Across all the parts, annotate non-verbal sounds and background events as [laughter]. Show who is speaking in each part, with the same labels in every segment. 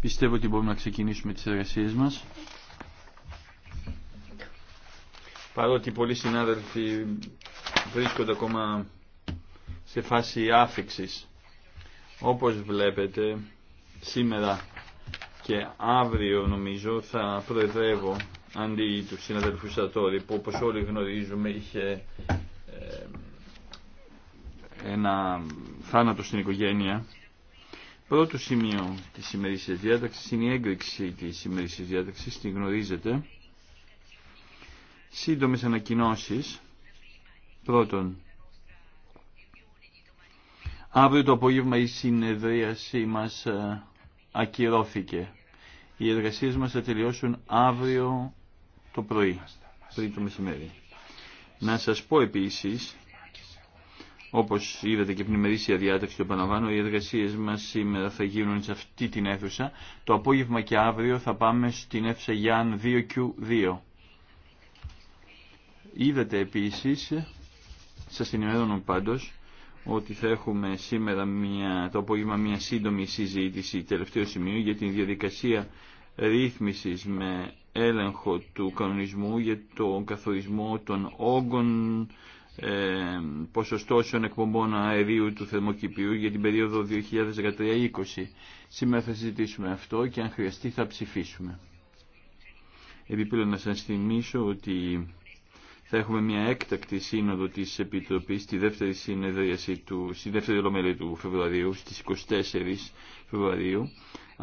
Speaker 1: Πιστεύω ότι μπορούμε να ξεκινήσουμε τις εργασίες μας. Παρότι πολλοί συνάδελφοι βρίσκονται ακόμα σε φάση άφηξης. Όπως βλέπετε, σήμερα και αύριο νομίζω θα προεδρεύω αντί του συναδελφού Σατόρη που όπως όλοι γνωρίζουμε είχε ε, ένα θάνατο στην οικογένεια. Πρώτο σημείο της ημερήσιας διάταξης είναι η έγκριξη της ημερήσιας διάταξης, την γνωρίζετε. Σύντομες ανακοινώσεις. Πρώτον, αύριο το απόγευμα η συνεδρίασή μας ε, ακυρώθηκε. Οι εργασίες μας θα τελειώσουν αύριο το πρωί, πριν το μεσημέρι. Να σας πω επίσης, όπως είδατε και πνημερίσια διάταξη, το επαναλαμβάνω, οι εργασίες μας σήμερα θα γίνουν σε αυτή την αίθουσα. Το απόγευμα και αύριο θα πάμε στην αίθουσα Γιάν 2Q2. Είδατε επίσης, σας ενημερώνω πάντως, ότι θα έχουμε σήμερα μια, το απόγευμα μια σύντομη συζήτηση, τελευταίο σημείο, για την διαδικασία ρύθμισης με έλεγχο του κανονισμού για τον καθορισμό των όγκων ε, ποσοστώσεων εκπομπών αερίου του θερμοκηπίου για την περίοδο 2013-2020. Σήμερα θα συζητήσουμε αυτό και αν χρειαστεί θα ψηφίσουμε. Επιπλέον να σας θυμίσω ότι θα έχουμε μια έκτακτη σύνοδο της Επιτροπής στη δεύτερη συνεδρίαση του, στη δεύτερη ολομέλεια του Φεβρουαρίου, στις 24 Φεβρουαρίου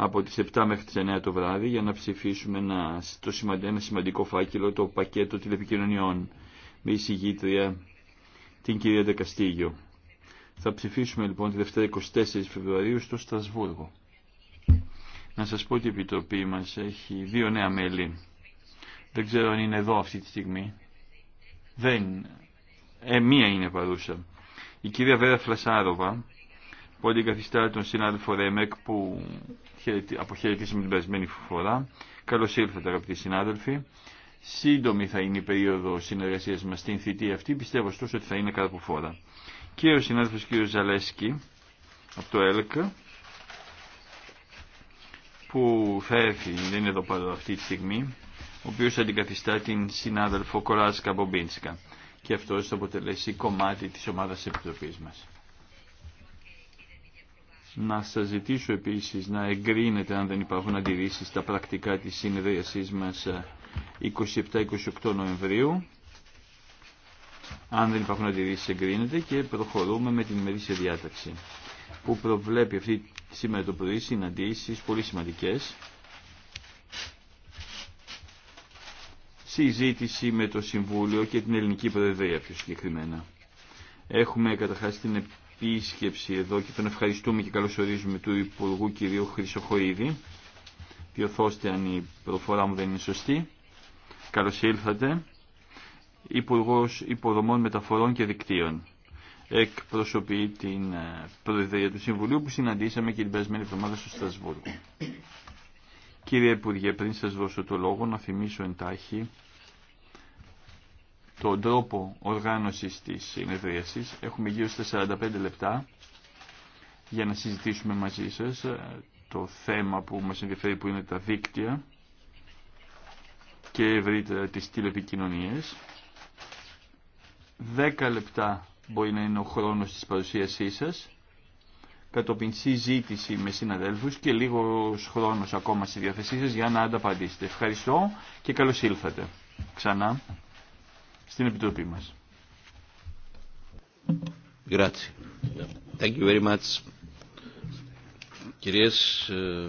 Speaker 1: από τις 7 μέχρι τις 9 το βράδυ για να ψηφίσουμε ένα, το σημαντικό, σημαντικό φάκελο, το πακέτο τηλεπικοινωνιών με εισηγήτρια την κυρία Δεκαστήγιο. Θα ψηφίσουμε λοιπόν τη Δευτέρα 24 Φεβρουαρίου στο Στρασβούργο. Να σας πω ότι η Επιτροπή μας έχει δύο νέα μέλη. Δεν ξέρω αν είναι εδώ αυτή τη στιγμή. Δεν. Ε, μία είναι παρούσα. Η κυρία Βέρα Φλασάροβα, που αντικαθιστά τον συνάδελφο Ρέμεκ που αποχαιρετήσαμε την περασμένη φορά. Καλώ ήρθατε αγαπητοί συνάδελφοι. Σύντομη θα είναι η περίοδο συνεργασία μα στην θητεία αυτή, πιστεύω ωστόσο ότι θα είναι κατά που φορά. Και ο συνάδελφο κ. Ζαλέσκι από το ΕΛΚ που θα έρθει, δεν είναι εδώ παρόν αυτή τη στιγμή, ο οποίος αντικαθιστά την συνάδελφο Κοράσκα Μπομπίνσκα και αυτός θα αποτελέσει κομμάτι της ομάδα Επιτροπή μα να σας ζητήσω επίσης να εγκρίνετε αν δεν υπάρχουν αντιρρήσεις τα πρακτικά της συνεδρίασής μας 27-28 ε, Νοεμβρίου. Αν δεν υπάρχουν αντιρρήσεις εγκρίνετε και προχωρούμε με την ημερήσια διάταξη που προβλέπει αυτή σήμερα το πρωί συναντήσεις πολύ σημαντικές. Συζήτηση με το Συμβούλιο και την Ελληνική Προεδρία πιο συγκεκριμένα. Έχουμε καταρχάς την επίσκεψη εδώ και τον ευχαριστούμε και καλωσορίζουμε του Υπουργού κ. Χρυσοχοίδη. Διορθώστε αν η προφορά μου δεν είναι σωστή. Καλώς ήλθατε. Υπουργό Υποδομών Μεταφορών και Δικτύων. Εκπροσωπεί την ε, Προεδρία του Συμβουλίου που συναντήσαμε και την περασμένη εβδομάδα στο Στρασβούργο. Κύριε Υπουργέ, πριν σας δώσω το λόγο να θυμίσω εντάχει τον τρόπο οργάνωσης της συνεδρίασης. Έχουμε γύρω στα 45 λεπτά για να συζητήσουμε μαζί σας ε, το θέμα που μας ενδιαφέρει που είναι τα δίκτυα και ευρύτερα τις τηλεπικοινωνίες. 10 λεπτά μπορεί να είναι ο χρόνος της παρουσίασής σας κατόπιν συζήτηση με συναδέλφους και λίγος χρόνος ακόμα στη διάθεσή σας για να ανταπαντήσετε. Ευχαριστώ και καλώς ήλθατε ξανά στην Επιτροπή μας.
Speaker 2: Thank you very much. Κυρίες ε,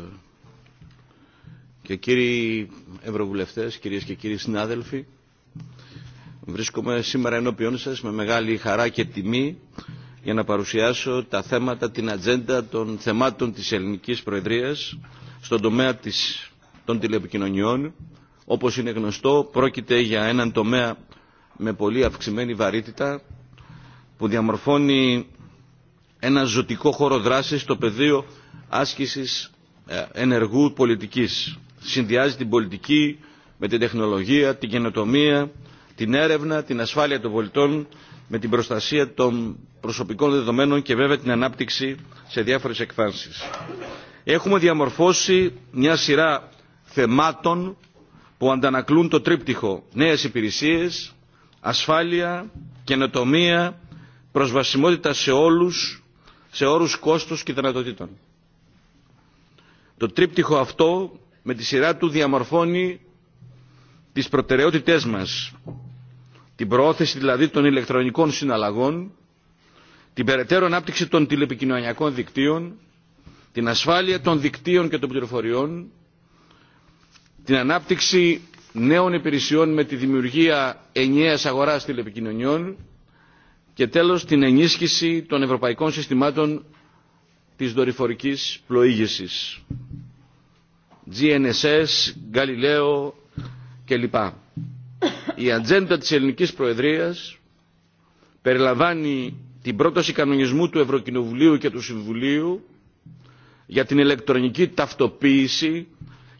Speaker 2: και κύριοι Ευρωβουλευτές, κυρίες και κύριοι συνάδελφοι, βρίσκομαι σήμερα ενώπιον σας με μεγάλη χαρά και τιμή για να παρουσιάσω τα θέματα, την ατζέντα των θεμάτων της ελληνικής προεδρίας στον τομέα της, των τηλεπικοινωνιών. Όπως είναι γνωστό, πρόκειται για έναν τομέα με πολύ αυξημένη βαρύτητα που διαμορφώνει ένα ζωτικό χώρο δράσης στο πεδίο άσκησης ε, ενεργού πολιτικής. Συνδυάζει την πολιτική με την τεχνολογία, την καινοτομία, την έρευνα, την ασφάλεια των πολιτών με την προστασία των προσωπικών δεδομένων και βέβαια την ανάπτυξη σε διάφορες εκφάνσεις. Έχουμε διαμορφώσει μια σειρά θεμάτων που αντανακλούν το τρίπτυχο νέες υπηρεσίες, ασφάλεια, καινοτομία, προσβασιμότητα σε όλους, σε όρους κόστους και δυνατοτήτων. Το τρίπτυχο αυτό με τη σειρά του διαμορφώνει τις προτεραιότητές μας, την προώθηση δηλαδή των ηλεκτρονικών συναλλαγών, την περαιτέρω ανάπτυξη των τηλεπικοινωνιακών δικτύων, την ασφάλεια των δικτύων και των πληροφοριών, την ανάπτυξη νέων υπηρεσιών με τη δημιουργία ενιαίας αγοράς τηλεπικοινωνιών και τέλος την ενίσχυση των ευρωπαϊκών συστημάτων της δορυφορικής πλοήγησης. GNSS, Galileo κλπ. Η ατζέντα της ελληνικής προεδρίας περιλαμβάνει την πρόταση κανονισμού του Ευρωκοινοβουλίου και του Συμβουλίου για την ηλεκτρονική ταυτοποίηση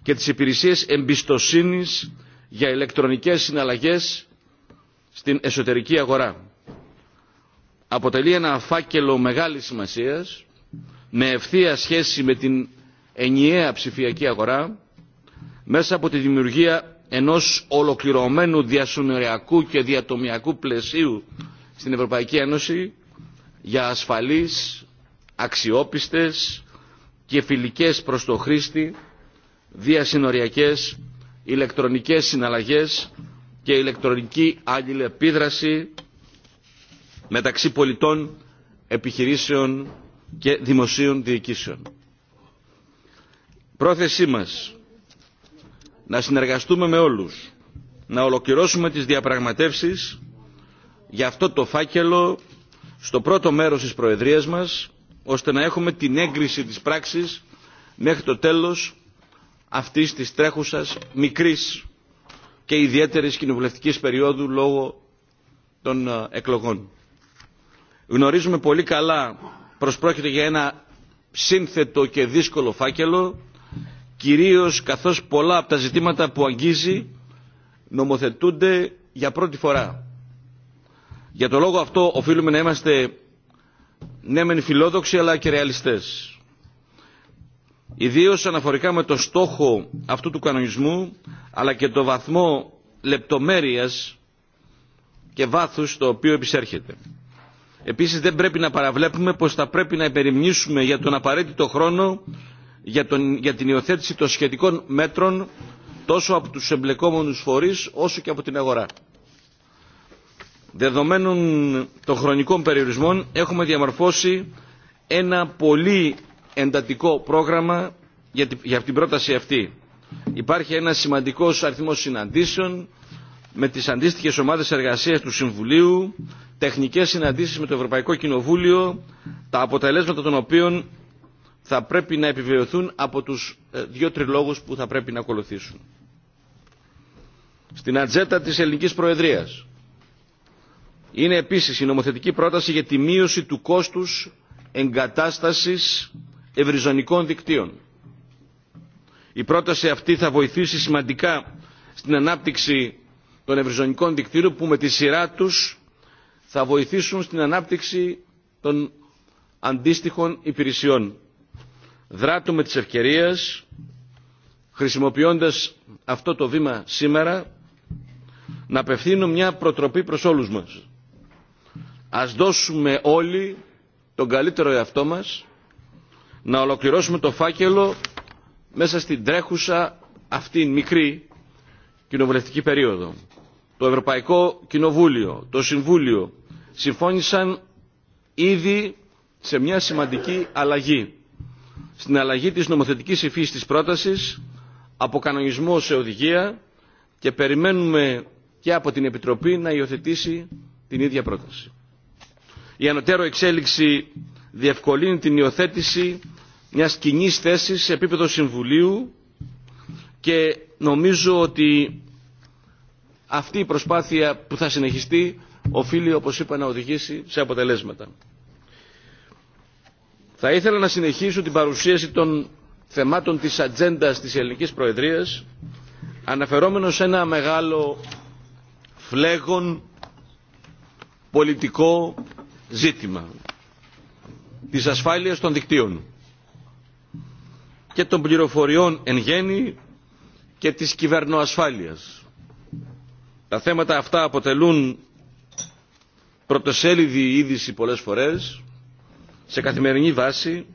Speaker 2: και τις υπηρεσίες εμπιστοσύνης για ηλεκτρονικές συναλλαγές στην εσωτερική αγορά. Αποτελεί ένα φάκελο μεγάλης σημασίας με ευθεία σχέση με την ενιαία ψηφιακή αγορά μέσα από τη δημιουργία ενός ολοκληρωμένου διασυνοριακού και διατομιακού πλαισίου στην Ευρωπαϊκή Ένωση για ασφαλείς, αξιόπιστες και φιλικές προς το χρήστη διασυνοριακές ηλεκτρονικές συναλλαγές και ηλεκτρονική αλληλεπίδραση μεταξύ πολιτών, επιχειρήσεων και δημοσίων διοικήσεων. Πρόθεσή μας να συνεργαστούμε με όλους, να ολοκληρώσουμε τις διαπραγματεύσεις για αυτό το φάκελο στο πρώτο μέρος της Προεδρίας μας, ώστε να έχουμε την έγκριση της πράξης μέχρι το τέλος αυτή της τρέχουσας μικρής και ιδιαίτερης κοινοβουλευτικής περίοδου λόγω των ε, εκλογών. Γνωρίζουμε πολύ καλά πως πρόκειται για ένα σύνθετο και δύσκολο φάκελο κυρίως καθώς πολλά από τα ζητήματα που αγγίζει νομοθετούνται για πρώτη φορά. Για το λόγο αυτό οφείλουμε να είμαστε ναι μεν φιλόδοξοι αλλά και ρεαλιστές ιδίως αναφορικά με το στόχο αυτού του κανονισμού αλλά και το βαθμό λεπτομέρειας και βάθους το οποίο επισέρχεται. Επίσης δεν πρέπει να παραβλέπουμε πως θα πρέπει να υπερημνήσουμε για τον απαραίτητο χρόνο για, τον, για την υιοθέτηση των σχετικών μέτρων τόσο από τους εμπλεκόμενους φορείς όσο και από την αγορά. Δεδομένων των χρονικών περιορισμών έχουμε διαμορφώσει ένα πολύ εντατικό πρόγραμμα για την πρόταση αυτή. Υπάρχει ένα σημαντικό αριθμός συναντήσεων με τις αντίστοιχες ομάδες εργασίας του Συμβουλίου, τεχνικές συναντήσεις με το Ευρωπαϊκό Κοινοβούλιο, τα αποτελέσματα των οποίων θα πρέπει να επιβεβαιωθούν από τους ε, δύο τριλόγους που θα πρέπει να ακολουθήσουν. Στην ατζέτα της Ελληνικής Προεδρίας είναι επίση η νομοθετική πρόταση για τη μείωση του κόστους εγκατάστασης ευρυζωνικών δικτύων. Η πρόταση αυτή θα βοηθήσει σημαντικά στην ανάπτυξη των ευρυζωνικών δικτύων που με τη σειρά τους θα βοηθήσουν στην ανάπτυξη των αντίστοιχων υπηρεσιών. Δράτουμε τις ευκαιρίες, χρησιμοποιώντας αυτό το βήμα σήμερα, να απευθύνω μια προτροπή προς όλους μας. Ας δώσουμε όλοι τον καλύτερο εαυτό μας να ολοκληρώσουμε το φάκελο μέσα στην τρέχουσα αυτήν μικρή κοινοβουλευτική περίοδο. Το Ευρωπαϊκό Κοινοβούλιο, το Συμβούλιο συμφώνησαν ήδη σε μια σημαντική αλλαγή. Στην αλλαγή της νομοθετικής υφής της πρότασης από κανονισμό σε οδηγία και περιμένουμε και από την Επιτροπή να υιοθετήσει την ίδια πρόταση. Η ανωτέρω εξέλιξη διευκολύνει την υιοθέτηση μιας κοινή θέση σε επίπεδο Συμβουλίου και νομίζω ότι αυτή η προσπάθεια που θα συνεχιστεί οφείλει, όπως είπα, να οδηγήσει σε αποτελέσματα. Θα ήθελα να συνεχίσω την παρουσίαση των θεμάτων της ατζέντα της Ελληνικής Προεδρίας αναφερόμενο σε ένα μεγάλο φλέγον πολιτικό ζήτημα της ασφάλειας των δικτύων και των πληροφοριών εν γέννη και της κυβερνοασφάλειας. Τα θέματα αυτά αποτελούν πρωτοσέλιδη είδηση πολλές φορές, σε καθημερινή βάση,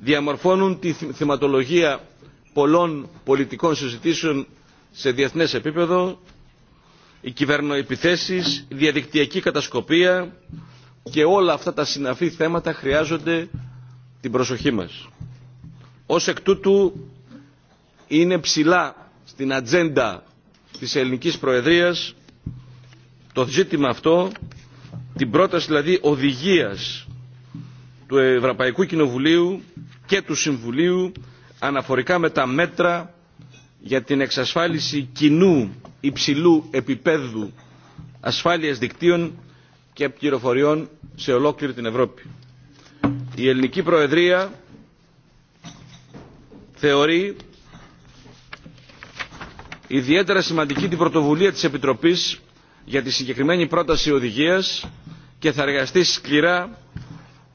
Speaker 2: διαμορφώνουν τη θεματολογία πολλών πολιτικών συζητήσεων σε διεθνές επίπεδο, οι κυβερνοεπιθέσεις, η διαδικτυακή κατασκοπία, και όλα αυτά τα συναφή θέματα χρειάζονται την προσοχή μας. Ως εκ τούτου είναι ψηλά στην ατζέντα της ελληνικής προεδρίας το ζήτημα αυτό, την πρόταση δηλαδή οδηγίας του Ευρωπαϊκού Κοινοβουλίου και του Συμβουλίου αναφορικά με τα μέτρα για την εξασφάλιση κοινού υψηλού επίπεδου ασφάλειας δικτύων και πληροφοριών σε ολόκληρη την Ευρώπη. Η ελληνική Προεδρία θεωρεί ιδιαίτερα σημαντική την πρωτοβουλία της Επιτροπής για τη συγκεκριμένη πρόταση οδηγίας και θα εργαστεί σκληρά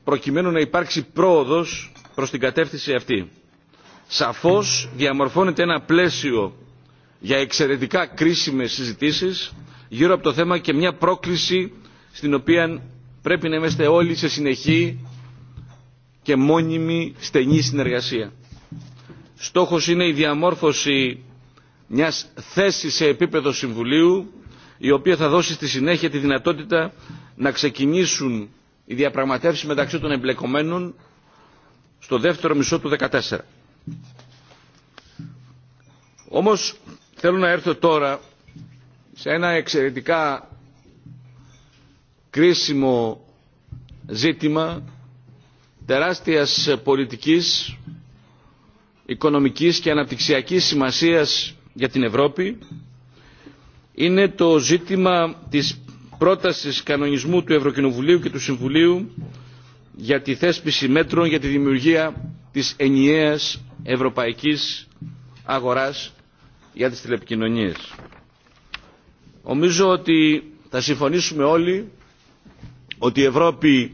Speaker 2: προκειμένου να υπάρξει πρόοδος προς την κατεύθυνση αυτή. Σαφώς διαμορφώνεται ένα πλαίσιο για εξαιρετικά κρίσιμες συζητήσεις γύρω από το θέμα και μια πρόκληση στην οποία πρέπει να είμαστε όλοι σε συνεχή και μόνιμη στενή συνεργασία. Στόχος είναι η διαμόρφωση μιας θέσης σε επίπεδο Συμβουλίου η οποία θα δώσει στη συνέχεια τη δυνατότητα να ξεκινήσουν οι διαπραγματεύσεις μεταξύ των εμπλεκομένων στο δεύτερο μισό του 2014. Όμως θέλω να έρθω τώρα σε ένα εξαιρετικά κρίσιμο ζήτημα τεράστιας πολιτικής, οικονομικής και αναπτυξιακής σημασίας για την Ευρώπη είναι το ζήτημα της πρότασης κανονισμού του Ευρωκοινοβουλίου και του Συμβουλίου για τη θέσπιση μέτρων για τη δημιουργία της ενιαίας ευρωπαϊκής αγοράς για τις τηλεπικοινωνίες. Νομίζω ότι θα συμφωνήσουμε όλοι ότι η Ευρώπη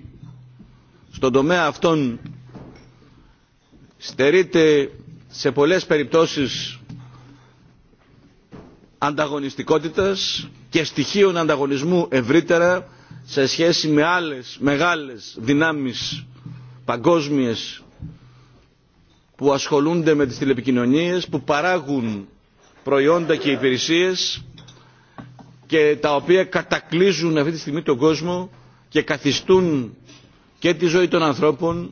Speaker 2: στον τομέα αυτόν στερείται σε πολλές περιπτώσεις ανταγωνιστικότητας και στοιχείων ανταγωνισμού ευρύτερα σε σχέση με άλλες μεγάλες δυνάμεις παγκόσμιες που ασχολούνται με τις τηλεπικοινωνίες, που παράγουν προϊόντα και υπηρεσίες και τα οποία κατακλείζουν αυτή τη στιγμή τον κόσμο και καθιστούν και τη ζωή των ανθρώπων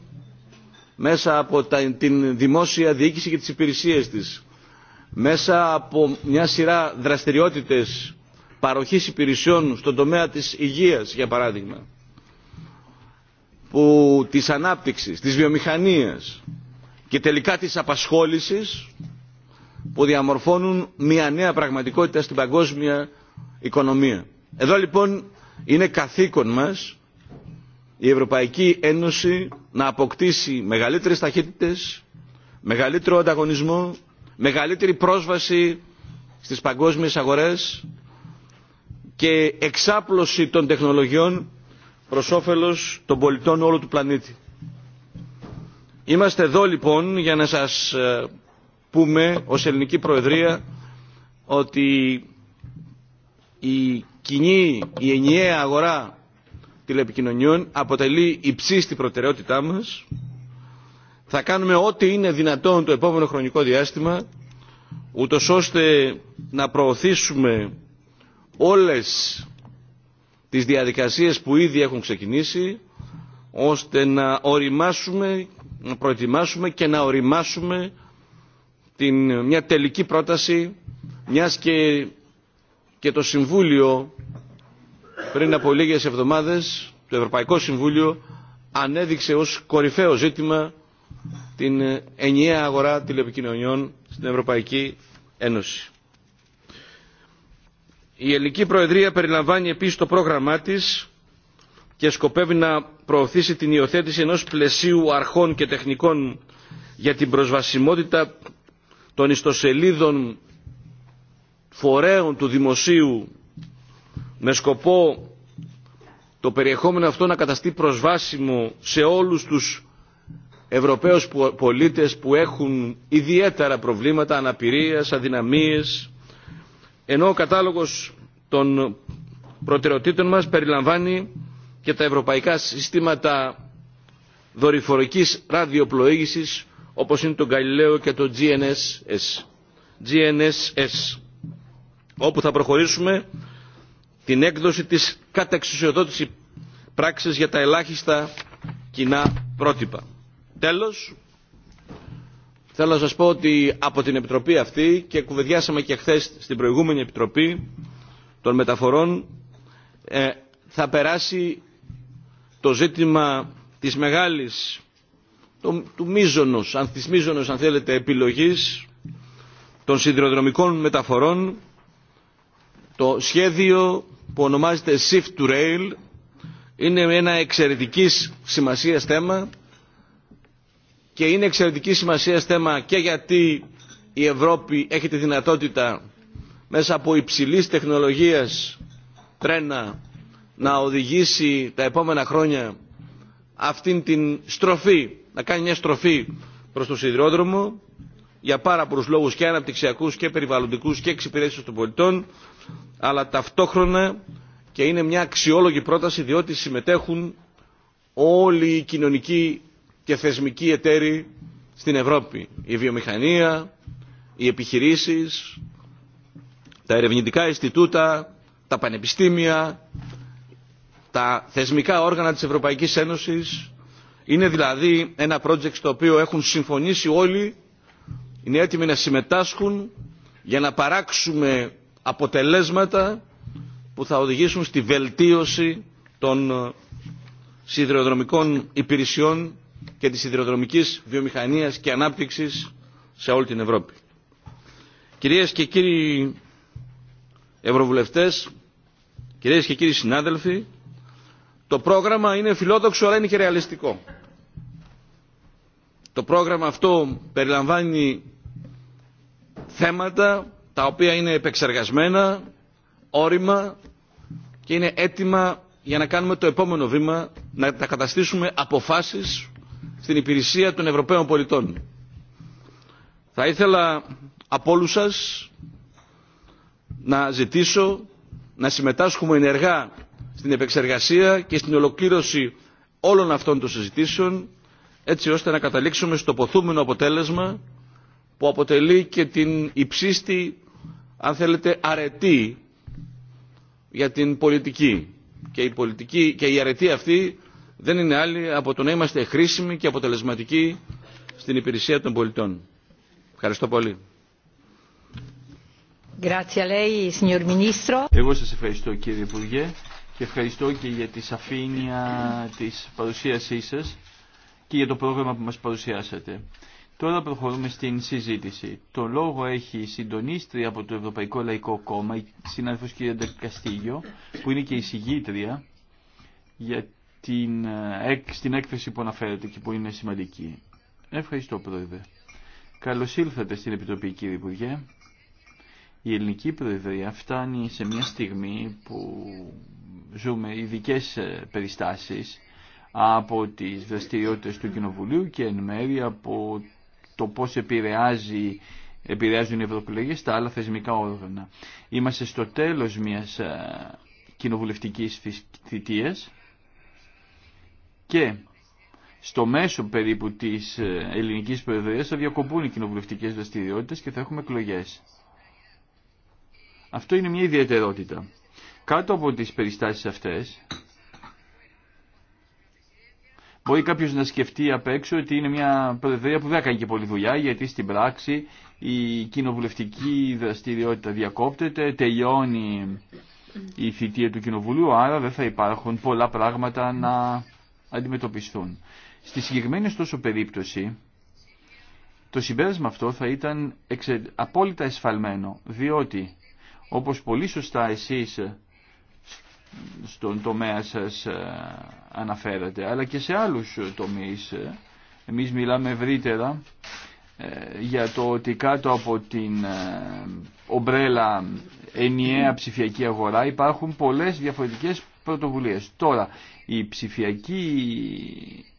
Speaker 2: μέσα από την δημόσια διοίκηση και τις υπηρεσίες της, μέσα από μια σειρά δραστηριότητες παροχής υπηρεσιών στον τομέα της υγείας, για παράδειγμα, που, της ανάπτυξης, της βιομηχανίας και τελικά της απασχόλησης που διαμορφώνουν μια νέα πραγματικότητα στην παγκόσμια οικονομία. Εδώ λοιπόν είναι καθήκον μας η Ευρωπαϊκή Ένωση να αποκτήσει μεγαλύτερες ταχύτητες, μεγαλύτερο ανταγωνισμό, μεγαλύτερη πρόσβαση στις παγκόσμιες αγορές και εξάπλωση των τεχνολογιών προς όφελος των πολιτών όλου του πλανήτη. Είμαστε εδώ λοιπόν για να σας ε, πούμε ως Ελληνική Προεδρία ότι η κοινή, η ενιαία αγορά τηλεπικοινωνιών αποτελεί υψίστη προτεραιότητά μας. Θα κάνουμε ό,τι είναι δυνατόν το επόμενο χρονικό διάστημα, ούτω ώστε να προωθήσουμε όλες τις διαδικασίες που ήδη έχουν ξεκινήσει, ώστε να οριμάσουμε, να προετοιμάσουμε και να οριμάσουμε την, μια τελική πρόταση, μιας και και το Συμβούλιο πριν από λίγες εβδομάδες, το Ευρωπαϊκό Συμβούλιο ανέδειξε ως κορυφαίο ζήτημα την ενιαία αγορά τηλεπικοινωνιών στην Ευρωπαϊκή Ένωση. Η Ελληνική Προεδρία περιλαμβάνει επίσης το πρόγραμμά της και σκοπεύει να προωθήσει την υιοθέτηση ενός πλαισίου αρχών και τεχνικών για την προσβασιμότητα των ιστοσελίδων φορέων του δημοσίου με σκοπό το περιεχόμενο αυτό να καταστεί προσβάσιμο σε όλους τους Ευρωπαίους πολίτες που έχουν ιδιαίτερα προβλήματα αναπηρίας, αδυναμίες ενώ ο κατάλογος των προτεραιοτήτων μας περιλαμβάνει και τα ευρωπαϊκά συστήματα δορυφορικής ραδιοπλοήγησης όπως είναι το Galileo και το GNSS όπου θα προχωρήσουμε την έκδοση της καταξουσιοδότηση πράξης για τα ελάχιστα κοινά πρότυπα. Τέλος, θέλω να σας πω ότι από την Επιτροπή αυτή και κουβεδιάσαμε και χθε στην προηγούμενη Επιτροπή των Μεταφορών ε, θα περάσει το ζήτημα της μεγάλης, του μίζωνος, αν, της αν θέλετε, επιλογής των σιδηροδρομικών μεταφορών το σχέδιο που ονομάζεται Shift to Rail είναι ένα εξαιρετικής σημασίας θέμα και είναι εξαιρετικής σημασίας θέμα και γιατί η Ευρώπη έχει τη δυνατότητα μέσα από υψηλής τεχνολογίας τρένα να οδηγήσει τα επόμενα χρόνια αυτήν την στροφή, να κάνει μια στροφή προς το σιδηρόδρομο για πάρα πολλούς λόγους και αναπτυξιακούς και περιβαλλοντικούς και εξυπηρέτησης των πολιτών αλλά ταυτόχρονα και είναι μια αξιόλογη πρόταση διότι συμμετέχουν όλοι οι κοινωνικοί και θεσμικοί εταίροι στην Ευρώπη. Η βιομηχανία, οι επιχειρήσεις, τα ερευνητικά ιστιτούτα, τα πανεπιστήμια, τα θεσμικά όργανα της Ευρωπαϊκής Ένωσης. Είναι δηλαδή ένα project στο οποίο έχουν συμφωνήσει όλοι, είναι έτοιμοι να συμμετάσχουν για να παράξουμε αποτελέσματα που θα οδηγήσουν στη βελτίωση των ε, σιδηροδρομικών υπηρεσιών και της σιδηροδρομικής βιομηχανίας και ανάπτυξης σε όλη την Ευρώπη. Κυρίες και κύριοι Ευρωβουλευτές, κυρίες και κύριοι συνάδελφοι, το πρόγραμμα είναι φιλόδοξο αλλά είναι και ρεαλιστικό. Το πρόγραμμα αυτό περιλαμβάνει θέματα τα οποία είναι επεξεργασμένα, όρημα και είναι έτοιμα για να κάνουμε το επόμενο βήμα, να τα καταστήσουμε αποφάσεις στην υπηρεσία των Ευρωπαίων πολιτών. Θα ήθελα από όλους σας να ζητήσω να συμμετάσχουμε ενεργά στην επεξεργασία και στην ολοκλήρωση όλων αυτών των συζητήσεων έτσι ώστε να καταλήξουμε στο ποθούμενο αποτέλεσμα που αποτελεί και την υψίστη αν θέλετε, αρετή για την πολιτική. Και η, πολιτική, και η αρετή αυτή δεν είναι άλλη από το να είμαστε χρήσιμοι και αποτελεσματικοί στην υπηρεσία των πολιτών. Ευχαριστώ πολύ.
Speaker 1: Εγώ σας ευχαριστώ κύριε Υπουργέ και ευχαριστώ και για τη σαφήνεια της παρουσίασής σας και για το πρόγραμμα που μας παρουσιάσατε. Τώρα προχωρούμε στην συζήτηση. Το λόγο έχει η συντονίστρια από το Ευρωπαϊκό Λαϊκό Κόμμα, η συνάδελφο κ. Καστίγιο, που είναι και η συγγήτρια για την, ε, στην έκθεση που αναφέρεται και που είναι σημαντική. Ευχαριστώ Πρόεδρε. Καλώ ήλθατε στην Επιτροπή κύριε Υπουργέ. Η ελληνική Προεδρία φτάνει σε μια στιγμή που ζούμε ειδικέ ε, περιστάσει από τι δραστηριότητε του Κοινοβουλίου και εν μέρει από το πώς επηρεάζει, επηρεάζουν οι ευρωεκλογές τα άλλα θεσμικά όργανα. Είμαστε στο τέλος μιας ε, κοινοβουλευτικής θητείας και στο μέσο περίπου της ε, ελληνικής προεδρίας θα διακοπούν οι κοινοβουλευτικές δραστηριότητες και θα έχουμε εκλογέ. Αυτό είναι μια ιδιαιτερότητα. Κάτω από τις περιστάσεις αυτές Μπορεί κάποιο να σκεφτεί απ' έξω ότι είναι μια προεδρία που δεν έκανε και πολλή δουλειά, γιατί στην πράξη η κοινοβουλευτική δραστηριότητα διακόπτεται, τελειώνει η θητεία του Κοινοβουλίου, άρα δεν θα υπάρχουν πολλά πράγματα να αντιμετωπιστούν. Στη συγκεκριμένη τόσο περίπτωση, το συμπέρασμα αυτό θα ήταν απόλυτα εσφαλμένο, διότι όπως πολύ σωστά εσείς στον τομέα σας ε, αναφέρατε, αλλά και σε άλλους ε, τομείς. Ε. Εμείς μιλάμε ευρύτερα για το ότι κάτω από την ομπρέλα ενιαία ψηφιακή αγορά υπάρχουν πολλές διαφορετικές πρωτοβουλίες. Τώρα, η ψηφιακή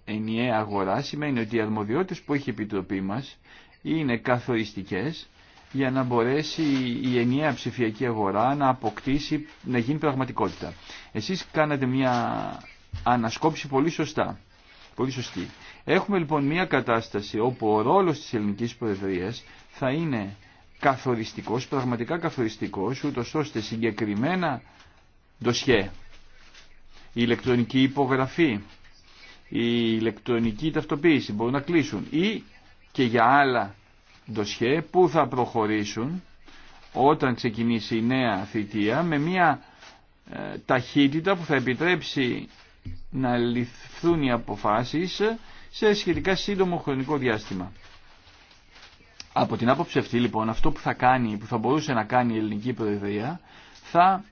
Speaker 1: ενιαία αγορά σημαίνει ότι οι αρμοδιότητες που έχει η Επιτροπή μας είναι καθοριστικές για να μπορέσει η ενιαία ψηφιακή αγορά να αποκτήσει, να γίνει πραγματικότητα. Εσείς κάνατε μια ανασκόπηση πολύ σωστά. Πολύ σωστή. Έχουμε λοιπόν μια κατάσταση όπου ο ρόλος της ελληνικής προεδρίας θα είναι καθοριστικός, πραγματικά καθοριστικός, ούτως ώστε συγκεκριμένα ντοσιέ, η ηλεκτρονική υπογραφή, η ηλεκτρονική ταυτοποίηση μπορούν να κλείσουν ή και για άλλα ντοσιέ που θα προχωρήσουν όταν ξεκινήσει η νέα θητεία με μια ε, ταχύτητα που θα επιτρέψει να ληφθούν οι αποφάσεις σε σχετικά σύντομο χρονικό διάστημα. Από την άποψη αυτή λοιπόν αυτό που θα κάνει, που θα μπορούσε να κάνει η ελληνική προεδρία θα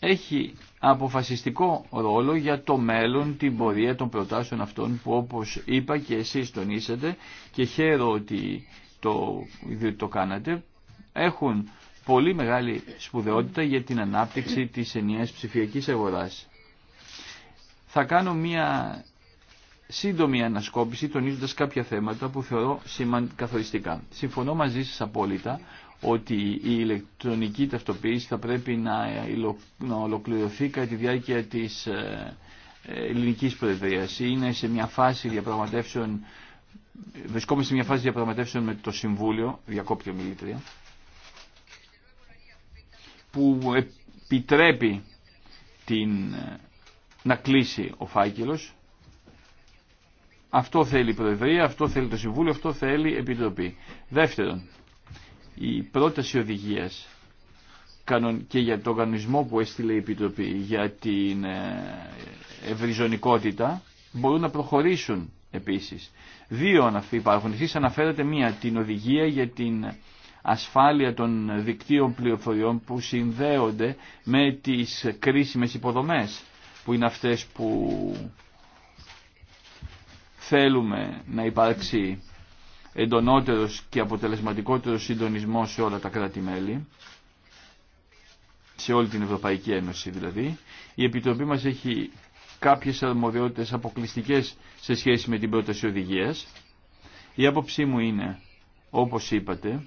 Speaker 1: έχει αποφασιστικό ρόλο για το μέλλον, την πορεία των προτάσεων αυτών που όπως είπα και εσείς τονίσατε και χαίρο ότι το, διότι το κάνατε, έχουν πολύ μεγάλη σπουδαιότητα για την ανάπτυξη της ενιαίας ψηφιακής αγοράς. Θα κάνω μία σύντομη ανασκόπηση τονίζοντας κάποια θέματα που θεωρώ καθοριστικά. Συμφωνώ μαζί σας απόλυτα ότι η ηλεκτρονική ταυτοποίηση θα πρέπει να ολοκληρωθεί κατά τη διάρκεια της ε, ε, ελληνικής προεδρίας. Είναι σε μια φάση διαπραγματεύσεων βρισκόμαστε σε μια φάση διαπραγματεύσεων με το Συμβούλιο, διακόπτει ομιλήτρια, που επιτρέπει την, να κλείσει ο φάκελος. Αυτό θέλει η Προεδρία, αυτό θέλει το Συμβούλιο, αυτό θέλει η Επιτροπή. Δεύτερον, η πρόταση οδηγίας και για τον κανονισμό που έστειλε η Επιτροπή για την ε, ευρυζωνικότητα μπορούν να προχωρήσουν επίσης. Δύο αναφύ υπάρχουν. Εσείς αναφέρατε μία την οδηγία για την ασφάλεια των δικτύων πληροφοριών που συνδέονται με τις κρίσιμες υποδομές που είναι αυτές που θέλουμε να υπάρξει εντονότερος και αποτελεσματικότερος συντονισμός σε όλα τα κράτη-μέλη, σε όλη την Ευρωπαϊκή Ένωση δηλαδή. Η Επιτροπή μας έχει κάποιες αρμοδιότητες αποκλειστικές σε σχέση με την πρόταση οδηγίας. Η άποψή μου είναι, όπως είπατε,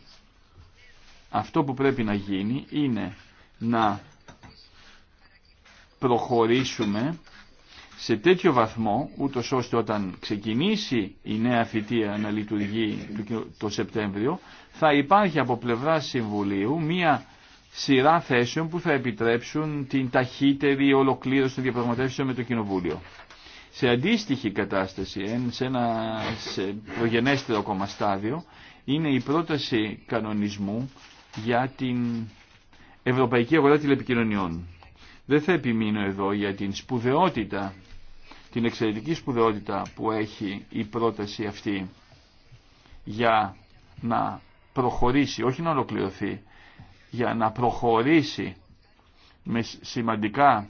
Speaker 1: αυτό που πρέπει να γίνει είναι να προχωρήσουμε σε τέτοιο βαθμό, ούτω ώστε όταν ξεκινήσει η νέα φοιτεία να λειτουργεί το Σεπτέμβριο, θα υπάρχει από πλευρά Συμβουλίου μία σειρά θέσεων που θα επιτρέψουν την ταχύτερη ολοκλήρωση των διαπραγματεύσεων με το Κοινοβούλιο. Σε αντίστοιχη κατάσταση, σε ένα προγενέστερο ακόμα στάδιο, είναι η πρόταση κανονισμού για την Ευρωπαϊκή Αγορά Τηλεπικοινωνιών. Δεν θα επιμείνω εδώ για την σπουδαιότητα, την εξαιρετική σπουδαιότητα που έχει η πρόταση αυτή για να προχωρήσει, όχι να ολοκληρωθεί, για να προχωρήσει με σημαντικά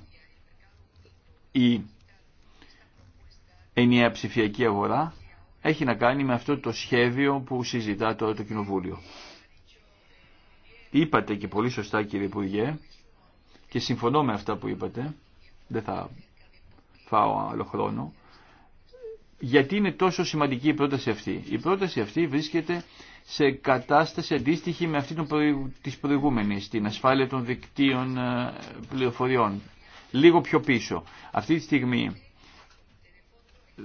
Speaker 1: η ενιαία ψηφιακή αγορά έχει να κάνει με αυτό το σχέδιο που συζητά τώρα το Κοινοβούλιο. Είπατε και πολύ σωστά κύριε Υπουργέ και συμφωνώ με αυτά που είπατε, δεν θα φάω άλλο χρόνο, γιατί είναι τόσο σημαντική η πρόταση αυτή. Η πρόταση αυτή βρίσκεται σε κατάσταση αντίστοιχη με αυτή της προηγούμενης, την ασφάλεια των δικτύων ε, πληροφοριών, λίγο πιο πίσω. Αυτή τη στιγμή ε,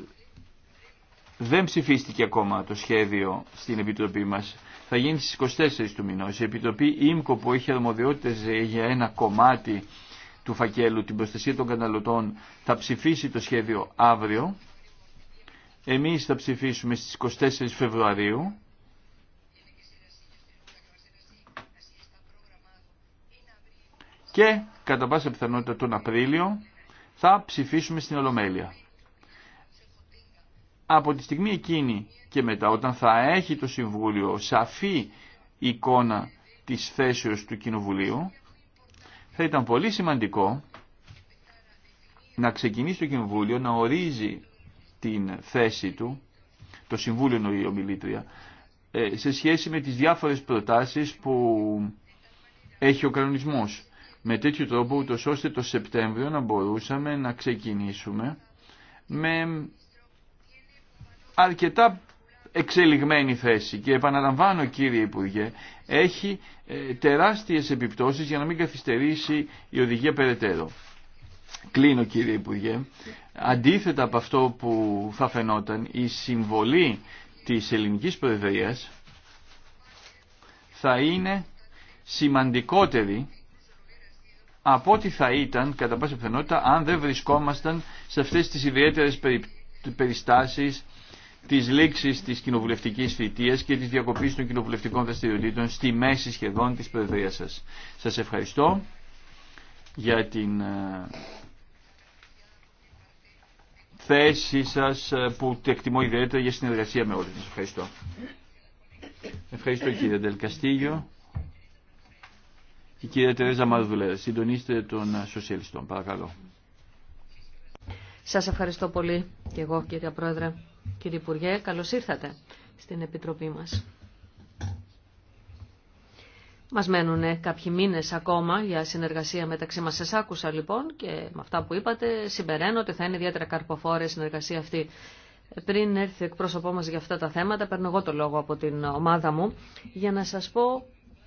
Speaker 1: δεν ψηφίστηκε ακόμα το σχέδιο στην Επιτροπή μας. Θα γίνει στις 24 του μηνός. Η Επιτροπή ΙΜΚΟ που έχει αρμοδιότητες για ένα κομμάτι του φακέλου, την προστασία των καταναλωτών, θα ψηφίσει το σχέδιο αύριο εμείς θα ψηφίσουμε στις 24 Φεβρουαρίου. Και κατά πάσα πιθανότητα τον Απρίλιο θα ψηφίσουμε στην Ολομέλεια. Από τη στιγμή εκείνη και μετά όταν θα έχει το Συμβούλιο σαφή εικόνα της θέσεως του Κοινοβουλίου θα ήταν πολύ σημαντικό να ξεκινήσει το Κοινοβούλιο να ορίζει την θέση του, το Συμβούλιο ομιλήτρια, ε, σε σχέση με τις διάφορες προτάσεις που έχει ο κανονισμός. Με τέτοιο τρόπο, ούτως ώστε το Σεπτέμβριο να μπορούσαμε να ξεκινήσουμε με αρκετά εξελιγμένη θέση και επαναλαμβάνω κύριε Υπουργέ έχει ε, τεράστιες επιπτώσεις για να μην καθυστερήσει η οδηγία περαιτέρω. Κλείνω κύριε Υπουργέ. Αντίθετα από αυτό που θα φαινόταν, η συμβολή της ελληνικής προεδρίας θα είναι σημαντικότερη από ό,τι θα ήταν, κατά πάσα πιθανότητα, αν δεν βρισκόμασταν σε αυτές τις ιδιαίτερες περιστάσεις της λήξης της κοινοβουλευτικής θητείας και της διακοπής των κοινοβουλευτικών δραστηριοτήτων στη μέση σχεδόν της Προεδρίας σας. Σας ευχαριστώ για την ε, θέση σας ε, που εκτιμώ ιδιαίτερα για συνεργασία με όλους. Σας ευχαριστώ. Ευχαριστώ κύριε Ντελκαστήγιο. Η κυρία Τερέζα Μαρδουλέρα, συντονίστε των σοσιαλιστών, παρακαλώ.
Speaker 3: Σα ευχαριστώ πολύ και εγώ κύριε Πρόεδρε, κύριε Υπουργέ, καλώς ήρθατε στην Επιτροπή μας. Μας μένουν ε, κάποιοι μήνες ακόμα για συνεργασία μεταξύ μας. Σας άκουσα λοιπόν και με αυτά που είπατε συμπεραίνω ότι θα είναι ιδιαίτερα καρποφόρη η συνεργασία αυτή. Ε, πριν έρθει εκπρόσωπό μας για αυτά τα θέματα, παίρνω εγώ το λόγο από την ομάδα μου για να σας πω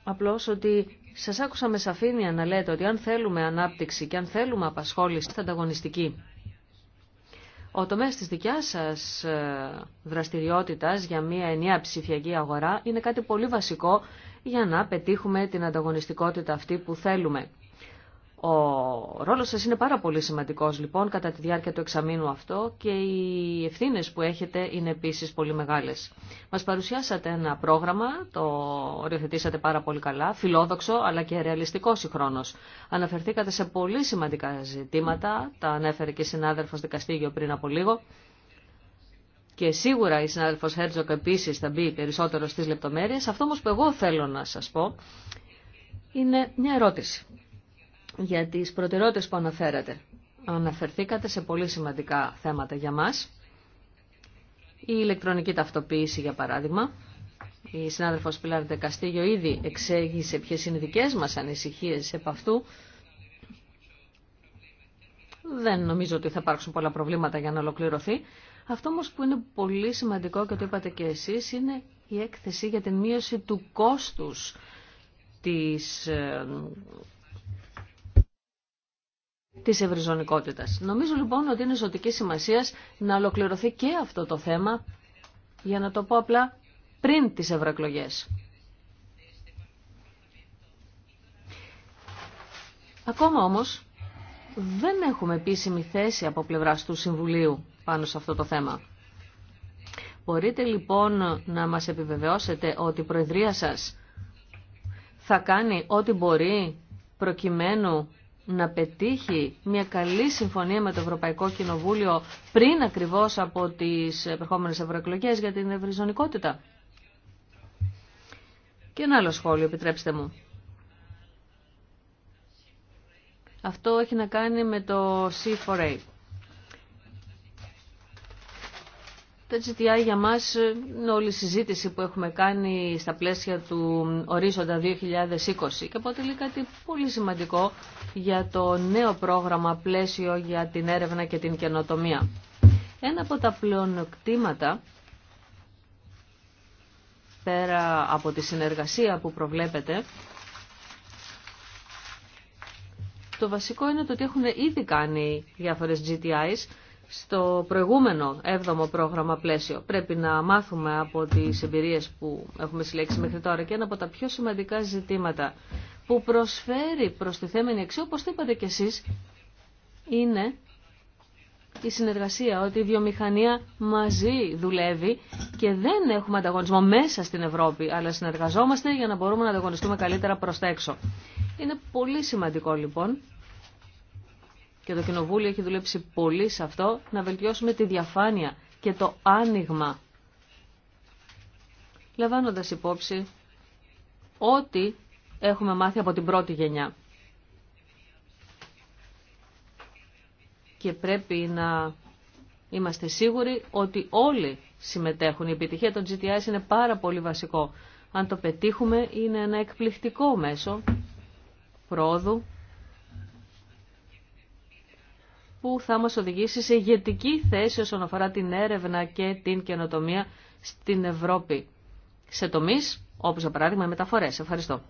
Speaker 3: απλώς ότι σας άκουσα με σαφήνεια να λέτε ότι αν θέλουμε ανάπτυξη και αν θέλουμε απασχόληση, ανταγωνιστική. Ο τομέας της δικιάς σας ε, δραστηριότητας για μια ενιαία ψηφιακή αγορά είναι κάτι πολύ βασικό για να πετύχουμε την ανταγωνιστικότητα αυτή που θέλουμε. Ο ρόλος σας είναι πάρα πολύ σημαντικός λοιπόν κατά τη διάρκεια του εξαμήνου αυτό και οι ευθύνες που έχετε είναι επίσης πολύ μεγάλες. Μας παρουσιάσατε ένα πρόγραμμα, το οριοθετήσατε πάρα πολύ καλά, φιλόδοξο αλλά και ρεαλιστικό συγχρόνως. Αναφερθήκατε σε πολύ σημαντικά ζητήματα, τα ανέφερε και η συνάδελφος Δικαστήγιο πριν από λίγο. Και σίγουρα η συνάδελφος Χέρτζοκ επίση θα μπει περισσότερο στις λεπτομέρειες. Αυτό όμω που εγώ θέλω να σας πω είναι μια ερώτηση για τις προτεραιότητες που αναφέρατε. Αναφερθήκατε σε πολύ σημαντικά θέματα για μας. Η ηλεκτρονική ταυτοποίηση, για παράδειγμα. Η συνάδελφος Πιλάρντε Καστίγιο ήδη εξέγησε ποιες είναι οι δικές μας ανησυχίες επ' αυτού. Δεν νομίζω ότι θα υπάρξουν πολλά προβλήματα για να ολοκληρωθεί. Αυτό όμως που είναι πολύ σημαντικό και το είπατε και εσείς είναι η έκθεση για την μείωση του κόστους της ε, Τη ευρυζωνικότητα. Νομίζω λοιπόν ότι είναι ζωτική σημασία να ολοκληρωθεί και αυτό το θέμα, για να το πω απλά, πριν τις ευρωεκλογέ. Ακόμα όμως δεν έχουμε επίσημη θέση από πλευρά του Συμβουλίου πάνω σε αυτό το θέμα. Μπορείτε λοιπόν να μας επιβεβαιώσετε ότι η Προεδρία σας θα κάνει ό,τι μπορεί προκειμένου να πετύχει μια καλή συμφωνία με το Ευρωπαϊκό Κοινοβούλιο πριν ακριβώς από τις επερχόμενες ευρωεκλογέ για την ευρυζωνικότητα. Και ένα άλλο σχόλιο, επιτρέψτε μου. Αυτό έχει να κάνει με το C4A. Τα GTI για μας ε, είναι όλη η συζήτηση που έχουμε κάνει στα πλαίσια του ορίζοντα 2020 και αποτελεί κάτι πολύ σημαντικό για το νέο πρόγραμμα πλαίσιο για την έρευνα και την καινοτομία. Ένα από τα πλεονεκτήματα πέρα από τη συνεργασία που προβλέπετε το βασικό είναι το ότι έχουν ήδη κάνει διάφορες GTIs στο προηγούμενο έβδομο πρόγραμμα πλαίσιο. Πρέπει να μάθουμε από τις εμπειρίες που έχουμε συλλέξει μέχρι τώρα και ένα από τα πιο σημαντικά ζητήματα που προσφέρει προς τη θέμενη αξία, όπως το είπατε κι εσείς, είναι η συνεργασία, ότι η βιομηχανία μαζί δουλεύει και δεν έχουμε ανταγωνισμό μέσα στην Ευρώπη, αλλά συνεργαζόμαστε για να μπορούμε να ανταγωνιστούμε καλύτερα προς τα έξω. Είναι πολύ σημαντικό λοιπόν και το Κοινοβούλιο έχει δουλέψει πολύ σε αυτό, να βελτιώσουμε τη διαφάνεια και το άνοιγμα, λαμβάνοντας υπόψη ό,τι έχουμε μάθει από την πρώτη γενιά. Και πρέπει να είμαστε σίγουροι ότι όλοι συμμετέχουν. Η επιτυχία των GTIs είναι πάρα πολύ βασικό. Αν το πετύχουμε είναι ένα εκπληκτικό μέσο πρόοδου που θα μας οδηγήσει σε ηγετική θέση όσον αφορά την έρευνα και την καινοτομία στην Ευρώπη. Σε τομείς, όπως για παράδειγμα οι μεταφορές. Ευχαριστώ.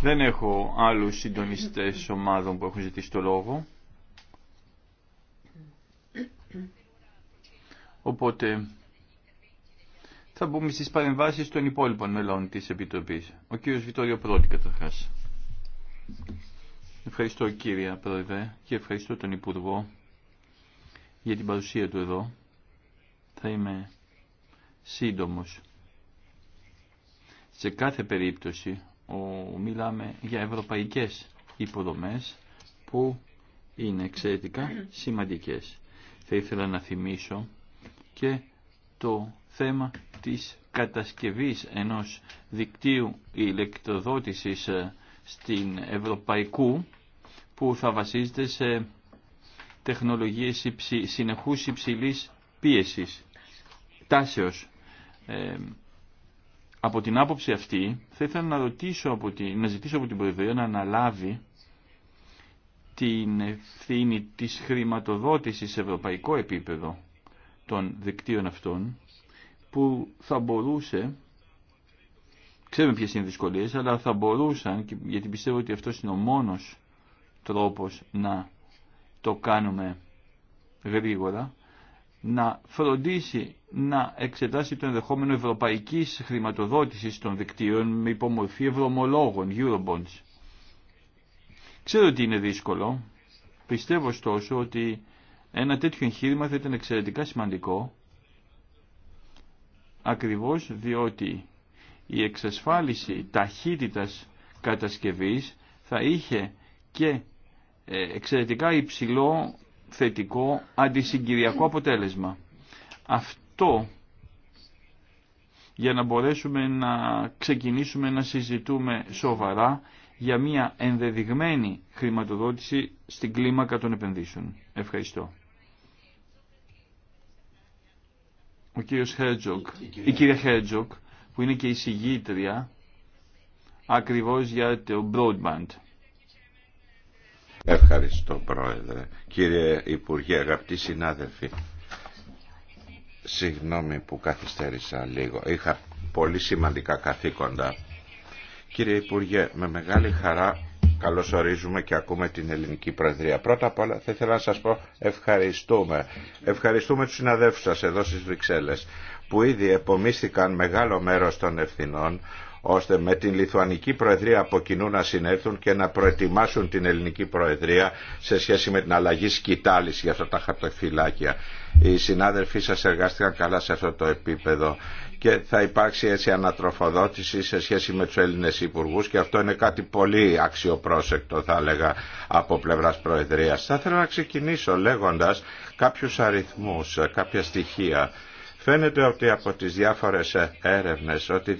Speaker 1: Δεν έχω άλλους συντονιστές ομάδων που έχουν ζητήσει το λόγο. Οπότε θα μπούμε στις παρεμβάσεις των υπόλοιπων μελών της Επιτροπής. Ο κύριος Βιτόριο Πρώτη καταρχάς. Ευχαριστώ κύριε Πρόεδρε και ευχαριστώ τον Υπουργό για την παρουσία του εδώ. Θα είμαι σύντομος. Σε κάθε περίπτωση ο, μιλάμε για ευρωπαϊκές υποδομές που είναι εξαιρετικά σημαντικές. Θα ήθελα να θυμίσω και το θέμα της κατασκευής ενός δικτύου ηλεκτροδότησης ε, στην Ευρωπαϊκού που θα βασίζεται σε τεχνολογίες συνεχούς υψηλής πίεσης, τάσεως. Ε, από την άποψη αυτή θα ήθελα να, ρωτήσω από να ζητήσω από την Προεδρία να αναλάβει την ευθύνη της χρηματοδότησης σε ευρωπαϊκό επίπεδο των δικτύων αυτών που θα μπορούσε ξέρουμε ποιες είναι οι δυσκολίες αλλά θα μπορούσαν γιατί πιστεύω ότι αυτός είναι ο μόνος τρόπος να το κάνουμε γρήγορα να φροντίσει να εξετάσει το ενδεχόμενο ευρωπαϊκής χρηματοδότησης των δικτύων με υπομορφή ευρωμολόγων, Eurobonds. Ξέρω ότι είναι δύσκολο, πιστεύω ωστόσο ότι ένα τέτοιο εγχείρημα θα ήταν εξαιρετικά σημαντικό ακριβώς διότι η εξασφάλιση ταχύτητας κατασκευής θα είχε και ε, εξαιρετικά υψηλό θετικό αντισυγκυριακό αποτέλεσμα. Αυτό για να μπορέσουμε να ξεκινήσουμε να συζητούμε σοβαρά για μια ενδεδειγμένη χρηματοδότηση στην κλίμακα των επενδύσεων. Ευχαριστώ. ο κύριος Χέρτζοκ, η κυρία Χέρτζοκ, που είναι και η συγγήτρια ακριβώς για το broadband.
Speaker 4: Ευχαριστώ Πρόεδρε. Κύριε Υπουργέ, αγαπητοί συνάδελφοι, συγγνώμη που καθυστέρησα λίγο. Είχα πολύ σημαντικά καθήκοντα. Κύριε Υπουργέ, με μεγάλη χαρά ορίζουμε και ακούμε την ελληνική προεδρία. Πρώτα απ' όλα θα ήθελα να σας πω ευχαριστούμε. Ευχαριστούμε τους συναδέλφους σας εδώ στις Βρυξέλλες που ήδη επομίστηκαν μεγάλο μέρος των ευθυνών ώστε με την Λιθουανική Προεδρία από κοινού να συνέλθουν και να προετοιμάσουν την Ελληνική Προεδρία σε σχέση με την αλλαγή σκητάλης για αυτά τα χαρτοφυλάκια οι συνάδελφοί σας εργάστηκαν καλά σε αυτό το επίπεδο και θα υπάρξει έτσι ανατροφοδότηση σε σχέση με τους Έλληνες Υπουργούς και αυτό είναι κάτι πολύ αξιοπρόσεκτο θα έλεγα από πλευράς Προεδρίας. Θα ήθελα να ξεκινήσω λέγοντας κάποιους αριθμούς, κάποια στοιχεία. Φαίνεται ότι από τις διάφορες έρευνες ότι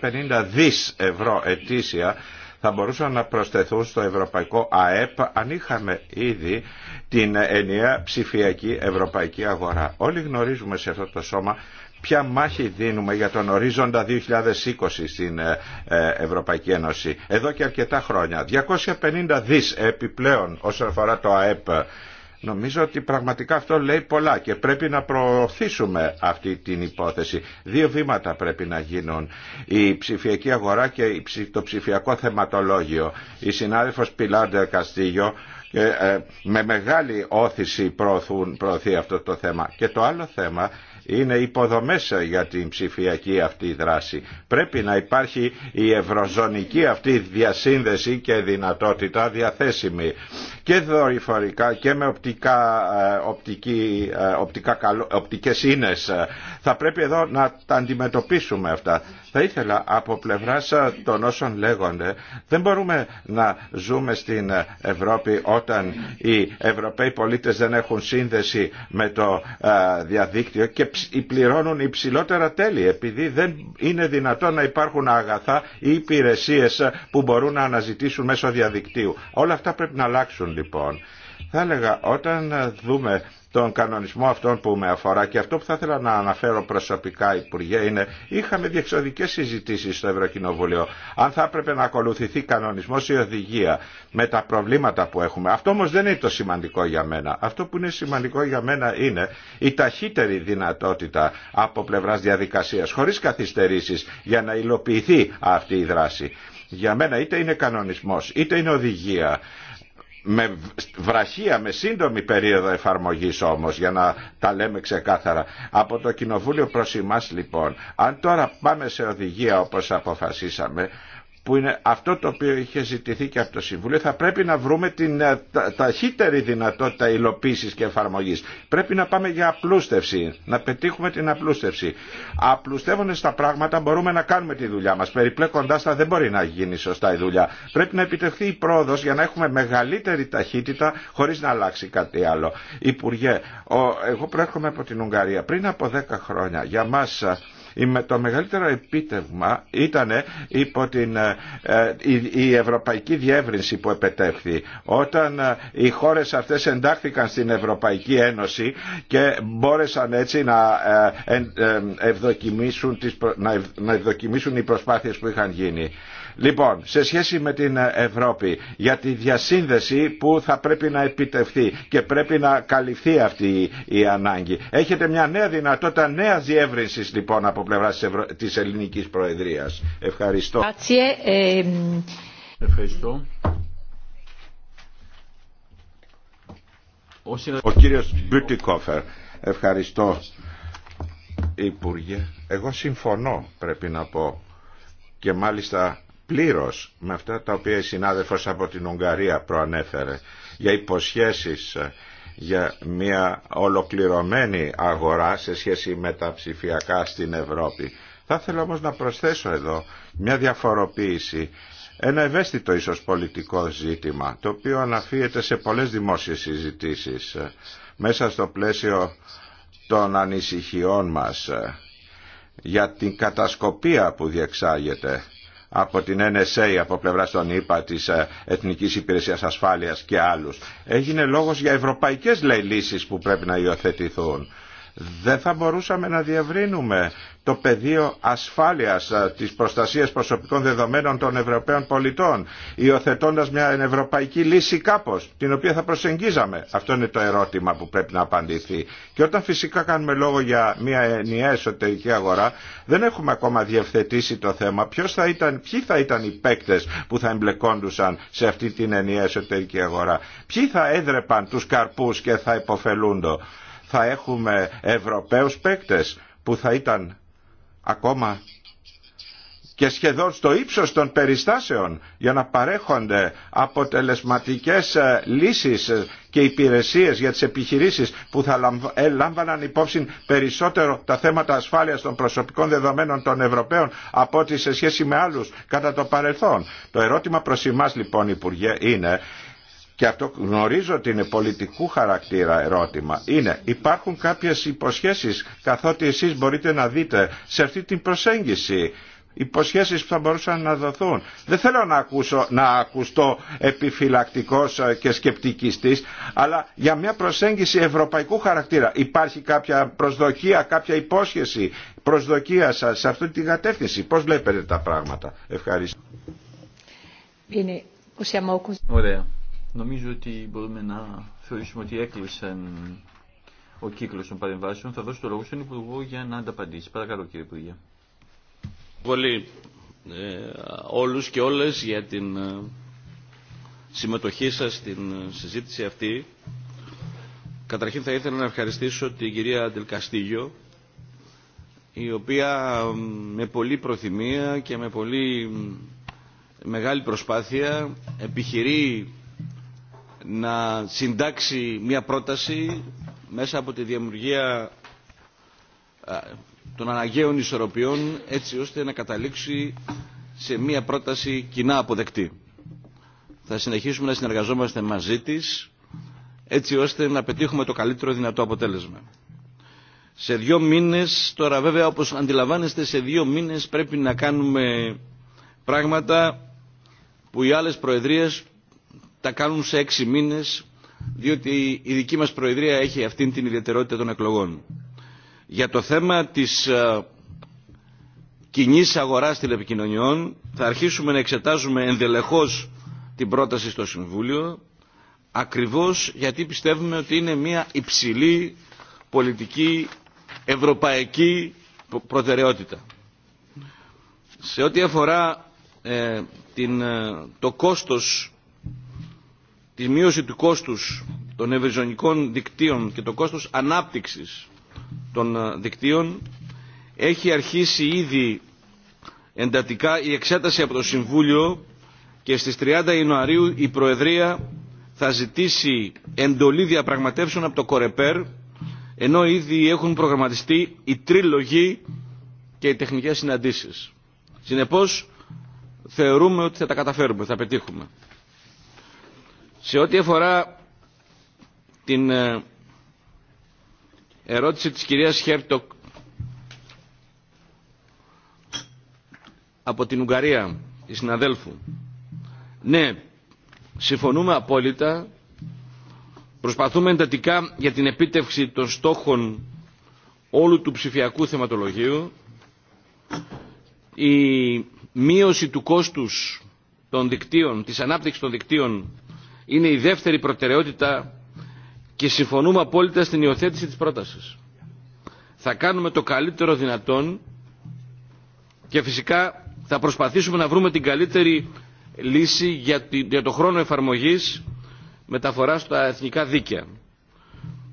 Speaker 4: 250 δις ευρώ ετήσια θα μπορούσαν να προσθεθούν στο ευρωπαϊκό ΑΕΠ αν είχαμε ήδη την ενιαία ψηφιακή ευρωπαϊκή αγορά. Όλοι γνωρίζουμε σε αυτό το σώμα ποια μάχη δίνουμε για τον ορίζοντα 2020 στην ε, ε, Ευρωπαϊκή Ένωση. Εδώ και αρκετά χρόνια. 250 δις επιπλέον όσον αφορά το ΑΕΠ Νομίζω ότι πραγματικά αυτό λέει πολλά και πρέπει να προωθήσουμε αυτή την υπόθεση. Δύο βήματα πρέπει να γίνουν. Η ψηφιακή αγορά και το ψηφιακό θεματολόγιο. Η συνάδελφος Πιλάντερ Καστίγιο ε, ε, με μεγάλη όθηση προωθούν, προωθεί αυτό το θέμα. Και το άλλο θέμα είναι υποδομές για την ψηφιακή αυτή δράση. Πρέπει να υπάρχει η ευρωζωνική αυτή διασύνδεση και δυνατότητα διαθέσιμη και δορυφορικά και με οπτικά, ε, οπτική, ε, οπτικά οπτικές ίνες. Θα πρέπει εδώ να τα αντιμετωπίσουμε αυτά. Θα ήθελα από πλευρά ε, των όσων λέγονται, δεν μπορούμε να ζούμε στην Ευρώπη όταν οι Ευρωπαίοι πολίτες δεν έχουν σύνδεση με το ε, διαδίκτυο και πληρώνουν υψηλότερα τέλη επειδή δεν είναι δυνατόν να υπάρχουν αγαθά ή υπηρεσίες που μπορούν να αναζητήσουν μέσω διαδικτύου. Όλα αυτά πρέπει να αλλάξουν λοιπόν. Θα έλεγα όταν ε, δούμε τον κανονισμό αυτόν που με αφορά και αυτό που θα ήθελα να αναφέρω προσωπικά Υπουργέ είναι είχαμε διεξοδικές συζητήσεις στο Ευρωκοινοβούλιο αν θα έπρεπε να ακολουθηθεί κανονισμός ή οδηγία με τα προβλήματα που έχουμε. Αυτό όμως δεν είναι το σημαντικό για μένα. Αυτό που είναι σημαντικό για μένα είναι η ταχύτερη δυνατότητα από πλευράς διαδικασίας χωρίς καθυστερήσεις για να υλοποιηθεί αυτή η δράση. Για μένα είτε είναι κανονισμός είτε είναι οδηγία με βραχία, με σύντομη περίοδο εφαρμογής όμως για να τα λέμε ξεκάθαρα. Από το Κοινοβούλιο προς εμάς λοιπόν, αν τώρα πάμε σε οδηγία όπως αποφασίσαμε, που είναι αυτό το οποίο είχε ζητηθεί και από το Συμβούλιο, θα πρέπει να βρούμε την ε, ταχύτερη δυνατότητα υλοποίησης και εφαρμογής. Πρέπει να πάμε για απλούστευση, να πετύχουμε την απλούστευση. Απλουστεύοντας τα πράγματα μπορούμε να κάνουμε τη δουλειά μας. Περιπλέκοντάς τα δεν μπορεί να γίνει σωστά η δουλειά. Πρέπει να επιτευχθεί η πρόοδος για να έχουμε μεγαλύτερη ταχύτητα χωρίς να αλλάξει κάτι άλλο. Υπουργέ, εγώ προέρχομαι από την Ουγγαρία. Πριν από 10 χρόνια για μας ε, το μεγαλύτερο επίτευγμα ήταν υπό την, ε, ε, η ευρωπαϊκή διεύρυνση που επετέφθη. Όταν ε, οι χώρες αυτές εντάχθηκαν στην Ευρωπαϊκή Ένωση και μπόρεσαν έτσι να ευδοκιμήσουν, τις, να ευδοκιμήσουν οι προσπάθειες που είχαν γίνει. Λοιπόν, σε σχέση με την Ευρώπη, για τη διασύνδεση που θα πρέπει να επιτευχθεί και πρέπει να καλυφθεί αυτή η ανάγκη. Έχετε μια νέα δυνατότητα νέα διεύρυνση λοιπόν από πλευρά τη Ελληνική Προεδρία. Ευχαριστώ.
Speaker 5: Ehm.
Speaker 4: Ευχαριστώ. Ο κύριος Μπιουτικόφερ, ευχαριστώ Υπουργέ. Εγώ συμφωνώ πρέπει να πω και μάλιστα πλήρως με αυτά τα οποία η συνάδελφος από την Ουγγαρία προανέφερε για υποσχέσεις ε, για μια ολοκληρωμένη αγορά σε σχέση με τα ψηφιακά στην Ευρώπη. Θα ήθελα όμως να προσθέσω εδώ μια διαφοροποίηση, ένα ευαίσθητο ίσως πολιτικό ζήτημα, το οποίο αναφύεται σε πολλές δημόσιες συζητήσεις ε, μέσα στο πλαίσιο των ανησυχιών μας ε, για την κατασκοπία που διεξάγεται από την NSA από πλευρά των ΗΠΑ της ε, Εθνικής Υπηρεσίας Ασφάλειας και άλλους. Έγινε λόγος για ευρωπαϊκές λέει που πρέπει να υιοθετηθούν δεν θα μπορούσαμε να διευρύνουμε το πεδίο ασφάλειας της προστασίας προσωπικών δεδομένων των Ευρωπαίων πολιτών, υιοθετώντα μια ευρωπαϊκή λύση κάπως, την οποία θα προσεγγίζαμε. Αυτό είναι το ερώτημα που πρέπει να απαντηθεί. Και όταν φυσικά κάνουμε λόγο για μια ενιαία εσωτερική αγορά, δεν έχουμε ακόμα διευθετήσει το θέμα ποιος θα ήταν, ποιοι θα ήταν οι παίκτες που θα εμπλεκόντουσαν σε αυτή την ενιαία εσωτερική αγορά. Ποιοι θα έδρεπαν τους καρπούς και θα υποφελούντο θα έχουμε Ευρωπαίους παίκτες που θα ήταν ακόμα και σχεδόν στο ύψος των περιστάσεων για να παρέχονται αποτελεσματικές ε, λύσεις ε, και υπηρεσίες για τις επιχειρήσεις που θα ε, λάμβαναν υπόψη περισσότερο τα θέματα ασφάλειας των προσωπικών δεδομένων των Ευρωπαίων από ό,τι σε σχέση με άλλους κατά το παρελθόν. Το ερώτημα προς εμάς λοιπόν Υπουργέ είναι και αυτό γνωρίζω ότι είναι πολιτικού χαρακτήρα ερώτημα, είναι υπάρχουν κάποιες υποσχέσεις καθότι εσείς μπορείτε να δείτε σε αυτή την προσέγγιση υποσχέσεις που θα μπορούσαν να δοθούν. Δεν θέλω να, ακούσω, να ακουστώ επιφυλακτικός ε, και σκεπτικιστής, αλλά για μια προσέγγιση ευρωπαϊκού χαρακτήρα υπάρχει κάποια προσδοκία, κάποια υπόσχεση προσδοκία σας σε αυτή την κατεύθυνση. Πώς βλέπετε τα πράγματα. Ευχαριστώ.
Speaker 1: Νομίζω ότι μπορούμε να θεωρήσουμε ότι έκλεισαν ο κύκλο των παρεμβάσεων. Θα δώσω το λόγο στον Υπουργό για να ανταπαντήσει. Παρακαλώ, κύριε Υπουργέ.
Speaker 2: Πολύ ε, όλους και όλες για την ε, συμμετοχή σας στην ε, συζήτηση αυτή. Καταρχήν θα ήθελα να ευχαριστήσω την κυρία Αντελκαστίγιο η οποία με πολύ προθυμία και με πολύ μεγάλη προσπάθεια επιχειρεί να συντάξει μια πρόταση μέσα από τη δημιουργία ε, των αναγκαίων ισορροπιών έτσι ώστε να καταλήξει σε μια πρόταση κοινά αποδεκτή. Θα συνεχίσουμε να συνεργαζόμαστε μαζί της έτσι ώστε να πετύχουμε το καλύτερο δυνατό αποτέλεσμα. Σε δύο μήνες, τώρα βέβαια όπως αντιλαμβάνεστε, σε δύο μήνες πρέπει να κάνουμε πράγματα που οι άλλες προεδρίες θα κάνουν σε έξι μήνες διότι η δική μας Προεδρία έχει αυτήν την ιδιαιτερότητα των εκλογών. Για το θέμα της ε, κοινή αγοράς τηλεπικοινωνιών θα αρχίσουμε να εξετάζουμε ενδελεχώς την πρόταση στο Συμβούλιο ακριβώς γιατί πιστεύουμε ότι είναι μια υψηλή πολιτική ευρωπαϊκή προτεραιότητα. Σε ό,τι αφορά ε, την, ε, το κόστος τη μείωση του κόστους των ευρυζωνικών δικτύων και το κόστος ανάπτυξης των ε, δικτύων έχει αρχίσει ήδη εντατικά η εξέταση από το Συμβούλιο και στις 30 Ιανουαρίου η Προεδρία θα ζητήσει εντολή διαπραγματεύσεων από το Κορεπέρ ενώ ήδη έχουν προγραμματιστεί οι τρίλογοι και οι τεχνικές συναντήσεις. Συνεπώς θεωρούμε ότι θα τα καταφέρουμε, θα πετύχουμε. Σε ό,τι αφορά την ε, ερώτηση της κυρίας Χέρτοκ από την Ουγγαρία, η συναδέλφου. Ναι, συμφωνούμε απόλυτα. Προσπαθούμε εντατικά για την επίτευξη των στόχων όλου του ψηφιακού θεματολογίου. Η μείωση του κόστους των δικτύων, της ανάπτυξης των δικτύων είναι η δεύτερη προτεραιότητα και συμφωνούμε απόλυτα στην υιοθέτηση της πρότασης. Θα κάνουμε το καλύτερο δυνατόν και φυσικά θα προσπαθήσουμε να βρούμε την καλύτερη λύση για το χρόνο εφαρμογής μεταφοράς στα εθνικά δίκαια.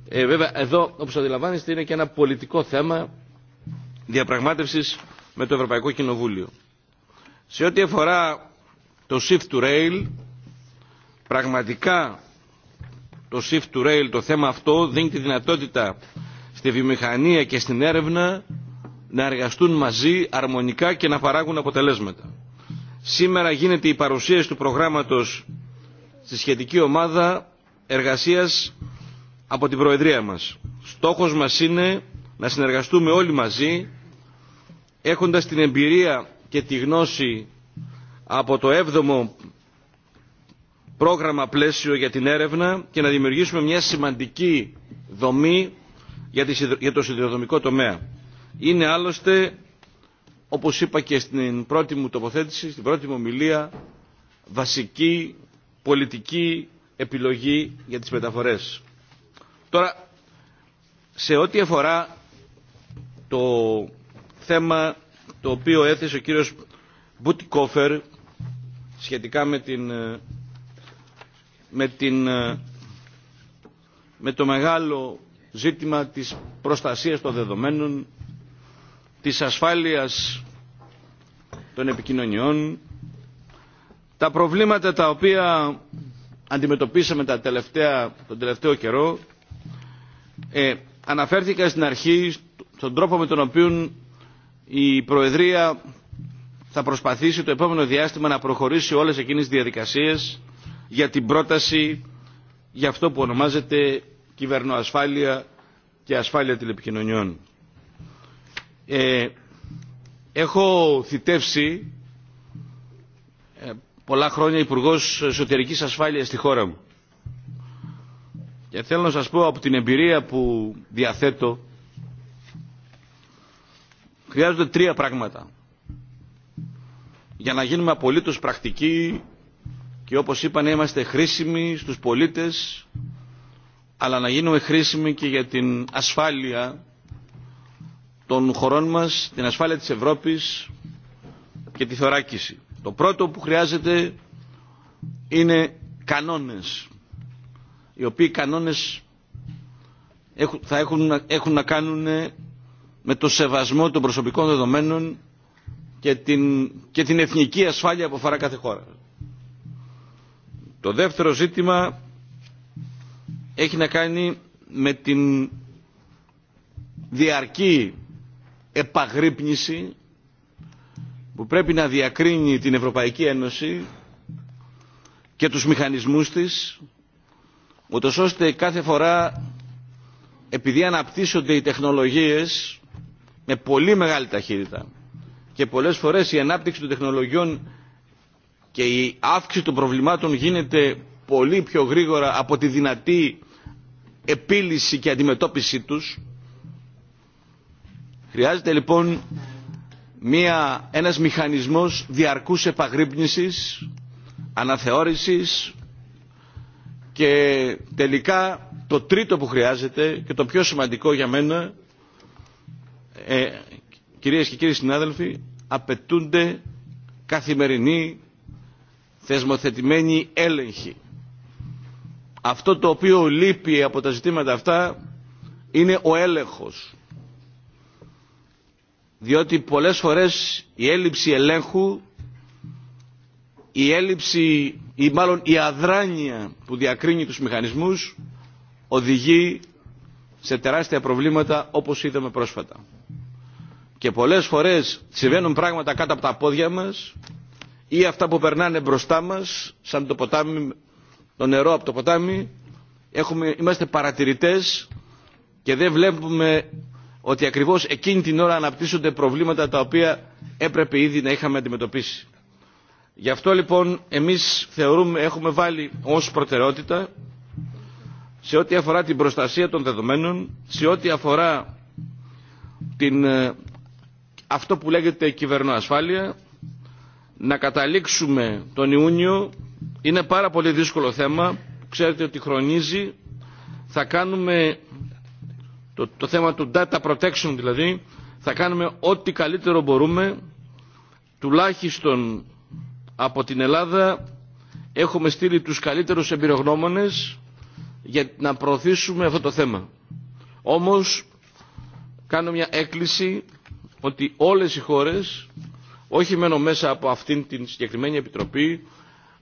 Speaker 2: Ε, βέβαια, εδώ, όπως αντιλαμβάνεστε, είναι και ένα πολιτικό θέμα διαπραγμάτευσης με το Ευρωπαϊκό Κοινοβούλιο. Σε ό,τι αφορά το shift to rail, πραγματικά το shift to rail, το θέμα αυτό, δίνει τη δυνατότητα στη βιομηχανία και στην έρευνα να εργαστούν μαζί αρμονικά και να παράγουν αποτελέσματα. Σήμερα γίνεται η παρουσίαση του προγράμματος στη σχετική ομάδα εργασίας από την Προεδρία μας. Στόχος μας είναι να συνεργαστούμε όλοι μαζί έχοντας την εμπειρία και τη γνώση από το 7ο πρόγραμμα πλαίσιο για την έρευνα και να δημιουργήσουμε μια σημαντική δομή για το σιδηροδρομικό τομέα. Είναι άλλωστε, όπως είπα και στην πρώτη μου τοποθέτηση, στην πρώτη μου ομιλία, βασική πολιτική επιλογή για τις μεταφορές. Τώρα, σε ό,τι αφορά το θέμα το οποίο έθεσε ο κύριος Μπουτικόφερ σχετικά με την ε, με, την, ε, το μεγάλο ζήτημα της προστασίας των δεδομένων, της ασφάλειας των επικοινωνιών, τα προβλήματα τα οποία αντιμετωπίσαμε τα τον τελευταίο καιρό ε, αναφέρθηκα στην αρχή στον τρόπο με τον οποίο η Προεδρία θα προσπαθήσει το επόμενο διάστημα να προχωρήσει όλες εκείνες τις διαδικασίες για την πρόταση για αυτό που ονομάζεται κυβερνοασφάλεια και ασφάλεια τηλεπικοινωνιών. Ε, έχω θητεύσει ε, πολλά χρόνια υπουργό Εσωτερικής Ασφάλειας στη χώρα μου. Και θέλω να σας πω από την εμπειρία που διαθέτω χρειάζονται τρία πράγματα για να γίνουμε απολύτως πρακτικοί και όπως είπα να είμαστε χρήσιμοι στους πολίτες αλλά να γίνουμε χρήσιμοι και για την ασφάλεια των χωρών μας, την ασφάλεια της Ευρώπης και τη θωράκιση. Το πρώτο που χρειάζεται είναι κανόνες, οι οποίοι κανόνες θα έχουν, έχουν να κάνουν με το σεβασμό των προσωπικών δεδομένων και την, και την εθνική ασφάλεια που αφορά κάθε χώρα. Το δεύτερο ζήτημα έχει να κάνει με την διαρκή επαγρύπνηση που πρέπει να διακρίνει την Ευρωπαϊκή Ένωση και τους μηχανισμούς της ούτως ώστε κάθε φορά επειδή αναπτύσσονται οι τεχνολογίες με πολύ μεγάλη ταχύτητα και πολλές φορές η ανάπτυξη των τεχνολογιών και η αύξηση των προβλημάτων γίνεται πολύ πιο γρήγορα από τη δυνατή επίλυση και αντιμετώπιση τους. Χρειάζεται λοιπόν μια, ένας μηχανισμός διαρκούς επαγρύπνησης, αναθεώρησης και τελικά το τρίτο που χρειάζεται και το πιο σημαντικό για μένα, ε, κυρίες και κύριοι συνάδελφοι, απαιτούνται καθημερινοί ...θεσμοθετημένη έλεγχη. Αυτό το οποίο λείπει από τα ζητήματα αυτά είναι ο έλεγχος. Διότι πολλές φορές η έλλειψη ελέγχου, η έλλειψη ή μάλλον η αδράνεια που διακρίνει τους μηχανισμούς οδηγεί σε τεράστια προβλήματα όπως είδαμε πρόσφατα. Και πολλές φορές συμβαίνουν πράγματα κάτω από τα πόδια μας ή αυτά που περνάνε μπροστά μας, σαν το, ποτάμι, το νερό από το ποτάμι, έχουμε, είμαστε παρατηρητές και δεν βλέπουμε ότι ακριβώς εκείνη την ώρα αναπτύσσονται προβλήματα τα οποία έπρεπε ήδη να είχαμε αντιμετωπίσει. Γι' αυτό λοιπόν εμείς θεωρούμε, έχουμε βάλει ως προτεραιότητα σε ό,τι αφορά την προστασία των δεδομένων, σε ό,τι αφορά την, ε, αυτό που λέγεται κυβερνοασφάλεια, να καταλήξουμε τον Ιούνιο είναι πάρα πολύ δύσκολο θέμα. Ξέρετε ότι χρονίζει. Θα κάνουμε το, το θέμα του data protection δηλαδή. Θα κάνουμε ό,τι καλύτερο μπορούμε. Τουλάχιστον από την Ελλάδα έχουμε στείλει τους καλύτερους εμπειρογνώμονες για να προωθήσουμε αυτό το θέμα. Όμως κάνω μια έκκληση ότι όλες οι χώρες όχι μένω μέσα από αυτήν την συγκεκριμένη επιτροπή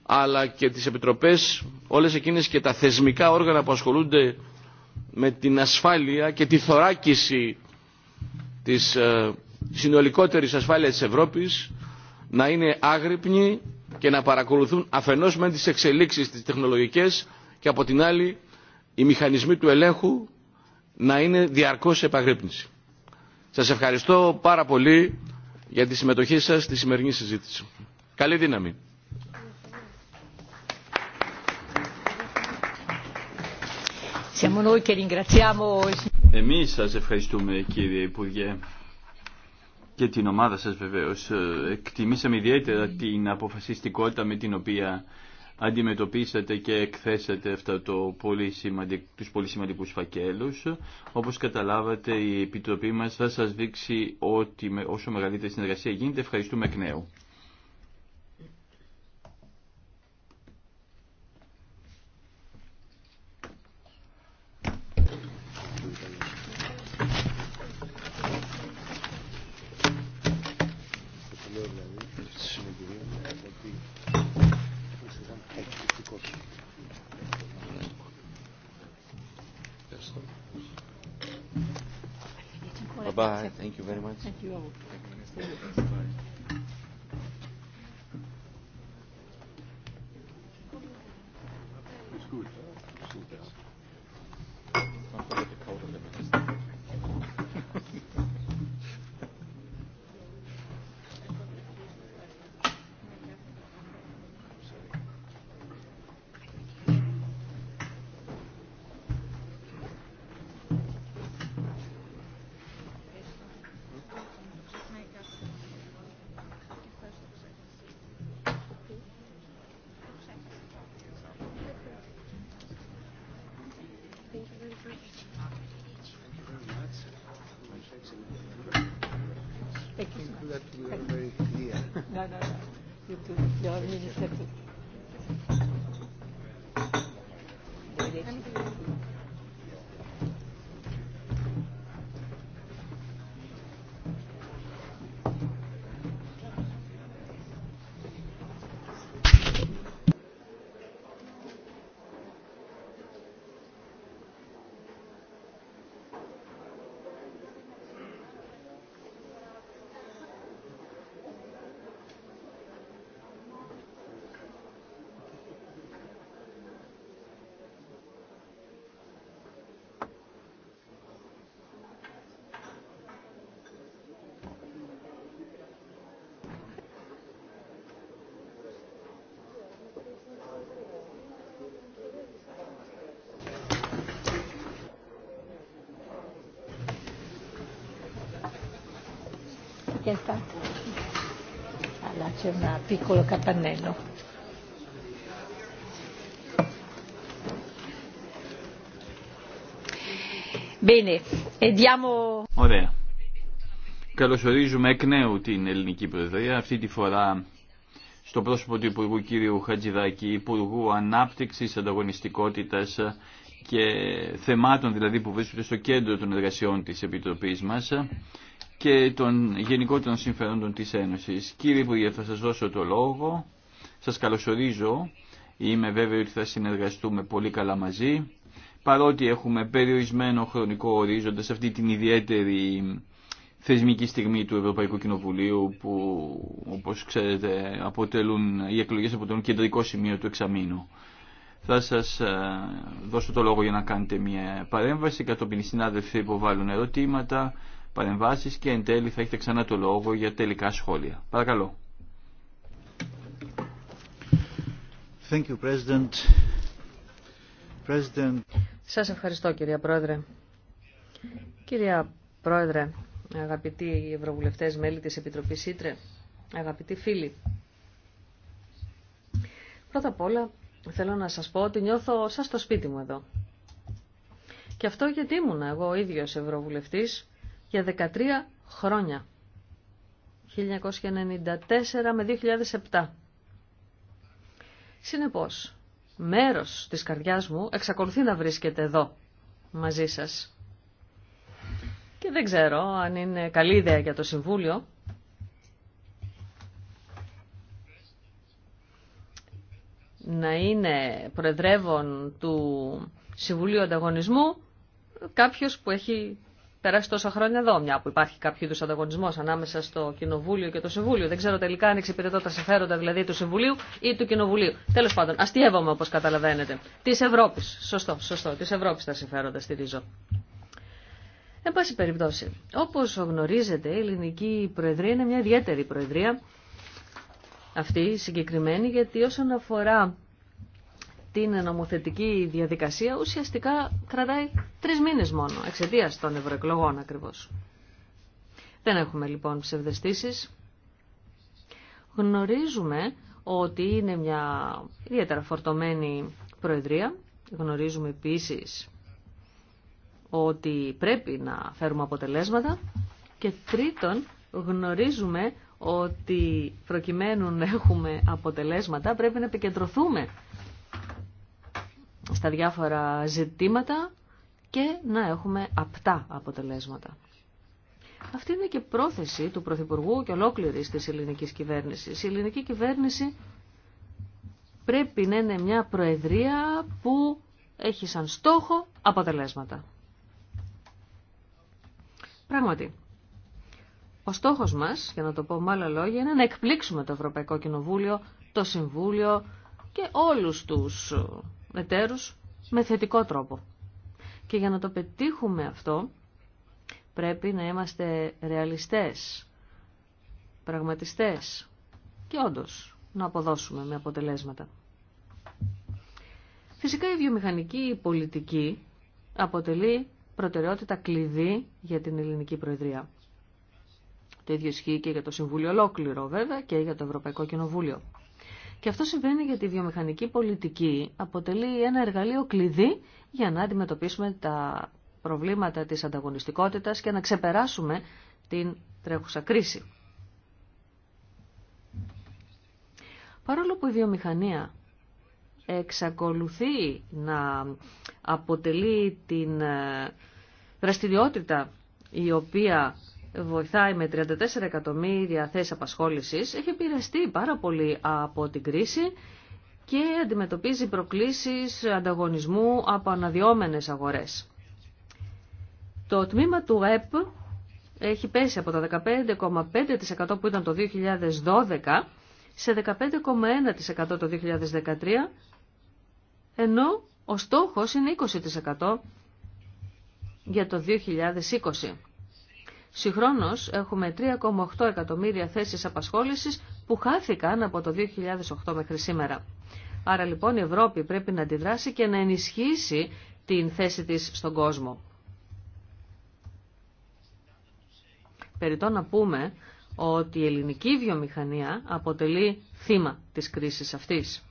Speaker 2: αλλά και τις επιτροπές όλες εκείνες και τα θεσμικά όργανα που ασχολούνται με την ασφάλεια και τη θωράκιση της ε, συνολικότερης ασφάλειας της Ευρώπης να είναι άγρυπνοι και να παρακολουθούν αφενός με τις εξελίξεις τις τεχνολογικές και από την άλλη οι μηχανισμοί του ελέγχου να είναι διαρκώς επαγρύπνηση. Σας ευχαριστώ πάρα πολύ για τη συμμετοχή σας στη σημερινή συζήτηση. Καλή δύναμη. Εμείς σας
Speaker 1: ευχαριστούμε κύριε Υπουργέ και την ομάδα σας βεβαίως. Ε, εκτιμήσαμε ιδιαίτερα την αποφασιστικότητα με την οποία αντιμετωπίσατε και εκθέσατε αυτά το πολύ σημαντικ, τους πολύ σημαντικούς φακέλους. Όπως καταλάβατε η Επιτροπή μας θα σας δείξει ότι όσο μεγαλύτερη συνεργασία γίνεται ευχαριστούμε εκ νέου.
Speaker 5: Bye-bye. Thank you very much. Thank you all. Allora c'è un piccolo capannello. Bene, e
Speaker 6: diamo... Ωραία.
Speaker 1: Καλωσορίζουμε εκ νέου την ελληνική προεδρία, αυτή τη φορά στο πρόσωπο του Υπουργού κ. Χατζηδάκη, Υπουργού Ανάπτυξη Ανταγωνιστικότητα και θεμάτων δηλαδή που βρίσκονται στο κέντρο των εργασιών τη Επιτροπή μα και των γενικότερων συμφερόντων της Ένωσης. Κύριε Υπουργέ, θα σας δώσω το λόγο. Σας καλωσορίζω. Είμαι βέβαιο ότι θα συνεργαστούμε πολύ καλά μαζί. Παρότι έχουμε περιορισμένο χρονικό ορίζοντα σε αυτή την ιδιαίτερη θεσμική στιγμή του Ευρωπαϊκού Κοινοβουλίου που όπως ξέρετε αποτελούν, οι εκλογές αποτελούν κεντρικό σημείο του εξαμήνου. Θα σας ε, δώσω το λόγο για να κάνετε μια παρέμβαση, κατόπιν οι συνάδελφοι υποβάλλουν ερωτήματα παρεμβάσεις και εν τέλει θα έχετε ξανά το λόγο για τελικά σχόλια. Παρακαλώ.
Speaker 7: Thank you, President. President.
Speaker 3: Σας ευχαριστώ κυρία Πρόεδρε. Κυρία Πρόεδρε, αγαπητοί ευρωβουλευτές μέλη της Επιτροπής Ήτρε, αγαπητοί φίλοι. Πρώτα απ' όλα θέλω να σας πω ότι νιώθω σαν στο σπίτι μου εδώ. Και αυτό γιατί ήμουν εγώ ο ίδιος ευρωβουλευτής για 13 χρόνια. 1994 με 2007. Συνεπώς, μέρος της καρδιάς μου εξακολουθεί να βρίσκεται εδώ, μαζί σας. Και δεν ξέρω αν είναι καλή ιδέα για το Συμβούλιο. Να είναι προεδρεύων του Συμβουλίου Ανταγωνισμού κάποιος που έχει περάσει τόσα χρόνια εδώ, μια που υπάρχει κάποιο είδου ανταγωνισμό ανάμεσα στο Κοινοβούλιο και το Συμβούλιο. Δεν ξέρω τελικά αν εξυπηρετώ τα συμφέροντα δηλαδή του Συμβουλίου ή του Κοινοβουλίου. Τέλο πάντων, αστείευομαι όπω καταλαβαίνετε. Τη Ευρώπη. Σωστό, σωστό. Τη Ευρώπη τα συμφέροντα στηρίζω. Εν πάση περιπτώσει, όπω γνωρίζετε, η Ελληνική Προεδρία είναι μια ιδιαίτερη Προεδρία. Αυτή συγκεκριμένη, γιατί όσον αφορά την νομοθετική διαδικασία ουσιαστικά κρατάει τρεις μήνες μόνο, εξαιτία των ευρωεκλογών ακριβώς. Δεν έχουμε λοιπόν ψευδεστήσεις. Γνωρίζουμε ότι είναι μια ιδιαίτερα φορτωμένη προεδρία. Γνωρίζουμε επίσης ότι πρέπει να φέρουμε αποτελέσματα. Και τρίτον, γνωρίζουμε ότι προκειμένου να έχουμε αποτελέσματα πρέπει να επικεντρωθούμε στα διάφορα ζητήματα και να έχουμε απτά αποτελέσματα. Αυτή είναι και πρόθεση του Πρωθυπουργού και ολόκληρη τη ελληνική κυβέρνηση. Η ελληνική κυβέρνηση πρέπει να είναι μια προεδρία που έχει σαν στόχο αποτελέσματα. Πράγματι, ο στόχος μας, για να το πω με άλλα λόγια, είναι να εκπλήξουμε το Ευρωπαϊκό Κοινοβούλιο, το Συμβούλιο και όλους τους μετέρους με θετικό τρόπο. Και για να το πετύχουμε αυτό πρέπει να είμαστε ρεαλιστές, πραγματιστές και όντως να αποδώσουμε με αποτελέσματα. Φυσικά η βιομηχανική πολιτική αποτελεί προτεραιότητα κλειδί για την ελληνική προεδρία. Το ίδιο ισχύει και για το Συμβούλιο ολόκληρο βέβαια και για το Ευρωπαϊκό Κοινοβούλιο. Και αυτό συμβαίνει γιατί η βιομηχανική πολιτική αποτελεί ένα εργαλείο κλειδί για να αντιμετωπίσουμε τα προβλήματα της ανταγωνιστικότητας και να ξεπεράσουμε την τρέχουσα κρίση. Παρόλο που η βιομηχανία εξακολουθεί να αποτελεί την ε, δραστηριότητα η οποία βοηθάει με 34 εκατομμύρια θέσει απασχόληση έχει επηρεαστεί πάρα πολύ από την κρίση και αντιμετωπίζει προκλήσεις ανταγωνισμού από αναδυόμενες αγορές. Το τμήμα του ΕΠ έχει πέσει από τα 15,5% που ήταν το 2012 σε 15,1% το 2013, ενώ ο στόχος είναι 20% για το 2020. Συγχρόνως έχουμε 3,8 εκατομμύρια θέσεις απασχόλησης που χάθηκαν από το 2008 μέχρι σήμερα. Άρα λοιπόν η Ευρώπη πρέπει να αντιδράσει και να ενισχύσει την θέση της στον κόσμο. Περιτώ να πούμε ότι η ελληνική βιομηχανία αποτελεί θύμα της κρίσης αυτής.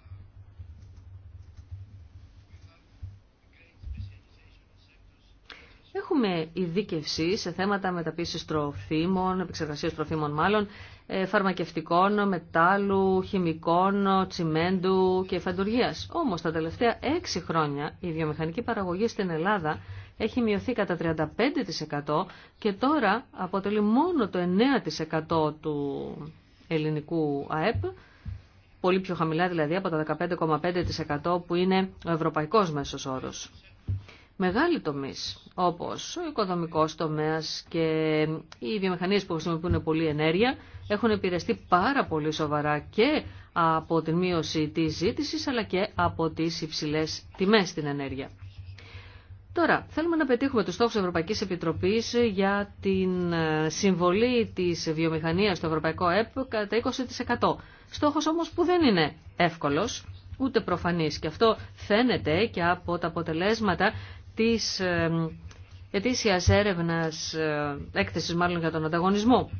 Speaker 3: έχουμε ειδίκευση σε θέματα μεταποίηση τροφίμων, επεξεργασία τροφίμων μάλλον, ε, φαρμακευτικών, μετάλλου, χημικών, τσιμέντου και φαντουργίας. Όμω τα τελευταία έξι χρόνια η βιομηχανική παραγωγή στην Ελλάδα έχει μειωθεί κατά 35% και τώρα αποτελεί μόνο το 9% του ελληνικού ΑΕΠ, πολύ πιο χαμηλά δηλαδή από τα 15,5% που είναι ο ευρωπαϊκός μέσος όρος μεγάλοι τομείς, όπως ο οικοδομικός τομέας και οι βιομηχανίες που χρησιμοποιούν πολύ ενέργεια, έχουν επηρεαστεί πάρα πολύ σοβαρά και από την μείωση της ζήτησης, αλλά και από τις υψηλές τιμές στην ενέργεια. Τώρα, θέλουμε να πετύχουμε τους στόχους Ευρωπαϊκής Επιτροπής για την ε, συμβολή της βιομηχανίας στο Ευρωπαϊκό ΕΠ κατά 20%. Στόχος όμως που δεν είναι εύκολος, ούτε προφανής. Και αυτό φαίνεται και από τα αποτελέσματα της ε, ετήσιας έρευνας, ε, έκθεσης μάλλον για τον ανταγωνισμό.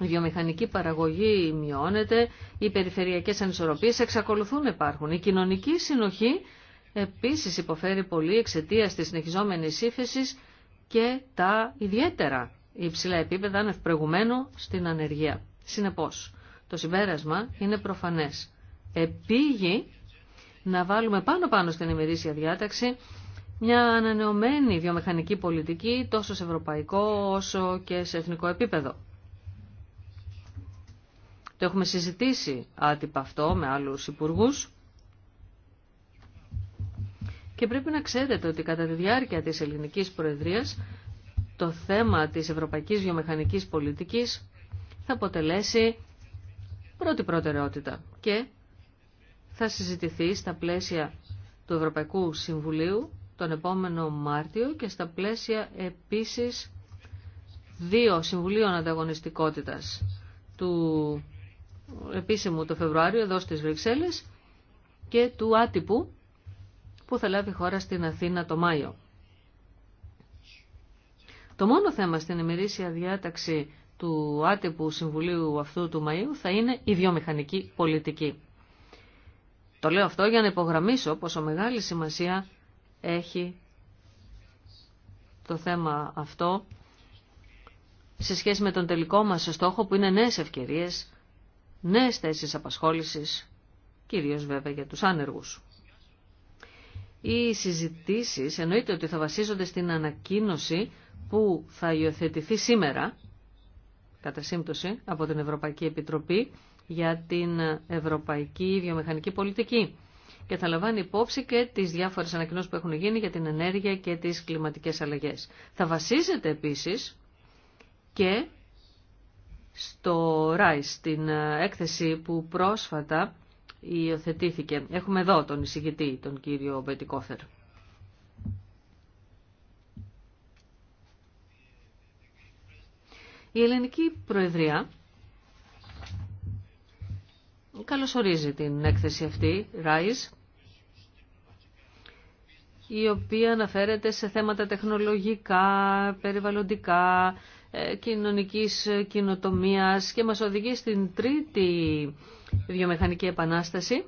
Speaker 3: Η βιομηχανική παραγωγή μειώνεται, οι περιφερειακές ανισορροπίες εξακολουθούν να υπάρχουν. Η κοινωνική συνοχή επίσης υποφέρει πολύ εξαιτία της συνεχιζόμενης ύφεση και τα ιδιαίτερα υψηλά επίπεδα ανευπρεγουμένου στην ανεργία. Συνεπώς, το συμπέρασμα είναι προφανές. Επίγει να βάλουμε πάνω πάνω στην ημερήσια διάταξη μια ανανεωμένη βιομηχανική πολιτική τόσο σε ευρωπαϊκό όσο και σε εθνικό επίπεδο. Το έχουμε συζητήσει άτυπα αυτό με άλλους υπουργούς και πρέπει να ξέρετε ότι κατά τη διάρκεια της ελληνικής προεδρίας το θέμα της ευρωπαϊκής βιομηχανικής πολιτικής θα αποτελέσει πρώτη προτεραιότητα και θα συζητηθεί στα πλαίσια του Ευρωπαϊκού Συμβουλίου τον επόμενο Μάρτιο και στα πλαίσια επίσης δύο Συμβουλίων Ανταγωνιστικότητας του επίσημου το Φεβρουάριο εδώ στις Βρυξέλλες και του άτυπου που θα λάβει χώρα στην Αθήνα το Μάιο. Το μόνο θέμα στην ημερήσια διάταξη του άτυπου Συμβουλίου αυτού του Μαΐου θα είναι η βιομηχανική πολιτική. Το λέω αυτό για να υπογραμμίσω πόσο μεγάλη σημασία έχει το θέμα αυτό σε σχέση με τον τελικό μας στόχο που είναι νέες ευκαιρίες, νέες θέσεις απασχόλησης, κυρίως βέβαια για τους άνεργους. Οι συζητήσεις εννοείται ότι θα βασίζονται στην ανακοίνωση που θα υιοθετηθεί σήμερα, κατά σύμπτωση, από την Ευρωπαϊκή Επιτροπή για την Ευρωπαϊκή Βιομηχανική Πολιτική και θα λαμβάνει υπόψη και τις διάφορες ανακοινώσεις που έχουν γίνει για την ενέργεια και τις κλιματικές αλλαγές. Θα βασίζεται επίσης και στο RISE, την ε, έκθεση που πρόσφατα υιοθετήθηκε. Έχουμε εδώ τον εισηγητή, τον κύριο Μπετικόφερ. Η Ελληνική Προεδρία καλωσορίζει την έκθεση αυτή, RISE, η οποία αναφέρεται σε θέματα τεχνολογικά, περιβαλλοντικά, ε, κοινωνικής κοινοτομίας και μας οδηγεί στην τρίτη βιομηχανική επανάσταση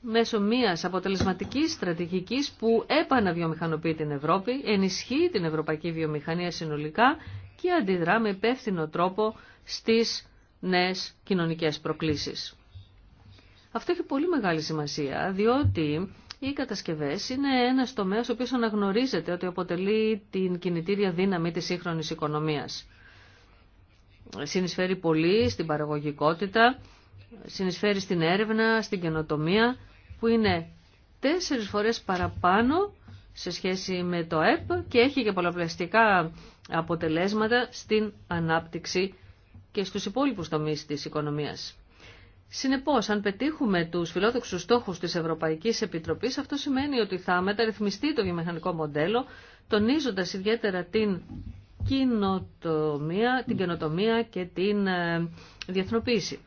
Speaker 3: μέσω μιας αποτελεσματικής στρατηγικής που επαναβιομηχανοποιεί την Ευρώπη, ενισχύει την ευρωπαϊκή βιομηχανία συνολικά και αντιδρά με υπεύθυνο τρόπο στις νέες κοινωνικές προκλήσεις. Αυτό έχει πολύ μεγάλη σημασία, διότι οι κατασκευέ είναι ένας τομέας ο οποίο αναγνωρίζεται ότι αποτελεί την κινητήρια δύναμη της σύγχρονης οικονομίας. Συνεισφέρει πολύ στην παραγωγικότητα, συνεισφέρει στην έρευνα, στην καινοτομία, που είναι τέσσερις φορές παραπάνω σε σχέση με το ΕΠ και έχει και πολλαπλαστικά αποτελέσματα στην ανάπτυξη και στους υπόλοιπους τομείς της οικονομίας. Συνεπώς, αν πετύχουμε τους φιλόδοξους στόχους της Ευρωπαϊκής Επιτροπής, αυτό σημαίνει ότι θα μεταρρυθμιστεί το βιομηχανικό μοντέλο, τονίζοντας ιδιαίτερα την κοινοτομία, την καινοτομία και την ε, διεθνοποίηση.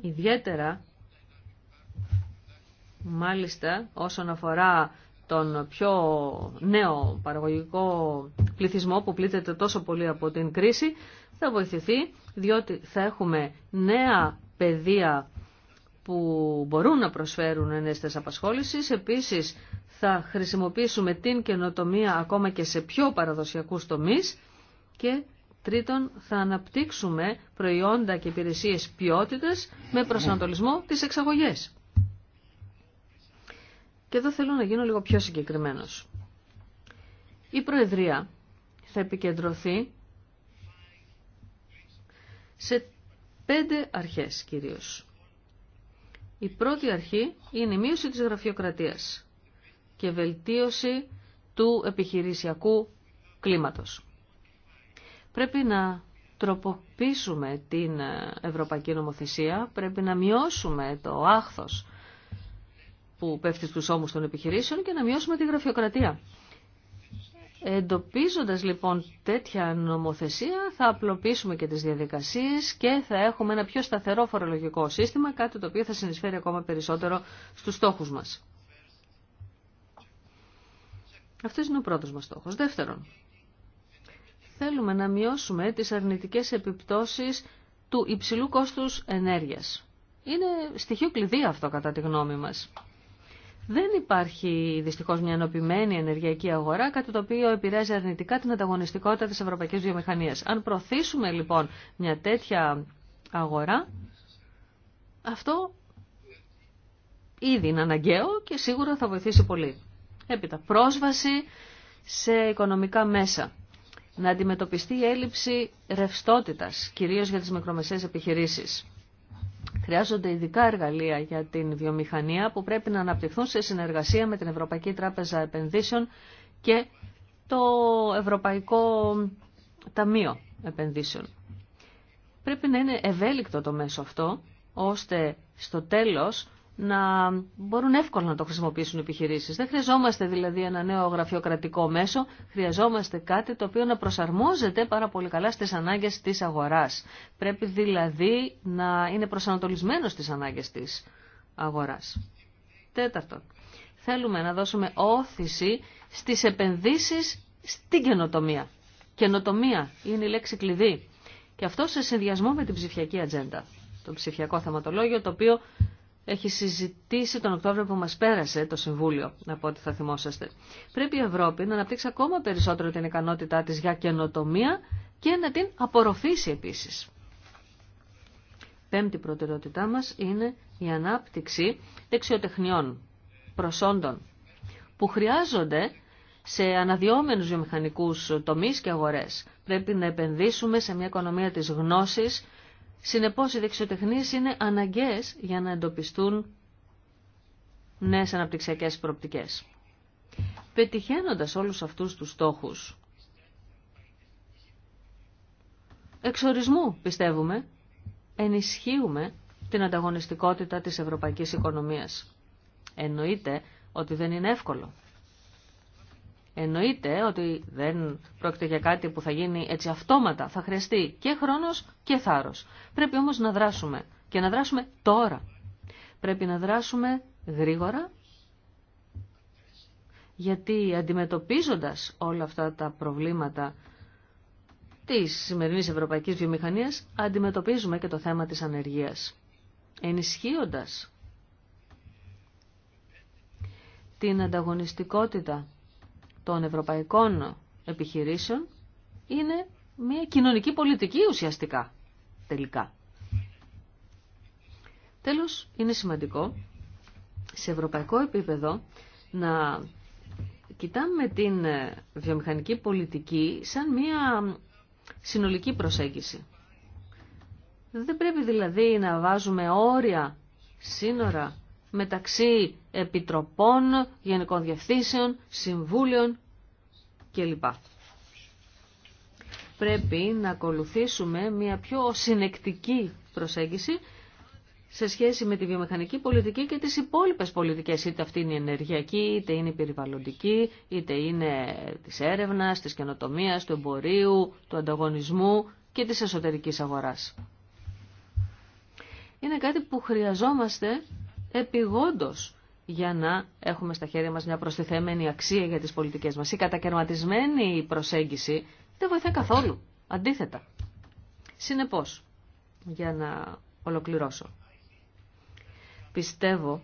Speaker 3: Ιδιαίτερα, μάλιστα, όσον αφορά τον πιο νέο παραγωγικό πληθυσμό που πλήττεται τόσο πολύ από την κρίση θα βοηθηθεί διότι θα έχουμε νέα παιδεία που μπορούν να προσφέρουν ενέστες απασχόλησης. Επίσης θα χρησιμοποιήσουμε την καινοτομία ακόμα και σε πιο παραδοσιακούς τομείς και τρίτον θα αναπτύξουμε προϊόντα και υπηρεσίες ποιότητας με προσανατολισμό τις εξαγωγές. Και εδώ θέλω να γίνω λίγο πιο συγκεκριμένος. Η Προεδρία θα επικεντρωθεί σε πέντε αρχές κυρίως. Η πρώτη αρχή είναι η μείωση της γραφειοκρατίας και βελτίωση του επιχειρησιακού κλίματος. Πρέπει να τροποποιήσουμε την ευρωπαϊκή νομοθεσία, πρέπει να μειώσουμε το άχθος που πέφτει στους ώμους των επιχειρήσεων και να μειώσουμε τη γραφειοκρατία. Εντοπίζοντας λοιπόν τέτοια νομοθεσία θα απλοποιήσουμε και τις διαδικασίες και θα έχουμε ένα πιο σταθερό φορολογικό σύστημα, κάτι το οποίο θα συνεισφέρει ακόμα περισσότερο στους στόχους μας. Αυτό είναι ο πρώτος μας στόχος. Δεύτερον, θέλουμε να μειώσουμε τις αρνητικές επιπτώσεις του υψηλού κόστους ενέργειας. Είναι στοιχείο κλειδί αυτό κατά τη γνώμη μας. Δεν υπάρχει δυστυχώ μια ενωπημένη ενεργειακή αγορά, κάτι το οποίο επηρεάζει αρνητικά την ανταγωνιστικότητα τη ευρωπαϊκή βιομηχανία. Αν προωθήσουμε λοιπόν μια τέτοια αγορά, αυτό ήδη είναι αναγκαίο και σίγουρα θα βοηθήσει πολύ. Έπειτα, πρόσβαση σε οικονομικά μέσα. Να αντιμετωπιστεί η έλλειψη ρευστότητας, κυρίως για τις μικρομεσαίες επιχειρήσεις. Χρειάζονται ειδικά εργαλεία για την βιομηχανία που πρέπει να αναπτυχθούν σε συνεργασία με την Ευρωπαϊκή Τράπεζα Επενδύσεων και το Ευρωπαϊκό Ταμείο Επενδύσεων. Πρέπει να είναι ευέλικτο το μέσο αυτό, ώστε στο τέλος να μπορούν εύκολα να το χρησιμοποιήσουν οι επιχειρήσεις. Δεν χρειαζόμαστε δηλαδή ένα νέο γραφειοκρατικό μέσο, χρειαζόμαστε κάτι το οποίο να προσαρμόζεται πάρα πολύ καλά στι ανάγκε τη αγορά. Πρέπει δηλαδή να είναι προσανατολισμένο στι ανάγκε τη αγορά. Τέταρτον, θέλουμε να δώσουμε όθηση στι επενδύσει στην καινοτομία. Καινοτομία είναι η λέξη κλειδί. Και αυτό σε συνδυασμό με την ψηφιακή ατζέντα, το ψηφιακό θεματολόγιο, το οποίο έχει συζητήσει τον Οκτώβριο που μας πέρασε το Συμβούλιο, από ό,τι θα θυμόσαστε. Πρέπει η Ευρώπη να αναπτύξει ακόμα περισσότερο την ικανότητά της για καινοτομία και να την απορροφήσει επίσης. Πέμπτη προτεραιότητά μας είναι η ανάπτυξη δεξιοτεχνιών, προσόντων, που χρειάζονται σε αναδυόμενους βιομηχανικούς τομείς και αγορές. Πρέπει να επενδύσουμε σε μια οικονομία της γνώσης Συνεπώς οι δεξιοτεχνίες είναι αναγκαίες για να εντοπιστούν νέες αναπτυξιακές προοπτικές. Πετυχαίνοντας όλους αυτούς τους στόχους, εξορισμού πιστεύουμε, ενισχύουμε την ανταγωνιστικότητα της ευρωπαϊκής οικονομίας. Εννοείται ότι δεν είναι εύκολο. Εννοείται ότι δεν πρόκειται για κάτι που θα γίνει έτσι αυτόματα. Θα χρειαστεί και χρόνος και θάρρος. Πρέπει όμως να δράσουμε και να δράσουμε τώρα. Πρέπει να δράσουμε γρήγορα γιατί αντιμετωπίζοντας όλα αυτά τα προβλήματα της σημερινής ευρωπαϊκής βιομηχανίας αντιμετωπίζουμε και το θέμα της ανεργίας. Ενισχύοντας την ανταγωνιστικότητα των ευρωπαϊκών επιχειρήσεων είναι μια κοινωνική πολιτική ουσιαστικά τελικά. Τέλος, είναι σημαντικό σε ευρωπαϊκό επίπεδο να κοιτάμε την βιομηχανική πολιτική σαν μια συνολική προσέγγιση. Δεν πρέπει δηλαδή να βάζουμε όρια, σύνορα μεταξύ επιτροπών, γενικών διευθύνσεων, συμβούλων κλπ. Πρέπει να ακολουθήσουμε μια πιο συνεκτική προσέγγιση σε σχέση με τη βιομηχανική πολιτική και τις υπόλοιπες πολιτικές, είτε αυτή είναι η ενεργειακή, είτε είναι η περιβαλλοντική, είτε είναι της έρευνας, της καινοτομίας, του εμπορίου, του ανταγωνισμού και της εσωτερικής αγοράς. Είναι κάτι που χρειαζόμαστε επιγόντως για να έχουμε στα χέρια μας μια προστιθέμενη αξία για τις πολιτικές μας. Η κατακαιρματισμένη προσέγγιση δεν βοηθάει καθόλου. Αντίθετα. Συνεπώς, για να ολοκληρώσω. Πιστεύω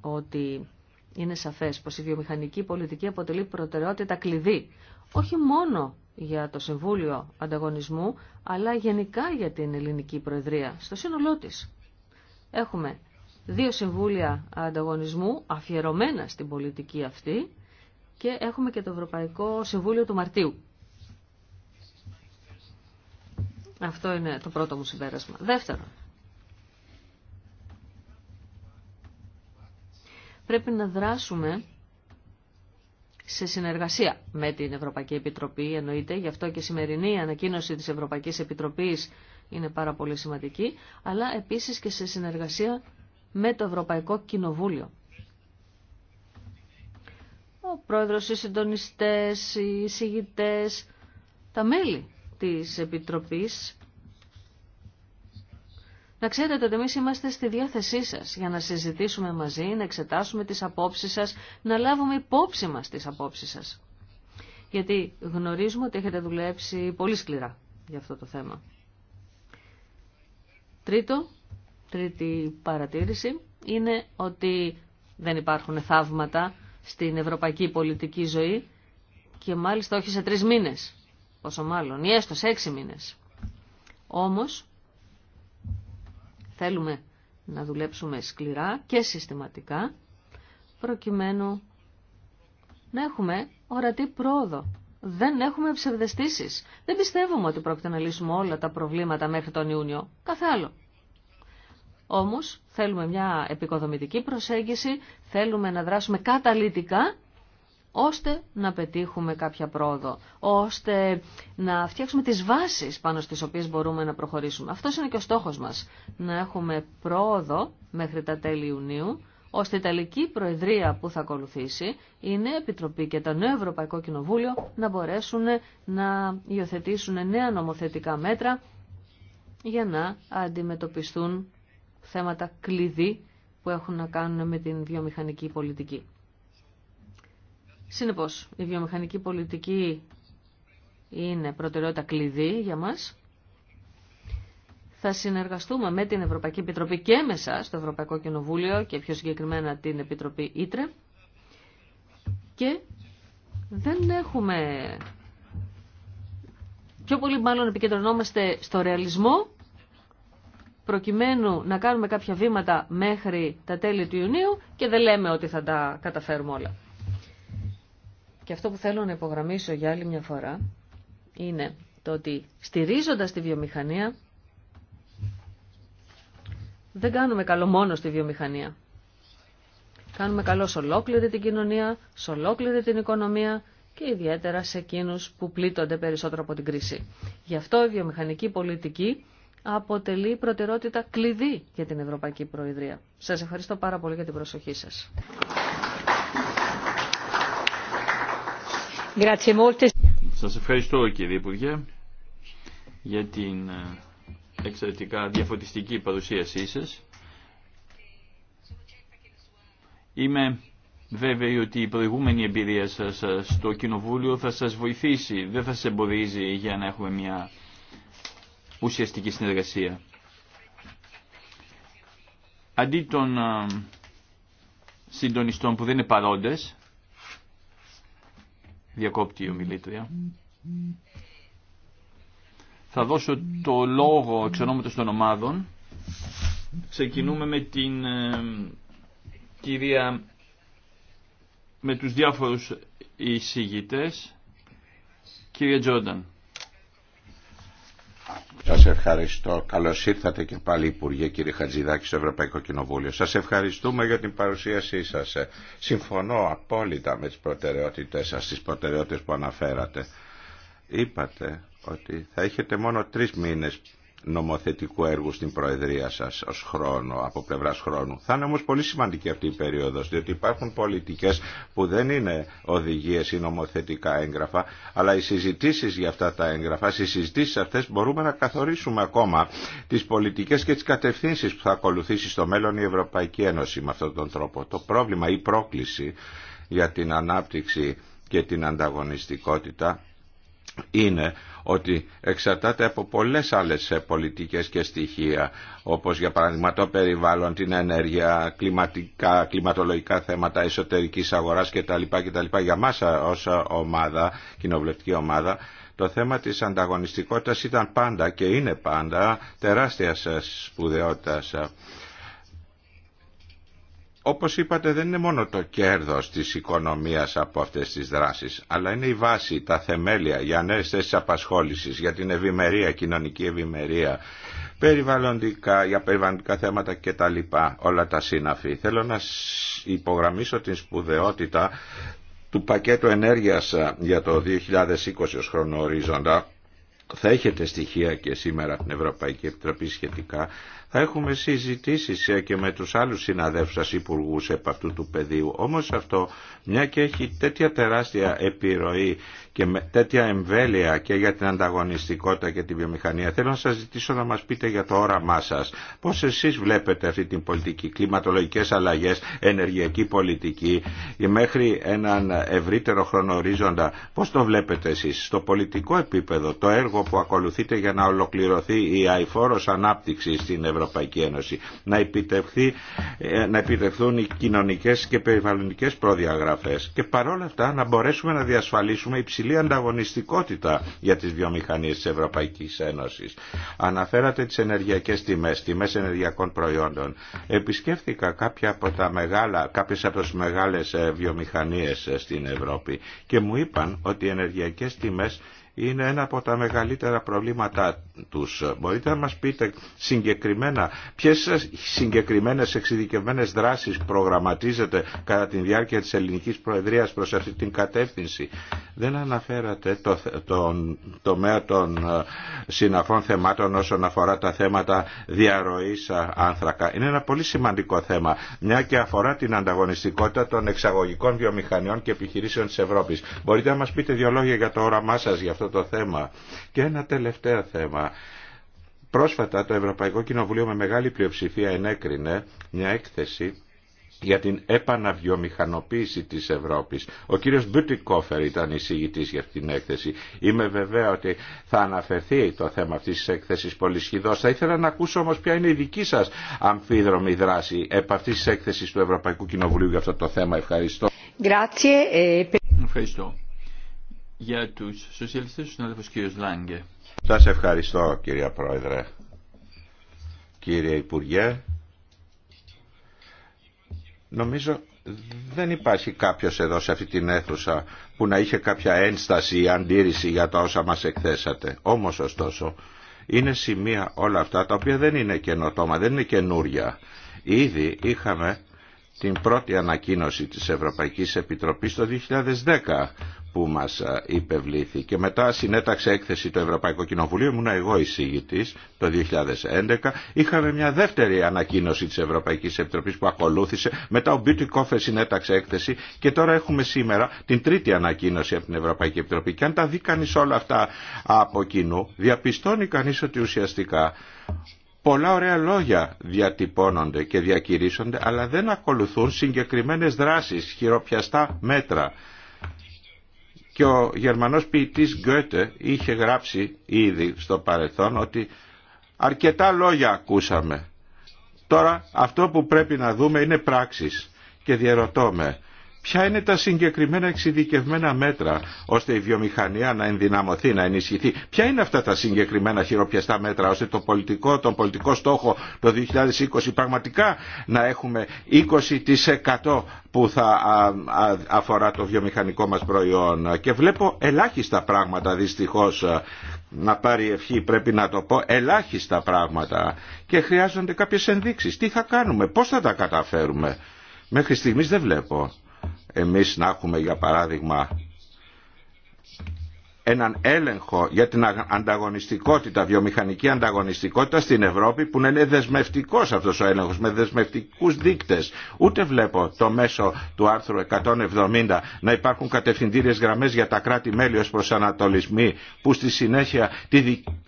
Speaker 3: ότι είναι σαφές πως η βιομηχανική πολιτική αποτελεί προτεραιότητα κλειδί, όχι μόνο για το Συμβούλιο Ανταγωνισμού, αλλά γενικά για την ελληνική Προεδρία, στο σύνολό της. Έχουμε δύο συμβούλια ανταγωνισμού αφιερωμένα στην πολιτική αυτή και έχουμε και το Ευρωπαϊκό Συμβούλιο του Μαρτίου. Αυτό είναι το πρώτο μου συμπέρασμα. Δεύτερο, πρέπει να δράσουμε σε συνεργασία με την Ευρωπαϊκή Επιτροπή, εννοείται, γι' αυτό και η σημερινή ανακοίνωση της Ευρωπαϊκής Επιτροπής είναι πάρα πολύ σημαντική, αλλά επίσης και σε συνεργασία με το Ευρωπαϊκό Κοινοβούλιο. Ο πρόεδρος, οι συντονιστές, οι εισηγητές τα μέλη της Επιτροπής. Να ξέρετε ότι εμείς είμαστε στη διάθεσή σας για να συζητήσουμε μαζί, να εξετάσουμε τις απόψεις σας, να λάβουμε υπόψη μας τις απόψεις σας. Γιατί γνωρίζουμε ότι έχετε δουλέψει πολύ σκληρά για αυτό το θέμα. Τρίτο, τρίτη παρατήρηση είναι ότι δεν υπάρχουν θαύματα στην ευρωπαϊκή πολιτική ζωή και μάλιστα όχι σε τρεις μήνες, πόσο μάλλον, ή έστω σε έξι μήνες. Όμως, θέλουμε να δουλέψουμε σκληρά και συστηματικά, προκειμένου να έχουμε ορατή πρόοδο. Δεν έχουμε ψευδεστήσεις. Δεν πιστεύουμε ότι πρόκειται να λύσουμε όλα τα προβλήματα μέχρι τον Ιούνιο. Καθ' άλλο. Όμως θέλουμε μια επικοδομητική προσέγγιση, θέλουμε να δράσουμε καταλήτικα ώστε να πετύχουμε κάποια πρόοδο, ώστε να φτιάξουμε τις βάσεις πάνω στις οποίες μπορούμε να προχωρήσουμε. Αυτός είναι και ο στόχος μας, να έχουμε πρόοδο μέχρι τα τέλη Ιουνίου, ώστε η Ιταλική Προεδρία που θα ακολουθήσει, η Νέα Επιτροπή και το Νέο Ευρωπαϊκό Κοινοβούλιο να μπορέσουν να υιοθετήσουν νέα νομοθετικά μέτρα για να αντιμετωπιστούν θέματα κλειδί που έχουν να κάνουν με την βιομηχανική πολιτική. Συνεπώς, η βιομηχανική πολιτική είναι προτεραιότητα κλειδί για μας. Θα συνεργαστούμε με την Ευρωπαϊκή Επιτροπή και με εσάς, το Ευρωπαϊκό Κοινοβούλιο και πιο συγκεκριμένα την Επιτροπή Ήτρε. Και δεν έχουμε... Πιο πολύ μάλλον επικεντρωνόμαστε στο ρεαλισμό προκειμένου να κάνουμε κάποια βήματα μέχρι τα τέλη του Ιουνίου και δεν λέμε ότι θα τα καταφέρουμε όλα. Και αυτό που θέλω να υπογραμμίσω για άλλη μια φορά είναι το ότι στηρίζοντας τη βιομηχανία δεν κάνουμε καλό μόνο στη βιομηχανία. Κάνουμε καλό σε ολόκληρη την κοινωνία, σε ολόκληρη την οικονομία και ιδιαίτερα σε εκείνους που πλήττονται περισσότερο από την κρίση. Γι' αυτό η βιομηχανική πολιτική αποτελεί προτεραιότητα κλειδί για την Ευρωπαϊκή Προεδρία. Σας ευχαριστώ πάρα πολύ για την προσοχή σας.
Speaker 1: Σας ευχαριστώ κύριε Υπουργέ για την ε, εξαιρετικά διαφωτιστική παρουσίασή σας. Είμαι βέβαιη ότι η προηγούμενη εμπειρία σας ε, στο Κοινοβούλιο θα σας βοηθήσει, δεν θα σας εμποδίζει για να έχουμε μια ουσιαστική συνεργασία. Αντί των συντονιστών που δεν είναι παρόντες, διακόπτει η ομιλήτρια, θα δώσω το λόγο εξ ονόματος των ομάδων. Ξεκινούμε με την ε, κυρία, με τους διάφορους εισηγητές. κυρία Τζόνταν.
Speaker 4: Σας ευχαριστώ. Καλώς ήρθατε και πάλι Υπουργέ κύριε Χατζηδάκη στο Ευρωπαϊκό Κοινοβούλιο. Σας ευχαριστούμε για την παρουσίασή σας. Συμφωνώ απόλυτα με τις προτεραιότητες σας, τις προτεραιότητες που αναφέρατε. Είπατε ότι θα έχετε μόνο τρεις μήνες νομοθετικού έργου στην Προεδρία σας ως χρόνο, από πλευράς χρόνου. Θα είναι όμως πολύ σημαντική αυτή η περίοδος, διότι υπάρχουν πολιτικές που δεν είναι οδηγίες ή νομοθετικά έγγραφα, αλλά οι συζητήσεις για αυτά τα έγγραφα, οι συζητήσεις αυτές μπορούμε να καθορίσουμε ακόμα τις πολιτικές και τις κατευθύνσεις που θα ακολουθήσει στο μέλλον η Ευρωπαϊκή Ένωση με αυτόν τον τρόπο. Το πρόβλημα ή πρόκληση για την ανάπτυξη και την ανταγωνιστικότητα είναι ότι εξαρτάται από πολλές άλλες ε, πολιτικές και στοιχεία, όπως για παράδειγμα το περιβάλλον, την ενέργεια, κλιματικά, κλιματολογικά θέματα, εσωτερικής αγοράς κτλ. κτλ. Για μας ε, ως ε, ομάδα, κοινοβουλευτική ομάδα, το θέμα της ανταγωνιστικότητας ήταν πάντα και είναι πάντα τεράστιας σπουδαιότητας όπως είπατε δεν είναι μόνο το κέρδος της οικονομίας από αυτές τις δράσεις, αλλά είναι η βάση, τα θεμέλια για νέες θέσεις απασχόλησης, για την ευημερία, κοινωνική ευημερία, περιβαλλοντικά, για περιβαλλοντικά θέματα κτλ. Όλα τα σύναφη. Θέλω να υπογραμμίσω την σπουδαιότητα του πακέτου ενέργειας για το 2020 ως χρονοορίζοντα. Θα έχετε στοιχεία και σήμερα από την Ευρωπαϊκή Επιτροπή σχετικά Έχουμε συζητήσει και με τους άλλους συναδέλφους σας υπουργούς επ' αυτού του πεδίου. Όμως αυτό, μια και έχει τέτοια τεράστια επιρροή και με τέτοια εμβέλεια και για την ανταγωνιστικότητα και τη βιομηχανία. Θέλω να σας ζητήσω να μας πείτε για το όραμά σας. Πώς εσείς βλέπετε αυτή την πολιτική, κλιματολογικές αλλαγές, ενεργειακή πολιτική, μέχρι έναν ευρύτερο χρονορίζοντα. Πώς το βλέπετε εσείς στο πολιτικό επίπεδο, το έργο που ακολουθείτε για να ολοκληρωθεί η αηφόρος ανάπτυξη στην Ευρωπαϊκή Ένωση, να, επιτευχθεί, ε, να επιτευχθούν οι κοινωνικές και περιβαλλοντικές προδιαγραφές και παρόλα αυτά να μπορέσουμε να διασφαλίσουμε υψηλή υψηλή ανταγωνιστικότητα για τις βιομηχανίες της Ευρωπαϊκής Ένωσης. Αναφέρατε τις ενεργειακές τιμές, τιμές ενεργειακών προϊόντων. Επισκέφθηκα κάποια από τα μεγάλα, κάποιες από τις μεγάλες ε, βιομηχανίες ε, στην Ευρώπη και μου είπαν ότι οι ενεργειακές τιμές είναι ένα από τα μεγαλύτερα προβλήματά τους. Μπορείτε να μας πείτε συγκεκριμένα ποιες συγκεκριμένες εξειδικευμένες δράσεις προγραμματίζετε κατά τη διάρκεια της ελληνικής προεδρίας προς αυτή την κατεύθυνση. Δεν αναφέρατε το, τον τομέα των ε, συναφών θεμάτων όσον αφορά τα θέματα διαρροής ε, άνθρακα. Είναι ένα πολύ σημαντικό θέμα, μια και αφορά την ανταγωνιστικότητα των εξαγωγικών βιομηχανιών και επιχειρήσεων της Ευρώπης. Μπορείτε να μας πείτε δύο λόγια για το όραμά σας αυτό το θέμα. Και ένα τελευταίο θέμα. Πρόσφατα το Ευρωπαϊκό Κοινοβουλίο με μεγάλη πλειοψηφία ενέκρινε μια έκθεση για την επαναβιομηχανοποίηση της Ευρώπης. Ο κύριος Μπιουτικόφερ ήταν εισηγητής για αυτήν την έκθεση. Είμαι βέβαια ότι θα αναφερθεί το θέμα αυτής της έκθεσης πολύ σχηδός. Θα ήθελα να ακούσω όμως ποια είναι η δική σας αμφίδρομη δράση επ' αυτής της έκθεσης του Ευρωπαϊκού Κοινοβουλίου για αυτό το θέμα. Ευχαριστώ.
Speaker 5: Ε,
Speaker 1: Ευχαριστώ. Για τους σοσιαλιστές, ο συνάδελφος κ. Λάγκε.
Speaker 4: Σας ευχαριστώ κύριε Πρόεδρε. Κύριε Υπουργέ, νομίζω δεν υπάρχει κάποιος εδώ σε αυτή την αίθουσα που να είχε κάποια ένσταση ή αντίρρηση για τα όσα μας εκθέσατε. Όμως ωστόσο είναι σημεία όλα αυτά τα οποία δεν είναι καινοτόμα, δεν είναι καινούρια. Ήδη είχαμε την πρώτη ανακοίνωση της Ευρωπαϊκής Επιτροπής το 2010 που μας υπευλήθη και μετά συνέταξε έκθεση το Ευρωπαϊκό Κοινοβουλίο, ήμουν εγώ εισηγητής το 2011, είχαμε μια δεύτερη ανακοίνωση της Ευρωπαϊκής Επιτροπής που ακολούθησε, μετά ο Beauty Coffee συνέταξε έκθεση και τώρα έχουμε σήμερα την τρίτη ανακοίνωση από την Ευρωπαϊκή Επιτροπή και αν τα δει κανείς όλα αυτά από κοινού, διαπιστώνει κανείς ότι ουσιαστικά Πολλά ωραία λόγια διατυπώνονται και διακηρύσσονται, αλλά δεν ακολουθούν συγκεκριμένες δράσεις, χειροπιαστά μέτρα. Και ο Γερμανός ποιητής Γκέτε είχε γράψει ήδη στο παρελθόν ότι αρκετά λόγια ακούσαμε. Τώρα αυτό που πρέπει να δούμε είναι πράξεις. Και διαρωτώ Ποια είναι τα συγκεκριμένα εξειδικευμένα μέτρα ώστε η βιομηχανία να ενδυναμωθεί, να ενισχυθεί. Ποια είναι αυτά τα συγκεκριμένα χειροπιαστά μέτρα ώστε το πολιτικό, τον πολιτικό στόχο το 2020 πραγματικά να έχουμε 20% που θα αφορά το βιομηχανικό μας προϊόν. Και βλέπω ελάχιστα πράγματα δυστυχώς να πάρει ευχή πρέπει να το πω ελάχιστα πράγματα και χρειάζονται κάποιες ενδείξεις. Τι θα κάνουμε, πώς θα τα καταφέρουμε. Μέχρι στιγμής δεν βλέπω εμείς να έχουμε για παράδειγμα έναν έλεγχο για την ανταγωνιστικότητα, βιομηχανική ανταγωνιστικότητα στην Ευρώπη που να είναι δεσμευτικός αυτός ο έλεγχος, με δεσμευτικούς δείκτες. Ούτε βλέπω το μέσο του άρθρου 170 να υπάρχουν κατευθυντήριες γραμμές για τα κράτη-μέλη ως προς ανατολισμοί που στη συνέχεια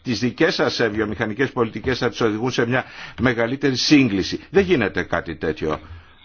Speaker 4: τις δικές σας ε, βιομηχανικές πολιτικές θα τις οδηγούν σε μια μεγαλύτερη σύγκληση. Δεν γίνεται κάτι τέτοιο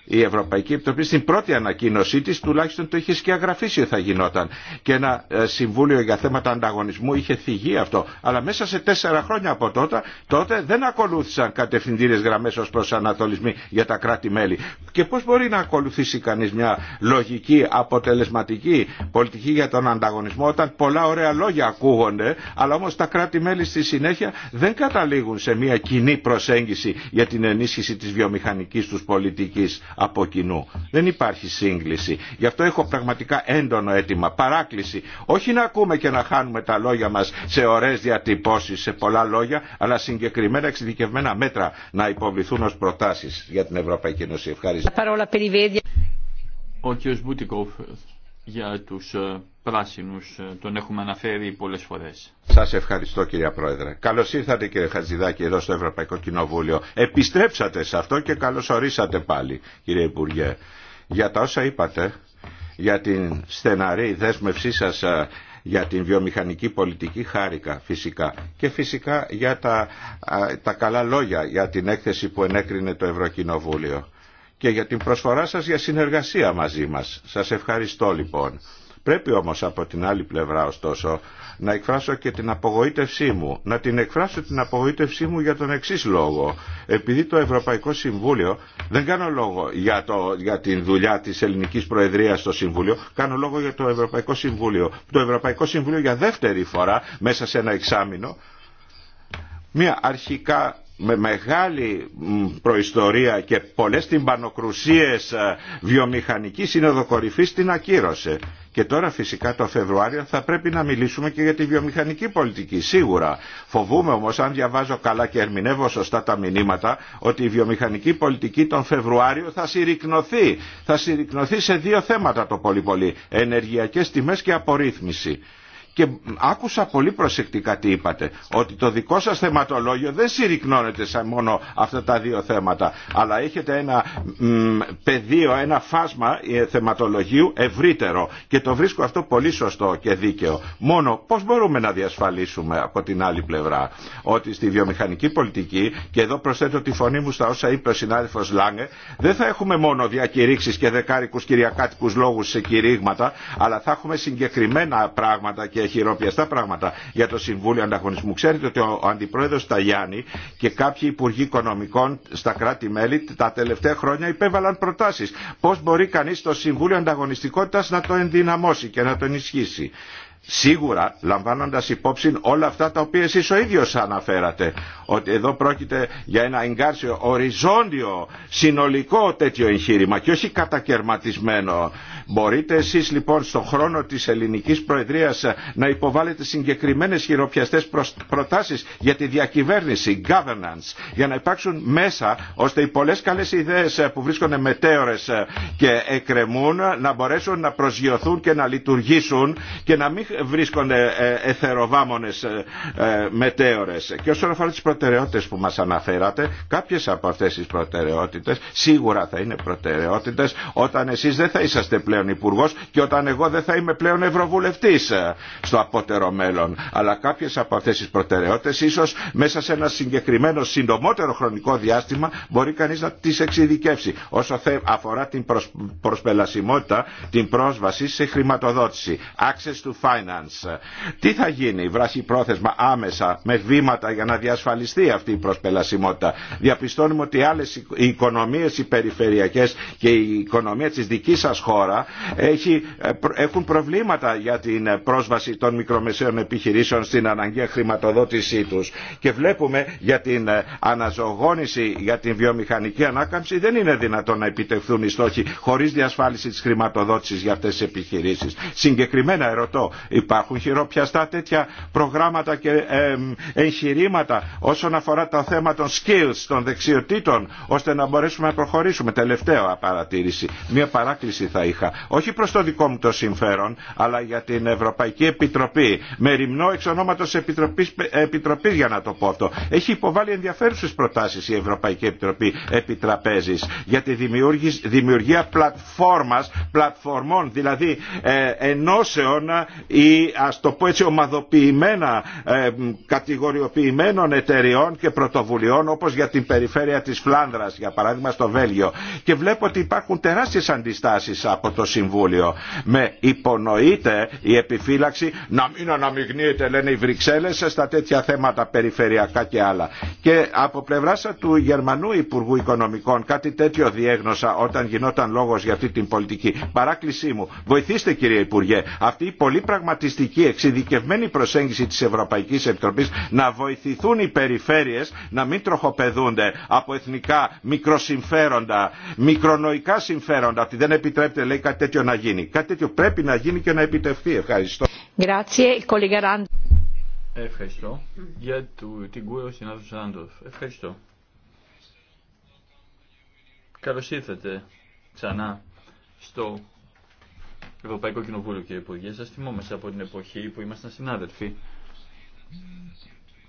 Speaker 4: η Ευρωπαϊκή Επιτροπή στην πρώτη ανακοίνωσή της τουλάχιστον το είχε σκιαγραφίσει ότι θα γινόταν και ένα ε, συμβούλιο για θέματα ανταγωνισμού είχε θυγεί αυτό αλλά μέσα σε τέσσερα χρόνια από τότε, τότε δεν ακολούθησαν κατευθυντήρες γραμμές ως προς ανατολισμοί για τα κράτη-μέλη και πώς μπορεί να ακολουθήσει κανείς μια λογική αποτελεσματική πολιτική για τον ανταγωνισμό όταν πολλά ωραία λόγια ακούγονται αλλά όμως τα κράτη-μέλη στη συνέχεια δεν καταλήγουν σε μια κοινή προσέγγιση για την ενίσχυση της βιομηχανικής τους πολιτικής από κοινού. Δεν υπάρχει σύγκληση. Γι' αυτό έχω πραγματικά έντονο αίτημα, παράκληση. Όχι να ακούμε και να χάνουμε τα λόγια μας σε ωραίες διατυπώσεις, σε πολλά λόγια, αλλά συγκεκριμένα εξειδικευμένα μέτρα να υποβληθούν ως προτάσεις για την Ευρωπαϊκή Ένωση. Ευχαριστώ. Ο κ. Μπουτικόφ για
Speaker 1: ε, πράσινους, ε, τον έχουμε αναφέρει πολλές φορές.
Speaker 4: Σας ευχαριστώ κύριε Πρόεδρε. Καλώς ήρθατε κύριε Χατζηδάκη εδώ στο Ευρωπαϊκό Κοινοβούλιο. Επιστρέψατε σε αυτό και καλώς ορίσατε πάλι κύριε Υπουργέ. Για τα όσα είπατε, για την στεναρή δέσμευσή σας ε, για την βιομηχανική πολιτική χάρηκα φυσικά και φυσικά για τα, ε, τα καλά λόγια για την έκθεση που ενέκρινε το Ευρωκοινοβούλιο και για την προσφορά σας για συνεργασία μαζί μας. Σας ευχαριστώ λοιπόν. Πρέπει όμως από την άλλη πλευρά ωστόσο να εκφράσω και την απογοήτευσή μου. Να την εκφράσω την απογοήτευσή μου για τον εξής λόγο. Επειδή το Ευρωπαϊκό Συμβούλιο, δεν κάνω λόγο για, το, την δουλειά της Ελληνικής Προεδρίας στο Συμβούλιο, κάνω λόγο για το Ευρωπαϊκό Συμβούλιο. Το Ευρωπαϊκό Συμβούλιο για δεύτερη φορά μέσα σε ένα εξάμεινο μια αρχικά με μεγάλη προϊστορία και πολλές τυμπανοκρουσίες ε, βιομηχανική σύνοδο την ακύρωσε. Και τώρα φυσικά το Φεβρουάριο θα πρέπει να μιλήσουμε και για τη βιομηχανική πολιτική, σίγουρα. Φοβούμαι όμως, αν διαβάζω καλά και ερμηνεύω σωστά τα μηνύματα, ότι η βιομηχανική πολιτική τον Φεβρουάριο θα συρρυκνωθεί. Θα συρρυκνωθεί σε δύο θέματα το πολύ πολύ. Ενεργειακές τιμές και απορρίθμιση και άκουσα πολύ προσεκτικά τι είπατε, ότι το δικό σας θεματολόγιο δεν συρρυκνώνεται σε μόνο αυτά τα δύο θέματα, αλλά έχετε ένα πεδίο, ένα φάσμα ε, θεματολογίου ευρύτερο και το βρίσκω αυτό πολύ σωστό και δίκαιο. Μόνο πώς μπορούμε να διασφαλίσουμε από την άλλη πλευρά ότι στη βιομηχανική πολιτική, και εδώ προσθέτω τη φωνή μου στα όσα είπε ο συνάδελφος Λάγκε, δεν θα έχουμε μόνο διακηρύξεις και δεκάρικους κυριακάτικους λόγους σε κηρύγματα, αλλά θα έχουμε συγκεκριμένα πράγματα και χειροπιαστά πράγματα για το Συμβούλιο Ανταγωνισμού. Ξέρετε ότι ο Αντιπρόεδρος Ταγιάννη και κάποιοι Υπουργοί Οικονομικών στα κράτη-μέλη τα τελευταία χρόνια υπέβαλαν προτάσεις. Πώς μπορεί κανείς το Συμβούλιο Ανταγωνιστικότητας να το ενδυναμώσει και να το ενισχύσει σίγουρα λαμβάνοντας υπόψη όλα αυτά τα οποία εσείς ο ίδιος αναφέρατε ότι εδώ πρόκειται για ένα εγκάρσιο οριζόντιο συνολικό τέτοιο εγχείρημα και όχι κατακαιρματισμένο μπορείτε εσείς λοιπόν στο χρόνο της ελληνικής προεδρίας να υποβάλλετε συγκεκριμένες χειροπιαστές προτάσεις για τη διακυβέρνηση governance για να υπάρξουν μέσα ώστε οι πολλές καλές ιδέες που βρίσκονται μετέωρες και εκκρεμούν να μπορέσουν να προσγειωθούν και να λειτουργήσουν και να μην βρίσκονται ε, εθεροβάμονες ε, ε, μετέωρες. Και όσον αφορά τις προτεραιότητες που μας αναφέρατε, κάποιες από αυτές τις προτεραιότητες σίγουρα θα είναι προτεραιότητες όταν εσείς δεν θα είσαστε πλέον υπουργό και όταν εγώ δεν θα είμαι πλέον ευρωβουλευτής στο απότερο μέλλον. Αλλά κάποιες από αυτές τις προτεραιότητες ίσως μέσα σε ένα συγκεκριμένο συντομότερο χρονικό διάστημα μπορεί κανείς να τις εξειδικεύσει. Όσο αφορά την προσπελασιμότητα, την πρόσβαση σε χρηματοδότηση. Access to finance Finance. Τι θα γίνει πρόθεσμα άμεσα με βήματα για να διασφαλιστεί αυτή η προσπελασιμότητα. Διαπιστώνουμε ότι οι άλλες οι οικονομίες οι και η οικονομία τη δική σα χώρα έχει, ε, έχουν προβλήματα για την ε, πρόσβαση των μικρομεσαίων επιχειρήσεων στην αναγκαία χρηματοδότησή του. Και βλέπουμε για την ε, αναζωογόνηση, για την βιομηχανική ανάκαμψη δεν είναι δυνατόν να επιτευχθούν οι στόχοι χωρί διασφάλιση τη χρηματοδότηση για αυτέ τι επιχειρήσει. Συγκεκριμένα ερωτώ, Υπάρχουν χειροπιαστά τέτοια προγράμματα και εγχειρήματα όσον αφορά το θέμα των skills, των δεξιοτήτων, ώστε να μπορέσουμε να προχωρήσουμε. Τελευταία παρατήρηση, μια παράκληση θα είχα. Όχι προς το δικό μου το συμφέρον, αλλά για την Ευρωπαϊκή Επιτροπή. Με ρημνό εξ ονόματος Επιτροπής, Επιτροπής για να το πω αυτό. Έχει υποβάλει ενδιαφέρουσες προτάσεις η Ευρωπαϊκή Επιτροπή Επιτραπέζης για τη δημιουργία πλατφόρμας, πλατφορμών, δηλαδή ε, ή ας το πω έτσι ομαδοποιημένα ε, κατηγοριοποιημένων εταιριών και πρωτοβουλειών όπως για την περιφέρεια της Φλάνδρας για παράδειγμα στο Βέλγιο και βλέπω ότι υπάρχουν τεράστιες αντιστάσεις από το Συμβούλιο με υπονοείται η επιφύλαξη να μην αναμειγνύεται λένε οι Βρυξέλλες στα τέτοια θέματα περιφερειακά και άλλα και από πλευρά του Γερμανού Υπουργού Οικονομικών κάτι τέτοιο διέγνωσα όταν γινόταν λόγο για αυτή την πολιτική παράκλησή μου βοηθήστε κύριε Υπουργέ αυτή η πολύ πραγματιστική εξειδικευμένη προσέγγιση της Ευρωπαϊκής Επιτροπής να βοηθηθούν οι περιφέρειες να μην τροχοπεδούνται από εθνικά μικροσυμφέροντα, μικρονοϊκά συμφέροντα ότι δεν επιτρέπεται λέει κάτι τέτοιο να γίνει. Κάτι τέτοιο πρέπει να γίνει και να επιτευχθεί. Ευχαριστώ.
Speaker 1: Ευχαριστώ. Για του, την κούρα Ευχαριστώ. Καλώς ήρθατε ξανά στο Ευρωπαϊκό Κοινοβούλιο, και Υπουργέ. σα θυμόμαστε από την εποχή που ήμασταν συνάδελφοι.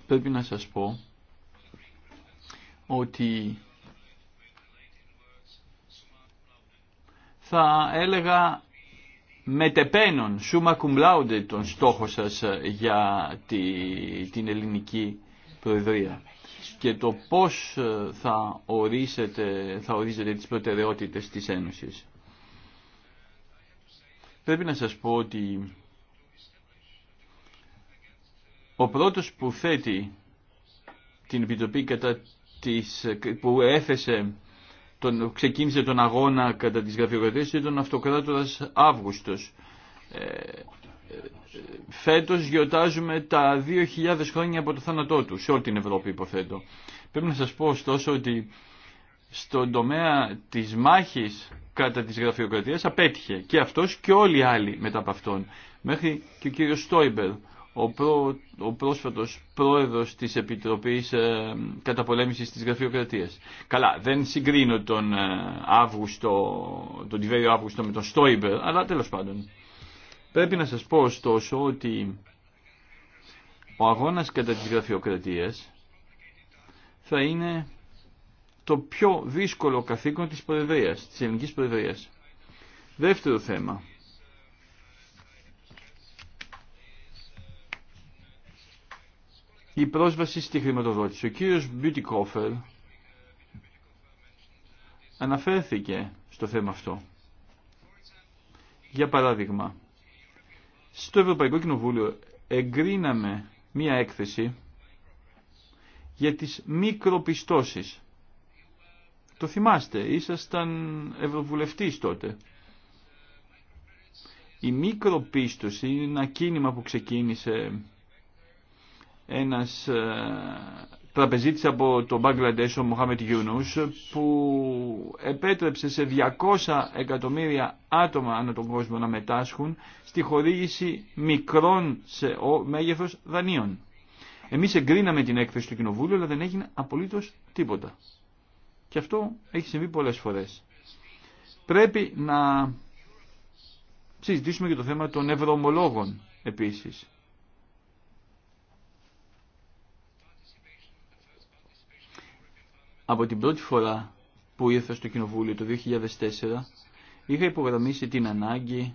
Speaker 1: Πρέπει να σας πω ότι θα έλεγα μετεπένων, σούμα κουμπλάουντε τον στόχο σας για τη, την ελληνική προεδρία και το πώς θα ορίσετε, θα ορίζετε τις προτεραιότητες της Ένωσης. Πρέπει να σας πω ότι ο πρώτος που θέτει την επιτροπή κατά της, που έθεσε τον, ξεκίνησε τον αγώνα κατά της γραφειοκρατίας ήταν ο αυτοκράτορας Αύγουστος. Ε, φέτος γιορτάζουμε τα 2.000 χρόνια από το θάνατό του σε όλη την Ευρώπη υποθέτω. Πρέπει να σας πω ωστόσο ότι στον τομέα της μάχης κατά της γραφειοκρατίας απέτυχε και αυτός και όλοι οι άλλοι μετά από αυτόν. Μέχρι και ο κύριος Στόιμπερ, ο, πρό, ο πρόσφατος πρόεδρος της Επιτροπής ε, Καταπολέμησης της Γραφειοκρατίας. Καλά, δεν συγκρίνω τον, ε, Αύγουστο, τον Τιβέριο Αύγουστο με τον Στόιμπερ, αλλά τέλος πάντων. Πρέπει να σας πω ωστόσο ότι ο αγώνας κατά της γραφειοκρατίας θα είναι το πιο δύσκολο καθήκον της Προεδρίας, της Ελληνικής Προεδρίας. Δεύτερο θέμα. Η πρόσβαση στη χρηματοδότηση. Ο κύριος Μπιουτικόφερ αναφέρθηκε στο θέμα αυτό. Για παράδειγμα, στο Ευρωπαϊκό Κοινοβούλιο εγκρίναμε μία έκθεση για τις μικροπιστώσεις το θυμάστε, ήσασταν ευρωβουλευτής τότε. Η μικροπίστοση είναι ένα κίνημα που ξεκίνησε ένας ε, τραπεζίτης από το Μπαγκλαντές, ο Μοχάμετ Γιούνους, που επέτρεψε σε 200 εκατομμύρια άτομα ανά τον κόσμο να μετάσχουν στη χορήγηση μικρών σε μέγεθος δανείων. Εμείς εγκρίναμε την έκθεση του Κοινοβούλου, αλλά δεν έγινε απολύτως τίποτα. Και αυτό έχει συμβεί πολλές φορές. Πρέπει να συζητήσουμε και το θέμα των ευρωομολόγων επίσης. Από την πρώτη φορά που ήρθα στο Κοινοβούλιο το 2004, είχα υπογραμμίσει την ανάγκη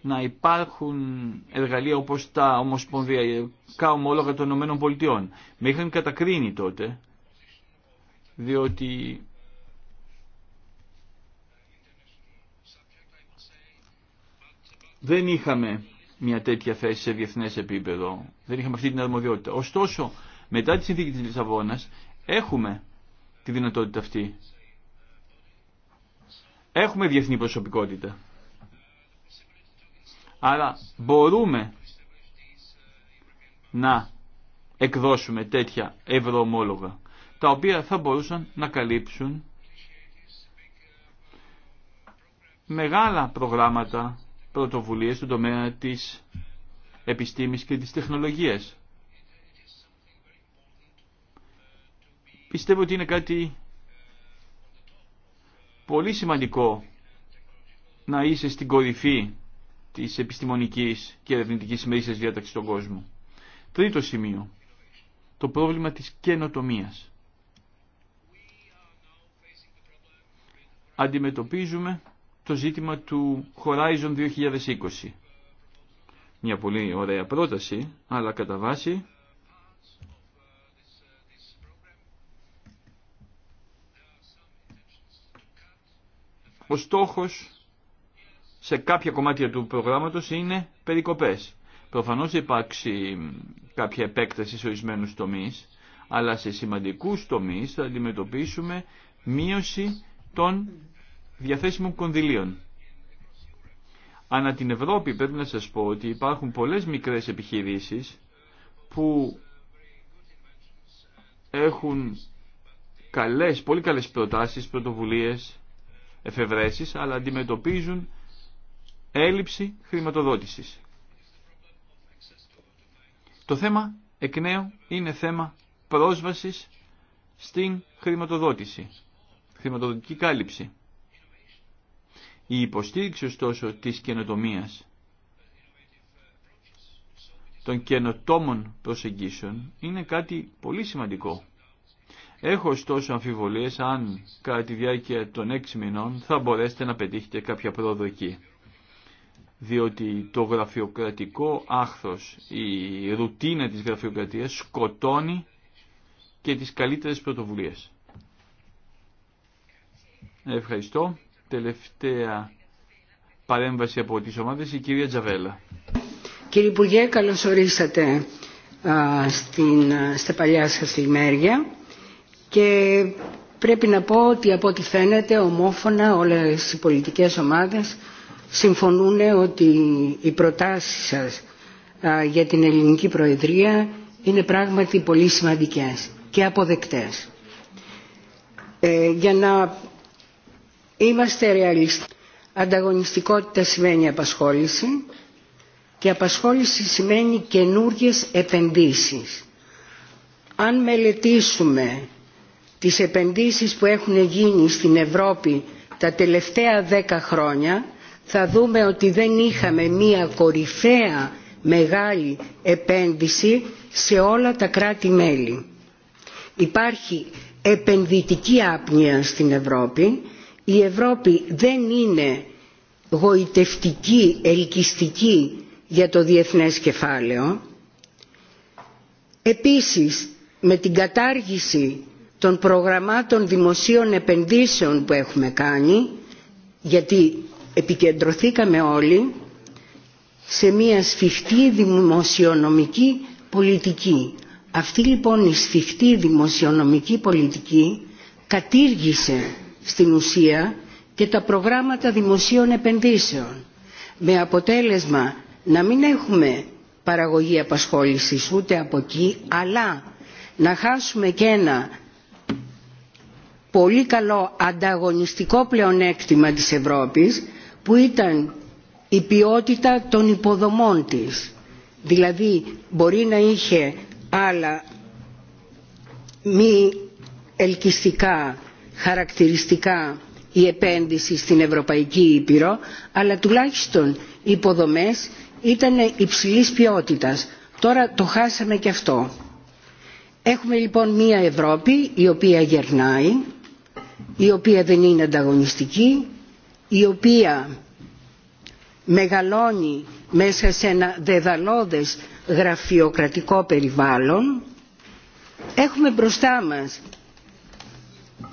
Speaker 1: να υπάρχουν εργαλεία όπως τα ομοσπονδιακά ομόλογα των ΗΠΑ. Με είχαν κατακρίνει τότε διότι δεν είχαμε μια τέτοια θέση σε διεθνές επίπεδο, δεν είχαμε αυτή την αρμοδιότητα. Ωστόσο, μετά τη συνθήκη της Λισαβόνας, έχουμε τη δυνατότητα αυτή. Έχουμε διεθνή προσωπικότητα. Άρα μπορούμε να εκδώσουμε τέτοια ευρωομόλογα τα οποία θα μπορούσαν να καλύψουν μεγάλα προγράμματα πρωτοβουλίες στον τομέα της επιστήμης και της τεχνολογίας. Πιστεύω ότι είναι κάτι πολύ σημαντικό να είσαι στην κορυφή της επιστημονικής και ερευνητικής ημερήσιας διάταξης στον κόσμο. Τρίτο σημείο, το πρόβλημα της καινοτομίας. αντιμετωπίζουμε το ζήτημα του Horizon 2020. Μια πολύ ωραία πρόταση, αλλά κατά βάση ο στόχος σε κάποια κομμάτια του προγράμματος είναι περικοπές. Προφανώς υπάρξει κάποια επέκταση σε ορισμένους τομείς, αλλά σε σημαντικούς τομείς θα αντιμετωπίσουμε μείωση των διαθέσιμων κονδυλίων. Ανά την Ευρώπη πρέπει να σας πω ότι υπάρχουν πολλές μικρές επιχειρήσεις που έχουν καλές, πολύ καλές προτάσεις, πρωτοβουλίες, εφευρέσεις, αλλά αντιμετωπίζουν έλλειψη χρηματοδότησης. Το θέμα εκ νέου είναι θέμα πρόσβασης στην χρηματοδότηση, χρηματοδοτική κάλυψη. Η υποστήριξη ωστόσο της καινοτομία των καινοτόμων προσεγγίσεων είναι κάτι πολύ σημαντικό. Έχω ωστόσο αμφιβολίες αν κατά τη διάρκεια των έξι μηνών θα μπορέσετε να πετύχετε κάποια πρόοδο εκεί. Διότι το γραφειοκρατικό άχθος, η ρουτίνα της γραφειοκρατίας σκοτώνει και τις καλύτερες πρωτοβουλίες. Ευχαριστώ τελευταία παρέμβαση από τις ομάδες, η κυρία Τζαβέλα.
Speaker 6: Κύριε Υπουργέ, καλώς ορίσατε στην, στα παλιά σας λιμέρια και πρέπει να πω ότι από ό,τι φαίνεται ομόφωνα όλες οι πολιτικές ομάδες συμφωνούν ότι οι προτάσεις σας για την ελληνική προεδρία είναι πράγματι πολύ σημαντικές και αποδεκτές. Ε, για να Είμαστε ρεαλιστές. Ανταγωνιστικότητα σημαίνει απασχόληση και απασχόληση σημαίνει καινούργιες επενδύσεις. Αν μελετήσουμε τις επενδύσεις που έχουν γίνει στην Ευρώπη τα τελευταία δέκα χρόνια θα δούμε ότι δεν είχαμε μία κορυφαία μεγάλη επένδυση σε όλα τα κράτη-μέλη. Υπάρχει επενδυτική άπνοια στην Ευρώπη η Ευρώπη δεν είναι γοητευτική, ελκυστική για το διεθνές κεφάλαιο. Επίσης, με την κατάργηση των προγραμμάτων δημοσίων επενδύσεων που έχουμε κάνει, γιατί επικεντρωθήκαμε όλοι σε μια σφιχτή δημοσιονομική πολιτική. Αυτή λοιπόν η σφιχτή δημοσιονομική πολιτική κατήργησε στην ουσία και τα προγράμματα δημοσίων επενδύσεων με αποτέλεσμα να μην έχουμε παραγωγή απασχόλησης ούτε από εκεί αλλά να χάσουμε και ένα πολύ καλό ανταγωνιστικό πλεονέκτημα της Ευρώπης που ήταν η ποιότητα των υποδομών της. Δηλαδή μπορεί να είχε άλλα μη ελκυστικά χαρακτηριστικά η επένδυση στην Ευρωπαϊκή Ήπειρο, αλλά τουλάχιστον οι υποδομές ήταν υψηλής ποιότητας. Τώρα το χάσαμε και αυτό. Έχουμε λοιπόν μία Ευρώπη η οποία γερνάει, η οποία δεν είναι ανταγωνιστική, η οποία μεγαλώνει μέσα σε ένα δεδαλώδες γραφειοκρατικό περιβάλλον. Έχουμε μπροστά μας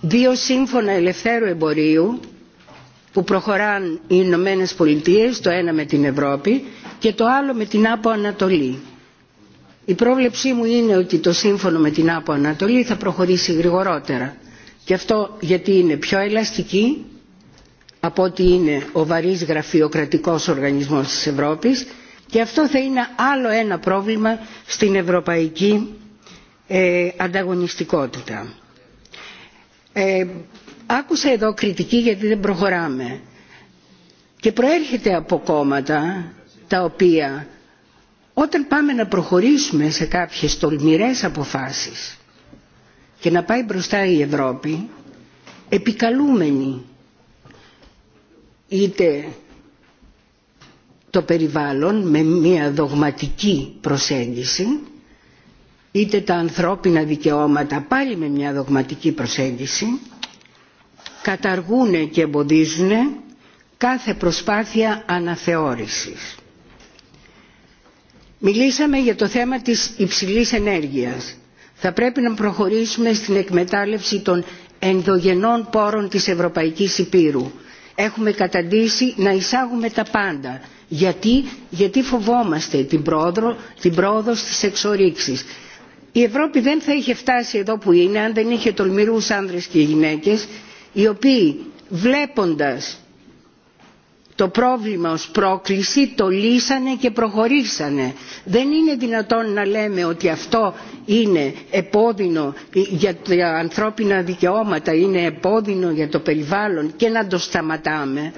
Speaker 6: δύο σύμφωνα ελευθέρου εμπορίου που προχωράν οι Ηνωμένε Πολιτείε, το ένα με την Ευρώπη και το άλλο με την Άπο Ανατολή. Η πρόβλεψή μου είναι ότι το σύμφωνο με την Άπο Ανατολή θα προχωρήσει γρηγορότερα. Και αυτό γιατί είναι πιο ελαστική από ότι είναι ο βαρύς γραφειοκρατικός οργανισμός της Ευρώπης και αυτό θα είναι άλλο ένα πρόβλημα στην ευρωπαϊκή ε, ανταγωνιστικότητα ε, άκουσα εδώ κριτική γιατί δεν προχωράμε και προέρχεται από κόμματα τα οποία όταν πάμε να προχωρήσουμε σε κάποιες τολμηρές αποφάσεις και να πάει μπροστά η Ευρώπη επικαλούμενη είτε το περιβάλλον με μια δογματική προσέγγιση είτε τα ανθρώπινα δικαιώματα πάλι με μια δογματική προσέγγιση καταργούν και εμποδίζουν κάθε προσπάθεια αναθεώρησης. Μιλήσαμε για το θέμα της υψηλής ενέργειας. Θα πρέπει να προχωρήσουμε στην εκμετάλλευση των ενδογενών πόρων της Ευρωπαϊκής Υπήρου. Έχουμε καταντήσει να εισάγουμε τα πάντα. Γιατί, Γιατί φοβόμαστε την πρόοδο, την πρόοδο στις εξορίξεις η ευρώπη δεν θα είχε φτάσει εδώ που είναι αν δεν είχε τολμηρούς άνδρες και γυναίκες οι οποίοι βλέποντας το πρόβλημα ως πρόκληση το λύσανε και προχωρήσανε. Δεν είναι δυνατόν να λέμε ότι αυτό είναι επώδυνο για τα ανθρώπινα δικαιώματα, είναι επώδυνο για το περιβάλλον και να το σταματάμε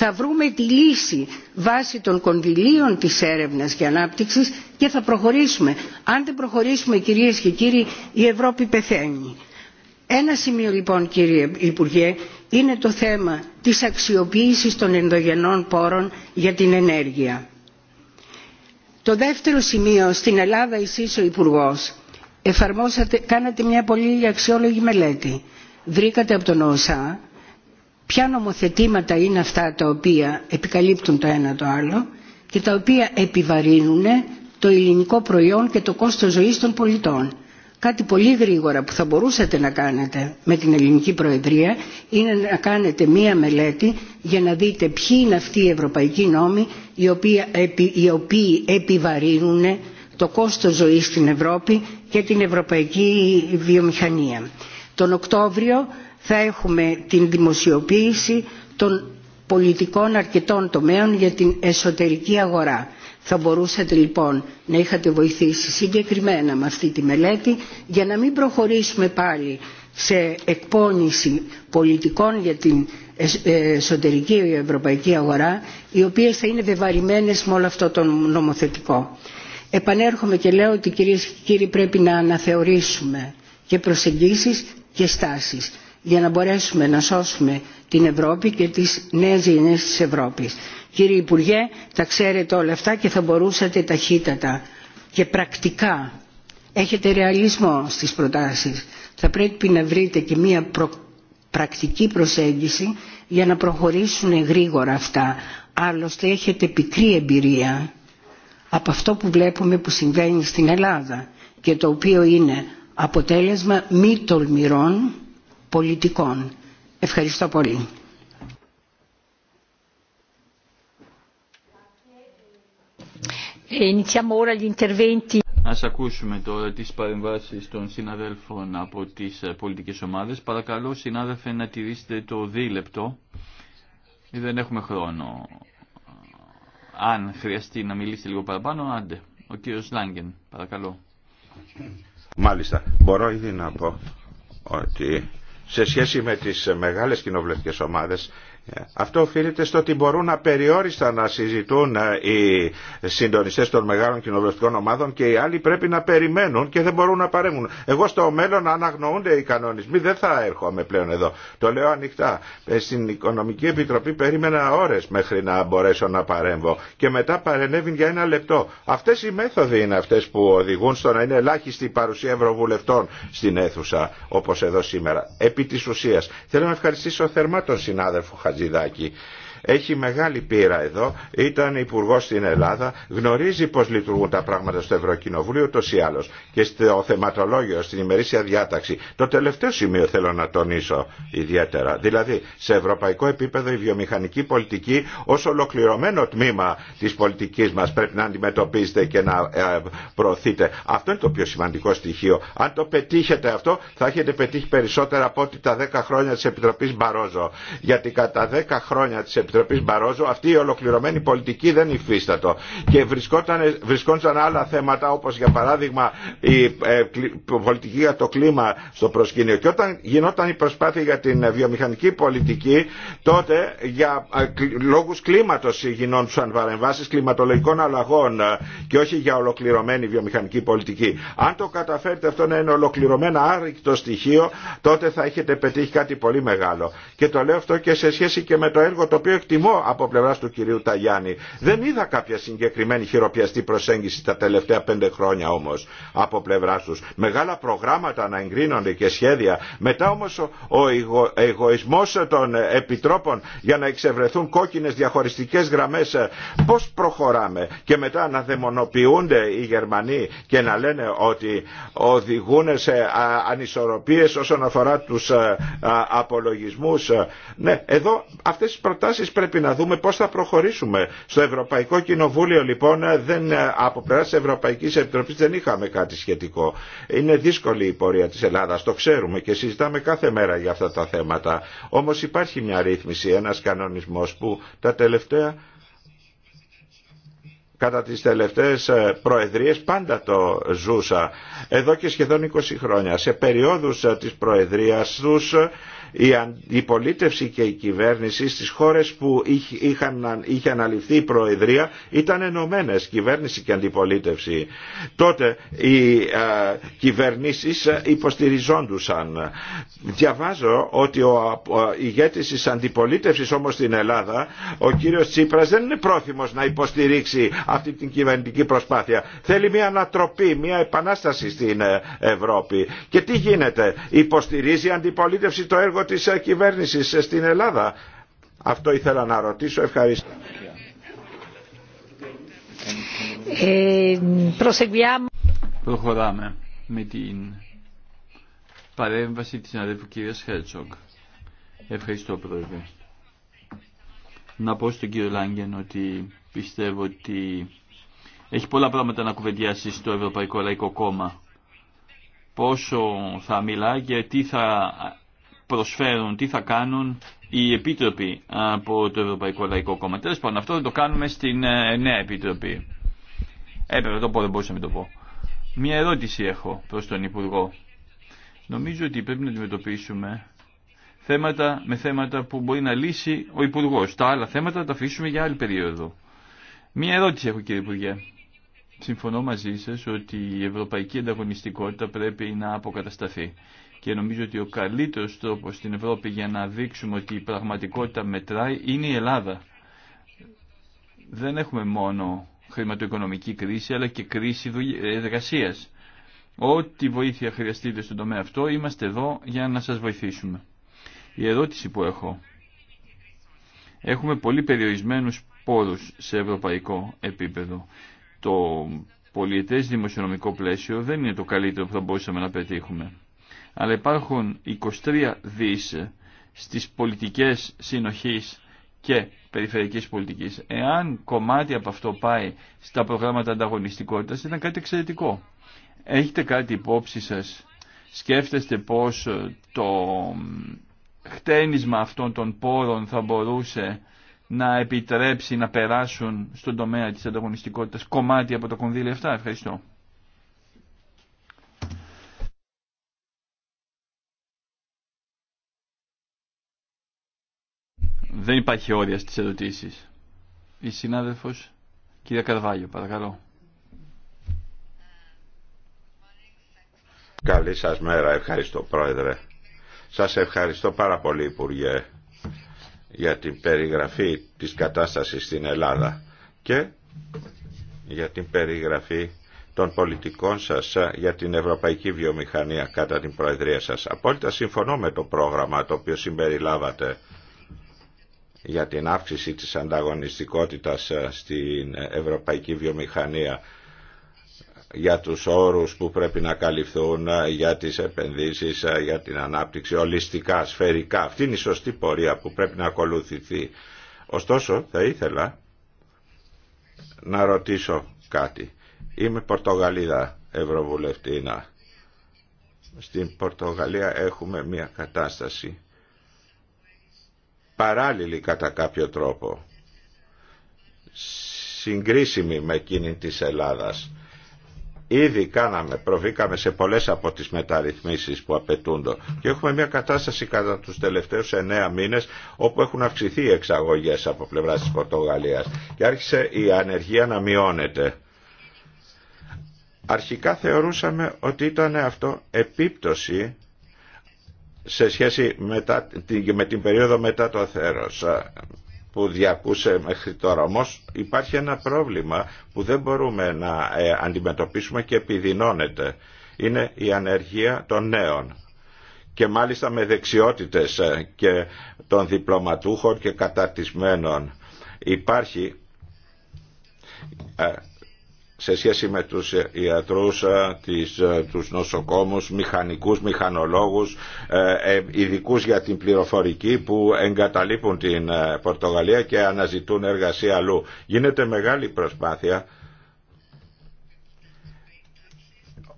Speaker 6: θα βρούμε τη λύση βάσει των κονδυλίων της έρευνας και ανάπτυξης και θα προχωρήσουμε. αν δεν προχωρήσουμε κυρίες και κύριοι η ευρώπη πεθαίνει. ένα σημείο λοιπόν κύριε υπουργέ είναι το θέμα της αξιοποίησης των ενδογενών πόρων για την ενέργεια. το δεύτερο σημείο στην ελλάδα εσείς ο υπουργός εφαρμόσατε, κάνατε μια πολύ αξιόλογη μελέτη. βρήκατε από τον όσα ποια νομοθετήματα είναι αυτά τα οποία επικαλύπτουν το ένα το άλλο και τα οποία επιβαρύνουν το ελληνικό προϊόν και το κόστος ζωής των πολιτών. Κάτι πολύ γρήγορα που θα μπορούσατε να κάνετε με την ελληνική προεδρία είναι να κάνετε μία μελέτη για να δείτε ποιοι είναι αυτοί οι ευρωπαϊκοί νόμοι οι οποίοι επιβαρύνουν το κόστος ζωής στην Ευρώπη και την ευρωπαϊκή βιομηχανία. Τον Οκτώβριο θα έχουμε την δημοσιοποίηση των πολιτικών αρκετών τομέων για την εσωτερική αγορά. Θα μπορούσατε λοιπόν να είχατε βοηθήσει συγκεκριμένα με αυτή τη μελέτη για να μην προχωρήσουμε πάλι σε εκπόνηση πολιτικών για την ε, εσωτερική ευρωπαϊκή αγορά οι οποίες θα είναι βεβαρημένες με όλο αυτό το νομοθετικό. Επανέρχομαι και λέω ότι κυρίες και κύριοι πρέπει να αναθεωρήσουμε και προσεγγίσεις και στάσεις για να μπορέσουμε να σώσουμε την Ευρώπη και τις νέες γενιές της Ευρώπης. Κύριε Υπουργέ, τα ξέρετε όλα αυτά και θα μπορούσατε ταχύτατα και πρακτικά. Έχετε ρεαλισμό στις προτάσεις. Θα πρέπει να βρείτε και μία πρακτική προσέγγιση για να προχωρήσουν γρήγορα αυτά. Άλλωστε έχετε πικρή εμπειρία από αυτό που βλέπουμε που συμβαίνει στην Ελλάδα και το οποίο είναι αποτέλεσμα μη τολμηρών πολιτικών. Ευχαριστώ πολύ.
Speaker 5: Ε,
Speaker 1: Ας ακούσουμε τώρα τις παρεμβάσεις των συναδέλφων από τις ε, πολιτικές ομάδες. Παρακαλώ συνάδελφε να τηρήσετε το δίλεπτο. Ε, δεν έχουμε χρόνο. Αν χρειαστεί να μιλήσετε λίγο παραπάνω, άντε. Ο κύριος Λάγκεν, παρακαλώ.
Speaker 4: Μάλιστα. Μπορώ ήδη να πω ότι σε σχέση με τις μεγάλες κοινοβουλευτικές ομάδες αυτό οφείλεται στο ότι μπορούν να περιόριστα να συζητούν ε, οι συντονιστέ των μεγάλων κοινοβουλευτικών ομάδων και οι άλλοι πρέπει να περιμένουν και δεν μπορούν να παρέμβουν. Εγώ στο μέλλον, αν αγνοούνται οι κανονισμοί, δεν θα έρχομαι πλέον εδώ. Το λέω ανοιχτά. Ε, στην Οικονομική Επιτροπή περίμενα ώρε μέχρι να μπορέσω να παρέμβω και μετά παρενέβην για ένα λεπτό. Αυτέ οι μέθοδοι είναι αυτέ που οδηγούν στο να είναι ελάχιστη η παρουσία ευρωβουλευτών στην αίθουσα όπω εδώ σήμερα. Επί τη ουσία. Θέλω να ευχαριστήσω θερμά τον συνάδελφο Χατζηδάκη έχει μεγάλη πείρα εδώ, ήταν υπουργό στην Ελλάδα, γνωρίζει πώ λειτουργούν τα πράγματα στο Ευρωκοινοβούλιο ούτω ή άλλω και στο θεματολόγιο, στην ημερήσια διάταξη. Το τελευταίο σημείο θέλω να τονίσω ιδιαίτερα. Δηλαδή, σε ευρωπαϊκό επίπεδο η βιομηχανική πολιτική ω ολοκληρωμένο τμήμα τη πολιτική μα πρέπει να αντιμετωπίζεται και να ε, προωθείτε. Αυτό είναι το πιο σημαντικό στοιχείο. Αν το πετύχετε αυτό, θα έχετε πετύχει περισσότερα από ό,τι τα 10 χρόνια τη Επιτροπή Μπαρόζο. Γιατί κατά 10 χρόνια τη Επιτροπής Μπαρόζο αυτή η ολοκληρωμένη πολιτική δεν υφίστατο και βρισκόντουσαν άλλα θέματα όπως για παράδειγμα η ε, πολιτική για το κλίμα στο προσκήνιο και όταν γινόταν η προσπάθεια για την βιομηχανική πολιτική τότε για ε, λόγους κλίματος γινόντουσαν παρεμβάσεις κλιματολογικών αλλαγών ε, και όχι για ολοκληρωμένη βιομηχανική πολιτική. Αν το καταφέρετε αυτό να είναι ολοκληρωμένα άρρηκτο στοιχείο τότε θα έχετε πετύχει κάτι πολύ μεγάλο. Και το λέω αυτό και σε σχέση και με το έργο το οποίο εκτιμώ από πλευρά του κυρίου Ταγιάννη. Δεν είδα κάποια συγκεκριμένη χειροπιαστή προσέγγιση τα τελευταία πέντε χρόνια όμω από πλευρά του. Μεγάλα προγράμματα να εγκρίνονται και σχέδια. Μετά όμω ο εγω, εγωισμό των επιτρόπων για να εξευρεθούν κόκκινε διαχωριστικέ γραμμέ. Ε, Πώ προχωράμε και μετά να δαιμονοποιούνται οι Γερμανοί και να λένε ότι οδηγούν σε ανισορροπίε όσον αφορά του ε, απολογισμού. Ε, ναι, εδώ αυτέ τι προτάσει πρέπει να δούμε πώς θα προχωρήσουμε. Στο Ευρωπαϊκό Κοινοβούλιο λοιπόν δεν, από πλευρά της Ευρωπαϊκής Επιτροπής δεν είχαμε κάτι σχετικό. Είναι δύσκολη η πορεία της Ελλάδας, το ξέρουμε και συζητάμε κάθε μέρα για αυτά τα θέματα. Όμως υπάρχει μια ρύθμιση, ένας κανονισμός που τα τελευταία κατά τις τελευταίες ε, προεδρίες πάντα το ζούσα εδώ και σχεδόν 20 χρόνια σε περιόδους ε, της προεδρίας τους η αντιπολίτευση και η κυβέρνηση στις χώρες που είχαν, είχε αναλυφθεί η Προεδρία ήταν ενωμένε κυβέρνηση και αντιπολίτευση. Τότε οι ε, κυβερνήσεις υποστηριζόντουσαν. Διαβάζω ότι ο ηγέτης της αντιπολίτευσης όμως στην Ελλάδα, ο κύριος Τσίπρας δεν είναι πρόθυμος να υποστηρίξει αυτή την κυβερνητική προσπάθεια. Θέλει μια ανατροπή, μια επανάσταση στην ε, Ευρώπη. Και τι γίνεται, υποστηρίζει η αντιπολίτευση το έργο της ε, κυβέρνησης ε, στην Ελλάδα. Αυτό ήθελα να ρωτήσω. Ευχαριστώ. Ε, Προχωράμε με
Speaker 1: την παρέμβαση της αδερφού κυρίας Χέρτσογκ. Ευχαριστώ πρόεδρε. Να πω στον κύριο Λάγκεν ότι πιστεύω ότι έχει πολλά πράγματα να κουβεντιάσει στο Ευρωπαϊκό Λαϊκό Κόμμα. Πόσο θα μιλά και τι θα προσφέρουν, τι θα κάνουν οι επίτροποι από το Ευρωπαϊκό Λαϊκό Κόμμα. Τέλο πάντων, αυτό θα το κάνουμε στην ε, νέα επίτροπη. Έπρεπε να το πω, δεν μπορούσα να το πω. Μία ερώτηση έχω προς τον Υπουργό. Νομίζω ότι πρέπει να αντιμετωπίσουμε θέματα με θέματα που μπορεί να λύσει ο Υπουργό. Τα άλλα θέματα θα τα αφήσουμε για άλλη περίοδο. Μία ερώτηση έχω κύριε Υπουργέ. Συμφωνώ μαζί σας ότι η ευρωπαϊκή ανταγωνιστικότητα πρέπει να αποκατασταθεί και νομίζω ότι ο καλύτερος τρόπος στην Ευρώπη για να δείξουμε ότι η πραγματικότητα μετράει είναι η Ελλάδα. Δεν έχουμε μόνο χρηματοοικονομική κρίση αλλά και κρίση ε, εργασία. Ό,τι βοήθεια χρειαστείτε στον τομέα αυτό είμαστε εδώ για να σας βοηθήσουμε. Η ερώτηση που έχω. Έχουμε πολύ περιορισμένους πόρους σε ευρωπαϊκό επίπεδο. Το πολιετές δημοσιονομικό πλαίσιο δεν είναι το καλύτερο που θα μπορούσαμε να πετύχουμε αλλά υπάρχουν 23 δις στις πολιτικές συνοχής και περιφερειακής πολιτικής. Εάν κομμάτι από αυτό πάει στα προγράμματα ανταγωνιστικότητας ήταν κάτι εξαιρετικό. Έχετε κάτι υπόψη σας, σκέφτεστε πως το χτένισμα αυτών των πόρων θα μπορούσε να επιτρέψει να περάσουν στον τομέα της ανταγωνιστικότητας κομμάτι από τα κονδύλια αυτά. Ευχαριστώ. Δεν υπάρχει όρια στις ερωτήσεις. Η συνάδελφος,
Speaker 4: κυρία Καρβάγιο, παρακαλώ. Καλή σας μέρα, ευχαριστώ πρόεδρε. Σας ευχαριστώ πάρα πολύ Υπουργέ για την περιγραφή της κατάστασης στην Ελλάδα και για την περιγραφή των πολιτικών σας για την ευρωπαϊκή βιομηχανία κατά την Προεδρία σας. Απόλυτα συμφωνώ με το πρόγραμμα το οποίο συμπεριλάβατε για την αύξηση της ανταγωνιστικότητας ε, στην ευρωπαϊκή βιομηχανία για τους όρους που πρέπει να καλυφθούν ε, για τις επενδύσεις, ε, για την ανάπτυξη ολιστικά, σφαιρικά. Αυτή είναι η σωστή πορεία που πρέπει να ακολουθηθεί. Ωστόσο θα ήθελα να ρωτήσω κάτι. Είμαι Πορτογαλίδα Ευρωβουλευτήνα. Στην Πορτογαλία έχουμε μια κατάσταση παράλληλη κατά κάποιο τρόπο, συγκρίσιμη με εκείνη της Ελλάδας. Ήδη κάναμε, προβήκαμε σε πολλές από τις μεταρρυθμίσεις που απαιτούνται και έχουμε μια κατάσταση κατά τους τελευταίους εννέα μήνες όπου έχουν αυξηθεί οι εξαγωγές από πλευρά της Πορτογαλίας και άρχισε η ανεργία να μειώνεται. Αρχικά θεωρούσαμε ότι ήταν αυτό επίπτωση σε σχέση με την περίοδο μετά το θέρος που διακούσε μέχρι τώρα. Όμω υπάρχει ένα πρόβλημα που δεν μπορούμε να ε, αντιμετωπίσουμε και επιδεινώνεται. Είναι η ανεργία των νέων και μάλιστα με δεξιότητες ε, και των διπλωματούχων και καταρτισμένων. Υπάρχει ε, σε σχέση με τους ιατρούς, ε, τις, ε, τους νοσοκόμους, μηχανικούς, μηχανολόγους, ε, ειδικούς για την πληροφορική που εγκαταλείπουν την Πορτογαλία και αναζητούν εργασία αλλού. Γίνεται μεγάλη προσπάθεια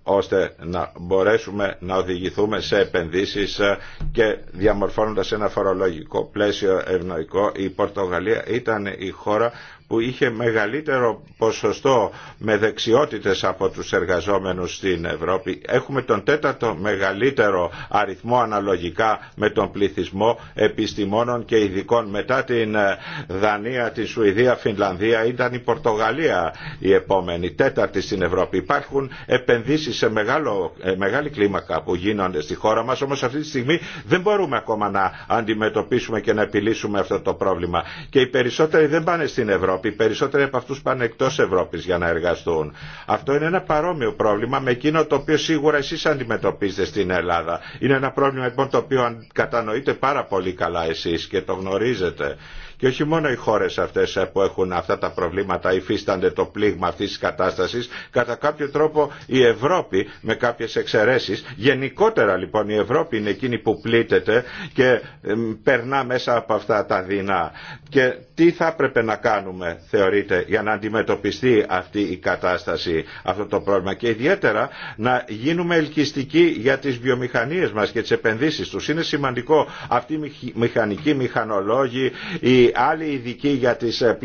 Speaker 4: ώστε να μπορέσουμε να οδηγηθούμε σε επενδύσεις και διαμορφώνοντας ένα φορολογικό πλαίσιο ευνοϊκό. Η Πορτογαλία ήταν η χώρα που είχε μεγαλύτερο ποσοστό με δεξιότητες από τους εργαζόμενους στην Ευρώπη. Έχουμε τον τέταρτο μεγαλύτερο αριθμό αναλογικά με τον πληθυσμό επιστημόνων και ειδικών. Μετά την ε, Δανία, τη Σουηδία, Φινλανδία ήταν η Πορτογαλία η επόμενη, τέταρτη στην Ευρώπη. Υπάρχουν επενδύσεις σε μεγάλο, ε, μεγάλη κλίμακα που γίνονται στη χώρα μας, όμως αυτή τη στιγμή δεν μπορούμε ακόμα να αντιμετωπίσουμε και να επιλύσουμε αυτό το πρόβλημα. Και οι περισσότεροι δεν πάνε στην Ευρώπη Ευρώπη. Περισσότεροι από αυτού πάνε εκτός Ευρώπης για να εργαστούν. Αυτό είναι ένα παρόμοιο πρόβλημα με εκείνο το οποίο σίγουρα εσείς αντιμετωπίζετε στην Ελλάδα. Είναι ένα πρόβλημα λοιπόν το οποίο κατανοείτε πάρα πολύ καλά εσείς και το γνωρίζετε. Και όχι μόνο οι χώρε αυτέ που έχουν αυτά τα προβλήματα υφίστανται το πλήγμα αυτή τη κατάσταση, κατά κάποιο τρόπο η Ευρώπη με κάποιε εξαιρέσει. γενικότερα λοιπόν η Ευρώπη είναι εκείνη που πλήττεται και περνά μέσα από αυτά τα δεινά. Και τι θα έπρεπε να κάνουμε θεωρείτε για να αντιμετωπιστεί αυτή η κατάσταση, αυτό το πρόβλημα και ιδιαίτερα να γίνουμε ελκυστικοί για τι βιομηχανίε μα και τι επενδύσει του. Είναι σημαντικό αυτοί οι μηχανικοί, μηχανολόγοι, άλλοι ειδικοί για, τις ε,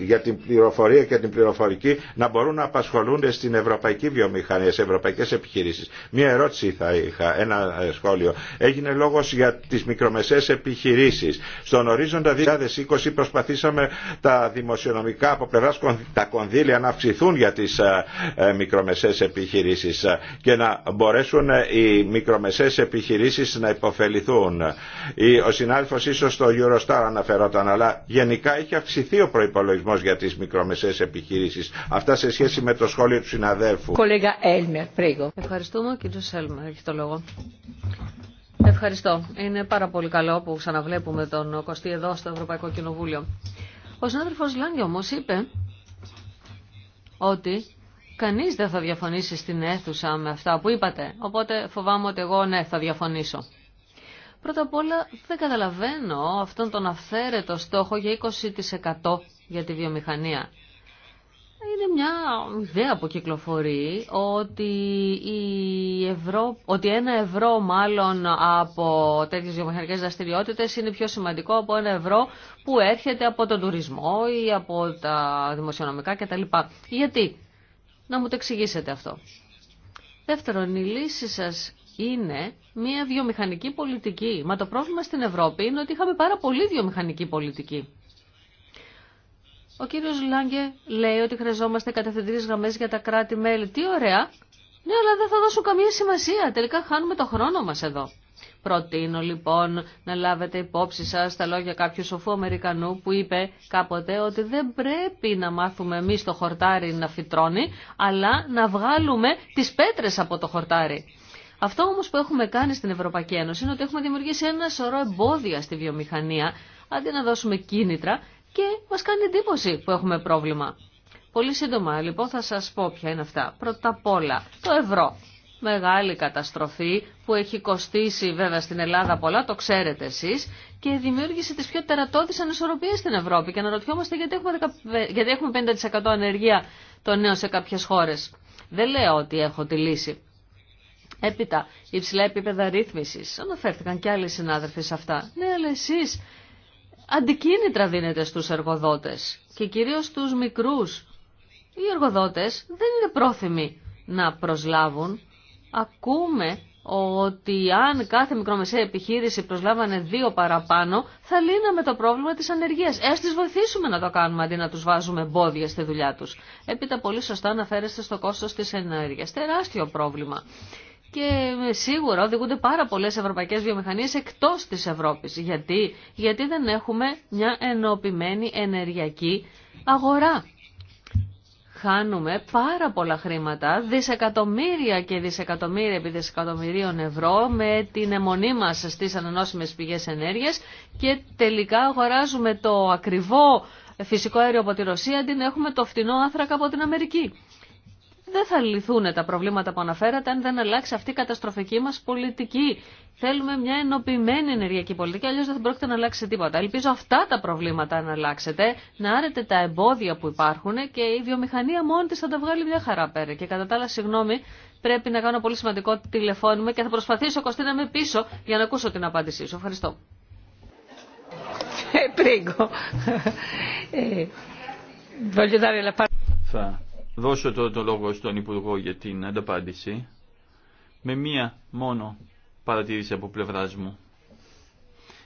Speaker 4: για την πληροφορία και την πληροφορική να μπορούν να απασχολούνται στην ευρωπαϊκή βιομηχανία, σε ευρωπαϊκές επιχειρήσεις. Μία ερώτηση θα είχα, ένα ε, σχόλιο. Έγινε λόγος για τις μικρομεσαίες επιχειρήσεις. Στον ορίζοντα 2020 προσπαθήσαμε τα δημοσιονομικά από πλευράς τα κονδύλια να αυξηθούν για τις ε, μικρομεσαίες επιχειρήσεις και να μπορέσουν οι μικρομεσαίες επιχειρήσεις να υποφεληθούν. Ο συνάδελφος ίσω στο Eurostar αναφερόταν αλλά γενικά έχει αυξηθεί ο προπολογισμό για τι μικρομεσαίε επιχειρήσει. Αυτά σε σχέση με το σχόλιο του συναδέλφου.
Speaker 5: Ευχαριστούμε, κύριο
Speaker 3: Σέλμερ, έχει το λόγο. Ευχαριστώ. Είναι πάρα πολύ καλό που ξαναβλέπουμε τον Κωστή εδώ στο Ευρωπαϊκό Κοινοβούλιο. Ο συνάδελφο Λάγκη όμω είπε ότι κανεί δεν θα διαφωνήσει στην αίθουσα με αυτά που είπατε. Οπότε φοβάμαι ότι εγώ ναι θα διαφωνήσω. Πρώτα απ' όλα δεν καταλαβαίνω αυτόν τον αυθαίρετο στόχο για 20% για τη βιομηχανία. Είναι μια ιδέα που κυκλοφορεί ότι, η ευρώ, ότι ένα ευρώ μάλλον από τέτοιες βιομηχανικές δραστηριότητε είναι πιο σημαντικό από ένα ευρώ που έρχεται από τον τουρισμό ή από τα δημοσιονομικά κτλ. Γιατί, να μου το εξηγήσετε αυτό. Δεύτερον, η λύση σας είναι μια βιομηχανική πολιτική. Μα το πρόβλημα στην Ευρώπη είναι ότι είχαμε πάρα πολύ βιομηχανική πολιτική. Ο κύριος Λάγκε λέει ότι χρειαζόμαστε κατευθυντήριες γραμμές για τα κράτη-μέλη. Τι ωραία! Ναι, αλλά δεν θα δώσουν καμία σημασία. Τελικά χάνουμε το χρόνο μας εδώ. Προτείνω λοιπόν να λάβετε υπόψη σας τα λόγια κάποιου σοφού Αμερικανού που είπε κάποτε ότι δεν πρέπει να μάθουμε εμεί το χορτάρι να φυτρώνει, αλλά να βγάλουμε τις πέτρες από το χορτάρι. Αυτό όμως που έχουμε κάνει στην Ευρωπαϊκή Ένωση είναι ότι έχουμε δημιουργήσει ένα σωρό εμπόδια στη βιομηχανία, αντί να δώσουμε κίνητρα και μας κάνει εντύπωση που έχουμε πρόβλημα. Πολύ σύντομα λοιπόν θα σας πω ποια είναι αυτά. Πρώτα απ' όλα το ευρώ. Μεγάλη καταστροφή που έχει κοστίσει βέβαια στην Ελλάδα πολλά, το ξέρετε εσείς, και δημιούργησε τις πιο τερατώδεις ανισορροπίες στην Ευρώπη. Και αναρωτιόμαστε γιατί έχουμε, γιατί έχουμε 50% ανεργία των νέων σε κάποιες χώρε. Δεν λέω ότι έχω τη λύση. Έπειτα, υψηλά επίπεδα ρύθμιση. Αναφέρθηκαν και άλλοι συνάδελφοι σε αυτά. Ναι, αλλά εσεί αντικίνητρα δίνετε στου εργοδότε και κυρίω στου μικρού. Οι εργοδότε δεν είναι πρόθυμοι να προσλάβουν. Ακούμε ότι αν κάθε μικρομεσαία επιχείρηση προσλάβανε δύο παραπάνω, θα λύναμε το πρόβλημα τη ανεργία. Ε, ας τι βοηθήσουμε να το κάνουμε αντί να του βάζουμε εμπόδια στη δουλειά του. Έπειτα πολύ σωστά αναφέρεστε στο κόστο τη ενέργεια. Τεράστιο πρόβλημα και σίγουρα οδηγούνται πάρα πολλέ ευρωπαϊκές βιομηχανίες εκτός της Ευρώπης. Γιατί, Γιατί δεν έχουμε μια ενοποιημένη ενεργειακή αγορά. Χάνουμε πάρα πολλά χρήματα, δισεκατομμύρια και δισεκατομμύρια επί δισεκατομμυρίων ευρώ με την αιμονή μα στι ανανόσιμε πηγέ ενέργεια και τελικά αγοράζουμε το ακριβό φυσικό αέριο από τη Ρωσία αντί να έχουμε το φθηνό άνθρακα από την Αμερική δεν θα λυθούν τα προβλήματα που αναφέρατε αν δεν αλλάξει αυτή η καταστροφική μας πολιτική. Θέλουμε μια ενωπημένη ενεργειακή πολιτική, αλλιώς δεν πρόκειται να αλλάξει τίποτα. Ελπίζω αυτά τα προβλήματα να αλλάξετε, να άρετε τα εμπόδια που υπάρχουν και η βιομηχανία μόνη της θα τα βγάλει μια χαρά πέρα. Και κατά τα άλλα, συγγνώμη, πρέπει να κάνω πολύ σημαντικό τηλεφώνημα και θα προσπαθήσω, Κωστή, να είμαι πίσω για να ακούσω την απάντησή σου. Ευχαριστώ.
Speaker 5: Ε, ε, ε,
Speaker 1: δώσω τώρα το λόγο στον Υπουργό για την ανταπάντηση με μία μόνο παρατήρηση από πλευράς μου.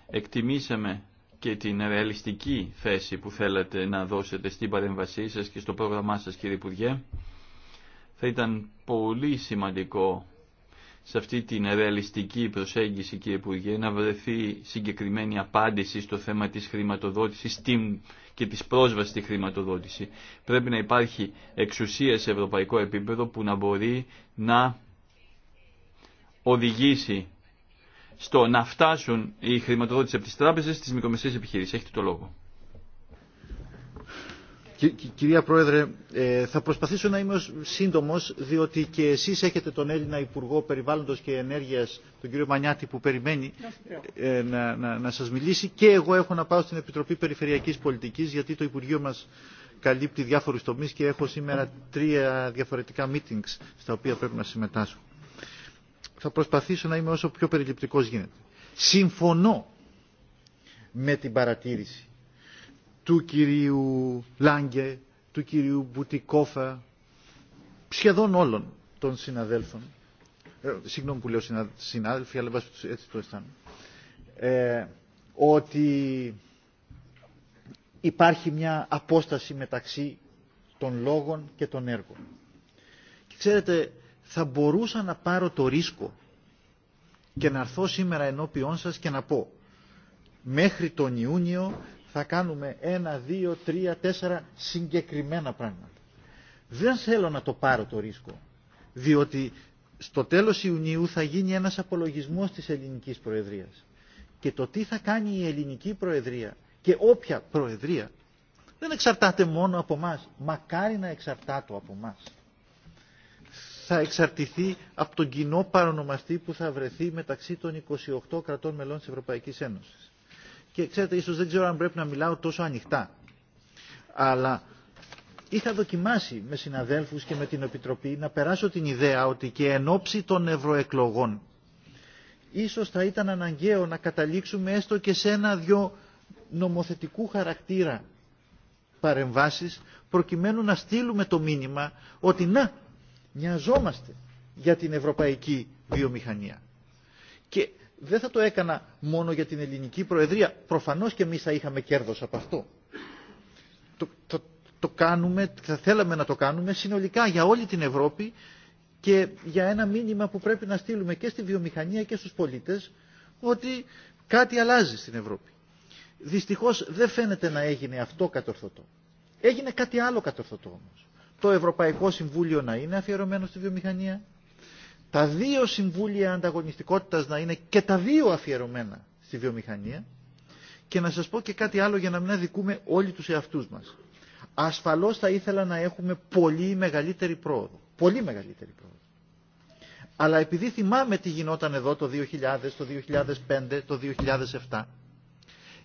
Speaker 1: Εκτιμήσαμε και την ρεαλιστική θέση που θέλατε να δώσετε στην παρέμβασή σας και στο πρόγραμμά σας κύριε Υπουργέ. Θα ήταν πολύ σημαντικό σε αυτή την ρεαλιστική προσέγγιση κύριε Υπουργέ να βρεθεί συγκεκριμένη απάντηση στο θέμα της χρηματοδότησης και της πρόσβασης στη χρηματοδότηση. Πρέπει να υπάρχει εξουσία σε ευρωπαϊκό επίπεδο που να μπορεί να οδηγήσει στο να φτάσουν οι χρηματοδότηση από τις τράπεζες στις μικρομεσαίες επιχειρήσεις. Έχετε το λόγο.
Speaker 7: Κυρία Πρόεδρε, ε, θα προσπαθήσω να είμαι σύντομος, διότι και εσείς έχετε τον Έλληνα Υπουργό Περιβάλλοντος και Ενέργειας, τον κύριο Μανιάτη, που περιμένει ε, να, να, να σας μιλήσει. Και εγώ έχω να πάω στην Επιτροπή Περιφερειακής Πολιτικής, γιατί το Υπουργείο μας καλύπτει διάφορους τομείς και έχω σήμερα τρία διαφορετικά meetings στα οποία πρέπει να συμμετάσχω. Θα προσπαθήσω να είμαι όσο πιο περιληπτικός γίνεται. Συμφωνώ με την παρατήρηση του κυρίου Λάγκε, του κυρίου Μπουτικόφα, σχεδόν όλων των συναδέλφων. Ε, συγγνώμη που λέω συνάδελφοι, αλλά έτσι το αισθάνομαι. Ε, ότι υπάρχει μια απόσταση μεταξύ των λόγων και των έργων. Και ξέρετε, θα μπορούσα να πάρω το ρίσκο και να έρθω σήμερα ενώπιόν σας και να πω μέχρι τον Ιούνιο θα κάνουμε ένα, δύο, τρία, τέσσερα συγκεκριμένα πράγματα. Δεν θέλω να το πάρω το ρίσκο, διότι στο τέλος Ιουνίου θα γίνει ένας απολογισμός της ελληνικής προεδρίας. Και το τι θα κάνει η ελληνική προεδρία και όποια προεδρία δεν εξαρτάται μόνο από μας, μακάρι να εξαρτάται από μας. Θα εξαρτηθεί από τον κοινό παρονομαστή που θα βρεθεί μεταξύ των 28 κρατών μελών της Ευρωπαϊκής Ένωσης και ξέρετε ίσως δεν ξέρω αν πρέπει να μιλάω τόσο ανοιχτά. Αλλά είχα δοκιμάσει με συναδέλφους και με την Επιτροπή να περάσω την ιδέα ότι και εν ώψη των ευρωεκλογών ίσως θα ήταν αναγκαίο να καταλήξουμε έστω και σε ένα-δυο νομοθετικού χαρακτήρα παρεμβάσεις προκειμένου να στείλουμε το μήνυμα ότι να, νοιαζόμαστε για την ευρωπαϊκή βιομηχανία. Και δεν θα το έκανα μόνο για την ελληνική προεδρία. Προφανώς και εμείς θα είχαμε κέρδος από αυτό. Το, το, κάνουμε, θα θέλαμε να το κάνουμε συνολικά για όλη την Ευρώπη και για ένα μήνυμα που πρέπει να στείλουμε και στη βιομηχανία και στους πολίτες ότι κάτι αλλάζει στην Ευρώπη. Δυστυχώς δεν φαίνεται να έγινε αυτό κατορθωτό. Έγινε κάτι άλλο κατορθωτό όμως. Το Ευρωπαϊκό Συμβούλιο να είναι αφιερωμένο στη βιομηχανία, τα δύο συμβούλια ανταγωνιστικότητας να είναι και τα δύο αφιερωμένα στη βιομηχανία και να σας πω και κάτι άλλο για να μην αδικούμε όλοι τους εαυτούς μας. Ασφαλώς θα ήθελα να έχουμε πολύ μεγαλύτερη πρόοδο. Πολύ μεγαλύτερη πρόοδο. Αλλά επειδή θυμάμαι τι γινόταν εδώ το 2000, το 2005, το 2007,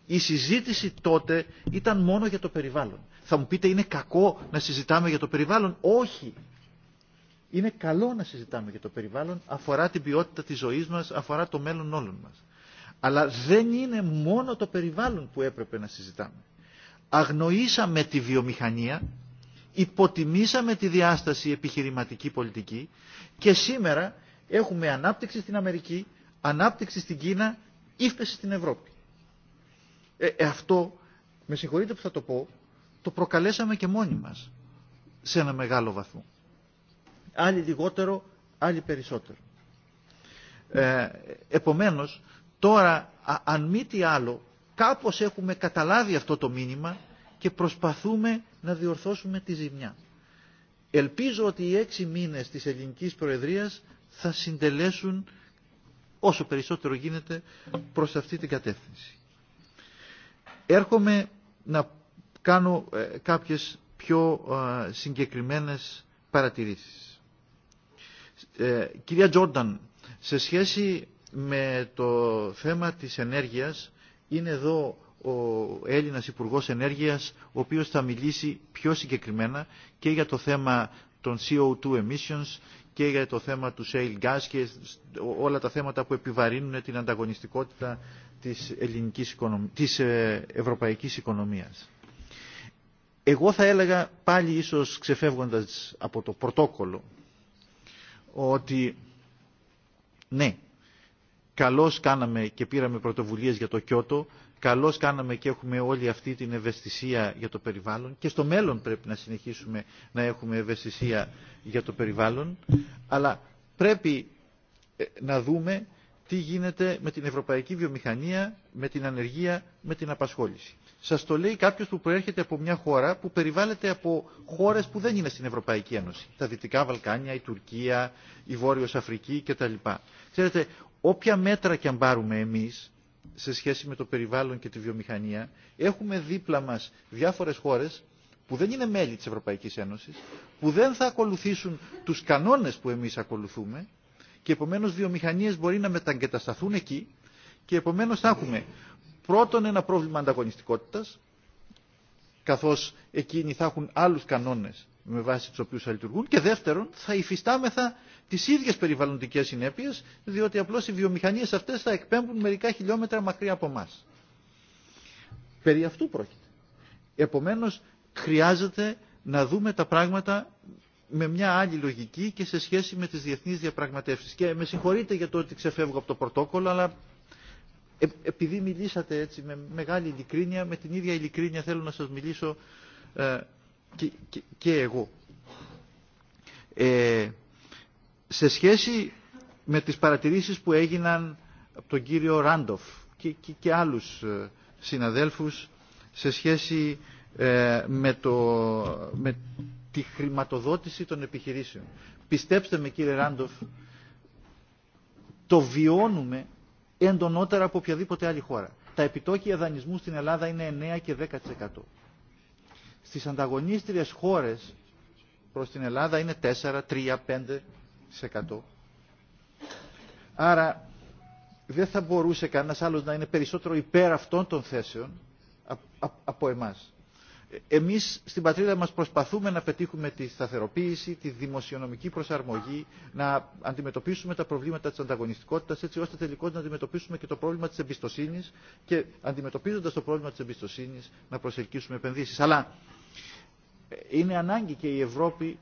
Speaker 7: η συζήτηση τότε ήταν μόνο για το περιβάλλον. Θα μου πείτε είναι κακό να συζητάμε για το περιβάλλον. Όχι, είναι καλό να συζητάμε για το περιβάλλον, αφορά την ποιότητα της ζωής μας, αφορά το μέλλον όλων μας. Αλλά δεν είναι μόνο το περιβάλλον που έπρεπε να συζητάμε. Αγνοήσαμε τη βιομηχανία, υποτιμήσαμε τη διάσταση επιχειρηματική πολιτική και σήμερα έχουμε ανάπτυξη στην Αμερική, ανάπτυξη στην Κίνα, ύφεση στην Ευρώπη. Ε, ε, αυτό, με συγχωρείτε που θα το πω, το προκαλέσαμε και μόνοι μας σε ένα μεγάλο βαθμό άλλοι λιγότερο, άλλοι περισσότερο. Ε, επομένως, τώρα, αν μη τι άλλο, κάπως έχουμε καταλάβει αυτό το μήνυμα και προσπαθούμε να διορθώσουμε τη ζημιά. Ελπίζω ότι οι έξι μήνες της ελληνικής προεδρίας θα συντελέσουν όσο περισσότερο γίνεται προς αυτή την κατεύθυνση. Έρχομαι να κάνω ε, κάποιες πιο ε, συγκεκριμένες παρατηρήσεις. Ε, κυρία Τζόρνταν, σε σχέση με το θέμα της ενέργειας, είναι εδώ ο Έλληνας Υπουργός Ενέργειας, ο οποίος θα μιλήσει πιο συγκεκριμένα και για το θέμα των CO2 emissions και για το θέμα του shale gas και όλα τα θέματα που επιβαρύνουν την ανταγωνιστικότητα της, ελληνικής της ε, ευρωπαϊκής οικονομίας. Εγώ θα έλεγα πάλι ίσως ξεφεύγοντας από το πρωτόκολλο ότι ναι, καλώς κάναμε και πήραμε πρωτοβουλίες για το Κιώτο, καλώς κάναμε και έχουμε όλη αυτή την ευαισθησία για το περιβάλλον και στο μέλλον πρέπει να συνεχίσουμε να έχουμε ευαισθησία για το περιβάλλον, αλλά πρέπει ε, να δούμε τι γίνεται με την ευρωπαϊκή βιομηχανία, με την ανεργία, με την απασχόληση. Σας το λέει κάποιος που προέρχεται από μια χώρα που περιβάλλεται από χώρες που δεν είναι στην Ευρωπαϊκή Ένωση. Τα Δυτικά Βαλκάνια, η Τουρκία, η Βόρειος Αφρική κτλ. Ξέρετε, όποια μέτρα και αν πάρουμε εμείς σε σχέση με το περιβάλλον και τη βιομηχανία, έχουμε δίπλα μας διάφορες χώρες που δεν είναι μέλη της Ευρωπαϊκής Ένωσης, που δεν θα ακολουθήσουν τους κανόνες που εμείς ακολουθούμε και επομένως βιομηχανίες μπορεί να μεταγκατασταθούν εκεί και επομένως θα έχουμε Πρώτον ένα πρόβλημα ανταγωνιστικότητας, καθώς εκείνοι θα έχουν άλλους κανόνες με βάση τους οποίους θα λειτουργούν και δεύτερον θα υφιστάμεθα τις ίδιες περιβαλλοντικές συνέπειες διότι απλώς οι βιομηχανίες αυτές θα εκπέμπουν μερικά χιλιόμετρα μακριά από εμά. Περί αυτού πρόκειται. Επομένως χρειάζεται να δούμε τα πράγματα με μια άλλη λογική και σε σχέση με τις διεθνείς διαπραγματεύσεις. Και με συγχωρείτε για το ότι ξεφεύγω από το πρωτόκολλο, αλλά ε, επειδή μιλήσατε έτσι με μεγάλη ειλικρίνεια, με την ίδια ειλικρίνεια θέλω να σας μιλήσω ε, και, εγώ. Ε, σε σχέση με τις παρατηρήσεις που έγιναν από τον κύριο Ράντοφ και, και, και άλλους συναδέλφους σε σχέση με, το, με τη χρηματοδότηση των επιχειρήσεων. Πιστέψτε με κύριε Ράντοφ, το βιώνουμε εντονότερα από οποιαδήποτε άλλη χώρα. Τα επιτόκια δανεισμού στην Ελλάδα είναι 9 και 10%. Στις ανταγωνίστριες χώρες προς την Ελλάδα είναι 4, 3, 5%. Άρα δεν θα μπορούσε κανένας άλλος να είναι περισσότερο υπέρ αυτών των θέσεων από εμάς. Εμείς στην πατρίδα μας προσπαθούμε να πετύχουμε τη σταθεροποίηση, τη δημοσιονομική προσαρμογή, να αντιμετωπίσουμε τα προβλήματα της ανταγωνιστικότητας έτσι ώστε τελικώς να αντιμετωπίσουμε και το πρόβλημα της εμπιστοσύνης και αντιμετωπίζοντας το πρόβλημα της εμπιστοσύνης να προσελκύσουμε επενδύσεις. Αλλά ε, είναι ανάγκη και η Ευρώπη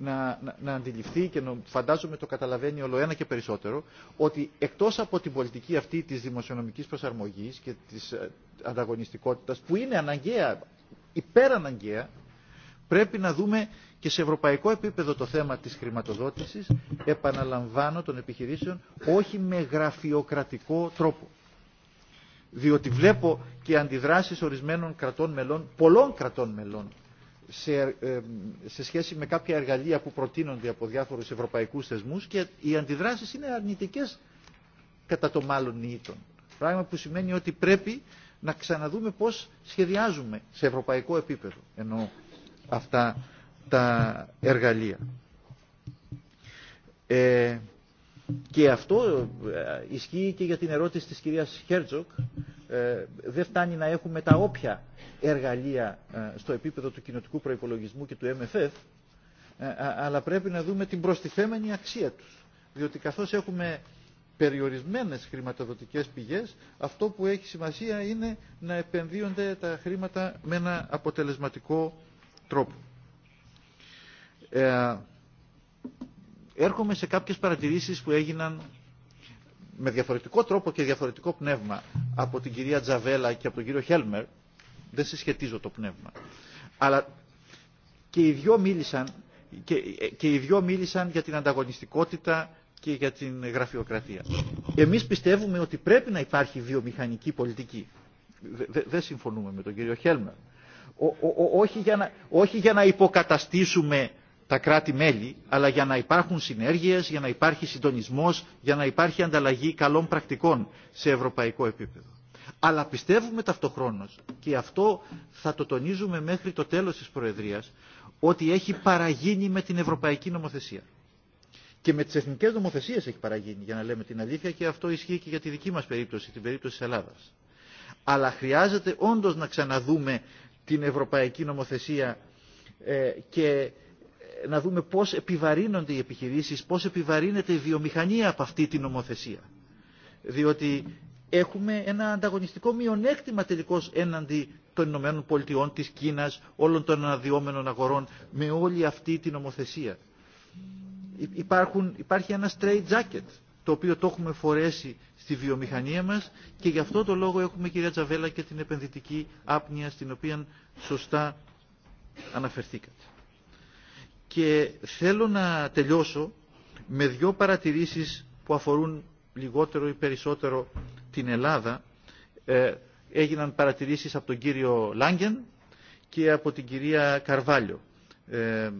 Speaker 7: να, να, αντιληφθεί και να, φαντάζομαι το καταλαβαίνει όλο ένα και περισσότερο ότι εκτός από την πολιτική αυτή της δημοσιονομικής προσαρμογής και της ε, ανταγωνιστικότητας που είναι αναγκαία υπεραναγκαία πρέπει να δούμε και σε ευρωπαϊκό επίπεδο το θέμα της χρηματοδότησης, επαναλαμβάνω των επιχειρήσεων, όχι με γραφειοκρατικό τρόπο. Διότι βλέπω και αντιδράσεις ορισμένων κρατών μελών, πολλών κρατών μελών, σε, ε, σε σχέση με κάποια εργαλεία που προτείνονται από διάφορους ευρωπαϊκούς θεσμούς και οι αντιδράσεις είναι αρνητικές κατά το μάλλον νήτων. Πράγμα που σημαίνει ότι πρέπει να ξαναδούμε πώς σχεδιάζουμε σε ευρωπαϊκό επίπεδο ενώ αυτά τα εργαλεία. Ε, και αυτό ε, ισχύει και για την ερώτηση της κυρίας Χέρτζοκ. Ε, δεν φτάνει να έχουμε τα όποια εργαλεία ε, στο επίπεδο του κοινοτικού προϋπολογισμού και του MFF, αλλά πρέπει να δούμε την προστιθέμενη αξία τους. Διότι καθώς έχουμε περιορισμένες χρηματοδοτικές πηγές, αυτό που έχει σημασία είναι να επενδύονται τα χρήματα με ένα αποτελεσματικό τρόπο. Ε, έρχομαι σε κάποιες παρατηρήσεις που έγιναν με διαφορετικό τρόπο και διαφορετικό πνεύμα από την κυρία Τζαβέλα και από τον κύριο Χέλμερ. Δεν συσχετίζω το πνεύμα. Αλλά και οι δυο μίλησαν, και οι δυο μίλησαν για την ανταγωνιστικότητα και για την γραφειοκρατία. Εμείς πιστεύουμε ότι πρέπει να υπάρχει βιομηχανική πολιτική. Δεν συμφωνούμε με τον κύριο Χέλμερ. Όχι για, να, όχι για να υποκαταστήσουμε τα κράτη-μέλη, αλλά για να υπάρχουν συνέργειες, για να υπάρχει συντονισμός, για να υπάρχει ανταλλαγή καλών πρακτικών σε ευρωπαϊκό επίπεδο. Αλλά πιστεύουμε ταυτοχρόνως, και αυτό θα το τονίζουμε μέχρι το τέλος της Προεδρίας, ότι έχει παραγίνει με την ευρωπαϊκή νομοθεσία και με τι εθνικέ νομοθεσίε έχει παραγίνει, για να λέμε την αλήθεια, και αυτό ισχύει και για τη δική μα περίπτωση, την περίπτωση τη Ελλάδα. Αλλά χρειάζεται όντω να ξαναδούμε την ευρωπαϊκή νομοθεσία ε, και ε, να δούμε πώ επιβαρύνονται οι επιχειρήσει, πώ επιβαρύνεται η βιομηχανία από αυτή την νομοθεσία. Διότι έχουμε ένα ανταγωνιστικό μειονέκτημα τελικώ έναντι των Ηνωμένων Πολιτειών, της Κίνας, όλων των αναδυόμενων αγορών με όλη αυτή την νομοθεσία υπάρχουν, υπάρχει ένα straight jacket το οποίο το έχουμε φορέσει στη βιομηχανία μας και γι' αυτό το λόγο έχουμε κυρία Τζαβέλα και την επενδυτική άπνοια στην οποία σωστά αναφερθήκατε. Και θέλω να τελειώσω με δύο παρατηρήσεις που αφορούν λιγότερο ή περισσότερο την Ελλάδα. Ε, έγιναν παρατηρήσεις από τον κύριο Λάγκεν και από την κυρία Καρβάλιο. Ε,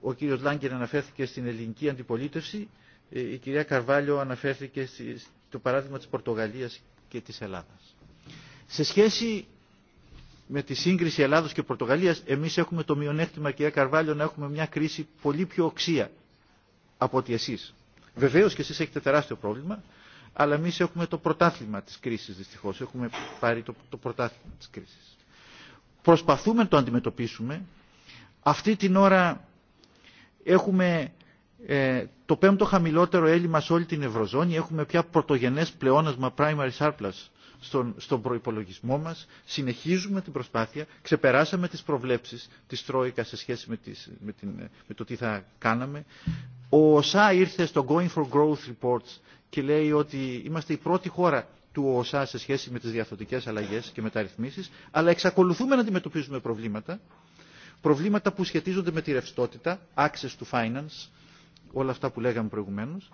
Speaker 7: ο κύριος Λάγκερ αναφέρθηκε στην ελληνική αντιπολίτευση, ε, η κυρία Καρβάλιο αναφέρθηκε στο παράδειγμα της Πορτογαλίας και της Ελλάδας. Σε σχέση με τη σύγκριση Ελλάδος και Πορτογαλίας, εμείς έχουμε το μειονέκτημα, κυρία Καρβάλιο, να έχουμε μια κρίση πολύ πιο οξία από ότι εσείς. Βεβαίως και εσείς έχετε τεράστιο πρόβλημα, αλλά εμείς έχουμε το πρωτάθλημα της κρίσης δυστυχώς. Έχουμε πάρει το, το πρωτάθλημα της κρίσης. Προσπαθούμε να το αντιμετωπίσουμε. Αυτή την ώρα Έχουμε ε, το πέμπτο χαμηλότερο έλλειμμα σε όλη την Ευρωζώνη. Έχουμε πια πρωτογενές πλεόνασμα primary surplus στον, στον προϋπολογισμό μας. Συνεχίζουμε την προσπάθεια. Ξεπεράσαμε τις προβλέψεις της Τρόικα σε σχέση με, τις, με, το τι θα κάναμε. Ο ΩΣΑ ήρθε στο Going for Growth Reports και λέει ότι είμαστε η πρώτη χώρα του ΟΣΑ σε σχέση με τις διαθωτικές αλλαγές και μεταρρυθμίσεις, αλλά εξακολουθούμε να αντιμετωπίζουμε προβλήματα προβλήματα που σχετίζονται με τη ρευστότητα, access to finance, όλα αυτά που λέγαμε προηγουμένως,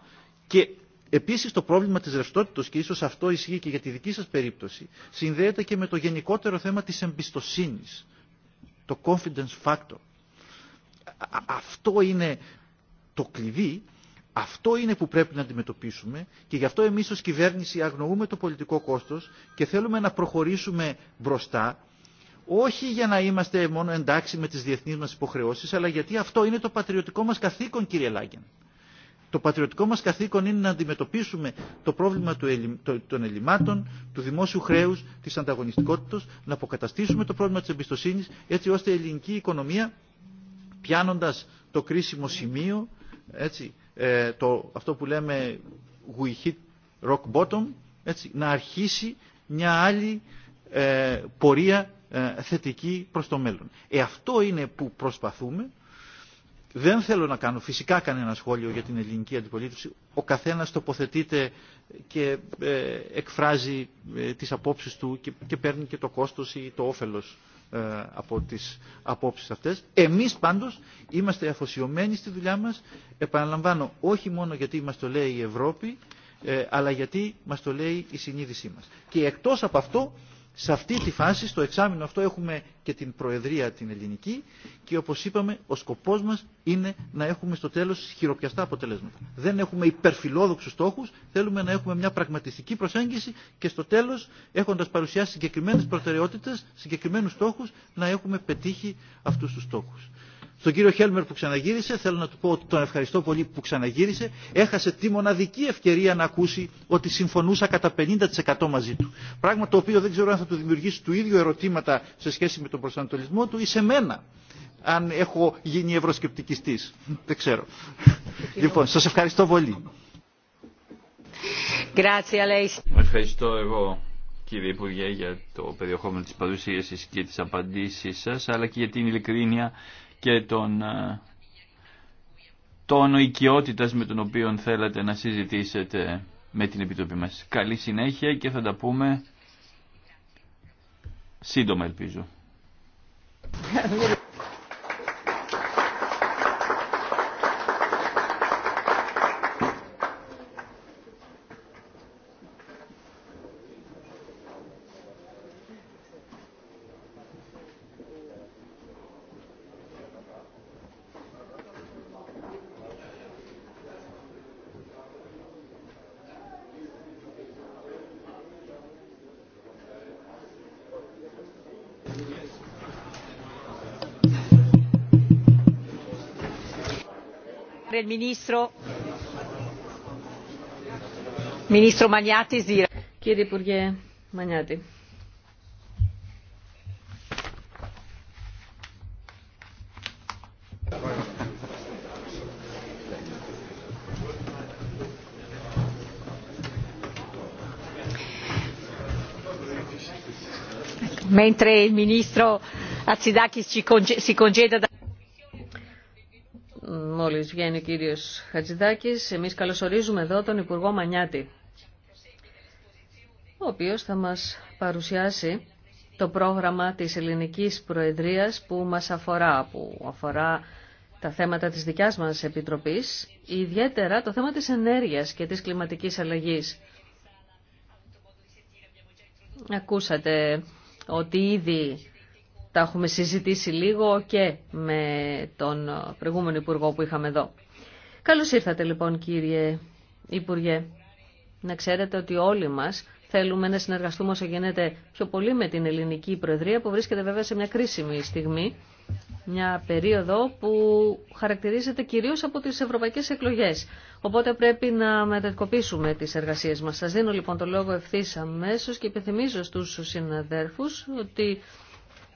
Speaker 7: και Επίσης το πρόβλημα της ρευστότητας, και ίσως αυτό ισχύει και για τη δική σας περίπτωση, συνδέεται και με το γενικότερο θέμα της εμπιστοσύνης, το confidence factor. Αυτό είναι το κλειδί, αυτό είναι που πρέπει να αντιμετωπίσουμε και γι' αυτό εμείς ως κυβέρνηση αγνοούμε το πολιτικό κόστος και θέλουμε να προχωρήσουμε μπροστά όχι για να είμαστε μόνο εντάξει με τις διεθνείς μας υποχρεώσεις, αλλά γιατί αυτό είναι το πατριωτικό μας καθήκον, κύριε Λάγκεν. Το πατριωτικό μας καθήκον είναι να αντιμετωπίσουμε το πρόβλημα των ελλημάτων, του δημόσιου χρέους, της ανταγωνιστικότητας, να αποκαταστήσουμε το πρόβλημα της εμπιστοσύνης, έτσι ώστε η ελληνική οικονομία, πιάνοντας το κρίσιμο σημείο, έτσι, ε, το, αυτό που λέμε we hit rock bottom, έτσι, να αρχίσει μια άλλη ε, πορεία ε, θετική προς το μέλλον. Ε, αυτό είναι που προσπαθούμε. Δεν θέλω να κάνω φυσικά κανένα σχόλιο για την ελληνική αντιπολίτευση. Ο καθένας τοποθετείται και ε, εκφράζει ε, τις απόψεις του και παίρνει και το κόστος ή το όφελος από τις απόψεις αυτές. Εμείς πάντως είμαστε αφοσιωμένοι στη δουλειά μας. Επαναλαμβάνω, όχι μόνο γιατί μας το λέει η Ευρώπη, αλλά γιατί μας το λέει η συνείδησή μας. Και εκτός από αυτό σε αυτή τη φάση, στο εξάμεινο αυτό, έχουμε και την Προεδρία την ελληνική και όπως είπαμε, ο σκοπός μας είναι να έχουμε στο τέλος χειροπιαστά αποτελέσματα. Δεν έχουμε υπερφιλόδοξους στόχους, θέλουμε να έχουμε μια πραγματιστική προσέγγιση και στο τέλος, έχοντας παρουσιάσει συγκεκριμένες προτεραιότητες, συγκεκριμένους στόχους, να έχουμε πετύχει αυτούς τους στόχους. Στον κύριο Χέλμερ που ξαναγύρισε, θέλω να του πω ότι τον ευχαριστώ πολύ που ξαναγύρισε, έχασε τη μοναδική ευκαιρία να ακούσει ότι συμφωνούσα κατά 50% μαζί του. Πράγμα το οποίο δεν ξέρω αν θα του δημιουργήσει του ίδιου ερωτήματα σε σχέση με τον προσανατολισμό του ή σε μένα, αν έχω γίνει ευρωσκεπτικιστή. Δεν ξέρω. Λοιπόν, σας ευχαριστώ πολύ.
Speaker 1: Ευχαριστώ εγώ κύριε Υπουργέ για το περιεχόμενο της παρουσίασης και τις απαντήσεις σας, αλλά και για την ειλικρίνεια και τον ε, τόνο οικειότητας με τον οποίο θέλατε να συζητήσετε με την Επιτροπή μας. Καλή συνέχεια και θα τα πούμε σύντομα ελπίζω. [laughs]
Speaker 5: apre il ministro. Ministro Magnati. Chiede Υπουργέ Magnati. Mentre il ministro Azidakis si congeda da
Speaker 3: βγαίνει ο κύριος Χατζηδάκης, εμείς καλωσορίζουμε εδώ τον Υπουργό Μανιάτη, ο οποίος θα μας παρουσιάσει το πρόγραμμα της Ελληνικής Προεδρίας που μας αφορά, που αφορά τα θέματα της δικιάς μας Επιτροπής, ιδιαίτερα το θέμα της ενέργειας και της κλιματικής αλλαγής. Ακούσατε ότι ήδη τα έχουμε συζητήσει λίγο και με τον προηγούμενο Υπουργό που είχαμε εδώ. Καλώς ήρθατε λοιπόν κύριε Υπουργέ. Να ξέρετε ότι όλοι μας θέλουμε να συνεργαστούμε όσο γίνεται πιο πολύ με την ελληνική Προεδρία που βρίσκεται βέβαια σε μια κρίσιμη στιγμή. Μια περίοδο που χαρακτηρίζεται κυρίως από τις ευρωπαϊκές εκλογές. Οπότε πρέπει να μετατοπίσουμε τις εργασίες μας. Σας δίνω λοιπόν το λόγο ευθύ αμέσω και επιθυμίζω στους συναδέρφους ότι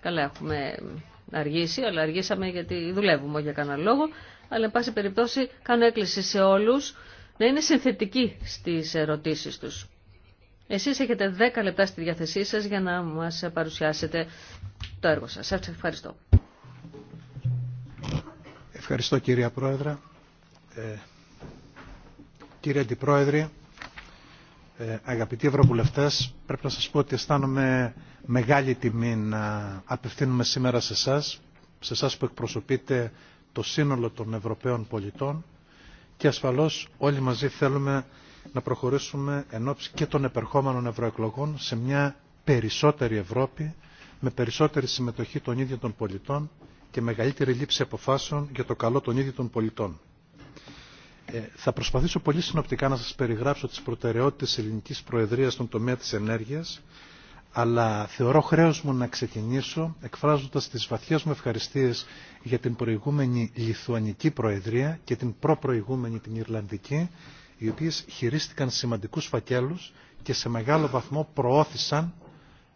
Speaker 3: Καλά έχουμε αργήσει, αλλά αργήσαμε γιατί δουλεύουμε για κανένα λόγο. Αλλά, εν πάση περιπτώσει, κάνω έκκληση σε όλους να είναι συνθετικοί στις ερωτήσεις τους. Εσείς έχετε 10 λεπτά στη διάθεσή σα για να μας παρουσιάσετε το έργο σας. Σα ευχαριστώ.
Speaker 8: Ευχαριστώ κυρία Πρόεδρα. Ε, κύριε Αντιπρόεδρε, ε, αγαπητοί Ευρωβουλευτές, πρέπει να σας πω ότι αισθάνομαι μεγάλη τιμή να απευθύνουμε σήμερα σε εσά, σε εσά που εκπροσωπείτε το σύνολο των Ευρωπαίων πολιτών και ασφαλώς όλοι μαζί θέλουμε να προχωρήσουμε εν ώψη και των επερχόμενων ευρωεκλογών σε μια περισσότερη Ευρώπη με περισσότερη συμμετοχή των ίδιων των πολιτών και μεγαλύτερη λήψη αποφάσεων για το καλό των ίδιων των πολιτών. Ε, θα προσπαθήσω πολύ συνοπτικά να σας περιγράψω τις προτεραιότητες της ελληνικής προεδρίας στον τομέα της ενέργειας, αλλά θεωρώ χρέος μου να ξεκινήσω εκφράζοντας τις βαθιές μου ευχαριστίες για την προηγούμενη Λιθουανική Προεδρία και την προπροηγούμενη την Ιρλανδική, οι οποίες χειρίστηκαν σημαντικούς φακέλους και σε μεγάλο βαθμό προώθησαν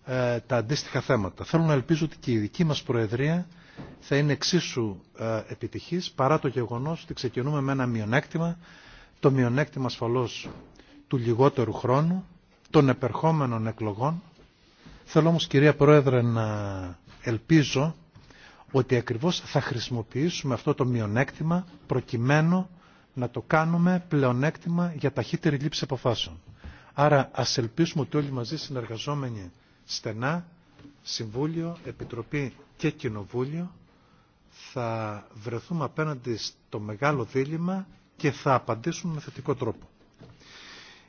Speaker 8: ε, τα αντίστοιχα θέματα. Θέλω να ελπίζω ότι και η δική μας Προεδρία θα είναι εξίσου ε, επιτυχής παρά το γεγονός ότι ξεκινούμε με ένα μειονέκτημα, το μειονέκτημα ασφαλώς του λιγότερου χρόνου, των επερχόμενων εκλογών. Θέλω όμως κυρία Πρόεδρε να ελπίζω ότι ακριβώς θα χρησιμοποιήσουμε αυτό το μειονέκτημα προκειμένου να το κάνουμε πλεονέκτημα για ταχύτερη λήψη αποφάσεων. Άρα ας ελπίσουμε ότι όλοι μαζί συνεργαζόμενοι στενά, Συμβούλιο, Επιτροπή και κοινοβούλιο θα βρεθούμε απέναντι στο μεγάλο δίλημα και θα απαντήσουμε με θετικό τρόπο.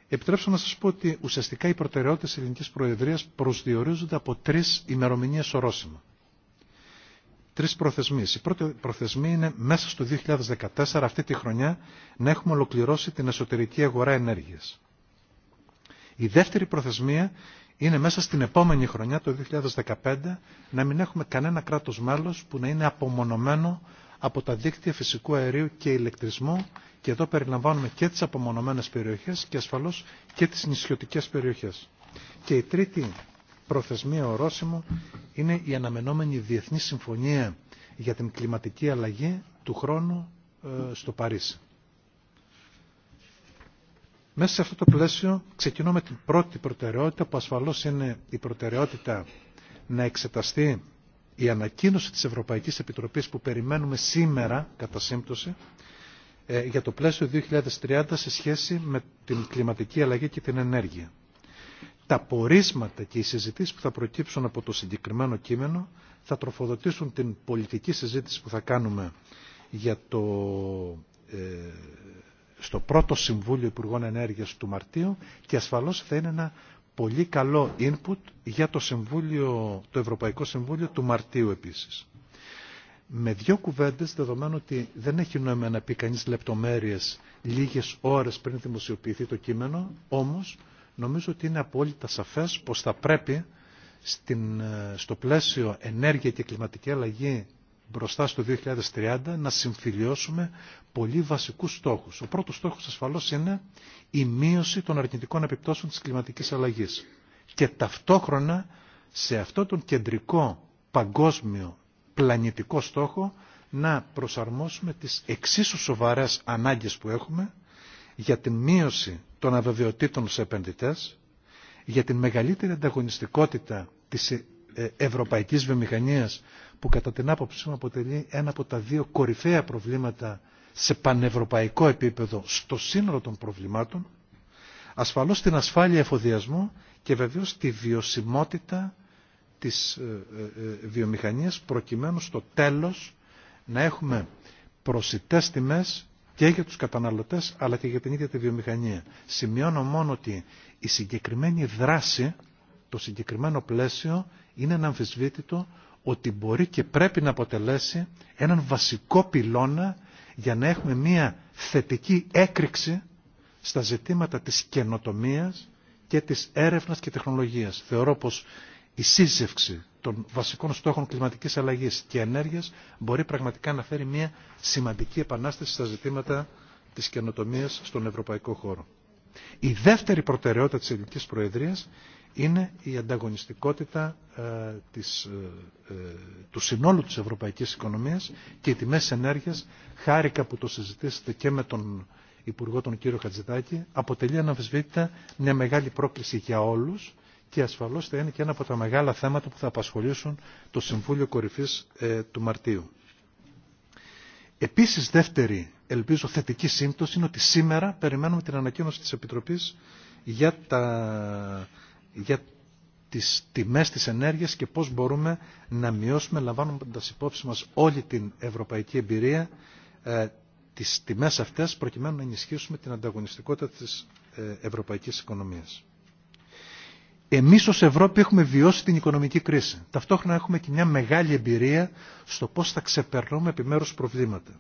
Speaker 8: Επιτρέψω να σας πω ότι ουσιαστικά οι προτεραιότητες της Ελληνικής Προεδρίας προσδιορίζονται από τρεις ημερομηνίες ορόσημα. Τρεις προθεσμίες. Η πρώτη προθεσμία είναι μέσα στο 2014, αυτή τη χρονιά, να έχουμε ολοκληρώσει την εσωτερική αγορά ενέργειας. Η δεύτερη προθεσμία είναι μέσα στην επόμενη χρονιά, το 2015, να μην έχουμε κανένα κράτος μέλος που να είναι απομονωμένο από τα δίκτυα φυσικού αερίου και ηλεκτρισμού και εδώ περιλαμβάνουμε και τις απομονωμένες περιοχές και ασφαλώς και τις νησιωτικές περιοχές. Και η τρίτη προθεσμία ορόσημο είναι η αναμενόμενη Διεθνή Συμφωνία για την Κλιματική Αλλαγή του χρόνου ε, στο Παρίσι. Μέσα σε αυτό το πλαίσιο ξεκινώ με την πρώτη προτεραιότητα που ασφαλώς είναι η προτεραιότητα να εξεταστεί η ανακοίνωση της Ευρωπαϊκής Επιτροπής που περιμένουμε σήμερα κατά σύμπτωση ε, για το πλαίσιο 2030 σε σχέση με την κλιματική αλλαγή και την ενέργεια. Τα πορίσματα και οι συζητήσεις που θα προκύψουν από το συγκεκριμένο κείμενο θα τροφοδοτήσουν την πολιτική συζήτηση που θα κάνουμε για το ε, στο πρώτο Συμβούλιο Υπουργών Ενέργειας του Μαρτίου και ασφαλώς θα είναι ένα πολύ καλό input για το, Συμβούλιο, το Ευρωπαϊκό Συμβούλιο του Μαρτίου επίσης. Με δύο κουβέντες, δεδομένου ότι δεν έχει νόημα να πει κανείς λεπτομέρειες λίγες ώρες πριν δημοσιοποιηθεί το κείμενο, όμως νομίζω ότι είναι απόλυτα σαφές πως θα πρέπει στην, ε, στο πλαίσιο ενέργεια και κλιματική αλλαγή μπροστά στο 2030 να συμφιλιώσουμε πολύ βασικούς στόχους. Ο πρώτος στόχος ασφαλώς είναι η μείωση των αρνητικών επιπτώσεων της κλιματικής αλλαγής. Και ταυτόχρονα σε αυτό τον κεντρικό παγκόσμιο πλανητικό στόχο να προσαρμόσουμε τις εξίσου σοβαρές ανάγκες που έχουμε για την μείωση των αβεβαιοτήτων σε επενδυτές, για την μεγαλύτερη ανταγωνιστικότητα της ε, ευρωπαϊκής βιομηχανίας που κατά την άποψή μου αποτελεί ένα από τα δύο κορυφαία προβλήματα σε πανευρωπαϊκό επίπεδο στο σύνολο των προβλημάτων, ασφαλώς την ασφάλεια εφοδιασμού και βεβαίως τη βιωσιμότητα της ε, ε, ε, βιομηχανίας προκειμένου στο τέλος να έχουμε προσιτές τιμές και για τους καταναλωτές αλλά και για την ίδια τη βιομηχανία. Σημειώνω μόνο ότι η συγκεκριμένη δράση, το συγκεκριμένο πλαίσιο είναι αναμφισβήτητο ότι μπορεί και πρέπει να αποτελέσει έναν βασικό πυλώνα για να έχουμε μία θετική έκρηξη στα ζητήματα της καινοτομίας και της έρευνας και τεχνολογίας. Θεωρώ πως η σύζευξη των βασικών στόχων κλιματικής αλλαγής και ενέργειας μπορεί πραγματικά να φέρει μια σημαντική επανάσταση στα ζητήματα της καινοτομίας στον ευρωπαϊκό χώρο. Η δεύτερη προτεραιότητα της ελληνικής προεδρίας είναι η ανταγωνιστικότητα ε, της, ε, ε, του συνόλου της ευρωπαϊκής οικονομίας και οι τιμές ενέργειας, χάρηκα που το συζητήσετε και με τον Υπουργό τον κύριο Χατζητάκη, αποτελεί αναμφισβήτητα μια μεγάλη πρόκληση για όλους και ασφαλώς θα είναι και ένα από τα μεγάλα θέματα που θα απασχολήσουν το Συμβούλιο Κορυφής του Μαρτίου. Επίσης δεύτερη, ελπίζω, θετική σύμπτωση είναι ότι σήμερα περιμένουμε την ανακοίνωση της Επιτροπής για τα για τις τιμές της ενέργειας και πώς μπορούμε να μειώσουμε, λαμβάνοντας υπόψη μας όλη την ευρωπαϊκή εμπειρία, ε, τις τιμές αυτές προκειμένου να ενισχύσουμε την ανταγωνιστικότητα της ε, ευρωπαϊκής οικονομίας. Εμείς ως Ευρώπη έχουμε βιώσει την οικονομική κρίση. Ταυτόχρονα έχουμε και μια μεγάλη εμπειρία στο πώς θα ξεπερνούμε επιμέρους προβλήματα.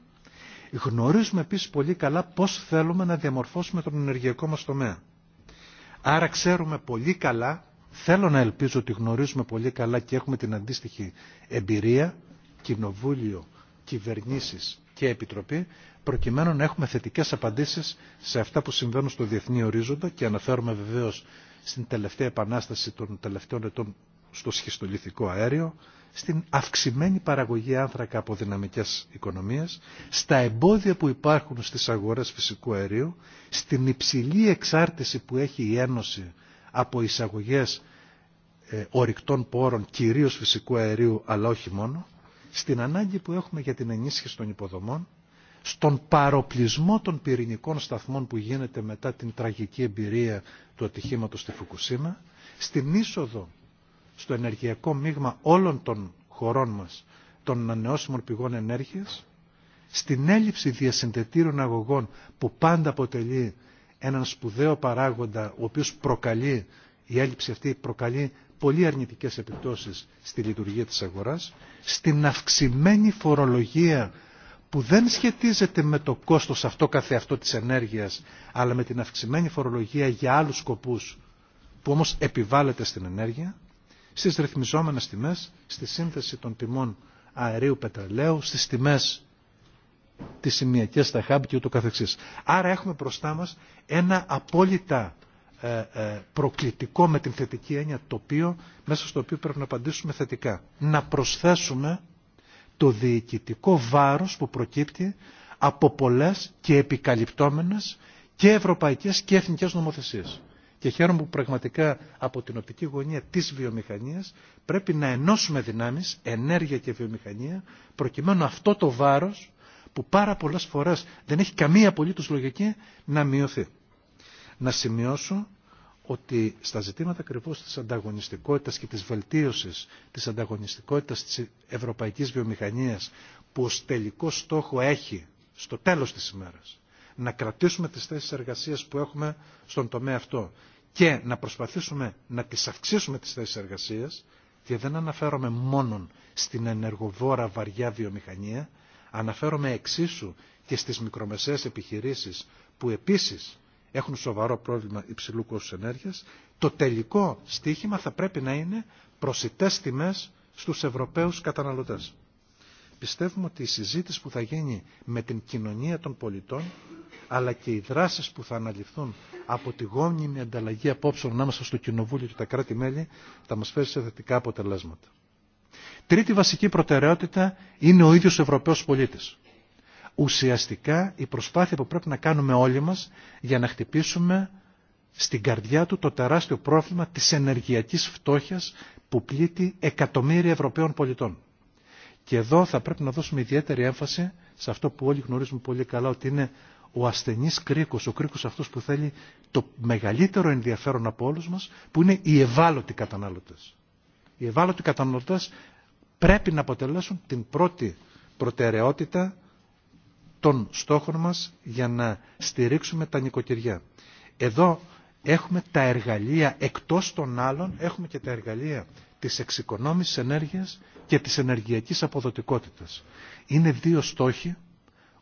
Speaker 8: Γνωρίζουμε επίσης πολύ καλά πώς θέλουμε να διαμορφώσουμε τον ενεργειακό μας τομέα. Άρα ξέρουμε πολύ καλά, θέλω να ελπίζω ότι γνωρίζουμε πολύ καλά και έχουμε την αντίστοιχη εμπειρία, κοινοβούλιο, κυβερνήσεις και επιτροπή, προκειμένου να έχουμε θετικές απαντήσεις σε αυτά που συμβαίνουν στο διεθνή ορίζοντα και αναφέρομαι βεβαίως στην τελευταία επανάσταση των τελευταίων ετών στο σχιστολιθικό αέριο, στην αυξημένη παραγωγή άνθρακα από δυναμικές οικονομίες, στα εμπόδια που υπάρχουν στις αγορές φυσικού αερίου, στην υψηλή εξάρτηση που έχει η Ένωση από εισαγωγές ε, ορικτών πόρων, κυρίως φυσικού αερίου, αλλά όχι μόνο, στην ανάγκη που έχουμε για την ενίσχυση των υποδομών, στον παροπλισμό των πυρηνικών σταθμών που γίνεται μετά την τραγική εμπειρία του ατυχήματος στη Φουκουσίμα, στην είσοδο στο ενεργειακό μείγμα όλων των χωρών μας των ανανεώσιμων πηγών ενέργειας, στην έλλειψη διασυντετήρων αγωγών που πάντα αποτελεί έναν σπουδαίο παράγοντα ο οποίος προκαλεί, η έλλειψη αυτή προκαλεί πολύ αρνητικές επιπτώσεις στη λειτουργία της αγοράς, στην αυξημένη φορολογία που δεν σχετίζεται με το κόστος αυτό καθεαυτό της ενέργειας, αλλά με την αυξημένη φορολογία για άλλους σκοπούς που όμως επιβάλλεται στην ενέργεια, στις ρυθμιζόμενες τιμές, στη σύνθεση των τιμών αερίου πετρελαίου, στις τιμές τις σημειακές στα χάμπ και ούτω καθεξής. Άρα έχουμε μπροστά μας ένα απόλυτα ε, ε, προκλητικό με την θετική έννοια τοπίο μέσα στο οποίο πρέπει να απαντήσουμε θετικά. Να προσθέσουμε το διοικητικό βάρος που προκύπτει από πολλές και επικαλυπτόμενες και ευρωπαϊκές και εθνικές νομοθεσίες και χαίρομαι που πραγματικά από την οπτική γωνία της βιομηχανίας πρέπει να ενώσουμε δυνάμεις, ενέργεια και βιομηχανία προκειμένου αυτό το βάρος που πάρα πολλές φορές δεν έχει καμία απολύτως λογική να μειωθεί. Να σημειώσω ότι στα ζητήματα ακριβώ της ανταγωνιστικότητας και της βελτίωσης της ανταγωνιστικότητας της ευρωπαϊκής βιομηχανίας που ως τελικό στόχο έχει στο τέλος της ημέρας να κρατήσουμε τις θέσεις εργασίας που έχουμε στον τομέα αυτό και να προσπαθήσουμε να τις αυξήσουμε τις θέσεις εργασίας και δεν αναφέρομαι μόνον στην ενεργοβόρα βαριά βιομηχανία, αναφέρομαι εξίσου και στις μικρομεσαίες επιχειρήσεις που επίσης έχουν σοβαρό πρόβλημα υψηλού κόστου ενέργειας, το τελικό στίχημα θα πρέπει να είναι προσιτές τιμές στους Ευρωπαίους καταναλωτές. Πιστεύουμε ότι η συζήτηση που θα γίνει με την κοινωνία των πολιτών αλλά και οι δράσεις που θα αναλυφθούν από τη γόμνηνη ανταλλαγή απόψεων ανάμεσα στο Κοινοβούλιο και τα κράτη-μέλη θα μας φέρει σε θετικά αποτελέσματα. Τρίτη βασική προτεραιότητα είναι ο ίδιος ο Ευρωπαίος πολίτης. Ουσιαστικά η προσπάθεια που πρέπει να κάνουμε όλοι μας για να χτυπήσουμε στην καρδιά του το τεράστιο πρόβλημα της ενεργειακής φτώχειας που πλήττει εκατομμύρια Ευρωπαίων πολιτών. Και εδώ θα πρέπει να δώσουμε ιδιαίτερη έμφαση σε αυτό που όλοι γνωρίζουμε πολύ καλά ότι είναι ο ασθενής κρίκος, ο κρίκος αυτός που θέλει το μεγαλύτερο ενδιαφέρον από όλους μας, που είναι οι ευάλωτοι καταναλωτές. Οι ευάλωτοι καταναλωτές πρέπει να αποτελέσουν την πρώτη προτεραιότητα των στόχων μας για να στηρίξουμε τα νοικοκυριά. Εδώ έχουμε τα εργαλεία, εκτός των άλλων, έχουμε και τα εργαλεία της εξοικονόμησης ενέργειας και της ενεργειακής αποδοτικότητας. Είναι δύο στόχοι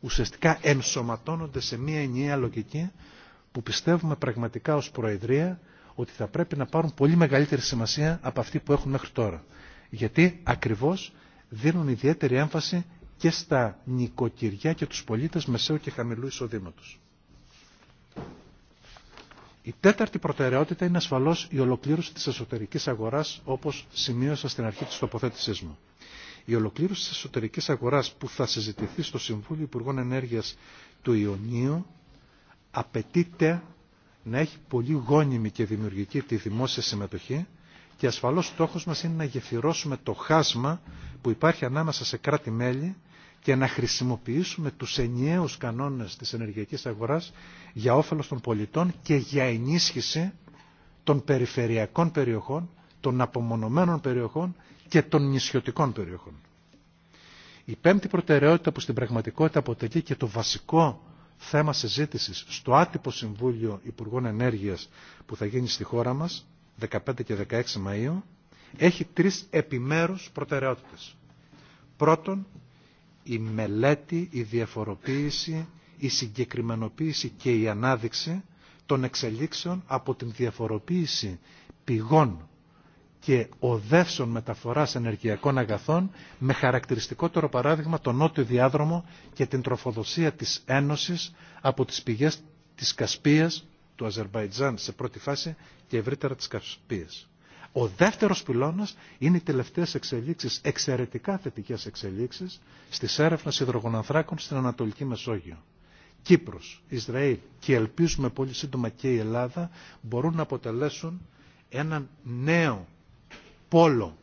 Speaker 8: ουσιαστικά ενσωματώνονται σε μια ενιαία λογική που πιστεύουμε πραγματικά ως Προεδρία ότι θα πρέπει να πάρουν πολύ μεγαλύτερη σημασία από αυτή που έχουν μέχρι τώρα. Γιατί ακριβώς δίνουν ιδιαίτερη έμφαση και στα νοικοκυριά και τους πολίτες μεσαίου και χαμηλού εισοδήματο. Η τέταρτη προτεραιότητα είναι ασφαλώς η ολοκλήρωση της εσωτερικής αγοράς όπως σημείωσα στην αρχή της τοποθέτησής μου. Η ολοκλήρωση της εσωτερικής αγοράς που θα συζητηθεί στο Συμβούλιο Υπουργών Ενέργειας του Ιωνίου απαιτείται να έχει πολύ γόνιμη και δημιουργική τη δημόσια συμμετοχή και ασφαλώς στόχος μας είναι να γεφυρώσουμε το χάσμα που υπάρχει ανάμεσα σε κράτη-μέλη και να χρησιμοποιήσουμε τους ενιαίους κανόνες της ενεργειακής αγοράς για όφελος των πολιτών και για ενίσχυση των περιφερειακών περιοχών, των απομονωμένων περιοχών και των νησιωτικών περιοχών. Η πέμπτη προτεραιότητα που στην πραγματικότητα αποτελεί και το βασικό θέμα συζήτησης στο άτυπο Συμβούλιο Υπουργών Ενέργειας που θα γίνει στη χώρα μας 15 και 16 Μαΐου έχει τρεις επιμέρους προτεραιότητες. Πρώτον, η μελέτη, η διαφοροποίηση, η συγκεκριμενοποίηση και η ανάδειξη των εξελίξεων από την διαφοροποίηση πηγών και οδεύσεων μεταφοράς ενεργειακών αγαθών με χαρακτηριστικότερο παράδειγμα τον νότιο διάδρομο και την τροφοδοσία της Ένωσης από τις πηγές της Κασπίας του Αζερβαϊτζάν σε πρώτη φάση και ευρύτερα της Κασπίας. Ο δεύτερος πυλώνας είναι οι τελευταίες εξελίξεις, εξαιρετικά θετικές εξελίξεις στις έρευνες υδρογονανθράκων στην Ανατολική Μεσόγειο. Κύπρος, Ισραήλ και ελπίζουμε πολύ σύντομα και η Ελλάδα μπορούν να αποτελέσουν έναν νέο πόλο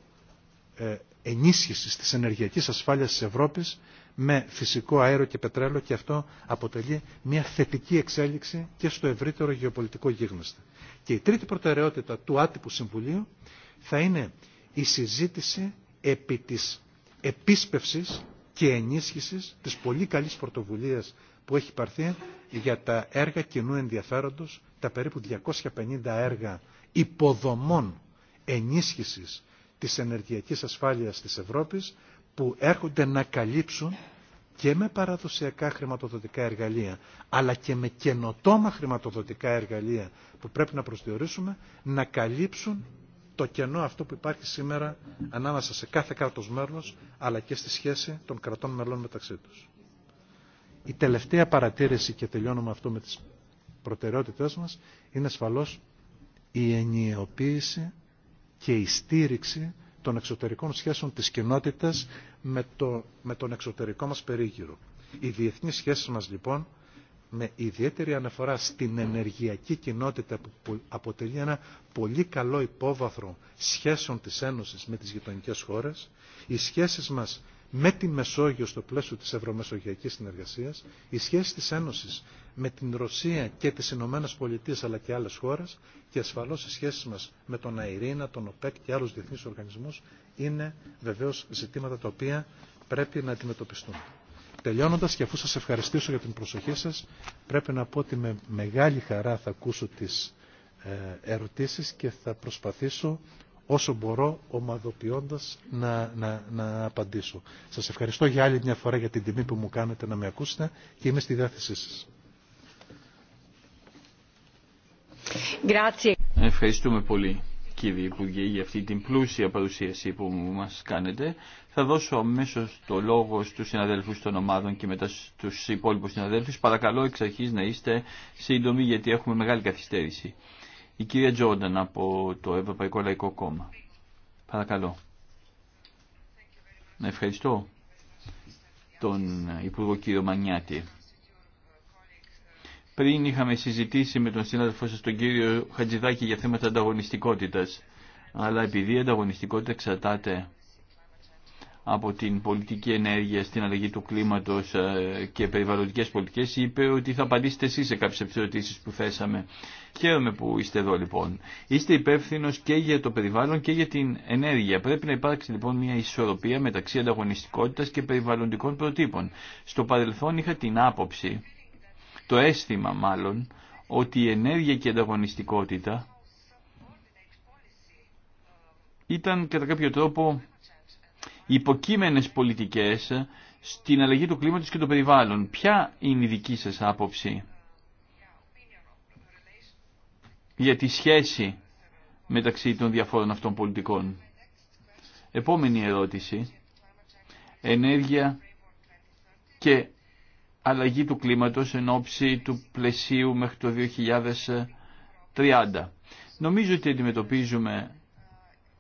Speaker 8: ε, ενίσχυσης της ενεργειακής ασφάλειας της Ευρώπης με φυσικό αέριο και πετρέλαιο και αυτό αποτελεί μια θετική εξέλιξη και στο ευρύτερο γεωπολιτικό γίγνεσθε. Και η τρίτη προτεραιότητα του άτυπου Συμβουλίου θα είναι η συζήτηση επί της επίσπευσης και ενίσχυσης της πολύ καλής πρωτοβουλία που έχει πάρθει για τα έργα κοινού ενδιαφέροντος, τα περίπου 250 έργα υποδομών ενίσχυσης της ενεργειακής ασφάλειας της Ευρώπης που έρχονται να καλύψουν και με παραδοσιακά χρηματοδοτικά εργαλεία αλλά και με καινοτόμα χρηματοδοτικά εργαλεία που πρέπει να προσδιορίσουμε να καλύψουν το κενό αυτό που υπάρχει σήμερα ανάμεσα σε κάθε κράτος μέλος αλλά και στη σχέση των κρατών μελών μεταξύ τους. Η τελευταία παρατήρηση και τελειώνουμε αυτό με τις προτεραιότητές μας είναι ασφαλώς η ενιοποίηση και η στήριξη των εξωτερικών σχέσεων της κοινότητας με, το, με τον εξωτερικό μας περίγυρο. Οι διεθνείς σχέσεις μας λοιπόν με ιδιαίτερη αναφορά στην ενεργειακή κοινότητα που αποτελεί ένα πολύ καλό υπόβαθρο σχέσεων της Ένωσης με τις γειτονικές χώρες, οι σχέσεις μας με τη Μεσόγειο στο πλαίσιο της ευρωμεσογειακής συνεργασίας, η σχέση της Ένωσης με την Ρωσία και τις Ηνωμένες Πολιτείες αλλά και άλλες χώρες και ασφαλώς οι σχέσεις μας με τον ΑΕΡΙΝΑ, τον ΟΠΕΚ και άλλους διεθνείς οργανισμούς είναι βεβαίως ζητήματα τα οποία πρέπει να αντιμετωπιστούν. Τελειώνοντας και αφού σας ευχαριστήσω για την προσοχή σας, πρέπει να πω ότι με μεγάλη χαρά θα ακούσω τις ε, ερωτήσεις και θα προσπαθήσω όσο μπορώ ομαδοποιώντας να, να, να απαντήσω. Σας ευχαριστώ για άλλη μια φορά για την τιμή που μου κάνετε να με ακούσετε και είμαι στη διάθεσή σας.
Speaker 1: Ευχαριστούμε πολύ κύριε Υπουργέ για αυτή την πλούσια παρουσίαση που μας κάνετε. Θα δώσω αμέσω το λόγο στους συναδέλφους των ομάδων και μετά στους υπόλοιπους συναδέλφους. Παρακαλώ εξ αρχής να είστε σύντομοι γιατί έχουμε μεγάλη καθυστέρηση. Η κυρία Τζόρνταν από το Ευρωπαϊκό Λαϊκό Κόμμα. Παρακαλώ. Να ευχαριστώ τον Υπουργό κύριο Μανιάτη. Πριν είχαμε συζητήσει με τον συνάδελφό σας τον κύριο Χατζηδάκη για θέματα ανταγωνιστικότητας, αλλά επειδή η ανταγωνιστικότητα εξαρτάται από την πολιτική ενέργεια στην αλλαγή του κλίματος ε, και περιβαλλοντικές πολιτικές είπε ότι θα απαντήσετε εσείς σε κάποιες ερωτήσει που θέσαμε. Χαίρομαι που είστε εδώ λοιπόν. Είστε υπεύθυνο και για το περιβάλλον και για την ενέργεια. Πρέπει να υπάρξει λοιπόν μια ισορροπία μεταξύ ανταγωνιστικότητας και περιβαλλοντικών προτύπων. Στο παρελθόν είχα την άποψη, το αίσθημα μάλλον, ότι η ενέργεια και η ανταγωνιστικότητα ήταν κατά κάποιο τρόπο υποκείμενες πολιτικές στην αλλαγή του κλίματος και των περιβάλλον. Ποια είναι η δική σας άποψη για τη σχέση μεταξύ των διαφόρων αυτών πολιτικών. Επόμενη ερώτηση. Ενέργεια και αλλαγή του κλίματος εν ώψη του πλαισίου μέχρι το 2030. Νομίζω ότι αντιμετωπίζουμε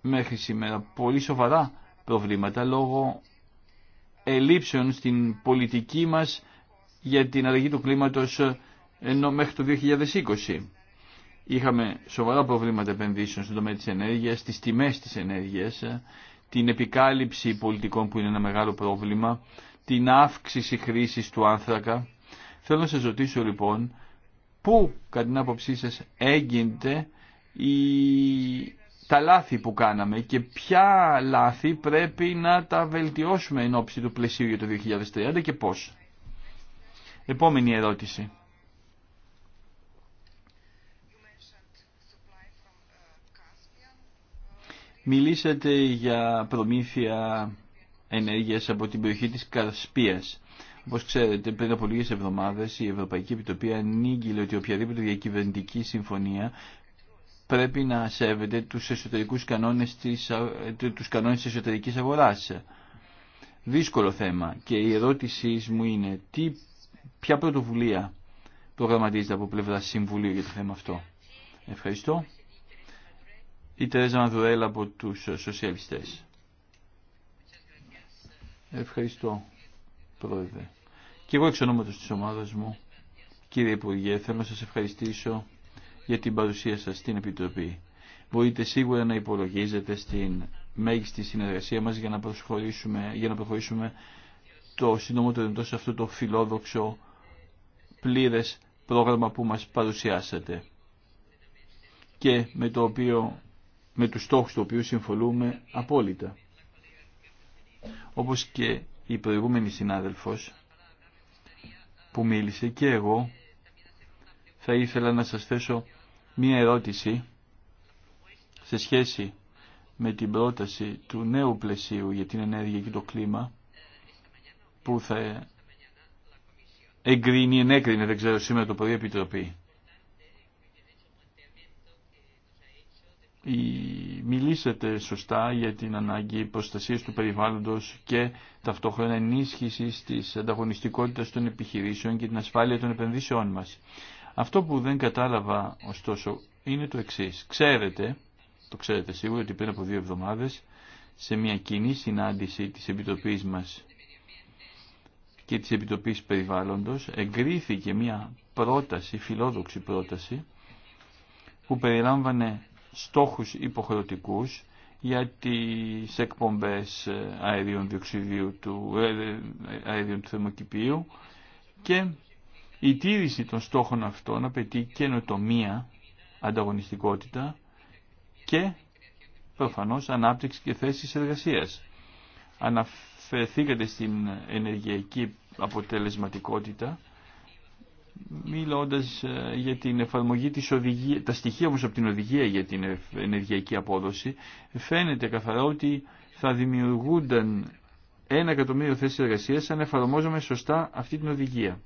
Speaker 1: μέχρι σήμερα πολύ σοβαρά προβλήματα λόγω ελλείψεων στην πολιτική μας για την αλλαγή του κλίματος ενώ μέχρι το 2020. Είχαμε σοβαρά προβλήματα επενδύσεων στον τομέα της ενέργειας, στις τιμές της ενέργειας, την επικάλυψη πολιτικών που είναι ένα μεγάλο πρόβλημα, την αύξηση χρήσης του άνθρακα. Θέλω να σας ρωτήσω λοιπόν, πού κατά την άποψή σας έγινε η τα λάθη που κάναμε και ποια λάθη πρέπει να τα βελτιώσουμε εν ώψη του πλαισίου για το 2030 και πώς. Επόμενη ερώτηση. Μιλήσατε για προμήθεια ενέργειας από την περιοχή της Κασπίας. Όπω ξέρετε, πριν από λίγες εβδομάδες... η Ευρωπαϊκή Επιτροπή ανήγγειλε ότι οποιαδήποτε διακυβερνητική συμφωνία πρέπει να σέβεται τους εσωτερικούς κανόνες της, ε, τους κανόνες της εσωτερικής αγοράς. Δύσκολο θέμα και η ερώτησή μου είναι τι, ποια πρωτοβουλία προγραμματίζεται από πλευρά Συμβουλίου για το θέμα αυτό. Ευχαριστώ. Η Τερέζα Μανδουρέλα από τους σοσιαλιστές. Ευχαριστώ, Πρόεδρε. Και εγώ εξ ονόματος της ομάδας μου, κύριε Υπουργέ, θέλω να σας ευχαριστήσω για την παρουσία σας στην Επιτροπή. Μπορείτε σίγουρα να υπολογίζετε στην μέγιστη συνεργασία μας για να προχωρήσουμε, για να προχωρήσουμε το συντομότερο εντό σε αυτό το φιλόδοξο πλήρες πρόγραμμα που μας παρουσιάσατε και με, το οποίο, με τους στόχους του οποίου συμφωνούμε απόλυτα. Όπως και η προηγούμενη συνάδελφος που μίλησε και εγώ θα ήθελα να σας θέσω μία ερώτηση σε σχέση με την πρόταση του νέου πλαισίου για την ενέργεια και το κλίμα που θα εγκρίνει, ενέκρινε, δεν ξέρω, σήμερα το πρωί επιτροπή. Μιλήσατε σωστά για την ανάγκη προστασίας του περιβάλλοντος και ταυτόχρονα ενίσχυσης της ανταγωνιστικότητας των επιχειρήσεων και την ασφάλεια των επενδύσεών μας. Αυτό που δεν κατάλαβα ωστόσο είναι το εξή. Ξέρετε, το ξέρετε σίγουρα ότι πριν από δύο εβδομάδες σε μια κοινή συνάντηση της Επιτροπής μας και της Επιτροπής Περιβάλλοντος εγκρίθηκε μια πρόταση, φιλόδοξη πρόταση που περιλάμβανε στόχους υποχρεωτικούς για τις εκπομπές αερίων διοξιδίου του, ε, ε, αερίων του θερμοκηπίου και η τήρηση των στόχων αυτών απαιτεί καινοτομία, ανταγωνιστικότητα και προφανώς ανάπτυξη και θέσεις εργασίας. Αναφερθήκατε στην ενεργειακή αποτελεσματικότητα μιλώντας ε, για την εφαρμογή της οδηγίας, τα στοιχεία όμως από την οδηγία για την ενεργειακή απόδοση, φαίνεται καθαρά ότι θα δημιουργούνταν ένα εκατομμύριο θέσεις εργασίας αν εφαρμόζαμε σωστά αυτή την οδηγία.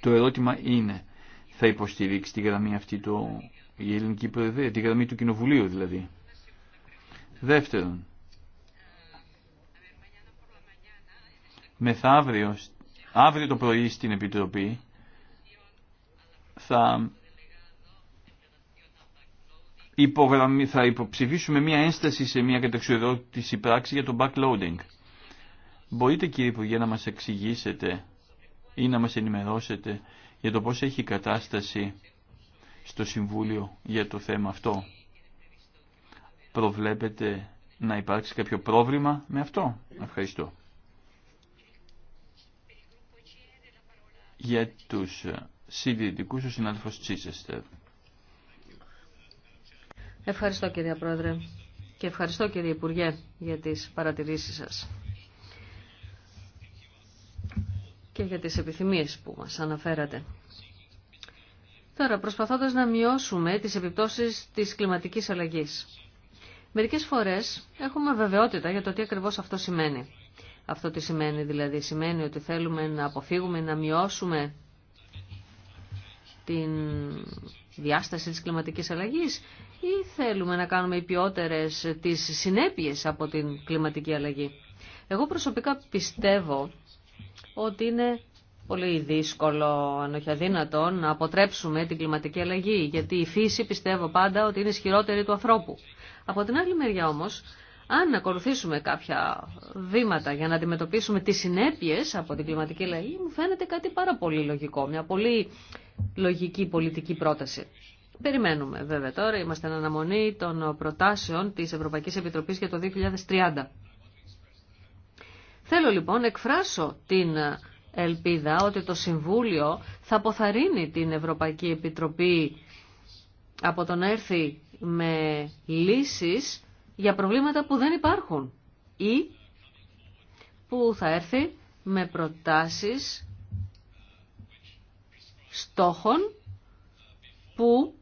Speaker 1: Το ερώτημα είναι, θα υποστηρίξει τη γραμμή αυτή το, η ελληνική προεδρία, τη γραμμή του κοινοβουλίου δηλαδή. Δεύτερον, μεθαύριο, αύριο το πρωί στην Επιτροπή, θα, θα υποψηφίσουμε μια ένσταση σε μια κατεξοδότηση πράξη για το backloading. Μπορείτε κύριε Υπουργέ να μας εξηγήσετε ή να μας ενημερώσετε για το πώς έχει κατάσταση στο Συμβούλιο για το θέμα αυτό. Προβλέπετε να υπάρξει κάποιο πρόβλημα με αυτό. Ευχαριστώ. Για τους συντηρητικούς ο συνάδελφος Τσίσεστερ.
Speaker 3: Ευχαριστώ κύριε Πρόεδρε και ευχαριστώ κύριε Υπουργέ για τις παρατηρήσεις σας. και για τις επιθυμίες που μας αναφέρατε. Τώρα, προσπαθώντας να μειώσουμε τις επιπτώσεις της κλιματικής αλλαγής. Μερικές φορές έχουμε βεβαιότητα για το τι ακριβώς αυτό σημαίνει. Αυτό τι σημαίνει δηλαδή. Σημαίνει ότι θέλουμε να αποφύγουμε, να μειώσουμε την διάσταση της κλιματικής αλλαγής ή θέλουμε να κάνουμε υπιότερες τις συνέπειες από την κλιματική αλλαγή. Εγώ προσωπικά πιστεύω ότι είναι πολύ δύσκολο, αν όχι αδύνατο, να αποτρέψουμε την κλιματική αλλαγή, γιατί η φύση πιστεύω πάντα ότι είναι ισχυρότερη του ανθρώπου. Από την άλλη μεριά όμω, αν ακολουθήσουμε κάποια βήματα για να αντιμετωπίσουμε τι συνέπειε από την κλιματική αλλαγή, μου φαίνεται κάτι πάρα πολύ λογικό, μια πολύ λογική πολιτική πρόταση. Περιμένουμε βέβαια τώρα, είμαστε εν αναμονή των προτάσεων της Ευρωπαϊκής Επιτροπής για το 2030. Θέλω λοιπόν εκφράσω την ελπίδα ότι το Συμβούλιο θα αποθαρρύνει την Ευρωπαϊκή Επιτροπή από το να έρθει με λύσεις για προβλήματα που δεν υπάρχουν ή που θα έρθει με προτάσεις στόχων που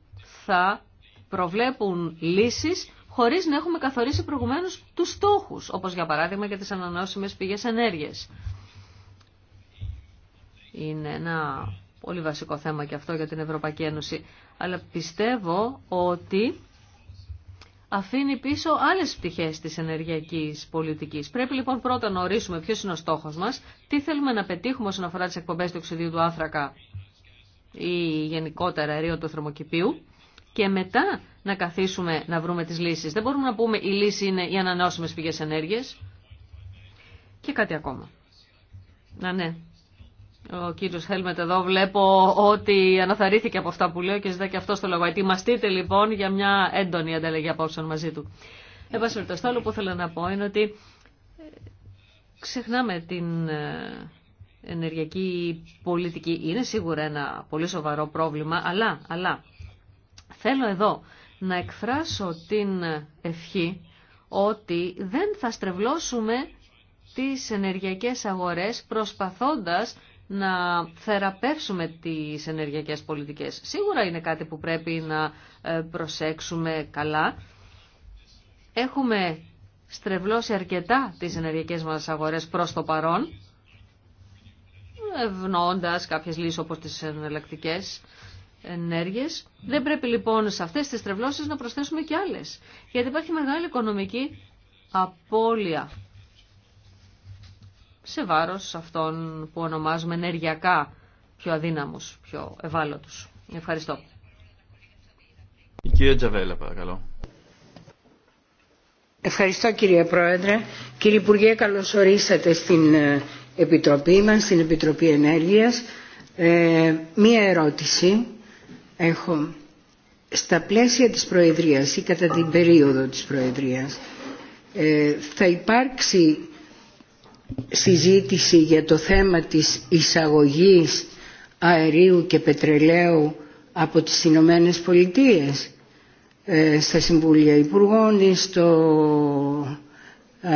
Speaker 3: θα προβλέπουν λύσεις χωρίς να έχουμε καθορίσει προηγουμένως τους στόχους, όπως για παράδειγμα για τις ανανεώσιμες πηγές ενέργειας. Είναι ένα πολύ βασικό θέμα και αυτό για την Ευρωπαϊκή Ένωση. Αλλά πιστεύω ότι αφήνει πίσω άλλες πτυχές της ενεργειακής πολιτικής. Πρέπει λοιπόν πρώτα να ορίσουμε ποιος είναι ο στόχος μας, τι θέλουμε να πετύχουμε όσον αφορά τις εκπομπές του οξυδίου του άνθρακα ή γενικότερα αερίων του θερμοκηπίου και μετά να καθίσουμε να βρούμε τις λύσεις. Δεν μπορούμε να πούμε η λύση είναι οι ανανεώσιμες πηγές ενέργειας και κάτι ακόμα. Να ναι. Ο κύριος Χέλμετ εδώ βλέπω ότι αναθαρρύθηκε από αυτά που λέω και ζητάει και αυτό στο λόγο. Ετοιμαστείτε λοιπόν για μια έντονη ανταλλαγή απόψεων μαζί του. Εν το άλλο που θέλω να πω είναι ότι ε, ξεχνάμε την ε, ενεργειακή πολιτική. Είναι σίγουρα ένα πολύ σοβαρό πρόβλημα, αλλά, αλλά Θέλω εδώ να εκφράσω την ευχή ότι δεν θα στρεβλώσουμε τις ενεργειακές αγορές προσπαθώντας να θεραπεύσουμε τις ενεργειακές πολιτικές. Σίγουρα είναι κάτι που πρέπει να ε, προσέξουμε καλά. Έχουμε στρεβλώσει αρκετά τις ενεργειακές μας αγορές προς το παρόν, ευνοώντας κάποιες λύσεις όπως τις εναλλακτικές ενέργειες. Δεν πρέπει λοιπόν σε αυτές τις τρευλώσεις να προσθέσουμε και άλλες. Γιατί υπάρχει μεγάλη οικονομική απώλεια σε βάρος αυτών που ονομάζουμε ενεργειακά πιο αδύναμους, πιο ευάλωτους. Ευχαριστώ.
Speaker 1: Η κυρία Τζαβέλα, παρακαλώ.
Speaker 6: Ευχαριστώ κύριε Πρόεδρε. Κύριε Υπουργέ, καλώς ορίσατε στην ε, Επιτροπή μας, στην Επιτροπή Ενέργειας. Ε, μία ερώτηση έχω. Στα πλαίσια της Προεδρίας ή κατά την περίοδο της Προεδρίας ε, θα υπάρξει συζήτηση για το θέμα της εισαγωγής αερίου και πετρελαίου από τις Ηνωμένε Πολιτείε ε, στα Συμβούλια Υπουργών ή στο, ε,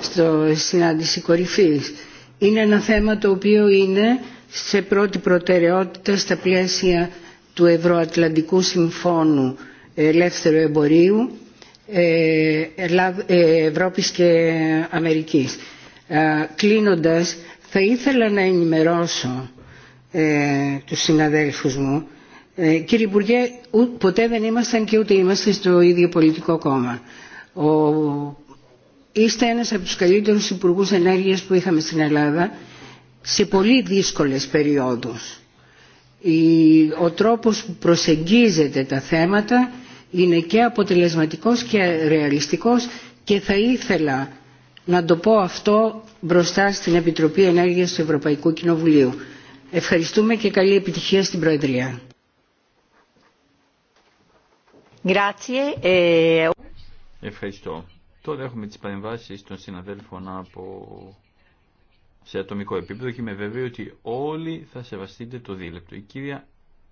Speaker 6: στο συνάντηση κορυφής. Είναι ένα θέμα το οποίο είναι σε πρώτη προτεραιότητα στα πλαίσια του Ευρωατλαντικού Συμφώνου Ελεύθερου Εμπορίου ε, ε, Ευρώπης και Αμερικής. Ε, κλείνοντας, θα ήθελα να ενημερώσω τους συναδέλφους μου. Κύριε Υπουργέ, ποτέ δεν ήμασταν και ούτε είμαστε στο ίδιο πολιτικό κόμμα. Ο... Είστε ένας από τους καλύτερους υπουργούς ενέργειας που είχαμε στην Ελλάδα σε πολύ δύσκολες περιόδους. Ο τρόπος που προσεγγίζεται τα θέματα είναι και αποτελεσματικός και ρεαλιστικός και θα ήθελα να το πω αυτό μπροστά στην Επιτροπή Ενέργειας του Ευρωπαϊκού Κοινοβουλίου. Ευχαριστούμε και καλή επιτυχία στην Προεδρία.
Speaker 1: Ε, Ευχαριστώ. Τώρα έχουμε τις παρεμβάσεις των συναδέλφων από σε ατομικό επίπεδο και είμαι βέβαιο ότι όλοι θα σεβαστείτε το δίλεπτο. Η κυρία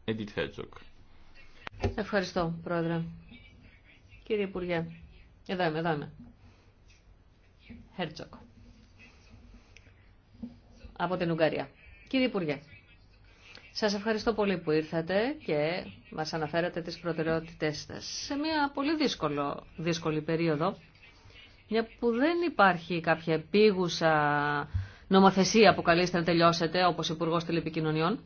Speaker 1: Εντιτ Χέρτσοκ.
Speaker 3: Ευχαριστώ, Πρόεδρε. Κύριε Υπουργέ, εδώ είμαι, εδώ είμαι. Χέρτσοκ. Από την Ουγγαρία. Κύριε Υπουργέ, σας ευχαριστώ πολύ που ήρθατε και μας αναφέρατε τις προτεραιότητές σας. Σε μια πολύ δύσκολο, δύσκολη περίοδο, μια που δεν υπάρχει κάποια επίγουσα νομοθεσία που καλείστε να τελειώσετε όπως υπουργό Τηλεπικοινωνιών.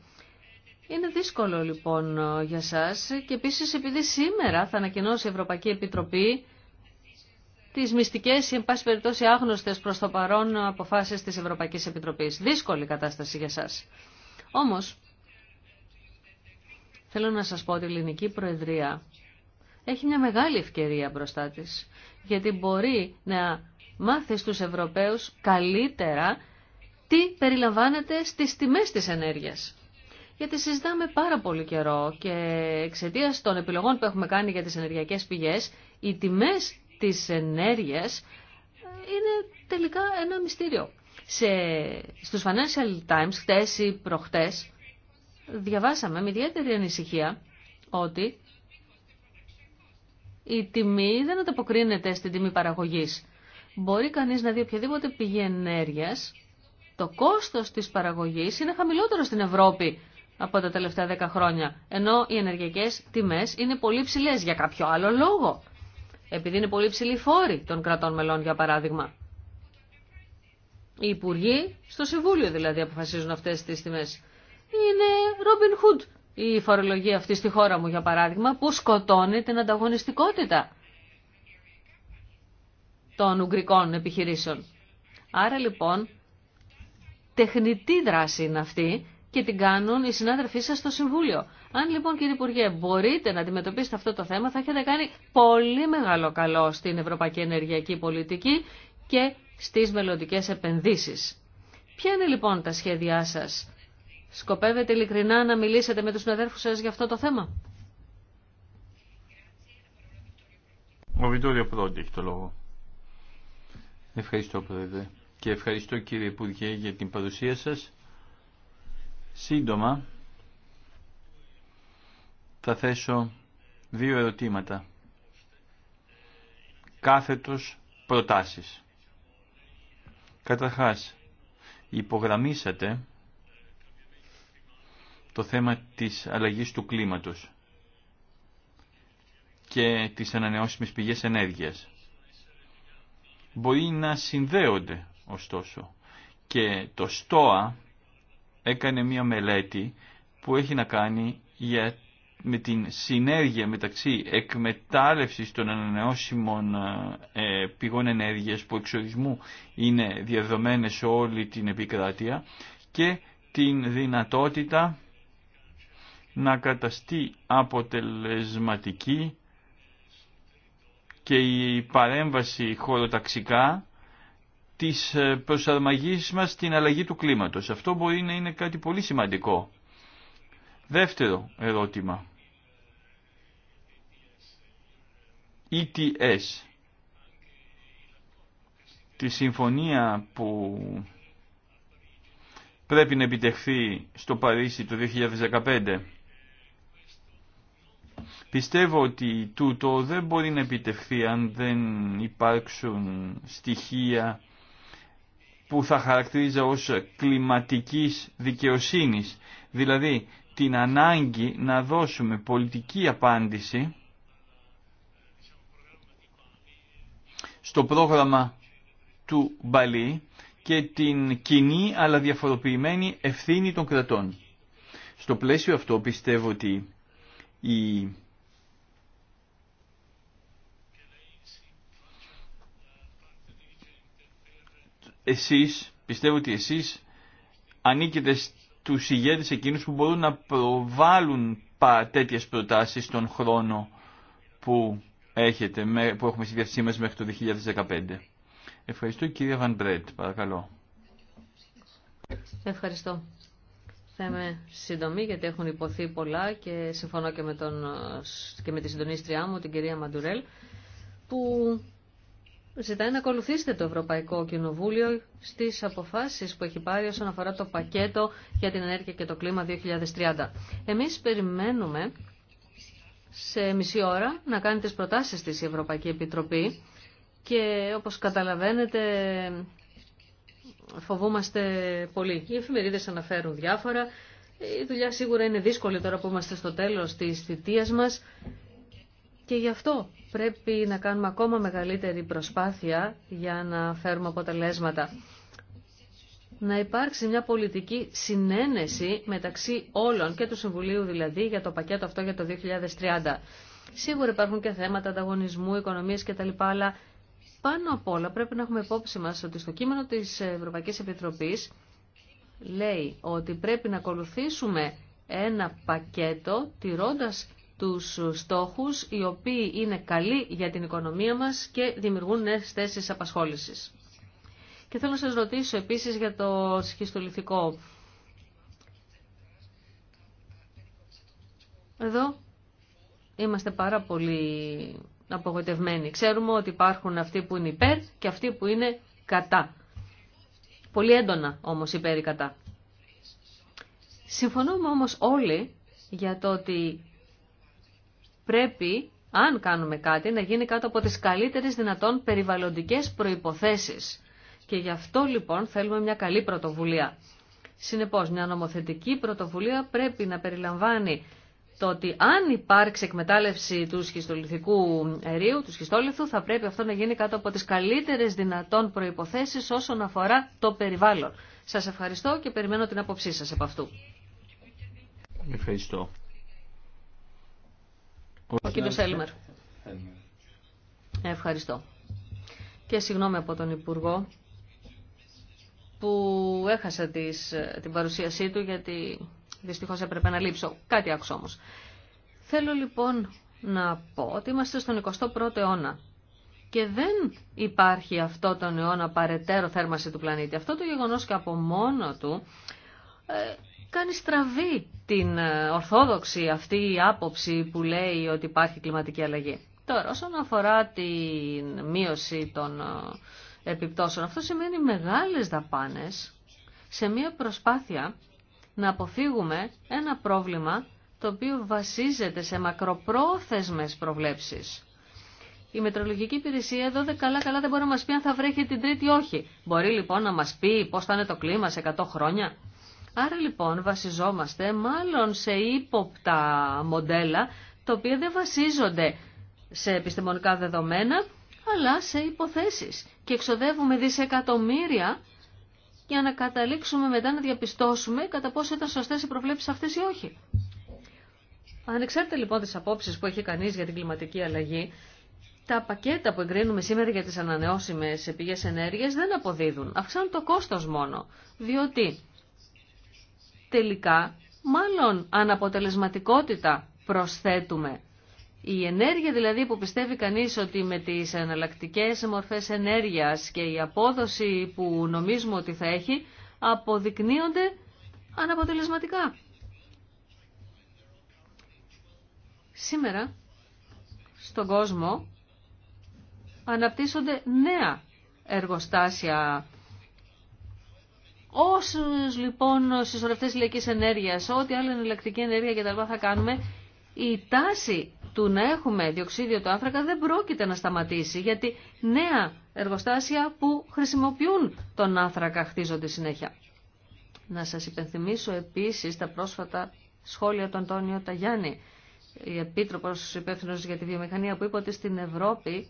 Speaker 3: Είναι δύσκολο λοιπόν για σας και επίσης επειδή σήμερα θα ανακοινώσει η Ευρωπαϊκή Επιτροπή τις μυστικές ή εν πάση περιπτώσει άγνωστες προς το παρόν αποφάσεις της Ευρωπαϊκής Επιτροπής. Δύσκολη κατάσταση για σας. Όμως, θέλω να σας πω ότι η Ελληνική Προεδρία έχει μια μεγάλη ευκαιρία μπροστά της, γιατί μπορεί να μάθει στους Ευρωπαίους καλύτερα τι περιλαμβάνεται στις τιμές της ενέργειας. Γιατί συζητάμε πάρα πολύ καιρό και εξαιτία των επιλογών που έχουμε κάνει για τις ενεργειακές πηγές, οι τιμές της ενέργειας ε, είναι τελικά ένα μυστήριο. Σε, στους Financial Times, χτες ή προχτές, διαβάσαμε με ιδιαίτερη ανησυχία ότι η τιμή δεν ανταποκρίνεται στην τιμή παραγωγής. Μπορεί κανείς να δει οποιαδήποτε πηγή ενέργειας το κόστος της παραγωγής είναι χαμηλότερο στην Ευρώπη από τα τελευταία 10 χρόνια, ενώ οι ενεργειακές τιμές είναι πολύ ψηλές για κάποιο άλλο λόγο. Επειδή είναι πολύ ψηλή φόρη των κρατών μελών, για παράδειγμα. Οι υπουργοί στο Συμβούλιο δηλαδή αποφασίζουν αυτές τις τιμές. Είναι Robin Hood η φορολογία αυτή στη χώρα μου, για παράδειγμα, που σκοτώνει την ανταγωνιστικότητα των ουγγρικών επιχειρήσεων. Άρα λοιπόν τεχνητή δράση είναι αυτή και την κάνουν οι συνάδελφοί σας στο Συμβούλιο. Αν λοιπόν κύριε Υπουργέ μπορείτε να αντιμετωπίσετε αυτό το θέμα θα έχετε κάνει πολύ μεγάλο καλό στην Ευρωπαϊκή Ενεργειακή Πολιτική και στις μελλοντικέ επενδύσεις. Ποια είναι λοιπόν τα σχέδιά σας. Σκοπεύετε ειλικρινά να μιλήσετε με τους συναδέλφους σας για αυτό το θέμα.
Speaker 1: Ο το λόγο. Ευχαριστώ, Πρόεδρε και ευχαριστώ κύριε Υπουργέ για την παρουσία σας. Σύντομα θα θέσω δύο ερωτήματα. Κάθετος προτάσεις. Καταρχάς, υπογραμμίσατε το θέμα της αλλαγής του κλίματος και της ανανεώσιμες πηγές ενέργειας. Μπορεί να συνδέονται ωστόσο. Και το ΣΤΟΑ έκανε μία μελέτη που έχει να κάνει για, με την συνέργεια μεταξύ εκμετάλλευσης των ανανεώσιμων ε, πηγών ενέργειας που εξορισμού είναι διαδομένες σε όλη την επικράτεια και την δυνατότητα να καταστεί αποτελεσματική και η παρέμβαση χωροταξικά της ε, προσαρμογής μας στην αλλαγή του κλίματος. Αυτό μπορεί να είναι κάτι πολύ σημαντικό. Δεύτερο ερώτημα. ETS. Τη συμφωνία που πρέπει να επιτευχθεί στο Παρίσι το 2015. Πιστεύω ότι τούτο δεν μπορεί να επιτευχθεί αν δεν υπάρξουν στοιχεία που θα χαρακτηρίζα ως κλιματικής δικαιοσύνης, δηλαδή την ανάγκη να δώσουμε πολιτική απάντηση στο πρόγραμμα του Μπαλί και την κοινή αλλά διαφοροποιημένη ευθύνη των κρατών. Στο πλαίσιο αυτό πιστεύω ότι η εσείς, πιστεύω ότι εσείς ανήκετε στους ηγέτες εκείνους που μπορούν να προβάλλουν τέτοιες προτάσεις στον χρόνο που, έχετε, που έχουμε στη μας μέχρι το 2015. Ευχαριστώ κυρία Βανμπρέτ, παρακαλώ.
Speaker 3: Ευχαριστώ. Θα είμαι σύντομη γιατί έχουν υποθεί πολλά και συμφωνώ και με, τον, και με τη συντονίστριά μου, την κυρία Μαντουρέλ, που ζητάει να ακολουθήσετε το Ευρωπαϊκό Κοινοβούλιο στις αποφάσεις που έχει πάρει όσον αφορά το πακέτο για την ενέργεια και το κλίμα 2030. Εμείς περιμένουμε σε μισή ώρα να κάνει τις προτάσεις της η Ευρωπαϊκή Επιτροπή και όπως καταλαβαίνετε φοβούμαστε πολύ. Οι εφημερίδες αναφέρουν διάφορα. Η δουλειά σίγουρα είναι δύσκολη τώρα που είμαστε στο τέλος της θητείας μας και γι' αυτό πρέπει να κάνουμε ακόμα μεγαλύτερη προσπάθεια για να φέρουμε αποτελέσματα. Να υπάρξει μια πολιτική συνένεση μεταξύ όλων και του Συμβουλίου δηλαδή για το πακέτο αυτό για το 2030. Σίγουρα υπάρχουν και θέματα ανταγωνισμού, οικονομίας κτλ. Αλλά πάνω απ' όλα πρέπει να έχουμε υπόψη μας ότι στο κείμενο της Ευρωπαϊκής Επιτροπής λέει ότι πρέπει να ακολουθήσουμε ένα πακέτο τηρώντας τους στόχους οι οποίοι είναι καλοί για την οικονομία μας και δημιουργούν νέες θέσεις απασχόλησης. Και θέλω να σας ρωτήσω επίσης για το σχιστολιθικό. Εδώ είμαστε πάρα πολύ απογοητευμένοι. Ξέρουμε ότι υπάρχουν αυτοί που είναι υπέρ και αυτοί που είναι κατά. Πολύ έντονα όμως υπέρ ή κατά. Συμφωνούμε όμως όλοι για το ότι πρέπει, αν κάνουμε κάτι, να γίνει κάτω από τις καλύτερες δυνατόν περιβαλλοντικές προϋποθέσεις. Και γι' αυτό λοιπόν θέλουμε μια καλή πρωτοβουλία. Συνεπώς, μια νομοθετική πρωτοβουλία πρέπει να περιλαμβάνει το ότι αν υπάρξει εκμετάλλευση του σχιστολιθικού αερίου, του σχιστόλιθου, θα πρέπει αυτό να γίνει κάτω από τις καλύτερες δυνατόν προϋποθέσεις όσον αφορά το περιβάλλον. Σας ευχαριστώ και περιμένω την άποψή σας από αυτού. Ευχαριστώ. Ο κύριο Έλμερ. Ευχαριστώ. Και συγγνώμη από τον Υπουργό που έχασα τις, την παρουσίασή του γιατί δυστυχώς έπρεπε να λείψω. Κάτι άκουσα όμως. Θέλω λοιπόν να πω ότι είμαστε στον 21ο αιώνα και δεν υπάρχει αυτό τον αιώνα παρετέρω θέρμανση του πλανήτη. Αυτό το γεγονός και από μόνο του ε, κάνει στραβή την ε, ορθόδοξη αυτή η άποψη που λέει ότι υπάρχει κλιματική αλλαγή. Τώρα, όσον αφορά την μείωση των ε, επιπτώσεων, αυτό σημαίνει μεγάλες δαπάνες σε μια προσπάθεια να αποφύγουμε ένα πρόβλημα το οποίο βασίζεται σε μακροπρόθεσμες προβλέψεις. Η Μετρολογική Υπηρεσία εδώ δεν καλά καλά δεν μπορεί να μας πει αν θα βρέχει την Τρίτη όχι. Μπορεί λοιπόν να μας πει πώς θα είναι το κλίμα σε 100 χρόνια. Άρα λοιπόν βασιζόμαστε μάλλον σε ύποπτα μοντέλα, τα οποία δεν βασίζονται σε επιστημονικά δεδομένα, αλλά σε υποθέσεις. Και εξοδεύουμε δισεκατομμύρια για να καταλήξουμε μετά να διαπιστώσουμε κατά πόσο ήταν σωστές οι προβλέψεις αυτές ή όχι. Ανεξάρτητα λοιπόν τις απόψεις που έχει κανείς για την κλιματική αλλαγή, τα πακέτα που εγκρίνουμε σήμερα για τις ανανεώσιμες πηγές ενέργειας δεν αποδίδουν. Αυξάνουν το κόστος μόνο, διότι τελικά μάλλον αναποτελεσματικότητα προσθέτουμε. Η ενέργεια δηλαδή που πιστεύει κανείς ότι με τις εναλλακτικέ μορφές ενέργειας και η απόδοση που νομίζουμε ότι θα έχει αποδεικνύονται αναποτελεσματικά. Σήμερα στον κόσμο αναπτύσσονται νέα εργοστάσια Όσου λοιπόν συσσωρευτές ηλιακή ενέργειας, ό,τι άλλη ηλεκτρική ενέργεια και τα λοιπά θα κάνουμε, η τάση του να έχουμε διοξίδιο του άνθρακα δεν πρόκειται να σταματήσει, γιατί νέα εργοστάσια που χρησιμοποιούν τον άνθρακα χτίζονται συνέχεια. Να σας υπενθυμίσω επίσης τα πρόσφατα σχόλια του Αντώνιο Ταγιάννη, η Επίτροπος υπεύθυνο για τη Βιομηχανία, που είπε ότι στην Ευρώπη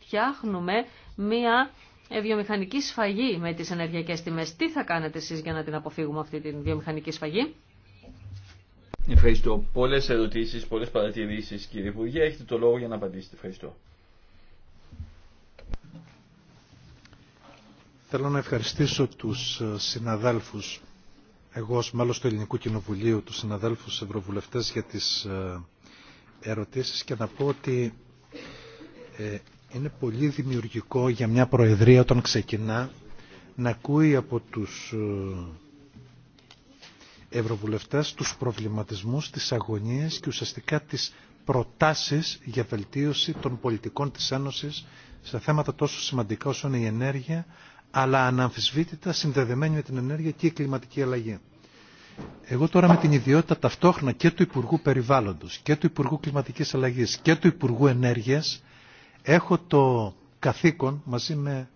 Speaker 3: φτιάχνουμε μία βιομηχανική σφαγή με τις ενεργειακές τιμές. Τι θα κάνετε εσείς για να την αποφύγουμε αυτή την βιομηχανική σφαγή.
Speaker 1: Ευχαριστώ. Πολλές ερωτήσεις, πολλές παρατηρήσεις κύριε Υπουργέ. Έχετε το λόγο για να απαντήσετε. Ευχαριστώ.
Speaker 8: Θέλω να ευχαριστήσω τους ε, συναδέλφους, εγώ ως μέλος του Ελληνικού Κοινοβουλίου, τους συναδέλφους ευρωβουλευτές για τις ε, ερωτήσεις και να πω ότι ε, είναι πολύ δημιουργικό για μια προεδρία όταν ξεκινά να ακούει από τους ε, ευρωβουλευτές τους προβληματισμούς, τις αγωνίες και ουσιαστικά τις προτάσεις για βελτίωση των πολιτικών της Ένωσης σε θέματα τόσο σημαντικά όσο είναι η ενέργεια, αλλά αναμφισβήτητα συνδεδεμένη με την ενέργεια και η κλιματική αλλαγή. Εγώ τώρα με την ιδιότητα ταυτόχρονα και του Υπουργού Περιβάλλοντος και του Υπουργού Κλιματικής Αλλαγής και του Υπουργού Ενέργειας έχω το καθήκον μαζί με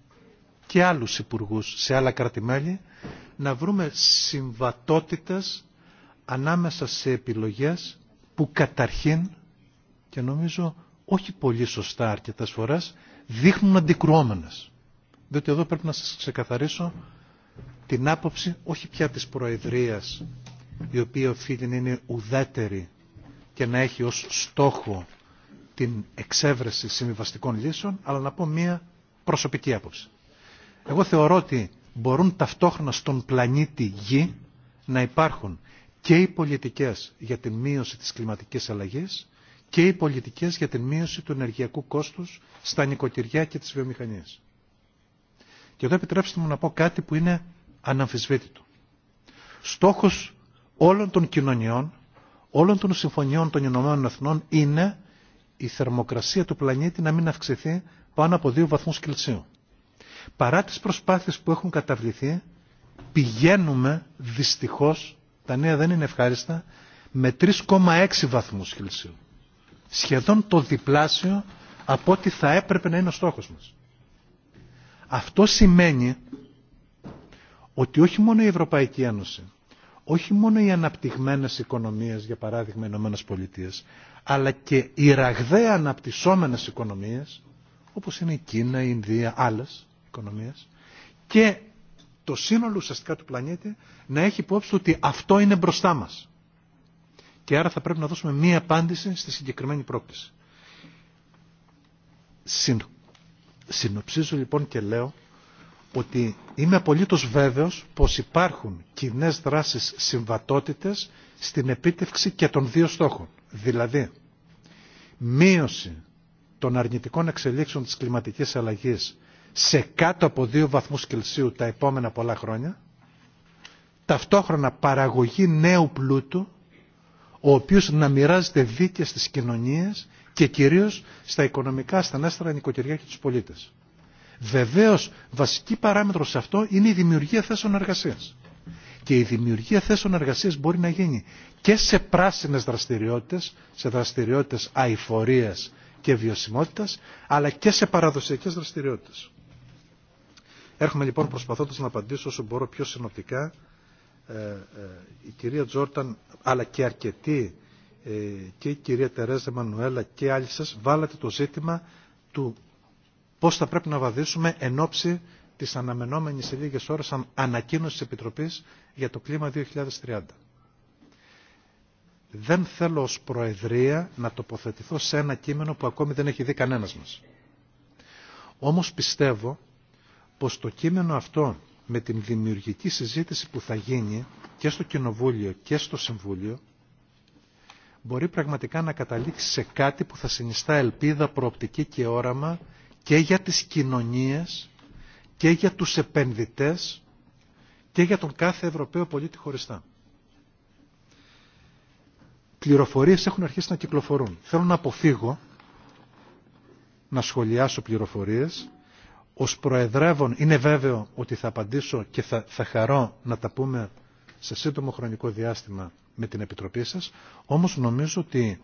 Speaker 8: και άλλους υπουργούς σε άλλα κρατημέλη να βρούμε συμβατότητες ανάμεσα σε επιλογές που καταρχήν και νομίζω όχι πολύ σωστά αρκετές φορές δείχνουν αντικρουόμενες. Διότι εδώ πρέπει να σας ξεκαθαρίσω την άποψη όχι πια της Προεδρίας η οποία οφείλει να είναι ουδέτερη και να έχει ως στόχο την εξέβρεση συμβιβαστικών λύσεων, αλλά να πω μία προσωπική άποψη. Εγώ θεωρώ ότι μπορούν ταυτόχρονα στον πλανήτη Γη να υπάρχουν και οι πολιτικές για την μείωση της κλιματικής αλλαγής και οι πολιτικές για την μείωση του ενεργειακού κόστους στα νοικοκυριά και τις βιομηχανίες. Και εδώ επιτρέψτε μου να πω κάτι που είναι αναμφισβήτητο. Στόχος όλων των κοινωνιών, όλων των συμφωνιών των Ηνωμένων Εθνών είναι η θερμοκρασία του πλανήτη να μην αυξηθεί πάνω από 2 βαθμούς Κελσίου. Παρά τις προσπάθειες που έχουν καταβληθεί, πηγαίνουμε δυστυχώς, τα νέα δεν είναι ευχάριστα, με 3,6 βαθμούς Κελσίου. Σχεδόν το διπλάσιο από ό,τι θα έπρεπε να είναι ο στόχος μας. Αυτό σημαίνει ότι όχι μόνο η Ευρωπαϊκή Ένωση όχι μόνο οι αναπτυγμένες οικονομίες, για παράδειγμα οι Ηνωμένες Πολιτείες, αλλά και οι ραγδαία αναπτυσσόμενες οικονομίες, όπως είναι η Κίνα, η Ινδία, άλλες οικονομίες, και το σύνολο ουσιαστικά του πλανήτη να έχει υπόψη ότι αυτό είναι μπροστά μας. Και άρα θα πρέπει να δώσουμε μία απάντηση στη συγκεκριμένη πρόκληση. Συνοψίζω λοιπόν και λέω ότι είμαι απολύτως βέβαιος πως υπάρχουν κοινέ δράσεις συμβατότητες στην επίτευξη και των δύο στόχων. Δηλαδή, μείωση των αρνητικών εξελίξεων της κλιματικής αλλαγής σε κάτω από δύο βαθμούς Κελσίου τα επόμενα πολλά χρόνια, ταυτόχρονα παραγωγή νέου πλούτου, ο οποίος να μοιράζεται δίκαια στις κοινωνίες και κυρίως στα οικονομικά ασθενέστερα νοικοκυριά και τους πολίτες. Βεβαίως βασική παράμετρο σε αυτό είναι η δημιουργία θέσεων εργασίας. Και η δημιουργία θέσεων εργασίας μπορεί να γίνει και σε πράσινες δραστηριότητες, σε δραστηριότητες αηφορίας και βιωσιμότητας, αλλά και σε παραδοσιακές δραστηριότητες. Έρχομαι λοιπόν προσπαθώντας να απαντήσω όσο μπορώ πιο συνοπτικά. Ε, ε η κυρία Τζόρταν, αλλά και αρκετοί, ε, και η κυρία Τερέζα Μανουέλα και άλλοι σας, βάλατε το ζήτημα του πώς θα πρέπει να βαδίσουμε εν ώψη της αναμενόμενης σε λίγες ώρες ανακοίνωσης Επιτροπής για το κλίμα 2030. Δεν θέλω ως Προεδρία να τοποθετηθώ σε ένα κείμενο που ακόμη δεν έχει δει κανένας μας. Όμως πιστεύω πως το κείμενο αυτό με την δημιουργική συζήτηση που θα γίνει και στο Κοινοβούλιο και στο Συμβούλιο μπορεί πραγματικά να καταλήξει σε κάτι που θα συνιστά ελπίδα, προοπτική και όραμα και για τις κοινωνίες και για τους επενδυτές και για τον κάθε Ευρωπαίο πολίτη χωριστά. Πληροφορίες έχουν αρχίσει να κυκλοφορούν. Θέλω να αποφύγω να σχολιάσω πληροφορίες. Ως προεδρεύων είναι βέβαιο ότι θα απαντήσω και θα, χαρώ να τα πούμε σε σύντομο χρονικό διάστημα με την Επιτροπή σας. Όμως νομίζω ότι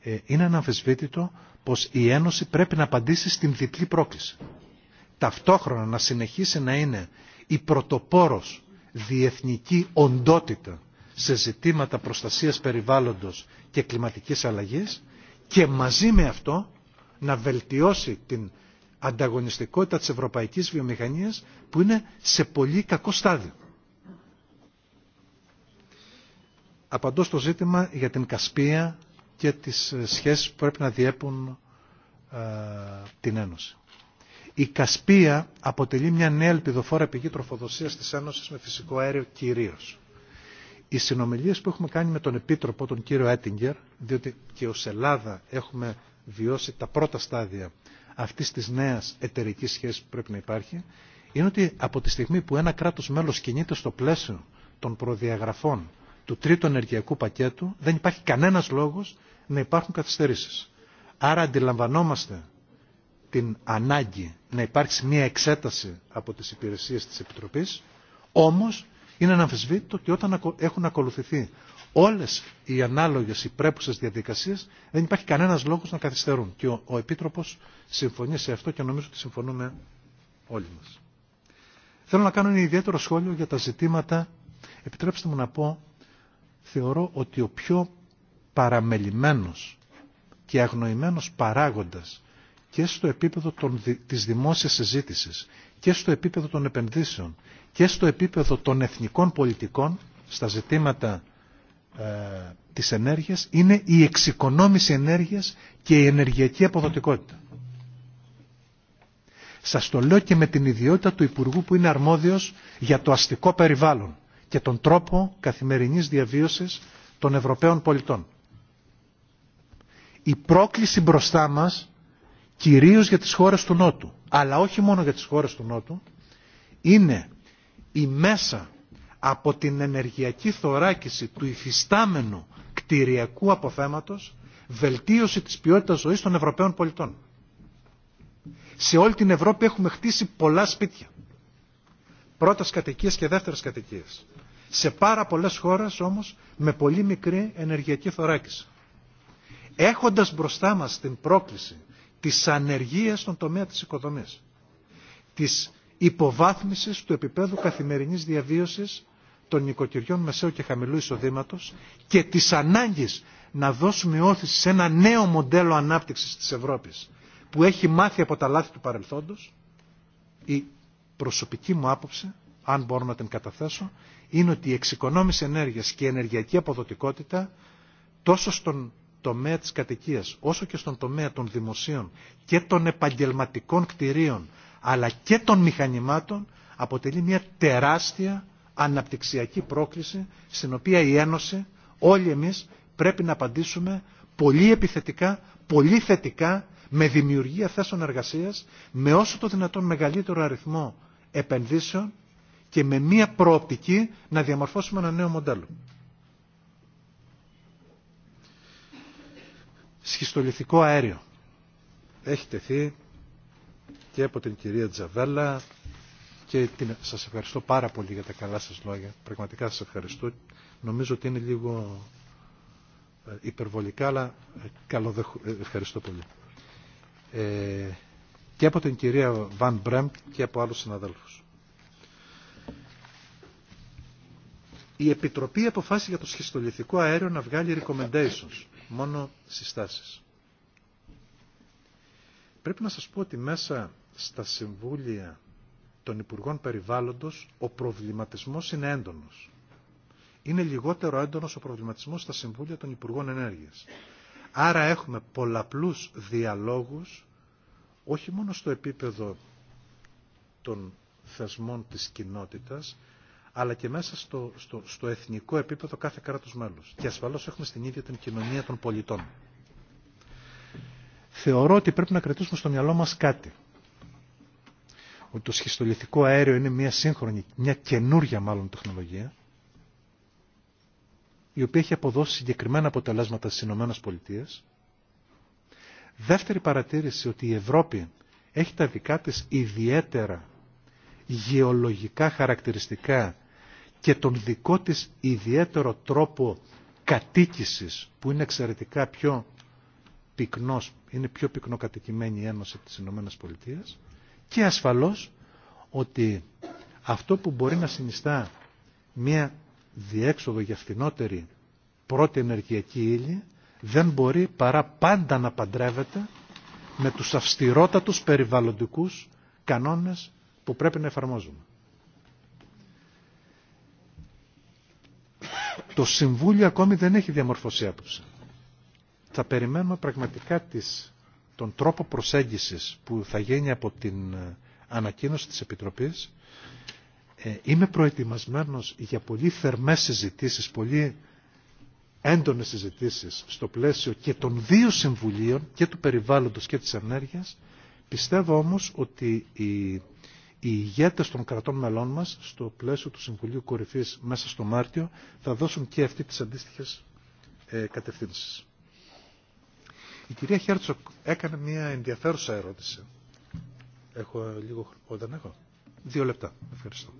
Speaker 8: ε, είναι αναμφισβήτητο πως η Ένωση πρέπει να απαντήσει στην διπλή πρόκληση. Ταυτόχρονα να συνεχίσει να είναι η πρωτοπόρος διεθνική οντότητα σε ζητήματα προστασίας περιβάλλοντος και κλιματικής αλλαγής και μαζί με αυτό να βελτιώσει την ανταγωνιστικότητα της ευρωπαϊκής βιομηχανίας που είναι σε πολύ κακό στάδιο. Απαντώ στο ζήτημα για την Κασπία και τις ε, σχέσεις που πρέπει να διέπουν ε, την Ένωση. Η Κασπία αποτελεί μια νέα ελπιδοφόρα πηγή τροφοδοσίας της Ένωσης με φυσικό αέριο κυρίως. Οι συνομιλίες που έχουμε κάνει με τον Επίτροπο, τον κύριο Έτιγκερ, διότι και ως Ελλάδα έχουμε βιώσει τα πρώτα στάδια αυτής της νέας εταιρική σχέσης που πρέπει να υπάρχει, είναι ότι από τη στιγμή που ένα κράτος μέλος κινείται στο πλαίσιο των προδιαγραφών του τρίτου ενεργειακού πακέτου, δεν υπάρχει κανένας λόγος να υπάρχουν καθυστερήσεις. Άρα αντιλαμβανόμαστε την ανάγκη να υπάρξει μια εξέταση από τις υπηρεσίες της Επιτροπής, όμως είναι αναμφισβήτητο ότι όταν έχουν ακολουθηθεί όλες οι ανάλογες, οι πρέπουσες διαδικασίες, δεν υπάρχει κανένας λόγος να καθυστερούν. Και ο, ο Επίτροπος συμφωνεί σε αυτό και νομίζω ότι συμφωνούμε όλοι μας. Θέλω να κάνω ένα ιδιαίτερο σχόλιο για τα ζητήματα. Επιτρέψτε μου να πω, θεωρώ ότι ο πιο παραμελημένος και αγνοημένος παράγοντας και στο επίπεδο των, της δημόσιας και στο επίπεδο των επενδύσεων και στο επίπεδο των εθνικών πολιτικών στα ζητήματα ε, της ενέργειας είναι η εξοικονόμηση ενέργειας και η ενεργειακή αποδοτικότητα. Σας το λέω και με την ιδιότητα του Υπουργού που είναι αρμόδιος για το αστικό περιβάλλον και τον τρόπο καθημερινής διαβίωσης των Ευρωπαίων πολιτών η πρόκληση μπροστά μας, κυρίως για τις χώρες του Νότου, αλλά όχι μόνο για τις χώρες του Νότου, είναι η μέσα από την ενεργειακή θωράκιση του υφιστάμενου κτηριακού αποθέματος βελτίωση της ποιότητας ζωής των Ευρωπαίων πολιτών. Σε όλη την Ευρώπη έχουμε χτίσει πολλά σπίτια. πρώτα κατοικίες και δεύτερες κατοικίες. Σε πάρα πολλές χώρες όμως με πολύ μικρή ενεργειακή θωράκιση έχοντας μπροστά μας την πρόκληση της ανεργίας στον τομέα της οικοδομής, της υποβάθμισης του επίπεδου καθημερινής διαβίωσης των νοικοκυριών μεσαίου και χαμηλού εισοδήματος και της ανάγκης να δώσουμε όθηση σε ένα νέο μοντέλο ανάπτυξης της Ευρώπης που έχει μάθει από τα λάθη του παρελθόντος, η προσωπική μου άποψη, αν μπορώ να την καταθέσω, είναι ότι η εξοικονόμηση ενέργειας και η ενεργειακή αποδοτικότητα τόσο στον τομέα της κατοικίας, όσο και στον τομέα των δημοσίων και των επαγγελματικών κτηρίων, αλλά και των μηχανημάτων, αποτελεί μια τεράστια αναπτυξιακή πρόκληση, στην οποία η Ένωση, όλοι εμείς, πρέπει να απαντήσουμε πολύ επιθετικά, πολύ θετικά, με δημιουργία θέσεων εργασίας, με όσο το δυνατόν μεγαλύτερο αριθμό επενδύσεων και με μία προοπτική να διαμορφώσουμε ένα νέο μοντέλο. σχιστολιθικό αέριο. Έχει τεθεί και από την κυρία Τζαβέλα και την... σας ευχαριστώ πάρα πολύ για τα καλά σας λόγια. Πραγματικά σας ευχαριστώ. Νομίζω ότι είναι λίγο ε, υπερβολικά, αλλά ε, ε, ευχαριστώ πολύ. Ε... Και από την κυρία Βαν Μπρέμπ και από άλλους συναδέλφους. Η Επιτροπή αποφάσισε για το σχιστολιθικό αέριο να βγάλει recommendations μόνο συστάσεις. Πρέπει να σας πω ότι μέσα στα συμβούλια των Υπουργών Περιβάλλοντος ο προβληματισμός είναι έντονος. Είναι λιγότερο έντονος ο προβληματισμός στα συμβούλια των Υπουργών Ενέργειας. Άρα έχουμε πολλαπλούς διαλόγους όχι μόνο στο επίπεδο των θεσμών της κοινότητας αλλά και μέσα στο, στο, στο εθνικό επίπεδο κάθε κράτος μέλος. Και ασφαλώς έχουμε στην ίδια την κοινωνία των πολιτών. Θεωρώ ότι πρέπει να κρατήσουμε στο μυαλό μας κάτι. Ότι το σχιστολιθικό αέριο είναι μια σύγχρονη, μια καινούρια μάλλον τεχνολογία, η οποία έχει αποδώσει συγκεκριμένα αποτελέσματα στις Ηνωμένες Πολιτείες. Δεύτερη παρατήρηση ότι η Ευρώπη έχει τα δικά της ιδιαίτερα γεωλογικά χαρακτηριστικά και τον δικό της ιδιαίτερο τρόπο κατοίκησης που είναι εξαιρετικά πιο πυκνός, είναι πιο πυκνοκατοικημένη η Ένωση της Ηνωμένες Πολιτείας και ασφαλώς ότι αυτό που μπορεί να συνιστά μια διέξοδο για φθηνότερη πρώτη ενεργειακή ύλη δεν μπορεί παρά πάντα να παντρεύεται με τους αυστηρότατους περιβαλλοντικούς κανόνες που πρέπει να εφαρμόζουμε. Το Συμβούλιο ακόμη δεν έχει διαμορφωσεί άποψη. Θα περιμένουμε πραγματικά τις, τον τρόπο προσέγγισης που θα γίνει από την ε, ανακοίνωση της Επιτροπής. Ε, είμαι προετοιμασμένος για πολύ θερμές συζητήσεις, πολύ έντονες συζητήσεις στο πλαίσιο και των δύο Συμβουλίων, και του περιβάλλοντος και της ενέργειας. Πιστεύω όμως ότι η οι ηγέτες των κρατών μελών μας στο πλαίσιο του Συμβουλίου Κορυφής μέσα στο Μάρτιο θα δώσουν και αυτή τις αντίστοιχες ε, κατευθύνσεις. Η κυρία Χέρτσοκ έκανε μια ενδιαφέρουσα ερώτηση. Έχω ε, λίγο δεν έχω. Δύο λεπτά. Ευχαριστώ.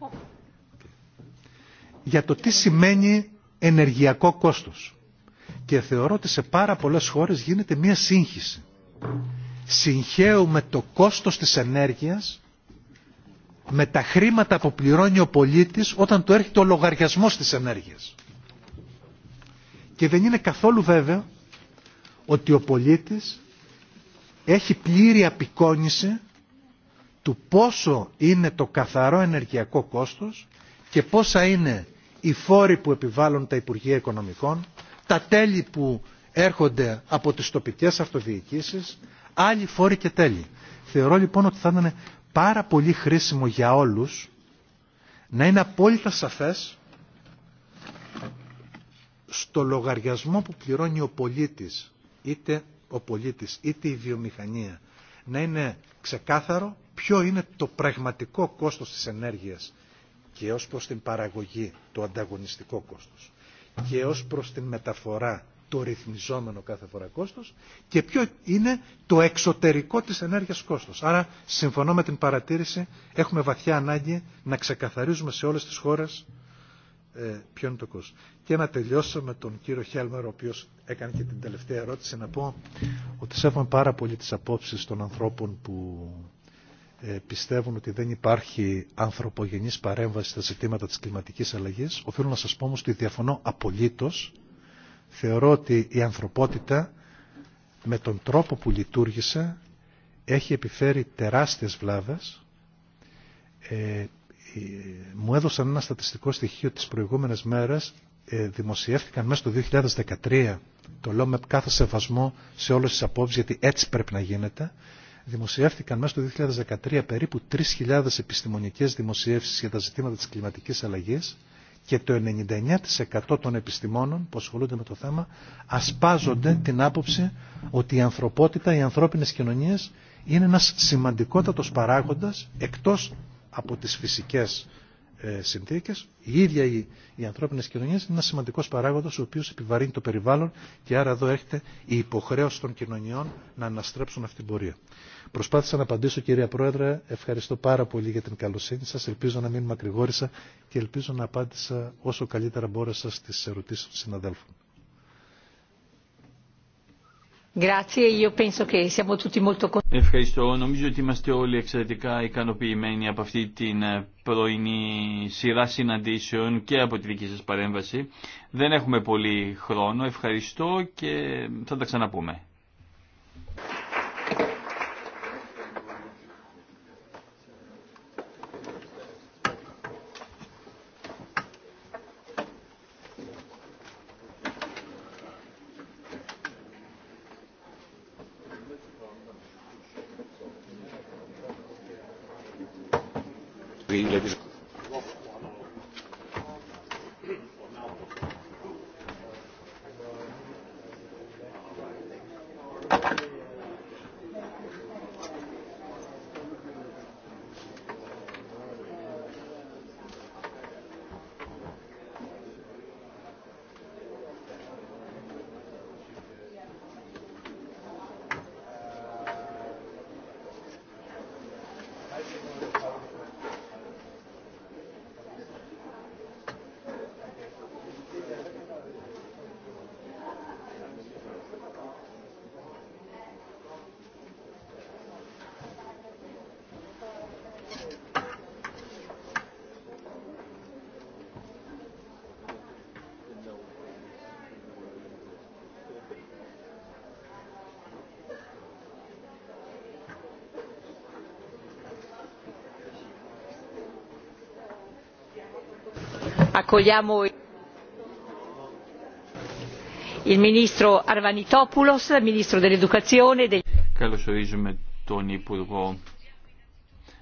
Speaker 8: Για το τι σημαίνει ενεργειακό κόστος. Και θεωρώ ότι σε πάρα πολλές χώρες γίνεται μια σύγχυση. Συγχαίουμε το κόστος της ενέργειας με τα χρήματα που πληρώνει ο πολίτης όταν του έρχεται ο λογαριασμός της ενέργειας. Και δεν είναι καθόλου βέβαιο ότι ο πολίτης έχει πλήρη απεικόνηση του πόσο είναι το καθαρό ενεργειακό κόστος και πόσα είναι οι φόροι που επιβάλλουν τα Υπουργεία Οικονομικών, τα τέλη που έρχονται από τις τοπικές αυτοδιοικήσεις, άλλοι φόροι και τέλη. Θεωρώ λοιπόν ότι θα ήταν πάρα πολύ χρήσιμο για όλους να είναι απόλυτα σαφές στο λογαριασμό που πληρώνει ο πολίτης, είτε ο πολίτης είτε η βιομηχανία, να είναι ξεκάθαρο ποιο είναι το πραγματικό κόστος της ενέργειας και ως προς την παραγωγή, το ανταγωνιστικό κόστος και ως προς την μεταφορά το ρυθμιζόμενο κάθε φορά κόστος και ποιο είναι το εξωτερικό της ενέργειας κόστος. Άρα, συμφωνώ με την παρατήρηση, έχουμε βαθιά ανάγκη να ξεκαθαρίζουμε σε όλες τις χώρες ε, ποιο είναι το κόστος. Και να τελειώσω με τον κύριο Χέλμερ, ο οποίος έκανε και την τελευταία ερώτηση, να πω ότι σέβομαι πάρα πολύ τις απόψεις των ανθρώπων που ε, πιστεύουν ότι δεν υπάρχει ανθρωπογενής παρέμβαση στα ζητήματα της κλιματικής αλλαγή. Οφείλω να σα πω όμως ότι διαφωνώ απολύτω θεωρώ ότι η ανθρωπότητα με τον τρόπο που λειτουργήσε έχει επιφέρει τεράστιες βλάβες. Ε, μου έδωσαν ένα στατιστικό στοιχείο τις προηγούμενες μέρες ε, δημοσιεύτηκαν μέσα το 2013 το λέω με κάθε σεβασμό σε όλες τις απόψεις γιατί έτσι πρέπει να γίνεται δημοσιεύτηκαν μέσα το 2013 περίπου 3.000 επιστημονικές δημοσιεύσεις για τα ζητήματα της κλιματικής αλλαγής και το 99% των επιστημόνων που ασχολούνται με το θέμα ασπάζονται την άποψη ότι η ανθρωπότητα, οι ανθρώπινες κοινωνίες είναι ένας σημαντικότατος παράγοντας εκτός από τις φυσικές ε, συνθήκες. Η ίδια η, οι ανθρώπινες κοινωνίες είναι ένας σημαντικός παράγοντας ο οποίος επιβαρύνει το περιβάλλον και άρα εδώ έρχεται η υποχρέωση των κοινωνιών να αναστρέψουν αυτή την πορεία. Προσπάθησα να απαντήσω κυρία Πρόεδρε, ευχαριστώ πάρα πολύ για την καλοσύνη σα. ελπίζω να μην μακρηγόρησα και ελπίζω να απάντησα όσο καλύτερα μπόρεσα στις ερωτήσει των συναδέλφων.
Speaker 1: Ευχαριστώ. Νομίζω ότι είμαστε όλοι εξαιρετικά ικανοποιημένοι από αυτή την πρωινή σειρά συναντήσεων και από τη δική σας παρέμβαση. Δεν έχουμε πολύ χρόνο. Ευχαριστώ και θα τα ξαναπούμε.
Speaker 5: accogliamo il ministro
Speaker 1: Καλωσορίζουμε τον Υπουργό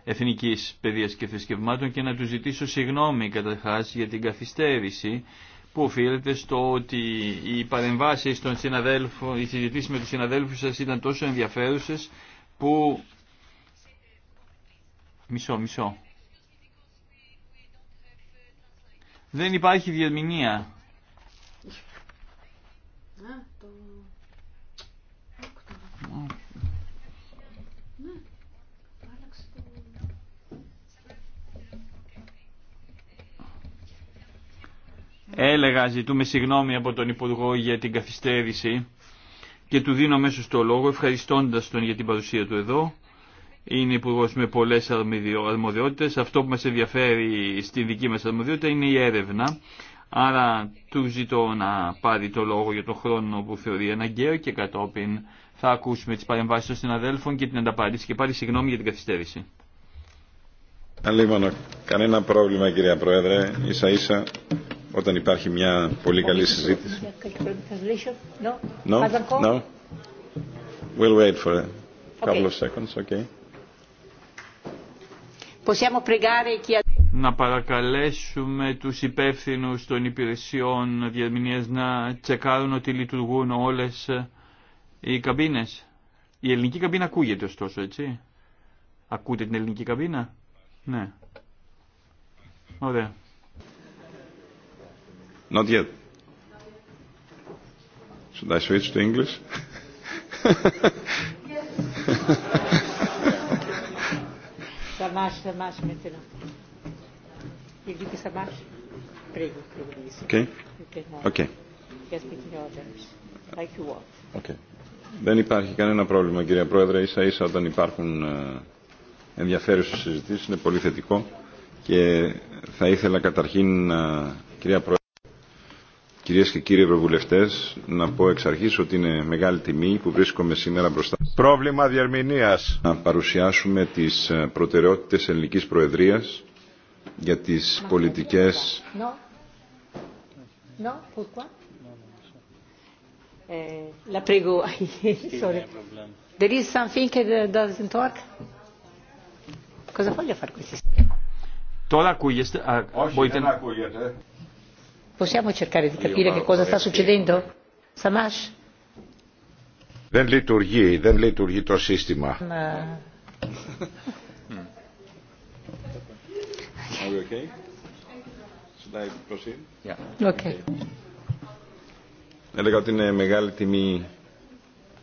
Speaker 1: Εθνικής Παιδείας και Θρησκευμάτων και να του ζητήσω συγγνώμη καταρχάς για την καθυστέρηση που οφείλεται στο ότι οι παρεμβάσει των συναδέλφων, οι συζητήσει με του συναδέλφου σα ήταν τόσο ενδιαφέρουσε που. Μισό, μισό. Δεν υπάρχει διερμηνία. Έλεγα, ζητούμε συγγνώμη από τον Υπουργό για την καθυστέρηση και του δίνω μέσω το λόγο ευχαριστώντας τον για την παρουσία του εδώ είναι υπουργό με πολλέ αρμοδιότητε. Αυτό που μα ενδιαφέρει στη δική μα αρμοδιότητα είναι η έρευνα. Άρα του ζητώ να πάρει το λόγο για τον χρόνο που θεωρεί αναγκαίο και κατόπιν θα ακούσουμε τι παρεμβάσει των συναδέλφων και την ανταπάντηση. Και πάλι συγγνώμη για την καθυστέρηση.
Speaker 9: Αλίμονο, κανένα πρόβλημα κυρία Πρόεδρε, ίσα ίσα όταν υπάρχει μια πολύ καλή συζήτηση.
Speaker 5: No? No?
Speaker 9: We'll wait for a couple of seconds, okay.
Speaker 1: Να παρακαλέσουμε τους υπεύθυνους των υπηρεσιών διαμηνίας να τσεκάρουν ότι λειτουργούν όλες οι καμπίνες. Η ελληνική καμπίνα ακούγεται ωστόσο, έτσι. Ακούτε την ελληνική καμπίνα. Ναι. Ωραία.
Speaker 9: Not yet. Should I switch to English? [laughs]
Speaker 5: ça marche, ça marche maintenant. Il dit que ça marche Οκ. prego. Ok. Ok.
Speaker 9: Οκ. Δεν υπάρχει κανένα πρόβλημα κυρία Πρόεδρε, ίσα ίσα όταν υπάρχουν ε, ενδιαφέρουσες συζητήσεις είναι πολύ θετικό και θα ήθελα καταρχήν ε, κυρία Πρόεδρε Κυρίες και κύριοι Ευρωβουλευτές, να πω εξ αρχής ότι είναι μεγάλη τιμή που βρίσκομαι σήμερα μπροστά.
Speaker 4: Πρόβλημα διερμηνίας.
Speaker 9: Να παρουσιάσουμε τις ε, προτεραιότητες ελληνικής προεδρίας για τις πολιτικές...
Speaker 5: Ε, la prego, [laughs] sorry. There is something that doesn't work. Cosa voglio fare questo?
Speaker 9: Τώρα
Speaker 1: ακούγεστε. Όχι, μπορείτε...
Speaker 5: δεν Possiamo cercare di capire che e
Speaker 4: Δεν λειτουργεί, δεν λειτουργεί το σύστημα.
Speaker 9: Έλεγα ότι είναι μεγάλη τιμή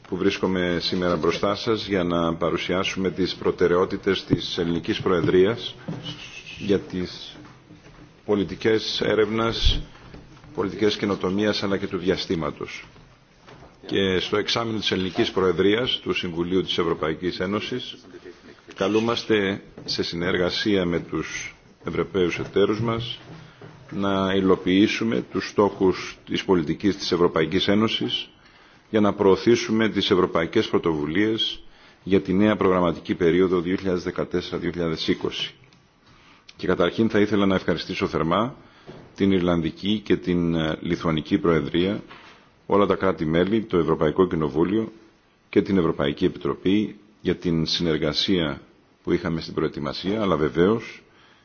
Speaker 9: που βρίσκομαι σήμερα μπροστά σας για να παρουσιάσουμε τις προτεραιότητες της ελληνικής προεδρίας για τις πολιτικές έρευνας πολιτικές καινοτομίας αλλά και του διαστήματος. Και στο εξάμεινο της Ελληνικής Προεδρίας του Συμβουλίου της Ευρωπαϊκής Ένωσης καλούμαστε σε συνεργασία με τους Ευρωπαίους εταίρους μας να υλοποιήσουμε τους στόχους της πολιτικής της Ευρωπαϊκής Ένωσης για να προωθήσουμε τις ευρωπαϊκές πρωτοβουλίες για τη νέα προγραμματική περίοδο 2014-2020. Και καταρχήν θα ήθελα να ευχαριστήσω θερμά την Ιρλανδική και την ε, Λιθουανική Προεδρία, όλα τα κράτη-μέλη, το Ευρωπαϊκό Κοινοβούλιο και την Ευρωπαϊκή Επιτροπή για την συνεργασία που είχαμε στην προετοιμασία, αλλά βεβαίως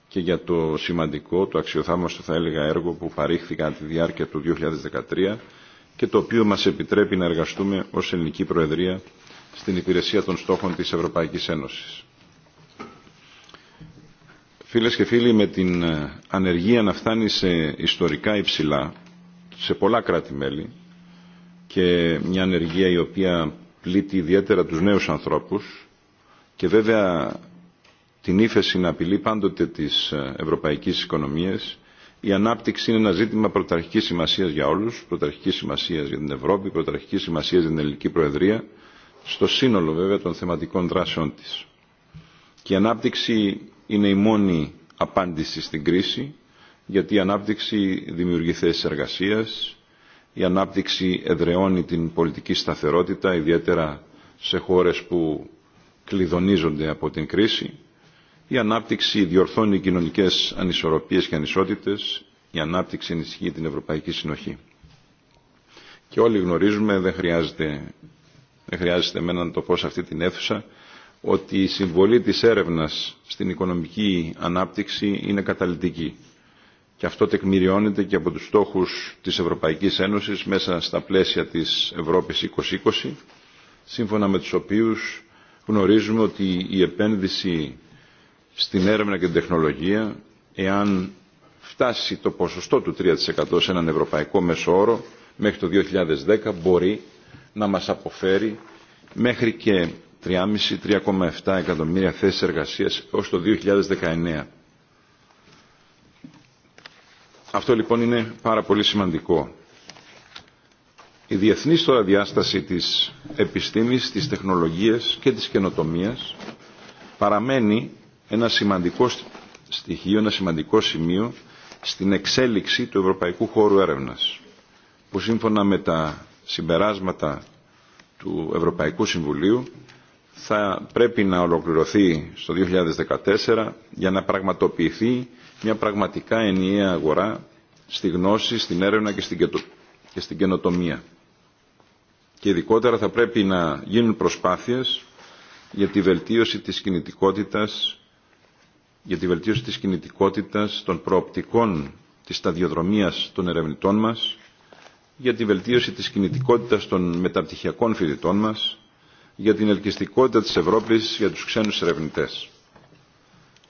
Speaker 9: και για το σημαντικό, το αξιοθάμαστο θα έλεγα έργο που παρήχθη κατά τη διάρκεια του 2013 και το οποίο μας επιτρέπει να εργαστούμε ως ελληνική προεδρία στην υπηρεσία των στόχων της Ευρωπαϊκής Ένωσης. Φίλες και φίλοι, με την ε, ανεργία να φτάνει σε ιστορικά υψηλά, σε πολλά κράτη-μέλη, και μια ανεργία η οποία πλήττει ιδιαίτερα τους νέους ανθρώπους και βέβαια την ύφεση να απειλεί πάντοτε τις ε, ευρωπαϊκές οικονομίες, η ανάπτυξη είναι ένα ζήτημα πρωταρχικής σημασίας για όλους, πρωταρχικής σημασίας για την Ευρώπη, πρωταρχικής σημασίας για την Ελληνική Προεδρία, στο σύνολο βέβαια των θεματικών δράσεων της. Και η ανάπτυξη είναι η μόνη απάντηση στην κρίση, γιατί η ανάπτυξη δημιουργεί θέσει εργασίας, η ανάπτυξη εδραιώνει την πολιτική σταθερότητα, ιδιαίτερα σε χώρες που κλειδονίζονται από την κρίση. Η ανάπτυξη διορθώνει κοινωνικές ανισορροπίες και ανισότητες. Η ανάπτυξη ενισχύει την Ευρωπαϊκή Συνοχή. Και όλοι γνωρίζουμε, δεν χρειάζεται, δεν χρειάζεται εμένα να το πω σε αυτή την αίθουσα, ότι η συμβολή της έρευνας στην οικονομική ανάπτυξη είναι καταλητική. Και αυτό τεκμηριώνεται και από τους στόχους της Ευρωπαϊκής Ένωσης μέσα στα πλαίσια της Ευρώπης 2020, σύμφωνα με τους οποίους γνωρίζουμε ότι η επένδυση στην έρευνα και την τεχνολογία, εάν φτάσει το ποσοστό του 3% σε έναν ευρωπαϊκό μέσο όρο μέχρι το 2010, μπορεί να μας αποφέρει μέχρι και 3,5-3,7 εκατομμύρια θέσεις εργασίας ως το 2019. Αυτό λοιπόν είναι πάρα πολύ σημαντικό. Η διεθνής τώρα διάσταση της επιστήμης, της τεχνολογίας και της καινοτομίας παραμένει ένα σημαντικό στοιχείο, ένα σημαντικό σημείο στην εξέλιξη του ευρωπαϊκού χώρου έρευνας που σύμφωνα με τα συμπεράσματα του Ευρωπαϊκού Συμβουλίου θα πρέπει να ολοκληρωθεί στο 2014 για να πραγματοποιηθεί μια πραγματικά ενιαία αγορά στη γνώση, στην έρευνα και στην καινοτομία. Και ειδικότερα θα πρέπει να γίνουν προσπάθειες για τη βελτίωση της κινητικότητας, για τη βελτίωση της κινητικότητας των προοπτικών της σταδιοδρομίας των ερευνητών μας, για τη βελτίωση της κινητικότητας των μεταπτυχιακών φοιτητών μας, για την ελκυστικότητα της Ευρώπης για τους ξένους ερευνητές.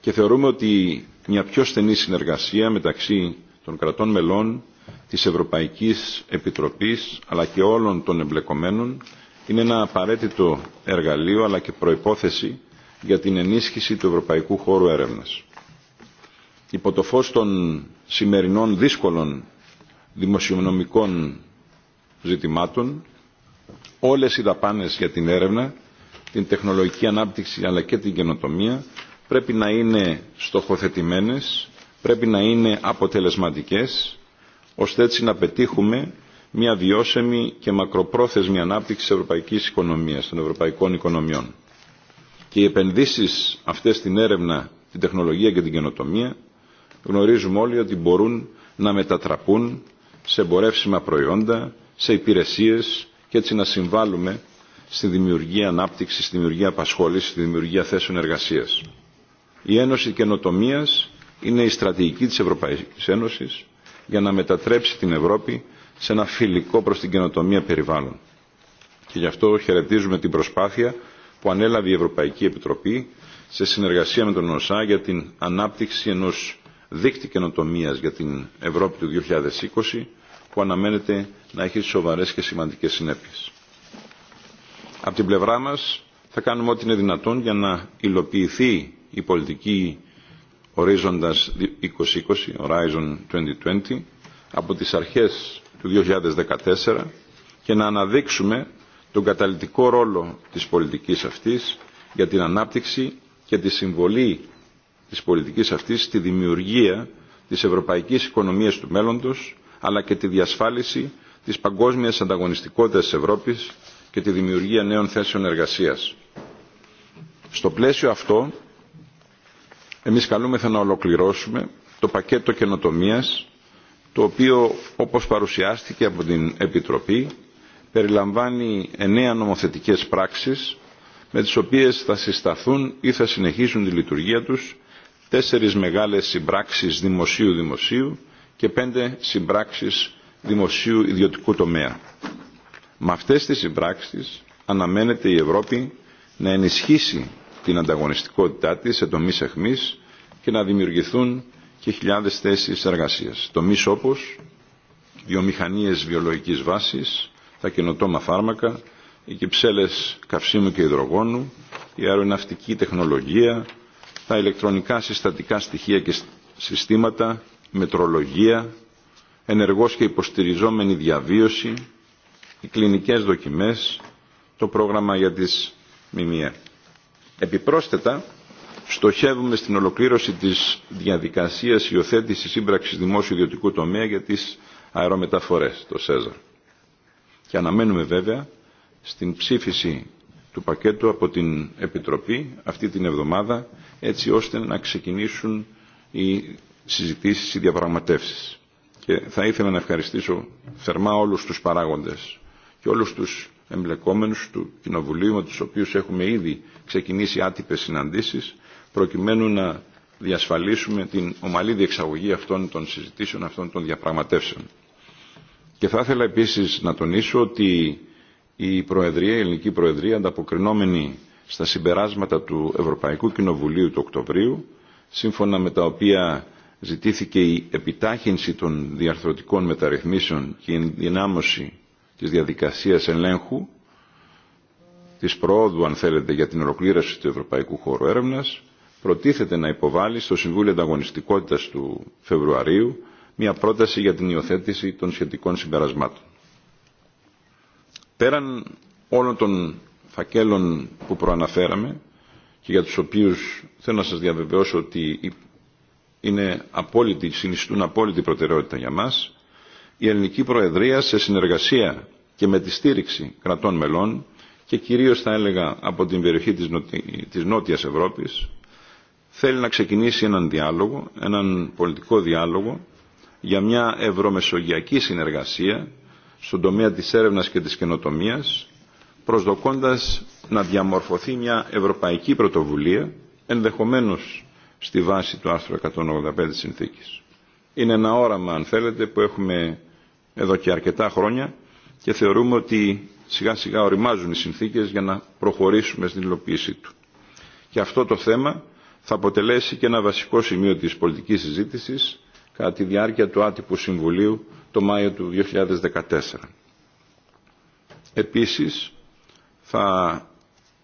Speaker 9: Και θεωρούμε ότι μια πιο στενή συνεργασία μεταξύ των κρατών μελών, της Ευρωπαϊκής Επιτροπής αλλά και όλων των εμπλεκομένων είναι ένα απαραίτητο εργαλείο αλλά και προϋπόθεση για την ενίσχυση του ευρωπαϊκού χώρου έρευνας. Υπό το φως των σημερινών δύσκολων δημοσιονομικών ζητημάτων όλες οι δαπάνε για την έρευνα, την τεχνολογική ανάπτυξη αλλά και την καινοτομία πρέπει να είναι στοχοθετημένες, πρέπει να είναι αποτελεσματικές, ώστε έτσι να πετύχουμε μια βιώσιμη και μακροπρόθεσμη ανάπτυξη της ευρωπαϊκής οικονομίας, των ευρωπαϊκών οικονομιών. Και οι επενδύσεις αυτές στην έρευνα, την τεχνολογία και την καινοτομία γνωρίζουμε όλοι ότι μπορούν να μετατραπούν σε εμπορεύσιμα προϊόντα, σε υπηρεσίες, και έτσι να συμβάλλουμε στη δημιουργία ανάπτυξης, στη δημιουργία απασχολήση, στη δημιουργία θέσεων εργασίας. Η Ένωση καινοτομία είναι η στρατηγική της Ευρωπαϊκής Ένωσης για να μετατρέψει την Ευρώπη σε ένα φιλικό προς την καινοτομία περιβάλλον. Και γι' αυτό χαιρετίζουμε την προσπάθεια που ανέλαβε η Ευρωπαϊκή Επιτροπή σε συνεργασία με τον ΩΣΑ για την ανάπτυξη ενός δίκτυ καινοτομία για την Ευρώπη του 2020 που αναμένεται να έχει σοβαρές και σημαντικές συνέπειες. Από την πλευρά μας θα κάνουμε ό,τι είναι δυνατόν για να υλοποιηθεί η πολιτική ορίζοντας 2020, Horizon 2020, από τις αρχές του 2014 και να αναδείξουμε τον καταλητικό ρόλο της πολιτικής αυτής για την ανάπτυξη και τη συμβολή της πολιτικής αυτής στη δημιουργία της ευρωπαϊκής οικονομίας του μέλλοντος αλλά και τη διασφάλιση της παγκόσμιας ανταγωνιστικότητας της Ευρώπης και τη δημιουργία νέων θέσεων εργασίας. Στο πλαίσιο αυτό, εμείς καλούμεθα να ολοκληρώσουμε το πακέτο καινοτομίας, το οποίο, όπως παρουσιάστηκε από την Επιτροπή, περιλαμβάνει εννέα νομοθετικές πράξεις, με τις οποίες θα συσταθούν ή θα συνεχίσουν τη λειτουργία τους τέσσερις μεγάλες συμπράξεις δημοσίου-δημοσίου και πέντε συμπράξεις δημοσίου ιδιωτικού τομέα. Με αυτές τις συμπράξεις αναμένεται η Ευρώπη να ενισχύσει την ανταγωνιστικότητά της σε τομείς αιχμής και να δημιουργηθούν και χιλιάδες θέσεις εργασίας. Τομείς όπως βιομηχανίες βιολογικής βάσης, τα καινοτόμα φάρμακα, οι κυψέλες καυσίμου και υδρογόνου, η αεροναυτική τεχνολογία, τα ηλεκτρονικά συστατικά στοιχεία και συστήματα, μετρολογία, ενεργός και υποστηριζόμενη διαβίωση, οι κλινικές δοκιμές, το πρόγραμμα για τις ΜΜΕ. Επιπρόσθετα, στοχεύουμε στην ολοκλήρωση της διαδικασίας υιοθέτηση σύμπραξης δημόσιο ιδιωτικού τομέα για τις αερομεταφορές, το ΣΕΖΑ. Και αναμένουμε βέβαια στην ψήφιση του πακέτου από την Επιτροπή αυτή την εβδομάδα, έτσι ώστε να ξεκινήσουν οι συζητήσεις ή διαπραγματεύσεις. Και θα ήθελα να ευχαριστήσω θερμά όλους τους παράγοντες και όλους τους εμπλεκόμενους του Κοινοβουλίου με τους οποίους έχουμε ήδη ξεκινήσει άτυπες συναντήσεις προκειμένου να διασφαλίσουμε την ομαλή διεξαγωγή αυτών των συζητήσεων, αυτών των διαπραγματεύσεων. Και θα ήθελα επίσης να τονίσω ότι η Προεδρία, η Ελληνική Προεδρία, ανταποκρινόμενη στα συμπεράσματα του Ευρωπαϊκού Κοινοβουλίου του Οκτωβρίου, σύμφωνα με τα οποία ζητήθηκε η επιτάχυνση των διαρθρωτικών μεταρρυθμίσεων και η ενδυνάμωση της διαδικασίας ελέγχου, της προόδου αν θέλετε για την ολοκλήρωση του Ευρωπαϊκού Χώρου Έρευνας, προτίθεται να υποβάλει στο Συμβούλιο Ανταγωνιστικότητας του Φεβρουαρίου μια πρόταση για την υιοθέτηση των σχετικών συμπερασμάτων. Πέραν όλων των φακέλων που προαναφέραμε και για τους οποίους θέλω να σας διαβεβαιώσω ότι είναι απόλυτη, συνιστούν απόλυτη προτεραιότητα για μας, η ελληνική προεδρία σε συνεργασία και με τη στήριξη κρατών μελών και κυρίως θα έλεγα από την περιοχή της, Νοτι... της Νότιας Ευρώπης θέλει να ξεκινήσει έναν διάλογο, έναν πολιτικό διάλογο για μια ευρωμεσογειακή συνεργασία στον τομέα της έρευνας και της καινοτομίας προσδοκώντας να διαμορφωθεί μια ευρωπαϊκή πρωτοβουλία ενδεχομένως στη βάση του άρθρου 185 της συνθήκης. Είναι ένα όραμα, αν θέλετε, που έχουμε εδώ και αρκετά χρόνια και θεωρούμε ότι σιγά σιγά οριμάζουν οι συνθήκες για να προχωρήσουμε στην υλοποίησή του. Και αυτό το θέμα θα αποτελέσει και ένα βασικό σημείο της πολιτικής συζήτησης κατά τη διάρκεια του άτυπου Συμβουλίου το Μάιο του 2014. Επίσης, θα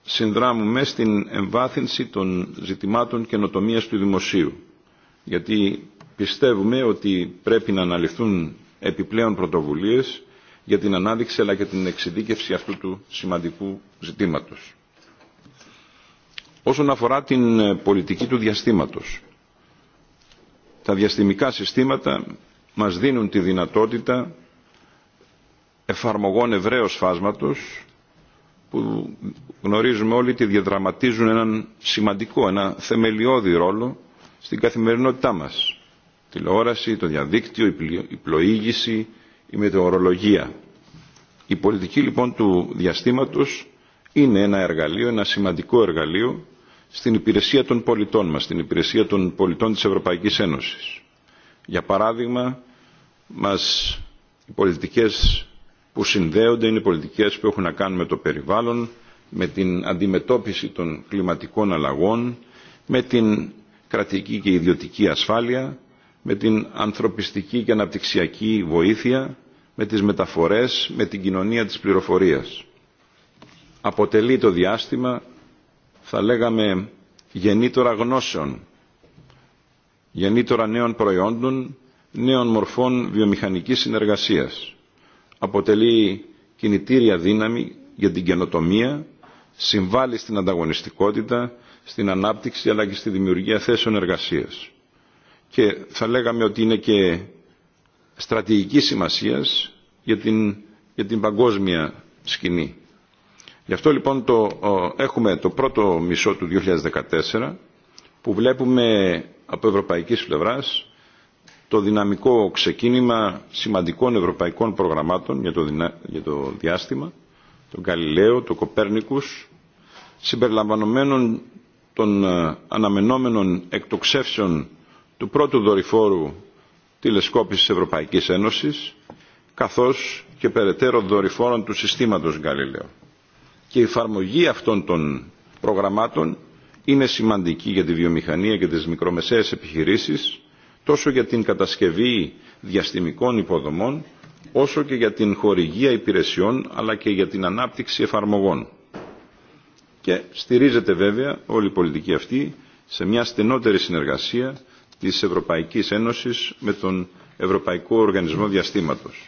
Speaker 9: συνδράμουμε στην εμβάθυνση των ζητημάτων καινοτομία του δημοσίου. Γιατί πιστεύουμε ότι πρέπει να αναλυθούν επιπλέον πρωτοβουλίες για την ανάδειξη αλλά και την εξειδίκευση αυτού του σημαντικού ζητήματος. Όσον αφορά την ε, πολιτική του διαστήματος, τα διαστημικά συστήματα μας δίνουν τη δυνατότητα εφαρμογών ευρέως φάσματος που γνωρίζουμε όλοι ότι διαδραματίζουν έναν σημαντικό, ένα θεμελιώδη ρόλο στην καθημερινότητά μας. Τηλεόραση, το διαδίκτυο, η πλοήγηση, η μετεωρολογία. Η πολιτική λοιπόν του διαστήματος είναι ένα εργαλείο, ένα σημαντικό εργαλείο στην υπηρεσία των πολιτών μας, στην υπηρεσία των πολιτών της Ευρωπαϊκής Ένωσης. Για παράδειγμα, μας, οι πολιτικές που συνδέονται είναι πολιτικές που έχουν να κάνουν με το περιβάλλον, με την αντιμετώπιση των κλιματικών αλλαγών, με την κρατική και ιδιωτική ασφάλεια, με την ανθρωπιστική και αναπτυξιακή βοήθεια, με τις μεταφορές, με την κοινωνία της πληροφορίας. Αποτελεί το διάστημα, θα λέγαμε, γεννήτωρα γνώσεων, γεννήτωρα νέων προϊόντων, νέων μορφών βιομηχανικής συνεργασίας αποτελεί κινητήρια δύναμη για την καινοτομία, συμβάλλει στην ανταγωνιστικότητα, στην ανάπτυξη αλλά και στη δημιουργία θέσεων εργασίας. Και θα λέγαμε ότι είναι και στρατηγική σημασίας για την, για την παγκόσμια σκηνή. Γι' αυτό λοιπόν το, έχουμε το πρώτο μισό του 2014 που βλέπουμε από ευρωπαϊκής πλευράς το δυναμικό ξεκίνημα σημαντικών ευρωπαϊκών προγραμμάτων για το, το διάστημα, τον Καλλιλέο, τον Κοπέρνικους, συμπεριλαμβανομένων των ε, αναμενόμενων εκτοξεύσεων του πρώτου δορυφόρου τηλεσκόπησης Ευρωπαϊκής Ένωσης, καθώς και περαιτέρω δορυφόρων του συστήματος Γκαλιλαίου. Και η εφαρμογή αυτών των προγραμμάτων είναι σημαντική για τη βιομηχανία και τις μικρομεσαίες επιχειρήσεις, τόσο για την κατασκευή διαστημικών υποδομών, όσο και για την χορηγία υπηρεσιών, αλλά και για την ανάπτυξη εφαρμογών. Και στηρίζεται βέβαια όλη η πολιτική αυτή σε μια στενότερη συνεργασία της Ευρωπαϊκής Ένωσης με τον Ευρωπαϊκό Οργανισμό Διαστήματος.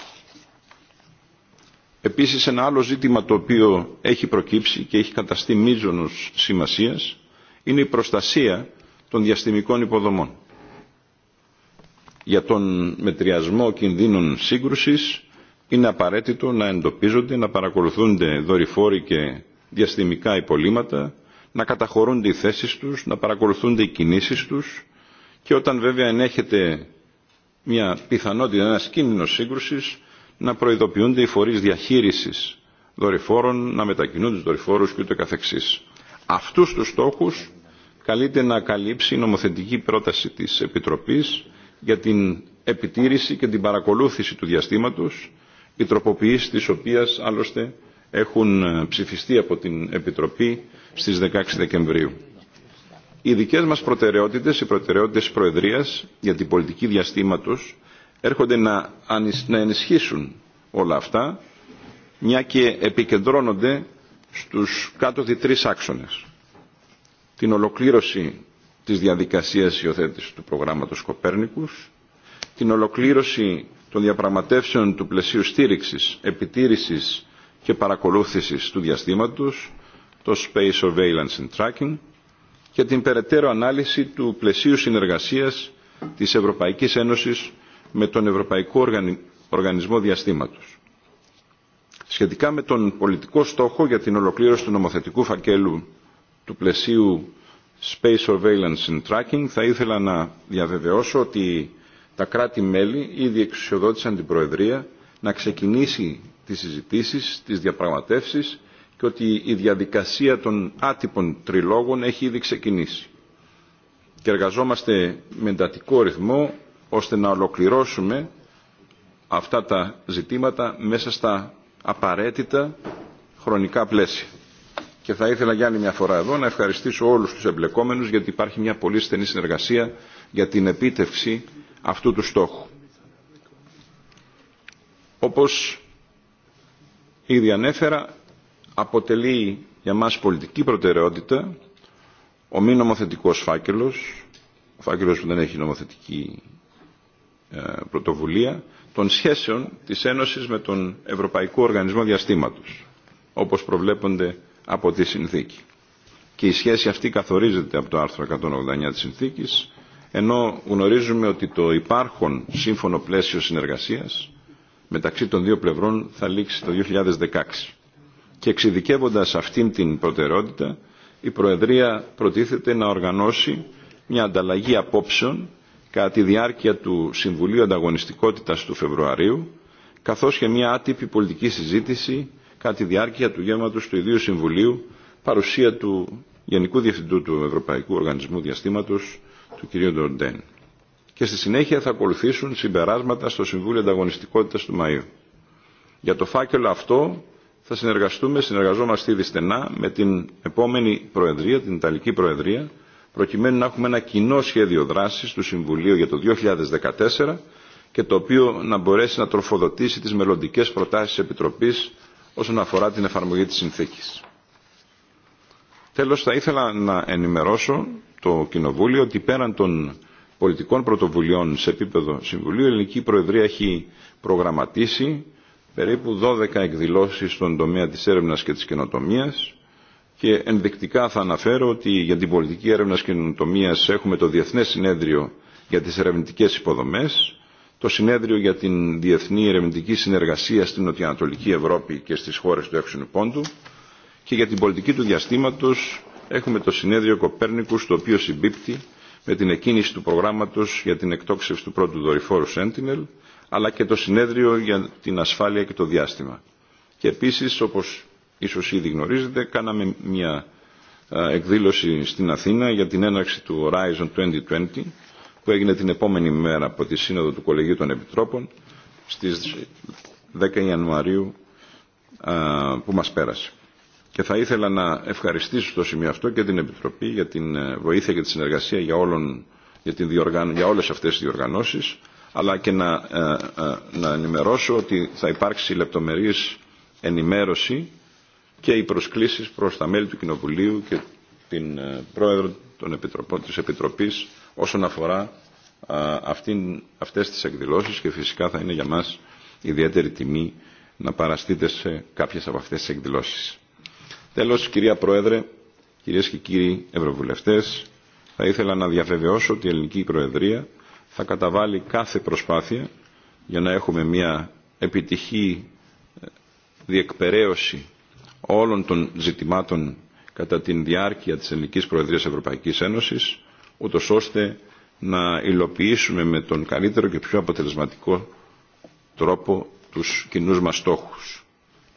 Speaker 9: Επίσης ένα άλλο ζήτημα το οποίο έχει προκύψει και έχει καταστεί μείζονος σημασίας είναι η προστασία των διαστημικών υποδομών για τον μετριασμό κινδύνων σύγκρουσης είναι απαραίτητο να εντοπίζονται, να παρακολουθούνται δορυφόροι και διαστημικά υπολείμματα, να καταχωρούνται οι θέσεις τους, να παρακολουθούνται οι κινήσεις τους και όταν βέβαια ενέχεται μια πιθανότητα, ένα κίνδυνο σύγκρουσης, να προειδοποιούνται οι φορείς διαχείρισης δορυφόρων, να μετακινούν τους δορυφόρους και ούτε καθεξής. Αυτούς τους στόχους καλείται να καλύψει η νομοθετική πρόταση της Επιτροπής για την επιτήρηση και την παρακολούθηση του διαστήματος, οι τροποποιήσεις της οποίας άλλωστε έχουν ε, ψηφιστεί από την Επιτροπή στις 16 Δεκεμβρίου. Οι δικές μας προτεραιότητες, οι προτεραιότητες της Προεδρίας για την πολιτική διαστήματος έρχονται να, να ενισχύσουν όλα αυτά, μια και επικεντρώνονται στους κάτω τρει άξονες. Την ολοκλήρωση της διαδικασίας υιοθέτησης του προγράμματος Κοπέρνικους, την ολοκλήρωση των διαπραγματεύσεων του πλαισίου στήριξης, επιτήρησης και παρακολούθησης του διαστήματος, το Space Surveillance and Tracking, και την περαιτέρω ανάλυση του πλαισίου συνεργασίας της Ευρωπαϊκής Ένωσης με τον Ευρωπαϊκό Οργανισμό Διαστήματος. Σχετικά με τον πολιτικό στόχο για την ολοκλήρωση του νομοθετικού φακέλου του πλαισίου Space Surveillance and Tracking, θα ήθελα να διαβεβαιώσω ότι τα κράτη-μέλη ήδη εξουσιοδότησαν την Προεδρία να ξεκινήσει τις συζητήσεις, τις διαπραγματεύσεις και ότι η διαδικασία των άτυπων τριλόγων έχει ήδη ξεκινήσει. Και εργαζόμαστε με εντατικό ρυθμό ώστε να ολοκληρώσουμε αυτά τα ζητήματα μέσα στα απαραίτητα χρονικά πλαίσια και θα ήθελα για άλλη μια φορά εδώ να ευχαριστήσω όλους τους εμπλεκόμενους γιατί υπάρχει μια πολύ στενή συνεργασία για την επίτευξη αυτού του στόχου. Όπως ήδη ανέφερα, αποτελεί για μας πολιτική προτεραιότητα ο μη νομοθετικός φάκελος, ο φάκελος που δεν έχει νομοθετική ε, πρωτοβουλία, των σχέσεων της Ένωσης με τον Ευρωπαϊκό Οργανισμό Διαστήματος, όπως προβλέπονται από τη συνθήκη. Και η σχέση αυτή καθορίζεται από το άρθρο 189 της συνθήκης, ενώ γνωρίζουμε ότι το υπάρχον σύμφωνο πλαίσιο συνεργασίας μεταξύ των δύο πλευρών θα λήξει το 2016. Και εξειδικεύοντας αυτήν την προτεραιότητα, η Προεδρία προτίθεται να οργανώσει μια ανταλλαγή απόψεων κατά τη διάρκεια του Συμβουλίου Ανταγωνιστικότητας του Φεβρουαρίου, καθώς και μια άτυπη πολιτική συζήτηση κατά τη διάρκεια του γεύματος του Ιδίου Συμβουλίου παρουσία του Γενικού Διευθυντού του Ευρωπαϊκού Οργανισμού Διαστήματος, του κ. Ντοντέν. Και στη συνέχεια θα ακολουθήσουν συμπεράσματα στο Συμβούλιο Ανταγωνιστικότητας του Μαΐου. Για το φάκελο αυτό θα συνεργαστούμε, συνεργαζόμαστε ήδη στενά με την επόμενη Προεδρία, την Ιταλική Προεδρία, προκειμένου να έχουμε ένα κοινό σχέδιο δράσης του Συμβουλίου για το 2014 και το οποίο να μπορέσει να τροφοδοτήσει τις μελλοντικές προτάσεις Επιτροπής όσον αφορά την εφαρμογή της συνθήκης. Τέλος, θα ήθελα να ενημερώσω το Κοινοβούλιο ότι πέραν των πολιτικών πρωτοβουλειών σε επίπεδο Συμβουλίου, η Ελληνική Προεδρία έχει προγραμματίσει περίπου 12 εκδηλώσεις στον τομέα της έρευνας και της καινοτομίας και ενδεικτικά θα αναφέρω ότι για την πολιτική έρευνας και καινοτομίας έχουμε το Διεθνές Συνέδριο για τις Ερευνητικές Υποδομές, το Συνέδριο για την Διεθνή Ερευνητική Συνεργασία στην Νοτιοανατολική Ευρώπη και στις χώρες του έξινου πόντου και για την πολιτική του διαστήματος έχουμε το Συνέδριο Κοπέρνικου στο οποίο συμπίπτει με την εκκίνηση του προγράμματος για την εκτόξευση του πρώτου δορυφόρου Sentinel αλλά και το Συνέδριο για την Ασφάλεια και το Διάστημα. Και επίσης, όπως ίσως ήδη γνωρίζετε, κάναμε μια ε, εκδήλωση στην Αθήνα για την έναρξη του Horizon 2020 που έγινε την επόμενη μέρα από τη Σύνοδο του Κολεγίου των Επιτρόπων στις 10 Ιανουαρίου που μας πέρασε. Και θα ήθελα να ευχαριστήσω στο σημείο αυτό και την Επιτροπή για την ε, βοήθεια και τη συνεργασία για, όλων, για, την διοργαν... για όλες αυτές τις διοργανώσεις αλλά και να, ε, ε, να ενημερώσω ότι θα υπάρξει λεπτομερής ενημέρωση και οι προσκλήσεις προς τα μέλη του Κοινοβουλίου και την Πρόεδρο των Επιτροπών, της Επιτροπής όσον αφορά αυτήν, αυτές τις εκδηλώσεις και φυσικά θα είναι για μας ιδιαίτερη τιμή να παραστείτε σε κάποιες από αυτές τις εκδηλώσεις. Τέλος, κυρία Πρόεδρε, κυρίες και κύριοι Ευρωβουλευτές, θα ήθελα να διαβεβαιώσω ότι η Ελληνική Προεδρία θα καταβάλει κάθε προσπάθεια για να έχουμε μια επιτυχή ε, διεκπαιρέωση όλων των ζητημάτων κατά την διάρκεια της Ελληνικής Προεδρίας Ευρωπαϊκής Ένωσης ούτω ώστε να υλοποιήσουμε με τον καλύτερο και πιο αποτελεσματικό τρόπο τους κοινούς μας στόχους.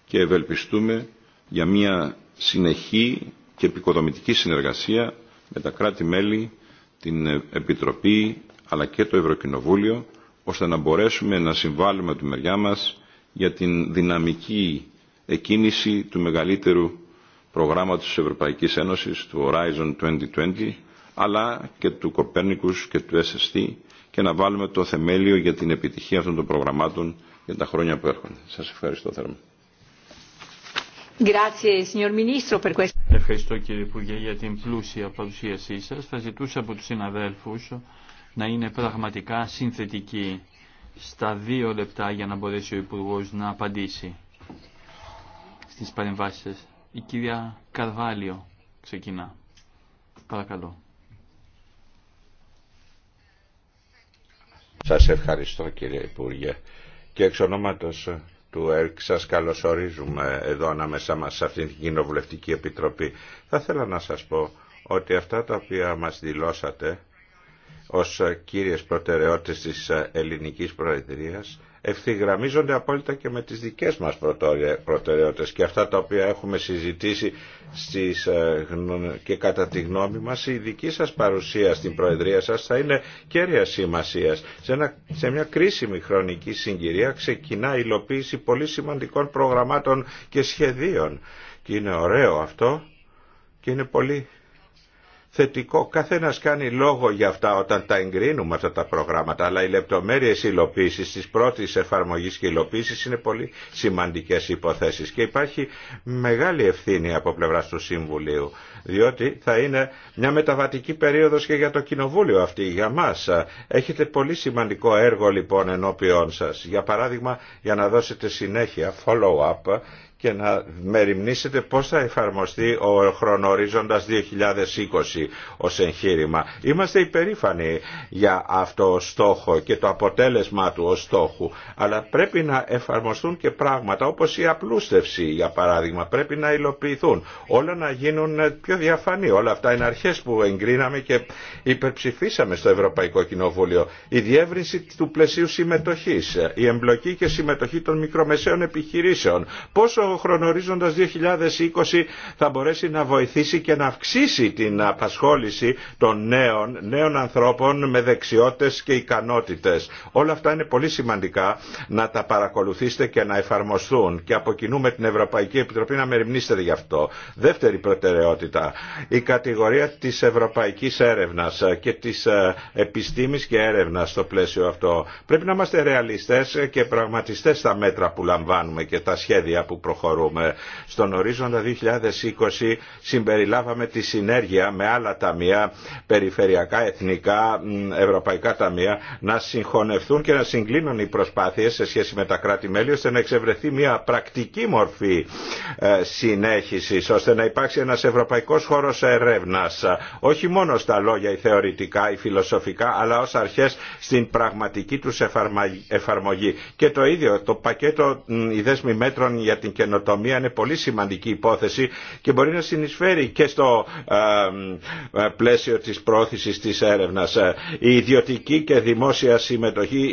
Speaker 9: Και ευελπιστούμε για μια συνεχή και επικοδομητική συνεργασία με τα κράτη-μέλη, την Επιτροπή αλλά και το Ευρωκοινοβούλιο, ώστε να μπορέσουμε να συμβάλλουμε τη μεριά μας για την δυναμική εκκίνηση του μεγαλύτερου προγράμματος της Ευρωπαϊκής Ένωσης, του Horizon 2020, αλλά και του Κοπέρνικους και του SST και να βάλουμε το θεμέλιο για την επιτυχία αυτών των προγραμμάτων για τα χρόνια που έρχονται. Σας ευχαριστώ θερμά.
Speaker 5: Ευχαριστώ κύριε Υπουργέ για την πλούσια
Speaker 1: παρουσίασή σας. Θα ζητούσα από τους συναδέλφους να είναι πραγματικά συνθετικοί στα δύο λεπτά για να μπορέσει ο υπουργό να απαντήσει στις παρεμβάσεις σας. Η κυρία Καρβάλιο ξεκινά.
Speaker 4: Παρακαλώ. Σας ευχαριστώ κύριε Υπουργέ. Και εξ ονόματος του ΕΡΚ σας καλωσορίζουμε εδώ ανάμεσά μας σε αυτήν την Κοινοβουλευτική Επιτροπή. Θα ήθελα να σας πω ότι αυτά τα οποία μας δηλώσατε ως κύριες προτεραιότητες της ελληνικής προεδρίας ευθυγραμμίζονται απόλυτα και με τις δικές μας προτεραιότητες και αυτά τα οποία έχουμε συζητήσει στις, ε, και κατά τη γνώμη μας η δική σας παρουσία στην Προεδρία σας θα είναι κέρια σημασία. Σε, σε μια κρίσιμη χρονική συγκυρία ξεκινά η υλοποίηση πολύ σημαντικών προγραμμάτων και σχεδίων και είναι ωραίο αυτό και είναι πολύ θετικό. Καθένας κάνει λόγο για αυτά όταν τα εγκρίνουμε αυτά τα προγράμματα, αλλά οι λεπτομέρειες υλοποίησης της πρώτης εφαρμογής και υλοποίησης είναι πολύ σημαντικές υποθέσεις και υπάρχει μεγάλη ευθύνη από πλευράς του Συμβουλίου, διότι θα είναι μια μεταβατική περίοδος και για το Κοινοβούλιο αυτή, για μας. Έχετε πολύ σημαντικό έργο λοιπόν ενώπιόν σας, για παράδειγμα για να δώσετε συνέχεια, follow-up και να μεριμνήσετε πώς θα εφαρμοστεί ο χρονορίζοντας 2020 ως εγχείρημα. Είμαστε υπερήφανοι για αυτό το στόχο και το αποτέλεσμα του ως στόχου, αλλά πρέπει να εφαρμοστούν και πράγματα όπως η απλούστευση για παράδειγμα, πρέπει να υλοποιηθούν, όλα να γίνουν πιο διαφανή. Όλα αυτά είναι αρχές που εγκρίναμε και υπερψηφίσαμε στο Ευρωπαϊκό Κοινοβούλιο. Η διεύρυνση του πλαισίου συμμετοχής, η εμπλοκή και συμμετοχή των μικρομεσαίων επιχειρήσεων. Πόσο χρονορίζοντας 2020 θα μπορέσει να βοηθήσει και να αυξήσει την απασχόληση των νέων, νέων ανθρώπων με δεξιότητες και ικανότητες. Όλα αυτά είναι πολύ σημαντικά να τα παρακολουθήσετε και να εφαρμοστούν και από την Ευρωπαϊκή Επιτροπή να μεριμνήσετε γι' αυτό. Δεύτερη προτεραιότητα, η κατηγορία της Ευρωπαϊκής Έρευνας και της ε, επιστήμης και έρευνας στο πλαίσιο αυτό. Πρέπει να είμαστε ρεαλιστές και πραγματιστές στα μέτρα που λαμβάνουμε και τα σχέδια που προχωρούμε. Στον ορίζοντα 2020 συμπεριλάβαμε τη συνέργεια με άλλα ταμεία, περιφερειακά, εθνικά, ευρωπαϊκά ταμεία, να συγχωνευτούν και να συγκλίνουν οι προσπάθειες σε σχέση με τα κράτη-μέλη, ώστε να εξευρεθεί μια πρακτική μορφή ε, συνέχισης, ώστε να υπάρξει ένας ευρωπαϊκός χώρος ερεύνας, όχι μόνο στα λόγια ή θεωρητικά ή φιλοσοφικά, αλλά ως αρχές στην πραγματική του εφαρμογή. Και το ίδιο, το πακέτο οι δέσμοι για την καινοτομία είναι πολύ σημαντική υπόθεση και μπορεί να συνεισφέρει και στο ε, πλαίσιο της πρόθεσης της έρευνας. Ε, η ιδιωτική και δημόσια συμμετοχή,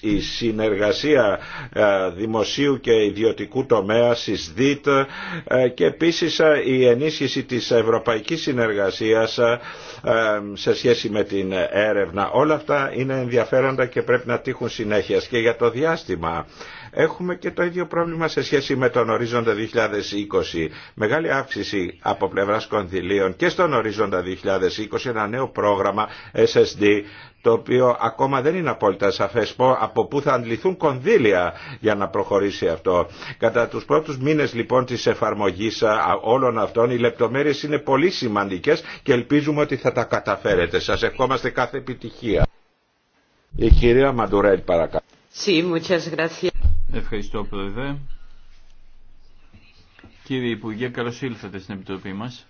Speaker 4: η συνεργασία ε, δημοσίου και ιδιωτικού τομέα στις ΔΙΤ και επίσης η ενίσχυση της ευρωπαϊκής συνεργασίας σε σχέση με την έρευνα. Όλα αυτά είναι ενδιαφέροντα και πρέπει να τύχουν συνέχεια. Και για το διάστημα Έχουμε και το ίδιο πρόβλημα σε σχέση με τον ορίζοντα 2020. Μεγάλη αύξηση από πλευρά κονδυλίων και στον ορίζοντα 2020 ένα νέο πρόγραμμα SSD το οποίο ακόμα δεν είναι απόλυτα σαφές από πού θα αντληθούν κονδύλια για να προχωρήσει αυτό. Κατά τους πρώτους μήνες λοιπόν της εφαρμογής όλων αυτών οι λεπτομέρειες είναι πολύ σημαντικές και ελπίζουμε ότι θα τα καταφέρετε. Σας ευχόμαστε κάθε επιτυχία. Η κυρία Μαντουρέλ παρακαλώ.
Speaker 5: Sí,
Speaker 1: Ευχαριστώ Πρόεδρε. Κύριε Υπουργέ, καλώς ήλθατε στην Επιτροπή μας.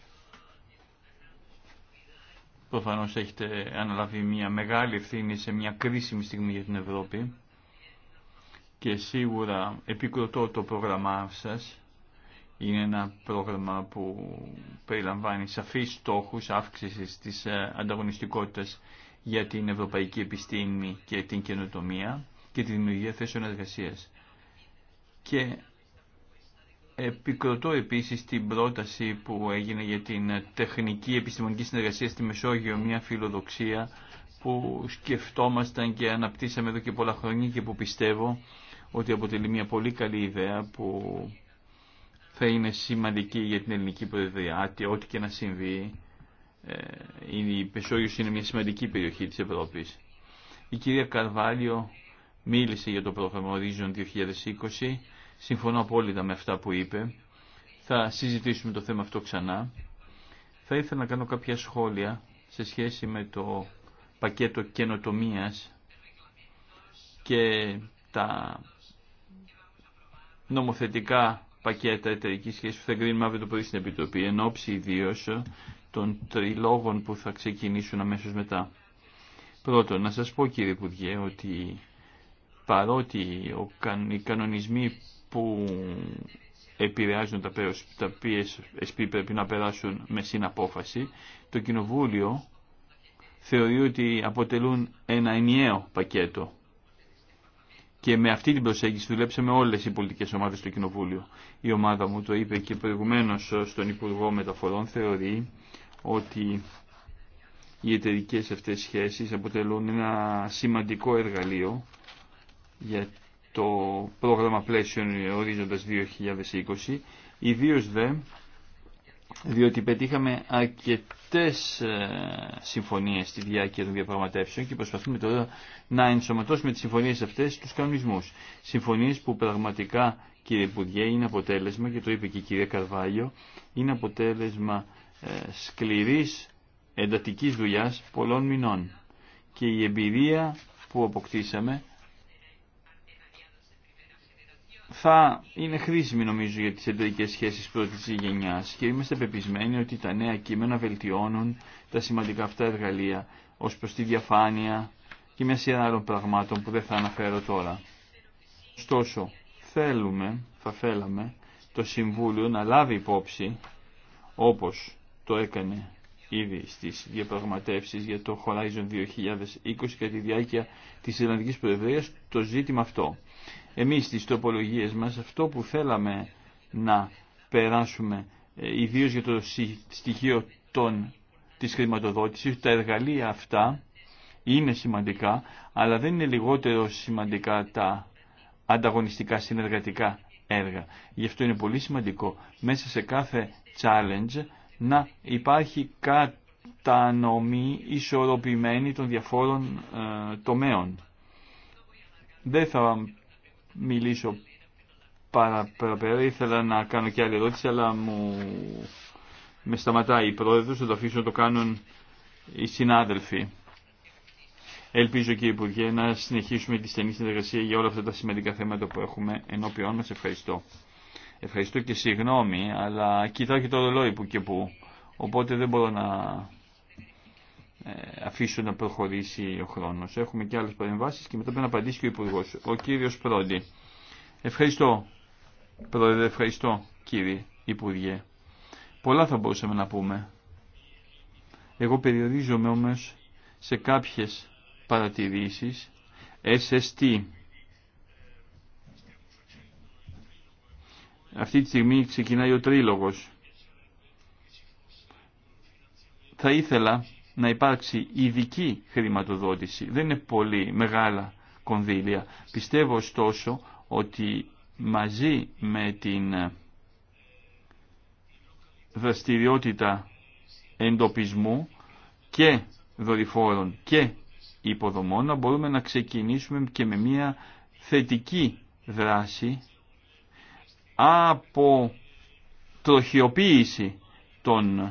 Speaker 1: Προφανώς έχετε αναλάβει μια μεγάλη ευθύνη σε μια κρίσιμη στιγμή για την Ευρώπη και σίγουρα επικροτώ το πρόγραμμά σας. Είναι ένα πρόγραμμα που περιλαμβάνει σαφείς στόχους αύξησης της ε, ανταγωνιστικότητας για την ευρωπαϊκή επιστήμη και την καινοτομία και τη δημιουργία θέσεων εργασίας και επικροτώ επίσης την πρόταση που έγινε για την τεχνική επιστημονική συνεργασία στη Μεσόγειο, μια φιλοδοξία που σκεφτόμασταν και αναπτύσσαμε εδώ και πολλά χρόνια και που πιστεύω ότι αποτελεί μια πολύ καλή ιδέα που θα είναι σημαντική για την ελληνική προεδρία, ό,τι και να συμβεί. Ε, η Πεσόγειος είναι μια σημαντική περιοχή της Ευρώπης. Η κυρία Καρβάλιο μίλησε για το πρόγραμμα Horizon 2020. Συμφωνώ απόλυτα με αυτά που είπε. Θα συζητήσουμε το θέμα αυτό ξανά. Θα ήθελα να κάνω κάποια σχόλια σε σχέση με το πακέτο καινοτομίας και τα νομοθετικά πακέτα εταιρική σχέση που θα εγκρίνουμε αύριο το πρωί στην Επιτροπή, εν ώψη ιδίως των τριλόγων που θα ξεκινήσουν αμέσω μετά. Πρώτον, να σας πω κύριε Υπουργέ ότι παρότι οι κανονισμοί που επηρεάζουν τα PSP πρέπει να περάσουν με συναπόφαση, το Κοινοβούλιο θεωρεί ότι αποτελούν ένα ενιαίο πακέτο. Και με αυτή την προσέγγιση δουλέψαμε όλες οι πολιτικέ ομάδες στο Κοινοβούλιο. Η ομάδα μου το είπε και προηγουμένω στον Υπουργό Μεταφορών θεωρεί ότι οι εταιρικέ αυτέ σχέσει αποτελούν ένα σημαντικό εργαλείο για το πρόγραμμα πλαίσιων ορίζοντας 2020, ιδίως δε διότι πετύχαμε αρκετές ε, συμφωνίες στη διάρκεια των διαπραγματεύσεων και προσπαθούμε τώρα να ενσωματώσουμε τις συμφωνίες αυτές στους κανονισμούς. Συμφωνίες που πραγματικά, κύριε Υπουργέ, είναι αποτέλεσμα, και το είπε και η κυρία Καρβάλιο, είναι αποτέλεσμα ε, σκληρής εντατικής δουλειάς πολλών μηνών. Και η εμπειρία που αποκτήσαμε θα είναι χρήσιμη νομίζω για τις εταιρικές σχέσεις πρώτης γενιάς και είμαστε πεπισμένοι ότι τα νέα κείμενα βελτιώνουν τα σημαντικά αυτά εργαλεία ως προς τη διαφάνεια και μια σειρά άλλων πραγμάτων που δεν θα αναφέρω τώρα. Ωστόσο, θέλουμε, θα θέλαμε, το Συμβούλιο να λάβει υπόψη, όπως το έκανε ήδη στις διαπραγματεύσεις για το Horizon 2020 κατά τη διάρκεια της Ιρλανδικής Προεδρίας, το ζήτημα αυτό εμείς τις τοπολογίες μας αυτό που θέλαμε να περάσουμε ε, ιδίως για το στοιχείο των, της χρηματοδότησης, τα εργαλεία αυτά είναι σημαντικά, αλλά δεν είναι λιγότερο σημαντικά τα ανταγωνιστικά συνεργατικά έργα. Γι' αυτό είναι πολύ σημαντικό μέσα σε κάθε challenge να υπάρχει κατανομή ισορροπημένη των διαφόρων ε, τομέων. Δεν μιλήσω παραπέρα. Ήθελα να κάνω και άλλη ερώτηση, αλλά μου με σταματάει η πρόεδρος, θα το αφήσω να το κάνουν οι συνάδελφοι. Ελπίζω κύριε Υπουργέ να συνεχίσουμε τη στενή συνεργασία για όλα αυτά τα σημαντικά θέματα που έχουμε ενώπιόν μας. Ευχαριστώ. Ευχαριστώ και συγγνώμη, αλλά κοιτάω και το ρολόι που και που, οπότε δεν μπορώ να ε, αφήσουν να προχωρήσει ο χρόνο. Έχουμε και άλλε παρεμβάσει και μετά πρέπει να απαντήσει και ο υπουργό. Ο κύριο Πρόντι. Ευχαριστώ. Πρόεδρε, ευχαριστώ κύριε Υπουργέ. Πολλά θα μπορούσαμε να πούμε. Εγώ περιορίζομαι όμω σε κάποιε παρατηρήσει SST. Αυτή τη στιγμή ξεκινάει ο τρίλογος. Θα ήθελα να υπάρξει ειδική χρηματοδότηση. Δεν είναι πολύ μεγάλα κονδύλια. Πιστεύω ωστόσο ότι μαζί με την ε, δραστηριότητα εντοπισμού και δορυφόρων και υποδομών μπορούμε να ξεκινήσουμε και με μια θετική δράση από τροχιοποίηση των ε,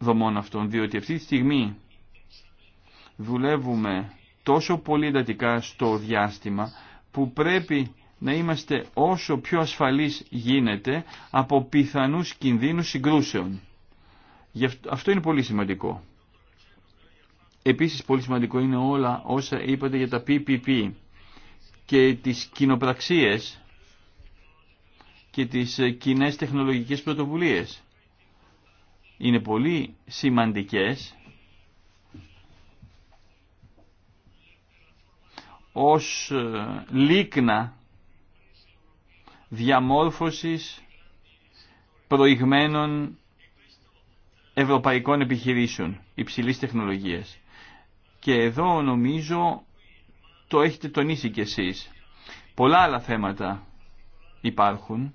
Speaker 1: δομών αυτών, διότι αυτή τη στιγμή δουλεύουμε τόσο πολύ εντατικά στο διάστημα που πρέπει να είμαστε όσο πιο ασφαλείς γίνεται από πιθανούς κινδύνους συγκρούσεων. Αυτό είναι πολύ σημαντικό. Επίσης πολύ σημαντικό είναι όλα όσα είπατε για τα PPP και τις κοινοπραξίες και τις ε, κοινέ τεχνολογικές πρωτοβουλίες είναι πολύ σημαντικές ως ε, λίκνα διαμόρφωσης προηγμένων ευρωπαϊκών επιχειρήσεων υψηλής τεχνολογίας. Και εδώ νομίζω το έχετε τονίσει κι εσείς. Πολλά άλλα θέματα υπάρχουν.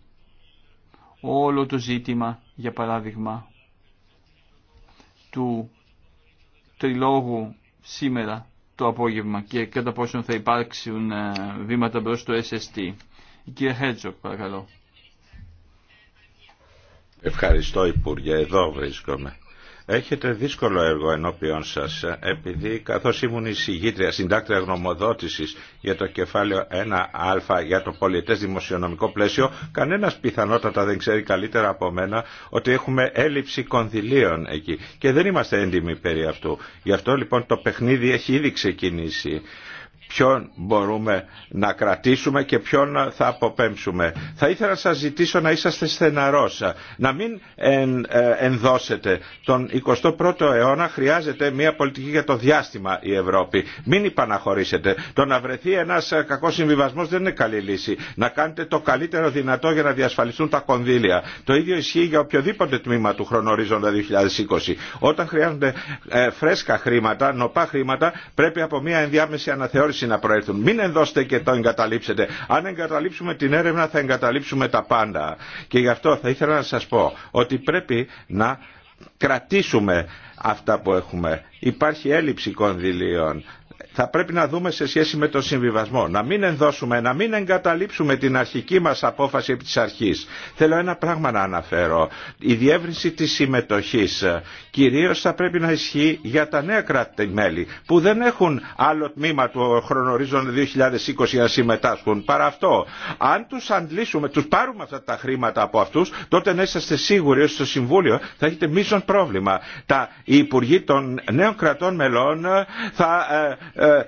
Speaker 1: Όλο το ζήτημα, για παράδειγμα, του τριλόγου σήμερα το απόγευμα και κατά πόσον θα υπάρξουν ε, βήματα μπρος στο SST. Η κυρία Χέτζοκ, παρακαλώ.
Speaker 4: Ευχαριστώ Υπουργέ, εδώ βρίσκομαι. Έχετε δύσκολο έργο ενώπιον σας, επειδή καθώς ήμουν εισηγήτρια, συντάκτρια γνωμοδότησης για το κεφάλαιο 1α για το πολιτές δημοσιονομικό πλαίσιο, κανένας πιθανότατα δεν ξέρει καλύτερα από μένα ότι έχουμε έλλειψη κονδυλίων εκεί και δεν είμαστε έντιμοι περί αυτού. Γι' αυτό λοιπόν το παιχνίδι έχει ήδη ξεκινήσει ποιον μπορούμε να κρατήσουμε και ποιον θα αποπέμψουμε. Θα ήθελα να σας ζητήσω να είσαστε στεναρός, να μην εν, ε, ενδώσετε. Τον 21ο αιώνα χρειάζεται μια πολιτική για το διάστημα η Ευρώπη. Μην υπαναχωρήσετε. Το να βρεθεί ένας κακός συμβιβασμός δεν είναι καλή λύση. Να κάνετε το καλύτερο δυνατό για να διασφαλιστούν τα κονδύλια. Το ίδιο ισχύει για οποιοδήποτε τμήμα του χρονορίζοντα 2020. Όταν χρειάζονται ε, φρέσκα χρήματα, νοπά χρήματα, πρέπει από μια ενδιάμεση αναθεώρηση να προέλθουν. Μην ενδώστε και το εγκαταλείψετε. Αν εγκαταλείψουμε την έρευνα θα εγκαταλείψουμε τα πάντα. Και γι' αυτό θα ήθελα να σας πω ότι πρέπει να κρατήσουμε αυτά που έχουμε. Υπάρχει έλλειψη κονδυλίων θα πρέπει να δούμε σε σχέση με τον συμβιβασμό. Να μην ενδώσουμε, να μην εγκαταλείψουμε την αρχική μας απόφαση επί της αρχής. Θέλω ένα πράγμα να αναφέρω. Η διεύρυνση της συμμετοχής ε, κυρίως θα πρέπει να ισχύει για τα νέα κράτη-μέλη που δεν έχουν άλλο τμήμα του χρονορίζων 2020 για να συμμετάσχουν. Παρά αυτό, αν τους αντλήσουμε, τους πάρουμε αυτά τα χρήματα από αυτούς, τότε να είσαστε σίγουροι ότι στο Συμβούλιο θα έχετε μείζον πρόβλημα. Τα, οι υπουργοί των νέων κρατών μελών ε, θα ε, ε,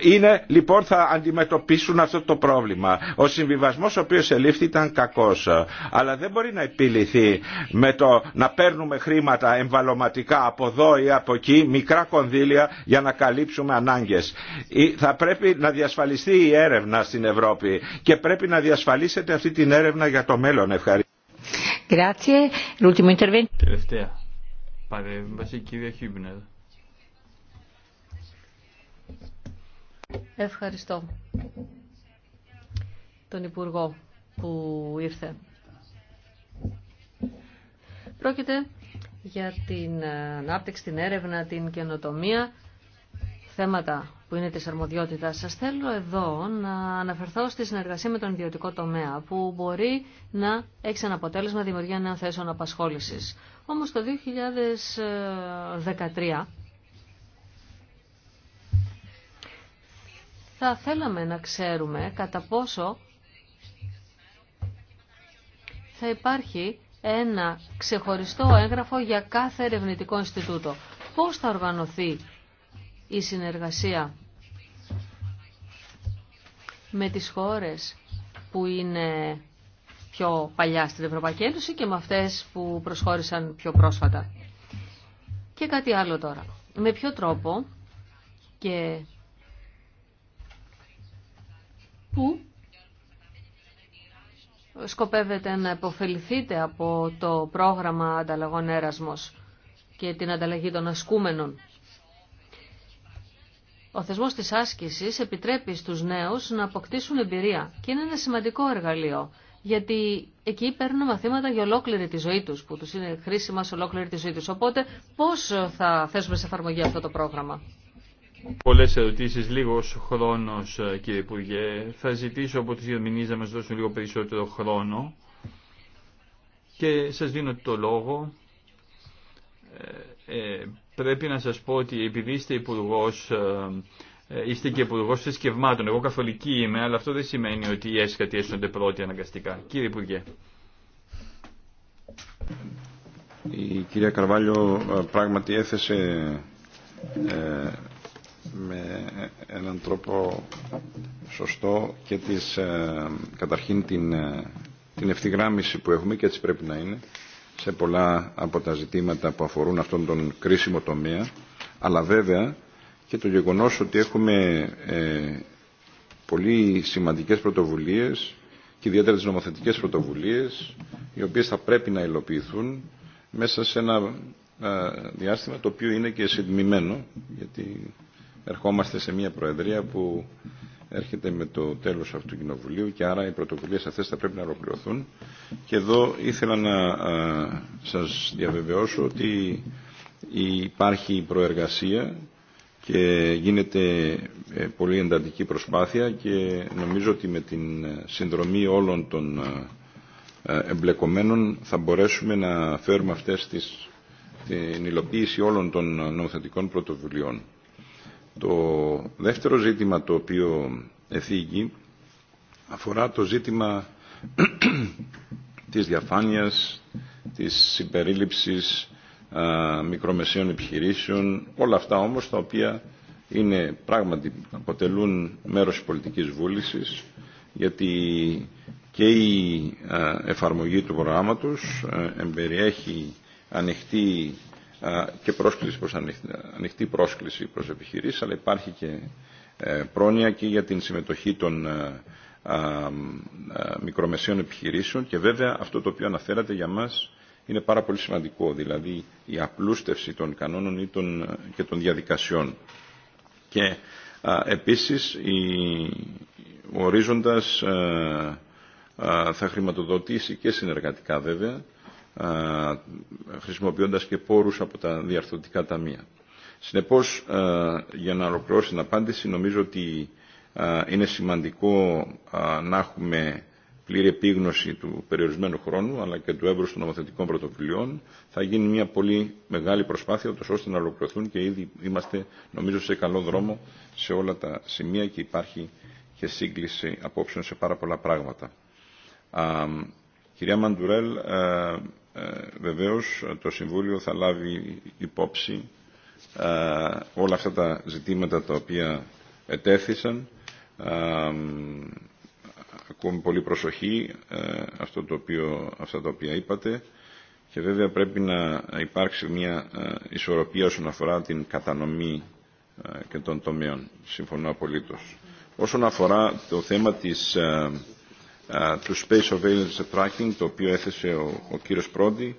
Speaker 4: είναι λοιπόν θα αντιμετωπίσουν αυτό το πρόβλημα. Ο συμβιβασμός ο οποίος ελήφθη ήταν κακός. Αλλά δεν μπορεί να επιληθεί με το να παίρνουμε χρήματα εμβαλωματικά από εδώ ή από εκεί, μικρά κονδύλια για να καλύψουμε ανάγκες. Θα πρέπει να διασφαλιστεί η έρευνα στην Ευρώπη και πρέπει να διασφαλίσετε αυτή την έρευνα για το μέλλον. Ευχαριστώ.
Speaker 5: Τελευταία.
Speaker 1: κύριε Χίμπνερ.
Speaker 3: Ευχαριστώ τον Υπουργό που ήρθε. Πρόκειται για την ανάπτυξη, την έρευνα, την καινοτομία, θέματα που είναι της αρμοδιότητας. Σας θέλω εδώ να αναφερθώ στη συνεργασία με τον ιδιωτικό τομέα, που μπορεί να έχει σαν αποτέλεσμα δημιουργία νέων θέσεων απασχόλησης. Όμως το 2013 θα θέλαμε να ξέρουμε κατά πόσο θα υπάρχει ένα ξεχωριστό έγγραφο για κάθε ερευνητικό Ινστιτούτο. Πώς θα οργανωθεί η συνεργασία με τις χώρες που είναι πιο παλιά στην Ευρωπαϊκή Ένωση και με αυτές που προσχώρησαν πιο πρόσφατα. Και κάτι άλλο τώρα. Με ποιο τρόπο και που σκοπεύετε να υποφεληθείτε από το πρόγραμμα ανταλλαγών έρασμος και την ανταλλαγή των ασκούμενων. Ο θεσμός της άσκησης επιτρέπει στους νέους να αποκτήσουν εμπειρία και είναι ένα σημαντικό εργαλείο, γιατί εκεί παίρνουν μαθήματα για ολόκληρη τη ζωή τους, που τους είναι χρήσιμα σε ολόκληρη τη ζωή τους. Οπότε πώς θα θέσουμε σε εφαρμογή αυτό το πρόγραμμα.
Speaker 1: Πολλές ερωτήσεις, λίγος χρόνος ε, κύριε Υπουργέ. Θα ζητήσω από τους γερμηνείς να μας δώσουν λίγο περισσότερο χρόνο και σας δίνω το λόγο. Ε, ε, πρέπει να σας πω ότι επειδή είστε υπουργός, ε, είστε και υπουργός θρησκευμάτων. Εγώ καθολική είμαι, αλλά αυτό δεν σημαίνει ότι οι έσχατοι έσονται πρώτοι αναγκαστικά. Κύριε Υπουργέ.
Speaker 9: Η κυρία Καρβάλιο πράγματι έθεσε με έναν τρόπο σωστό και τις, ε, καταρχήν την, ε, την ευθυγράμμιση που έχουμε και έτσι πρέπει να είναι σε πολλά από τα ζητήματα που αφορούν αυτόν τον κρίσιμο τομέα αλλά βέβαια και το γεγονός ότι έχουμε ε, πολύ σημαντικές πρωτοβουλίες και ιδιαίτερα τις νομοθετικές πρωτοβουλίες οι οποίες θα πρέπει να υλοποιηθούν μέσα σε ένα διάστημα το οποίο είναι και συντμημένο γιατί ερχόμαστε σε μια Προεδρία που έρχεται με το τέλος αυτού του Κοινοβουλίου και άρα οι πρωτοβουλίες αυτές θα πρέπει να ολοκληρωθούν. Και εδώ ήθελα να σας διαβεβαιώσω ότι υπάρχει προεργασία και γίνεται ε, πολύ εντατική προσπάθεια και νομίζω ότι με την συνδρομή όλων των ε, εμπλεκομένων θα μπορέσουμε να φέρουμε αυτές τις, την υλοποίηση όλων των νομοθετικών πρωτοβουλειών. Το δεύτερο ζήτημα το οποίο εφήγει αφορά το ζήτημα της διαφάνειας, της συμπερίληψης α, μικρομεσαίων επιχειρήσεων, όλα αυτά όμως τα οποία είναι πράγματι αποτελούν μέρος της πολιτικής βούλησης, γιατί και η εφαρμογή του προγράμματος α, εμπεριέχει ανοιχτή και πρόσκληση προς ανοιχτή πρόσκληση προς επιχειρήσεις, αλλά υπάρχει και ε, πρόνοια και για την συμμετοχή των ε, μικρομεσαίων επιχειρήσεων και βέβαια αυτό το οποίο αναφέρατε για μας είναι πάρα πολύ σημαντικό, δηλαδή η απλούστευση των κανόνων ή των, και των διαδικασιών. Και επίσης η, ορίζοντας ε, θα χρηματοδοτήσει και συνεργατικά βέβαια χρησιμοποιώντας και πόρους από τα διαρθρωτικά ταμεία. Συνεπώς, για να ολοκληρώσω την απάντηση, νομίζω ότι είναι σημαντικό να έχουμε πλήρη επίγνωση του περιορισμένου χρόνου αλλά και του έμπρος των νομοθετικών πρωτοβουλειών θα γίνει μια πολύ μεγάλη προσπάθεια ώστε να ολοκληρωθούν και ήδη είμαστε νομίζω σε καλό δρόμο σε όλα τα σημεία και υπάρχει και σύγκληση απόψεων σε πάρα πολλά πράγματα. κυρία Μαντουρέλ, ε, βεβαίως το Συμβούλιο θα λάβει υπόψη ε, όλα αυτά τα ζητήματα τα οποία ετέθησαν ε, ακόμη πολύ προσοχή αυτό το οποίο, αυτά τα οποία είπατε και βέβαια πρέπει να υπάρξει μια ισορροπία όσον αφορά την κατανομή και των τομέων. Συμφωνώ απολύτως. Όσον αφορά το θέμα της του Space Surveillance Tracking, το οποίο έθεσε ο, ο κύριος Πρόντι.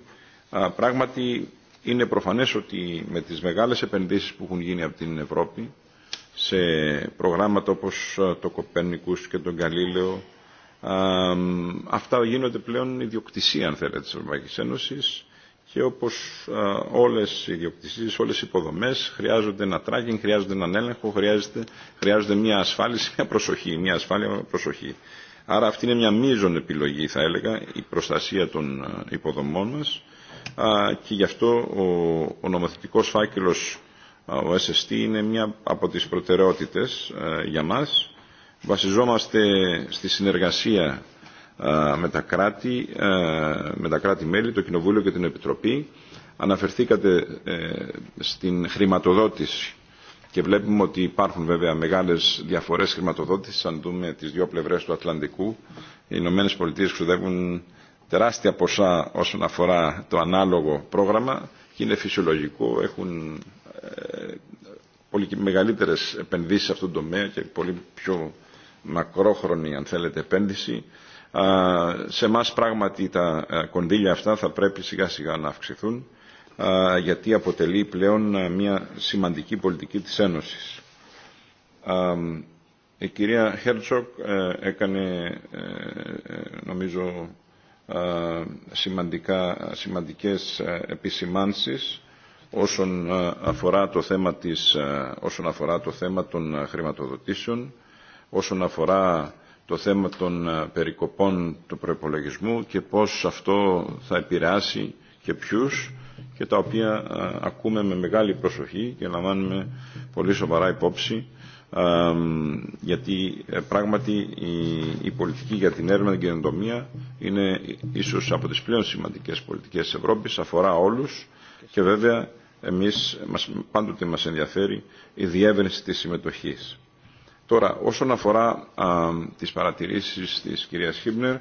Speaker 9: Πράγματι, είναι προφανές ότι με τις μεγάλες επενδύσεις που έχουν γίνει από την Ευρώπη, σε προγράμματα όπως το Κοπέρνικους και τον Καλίλαιο, αυτά γίνονται πλέον ιδιοκτησία, αν θέλετε, της Ευρωπαϊκής Ένωσης και όπως όλες οι ιδιοκτησίες, όλες οι υποδομές χρειάζονται ένα tracking, χρειάζονται έναν έλεγχο, χρειάζεται, χρειάζονται μια ασφάλιση, [laughs] μια προσοχή, μια ασφάλεια, μια προσοχή. Άρα αυτή είναι μια μείζον επιλογή θα έλεγα η προστασία των ε, υποδομών μας και γι' αυτό ο, ο νομοθετικός φάκελος ο SST είναι μια από τις προτεραιότητες ε, για μας. Βασιζόμαστε στη συνεργασία με τα ε, με τα κράτη-μέλη, το Κοινοβούλιο και την Επιτροπή. Αναφερθήκατε στην χρηματοδότηση και βλέπουμε ότι υπάρχουν βέβαια μεγάλες διαφορές χρηματοδότηση, αν δούμε τις δύο πλευρές του Ατλαντικού. Οι Ηνωμένε Πολιτείε ξοδεύουν τεράστια ποσά όσον αφορά το ανάλογο πρόγραμμα και είναι φυσιολογικό, έχουν ε, πολύ μεγαλύτερες επενδύσεις σε αυτόν τον τομέα και πολύ πιο μακρόχρονη αν θέλετε επένδυση. σε εμά πράγματι τα ε, κονδύλια αυτά θα πρέπει σιγά σιγά να αυξηθούν γιατί αποτελεί πλέον ε, μια σημαντική πολιτική της Ένωσης. Η κυρία Χέρτσοκ ε, έκανε ε, νομίζω σημαντικά, σημαντικές επισημάνσεις όσον αφορά το θέμα, της, όσον αφορά το θέμα των χρηματοδοτήσεων, όσον αφορά το θέμα των περικοπών του προϋπολογισμού και πώς αυτό θα επηρεάσει και ποιους και τα οποία ακούμε με μεγάλη προσοχή και λαμβάνουμε πολύ σοβαρά υπόψη γιατί ε, πράγματι η, πολιτική για την έρευνα και την καινοτομία είναι ίσως από τις πλέον σημαντικές πολιτικές της Ευρώπης, αφορά όλους και βέβαια εμείς μας, πάντοτε μας ενδιαφέρει η διεύρυνση της συμμετοχής. Τώρα, όσον αφορά α, τις παρατηρήσεις της κυρίας Χίμπνερ,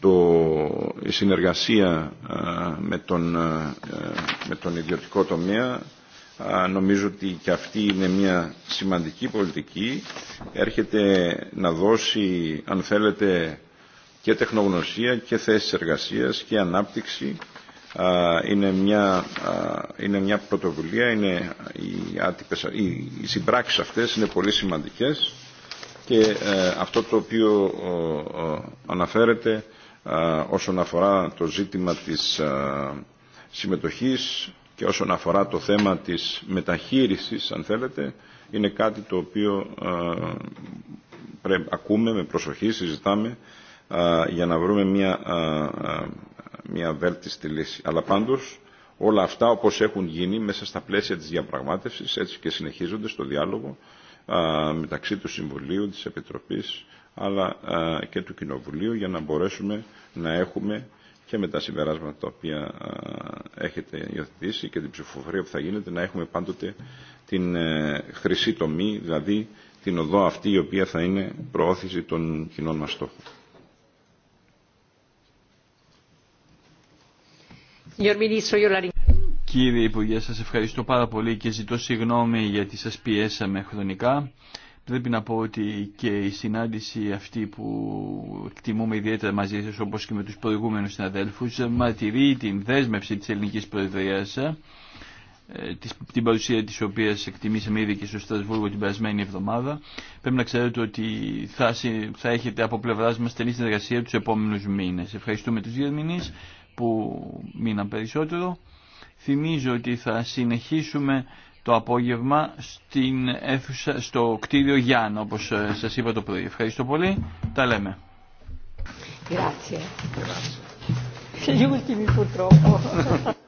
Speaker 9: το, η συνεργασία ε, με τον, ε, με τον ιδιωτικό τομέα νομίζω ότι και αυτή είναι μια σημαντική πολιτική έρχεται να δώσει αν θέλετε και τεχνογνωσία και θέσεις εργασίας και ανάπτυξη είναι μια, είναι μια πρωτοβουλία είναι οι, άτυπες, οι, οι συμπράξεις αυτές είναι πολύ σημαντικές και ε, αυτό το οποίο αναφέρεται όσον αφορά το ζήτημα της συμμετοχής και όσον αφορά το θέμα της μεταχείρισης, αν θέλετε, είναι κάτι το οποίο πρέπει, ακούμε με προσοχή, συζητάμε, για να βρούμε μια, μια βέλτιστη λύση. Αλλά πάντως όλα αυτά όπως έχουν γίνει μέσα στα πλαίσια της διαπραγμάτευσης, έτσι και συνεχίζονται στο διάλογο μεταξύ του Συμβουλίου, της Επιτροπής αλλά ε, και του Κοινοβουλίου για να μπορέσουμε να έχουμε και με τα συμπεράσματα τα οποία ε, έχετε υιοθετήσει και την ψηφοφορία που θα γίνεται να έχουμε πάντοτε την ε, χρυσή τομή, δηλαδή την οδό αυτή η οποία θα είναι προώθηση των κοινών μας στόχων.
Speaker 1: Κύριε Υπουργέ, σας ευχαριστώ πάρα πολύ και ζητώ συγγνώμη γιατί σας πιέσαμε χρονικά. Πρέπει να πω ότι και η συνάντηση αυτή που εκτιμούμε ιδιαίτερα μαζί σας όπως και με τους προηγούμενους συναδέλφους μαρτυρεί την δέσμευση της ελληνικής προεδρίας ε, την παρουσία της οποίας εκτιμήσαμε ήδη και στο Στρασβούργο την περασμένη εβδομάδα. Πρέπει να ξέρετε ότι θα, έχετε από πλευράς μας στενή συνεργασία τους επόμενους μήνες. Ευχαριστούμε τους διερμηνείς που μείναν περισσότερο. Θυμίζω ότι θα συνεχίσουμε το απόγευμα στην αίθουσα, στο κτίριο Γιάν, όπως ε, σας είπα το πρωί. Ευχαριστώ πολύ. Τα λέμε.
Speaker 5: Grazie. Grazie. Gli που purtroppo. [laughs]